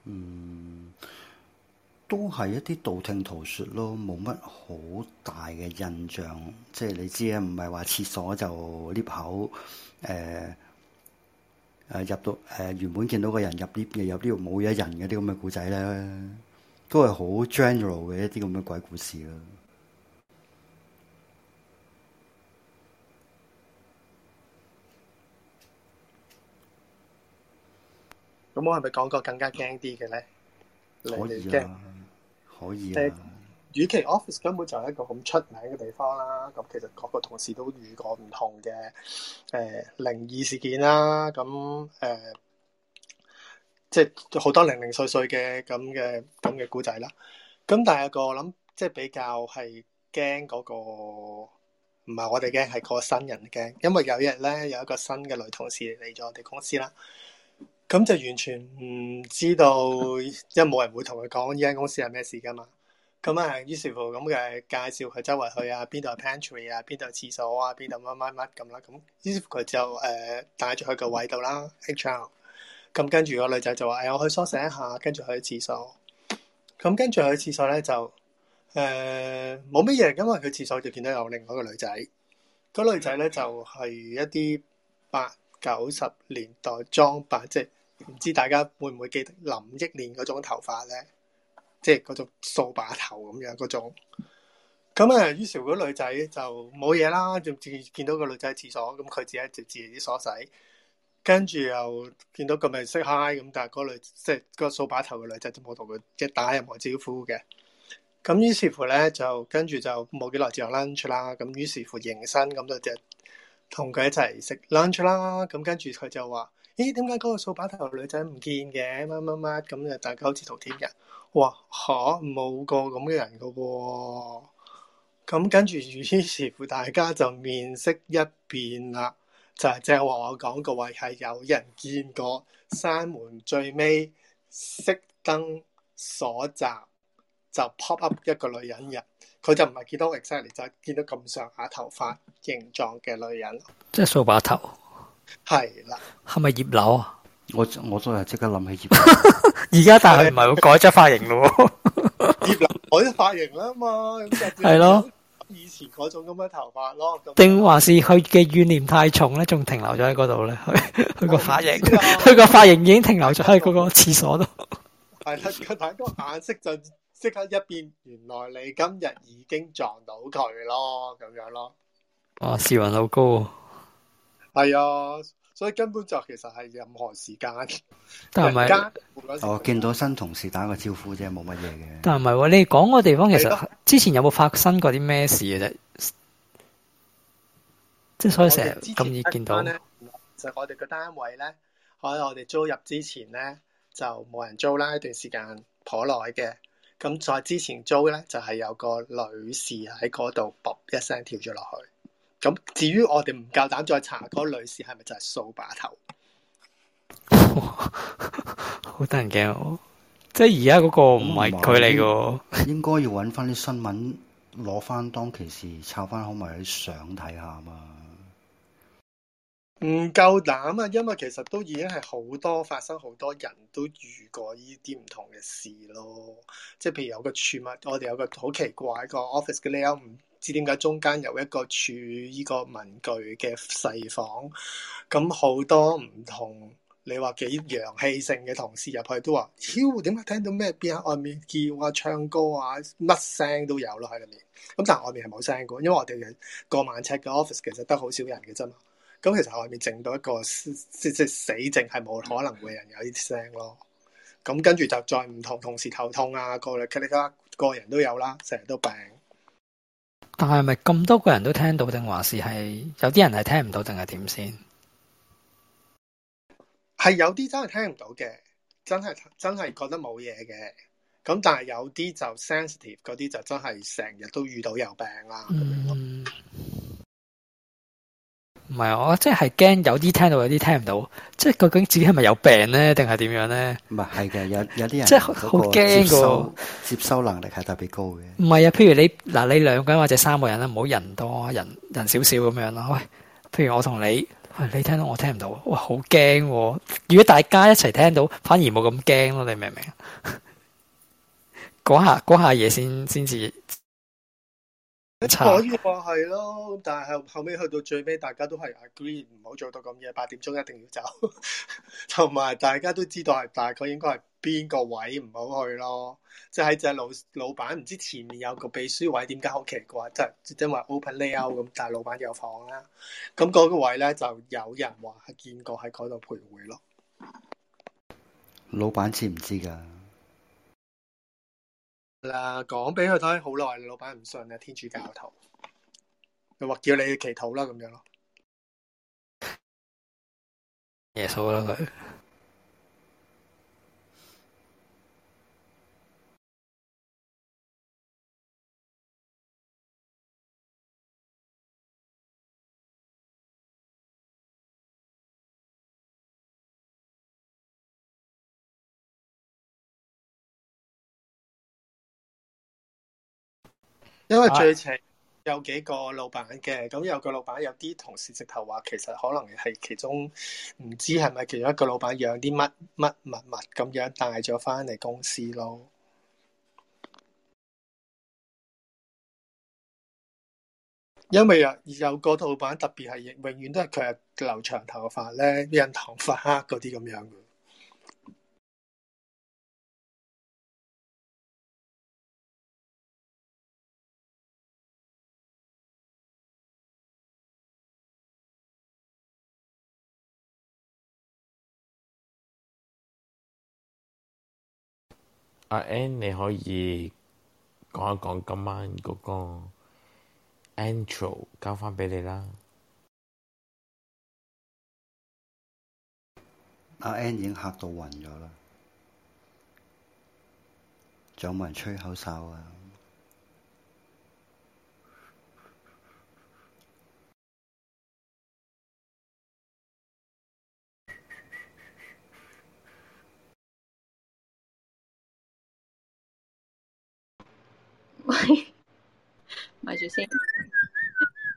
嗯，都係一啲道聽途說咯，冇乜好大嘅印象，即係你知啊，唔係話廁所就呢口誒。呃誒入到誒、呃、原本見到個人入呢邊、入呢邊、入呢邊入呢度冇嘢人嘅啲咁嘅故仔咧，都係好 general 嘅一啲咁嘅鬼故事咯。咁我係咪講個更加驚啲嘅咧？可以啊，就係、可以啊。你與其 office 根本就係一個咁出名嘅地方啦。咁其實各個同事都遇過唔同嘅誒、呃、靈異事件啦。咁誒、呃、即係好多零零碎碎嘅咁嘅咁嘅古仔啦。咁但係有個我諗即係比較係驚嗰個唔係我哋驚，係個新人驚，因為有一日咧有一個新嘅女同事嚟咗我哋公司啦。咁就完全唔知道，因為冇人會同佢講呢間公司係咩事㗎嘛。咁啊，於是乎咁嘅介紹佢周圍去啊，邊度係 pantry 啊，邊度係廁所啊，邊度乜乜乜咁啦。咁於是乎佢就誒、呃、帶住佢個位度啦。h R、嗯。咁跟住個女仔就話：誒、哎，我去梳洗一下，跟住去廁所。咁、嗯、跟住去廁所咧，就誒冇乜嘢，因為佢廁所就見到有另外一個女仔。嗰個女仔咧就係、是、一啲八九十年代裝扮，即係唔知大家會唔會記得林憶蓮嗰種頭髮咧？即係嗰種掃把頭咁樣嗰種，咁啊，於是乎嗰女仔就冇嘢啦，就見見到個女仔喺廁所，咁佢自己直自己啲鎖匙，跟住又見到 hi，個咪識嗨 i 咁，但係嗰女即係個掃把頭嘅女仔就冇同佢即係打任何招呼嘅。咁於是乎咧，就跟住就冇幾耐就 lunch 啦。咁於是乎迎新咁就同佢一齊食 lunch 啦。咁跟住佢就話。咦，點解嗰個掃把頭女仔唔見嘅？乜乜乜咁，就大家好似涂天日，哇吓冇個咁嘅人噶喎、啊！咁跟住於是乎大家就面色一變啦，就係正話我講，嗰位係有人見過山門最尾熄燈鎖閘就 pop up 一個女人嘅，佢就唔係見到 exactly 就係見到咁上下頭髮形狀嘅女人，即係掃把頭。係啦，係咪葉柳啊？我我都係即刻諗起葉，而家 [LAUGHS] 但係唔係會改咗髮型, [LAUGHS] 咯？葉柳改咗髮型啦嘛，係咯，以前嗰種咁嘅頭髮咯。定話是佢嘅怨念太重咧，仲停留咗喺嗰度咧？佢個髮型，佢個髮型已經停留咗喺嗰個廁所度。係啦，但係個眼色就即刻一變，原來你今日已經撞到佢咯，咁樣咯。哇，視聞好高。係啊，所以根本就其實係任何時間，但係唔係我見到新同事打個招呼啫，冇乜嘢嘅。但係唔係喎，你講個地方其實的之前有冇發生過啲咩事嘅啫？即係的所以成日咁易見到。呢就係我哋個單位咧，喺我哋租入之前咧就冇人租啦，一段時間頗耐嘅。咁再之前租咧就係、是、有個女士喺嗰度卜一聲跳咗落去。咁至於我哋唔夠膽再查嗰女士係咪就係掃把頭？ [LAUGHS] [LAUGHS] 好得人驚喎！即係而家嗰個唔係佢嚟嘅，應該要搵翻啲新聞，攞翻當其時抄翻好埋啲相睇下嘛。唔夠膽啊！因為其實都已經係好多發生好多人都遇過呢啲唔同嘅事咯。即係譬如有個處物，我哋有個好奇怪個 office 嘅 layout 知點解中間有一個儲呢個文具嘅細房，咁好多唔同你話幾陽氣性嘅同事入去都話：妖，點解聽到咩？邊外面叫啊、唱歌啊，乜聲都有咯喺入面。咁但係外面係冇聲嘅，因為我哋嘅過萬尺嘅 office 其實得好少人嘅啫嘛。咁其實外面靜到一個即即係死靜，係冇可能會有人有啲聲咯。咁跟住就再唔同同事頭痛啊，咳嚟咳去，個人都有啦、啊，成日都病。但係咪咁多個人都聽到，定還是係有啲人係聽唔到定係點先？係有啲真係聽唔到嘅，真係真係覺得冇嘢嘅。咁但係有啲就 sensitive 嗰啲就真係成日都遇到有病啦、啊嗯唔係，我真係驚有啲聽到，有啲聽唔到，即係究竟自己係咪有病咧，定係點樣咧？唔係，係嘅，有有啲人即係好驚接收能力係特別高嘅。唔係啊，譬如你嗱，你兩個人或者三個人咧，唔好人多人人少少咁樣咯。喂、哎，譬如我同你、哎，你聽到我聽唔到，哇，好驚！如果大家一齊聽到，反而冇咁驚咯，你明唔明？講 [LAUGHS] 下講下嘢先，先至。可以話係咯，但係後尾去到最尾，大家都係 agree 唔好做到咁夜，八點鐘一定要走，同 [LAUGHS] 埋大家都知道係大概應該係邊個位唔好去咯。即係只老老闆唔知前面有個秘書位，點解好奇怪？即係因為 open layout 咁，但係老闆有房啦。咁、那、嗰個位咧就有人話係見過喺嗰度徘徊咯。老闆知唔知噶？啦，講俾佢睇，好耐，老闆唔信呀，天主教徒，又話叫你去祈禱啦，咁樣咯，耶穌啦佢。 [LAUGHS] 因為最前有幾個老闆嘅，咁有個老闆有啲同事直頭話，其實可能係其中唔知係咪其中一個老闆養啲乜乜物物咁樣帶咗翻嚟公司咯。因為啊，有個老闆特別係永遠都係佢係留長頭髮咧，染頭髮黑嗰啲咁樣。阿 N，你可以講一講今晚嗰個 Angel 交翻畀你啦。阿 N 已經嚇到暈咗啦，有冇人吹口哨啊？喂，咪住先，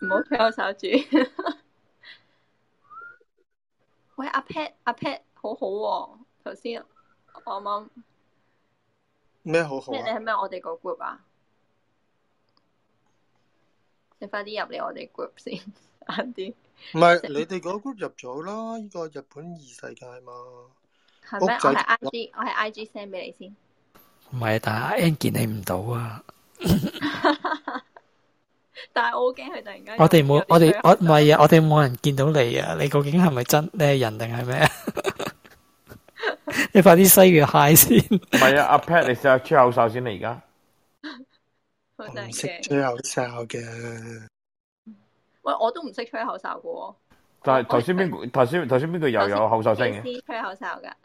唔好劈我手住。 [LAUGHS] 喂，阿 Pat，阿 Pat，好好喎，哦，頭先我啱啱咩好好？咩你係咩我哋個 group 啊？你快啲入嚟我哋 group 先，快啲。唔係是你哋個 group 入咗啦，呢、這個日本二世界嘛。係咩嗎？屋子 我係 I G，我係 I G send 畀你先。唔係，但係 An 見你唔到啊。 [LAUGHS] 但係我好驚佢突然間。我哋冇，我哋我唔係啊！我哋冇人見到你啊！你究竟係咪真？你係人定係咩啊？你快啲西魚蟹先。唔係啊！阿 Pat，你試下吹口哨先你而家。好唔識吹口哨嘅。喂，我都唔識吹口哨嘅。但係頭先邊個？頭先頭先邊個又有口哨聲？吹口哨噶。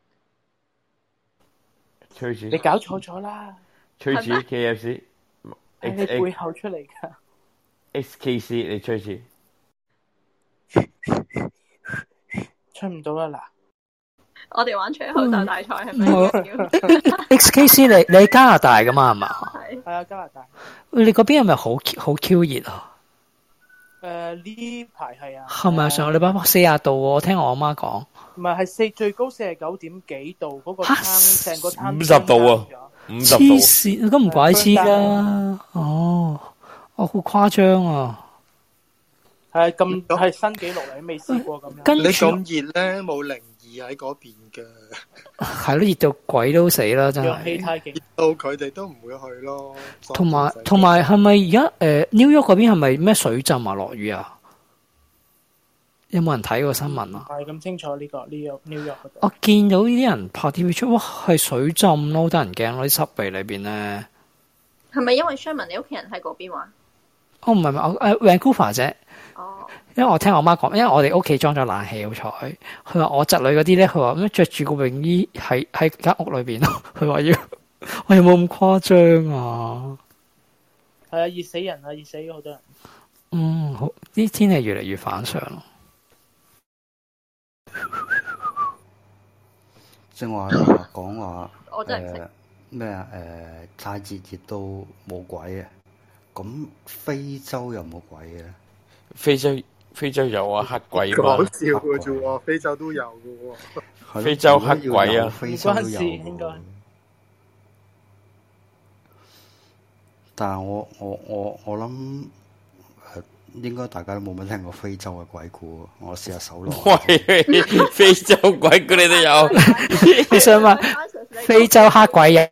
吹子嘴。你搞錯咗啦！吹子，K F C。喺你背後出嚟噶，XKC 你吹住，吹唔到啦嗱，我哋玩吹口斗大賽係咪？XKC 你你喺加拿大噶嘛係嘛？係 [LAUGHS] 吧啊加拿大，你嗰邊係咪好好 Q 熱啊？誒呢排係啊，係咪、呃、上個禮拜四啊度？我聽我阿媽講，唔係係四最高四十九點幾度？嗰、嗰個成、啊、個五十度啊！黐線，都唔怪黐噶、啊，哦、啊，哦，好誇張啊！係咁了，係新紀錄嚟，未試過咁。跟住咁熱咧，冇零二喺嗰邊嘅，係咯，熱到鬼都死啦，真係。熱到佢哋都唔會去咯。同埋同埋，係咪而家誒，New York 嗰邊係咪咩水浸啊？落雨啊？有冇人睇過新聞啊？係咁清楚呢、呢個呢 New York。我見到呢啲人拍 t 面出，哇，係水浸咯，好得人驚咯。啲濕被裏邊咧，係咪因為 Sherman？你屋企人喺嗰邊話？哦，唔係唔係，誒，Vancouver 姐，哦，因為我聽我媽講，因為我哋屋企裝咗冷氣好彩。佢話我侄女嗰啲咧，佢話咁着住個泳衣喺喺間屋裏邊咯。佢話要，我 [LAUGHS] 有冇咁誇張啊。係啊，熱死人啊，熱死咗好多人。嗯，好呢天氣越嚟越反常咯。正係我話講話咩啊誒，太節節都冇鬼嘅。咁非洲有冇鬼嘅咧？非洲非洲有啊，黑鬼嘛，黑鬼。好笑嘅啫，非洲都有嘅、啊、喎。非洲黑鬼啊，唔關事應該。但係我我我我諗。應該大家都冇乜聽過非洲嘅鬼故，我試下手來。非洲鬼故你都有。 [LAUGHS] [LAUGHS] 你想話非洲黑鬼呀？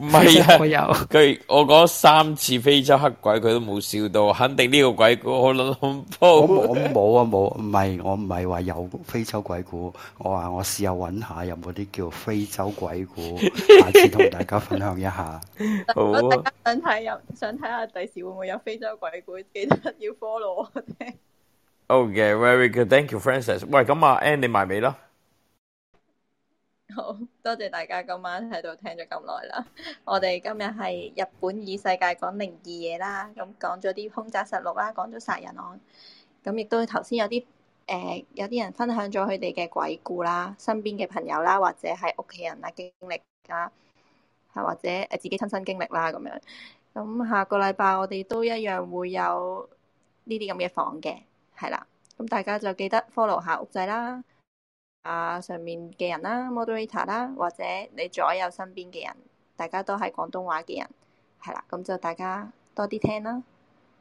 唔係啊！我有，佢我講三次非洲黑鬼佢都冇笑到，肯定呢個鬼故，好恐怖。我冇啊冇，唔係我唔係話有非洲鬼故。我話我試下搵下有冇啲叫非洲鬼故。下次同大家分享一下。 [LAUGHS] 好，大家想睇有想睇下第時會唔會有非洲鬼故？記得要 follow 我。 [LAUGHS] OK, very good，thank you Francis。喂，咁啊，Ann 你埋尾啦。好多謝大家今晚喺度聽咗咁耐啦，我哋今日係日本與世界講靈異嘢啦，咁講咗啲凶宅實錄啦，講咗殺人案，咁亦都頭先有啲誒、呃，有啲人分享咗佢哋嘅鬼故啦，身邊嘅朋友啦，或者係屋企人啊，經歷㗎，係或者誒自己親身經歷啦咁樣，咁下個禮拜我哋都一樣會有呢啲咁嘅房嘅，係啦，咁大家就記得 follow 下屋仔啦。啊、呃！上面嘅人啦，moderator 啦，或者你左右身邊嘅人，大家都係廣東話嘅人，係啦，咁就大家多啲聽啦。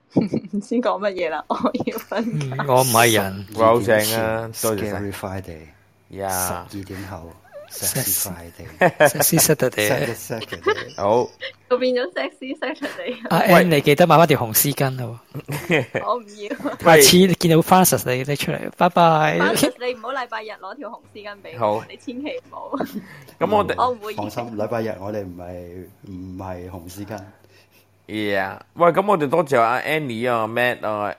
先講乜嘢啦？我要分享、嗯。我唔係人，我好正啊！Saturday，十二點後。石獅快定，石獅失特地，好，我變咗石獅失特地。阿 Ann，你記得買翻條紅絲巾咯。我唔要。下次你見到 Francis 你你出嚟，拜拜。Francis 你唔好禮拜日攞條紅絲巾俾我，好，你千祈唔好。咁我哋我唔會，放心，禮拜日我哋唔係唔係紅絲巾。Yeah，喂，咁我哋多謝阿 Ann 啊，Matt 啊。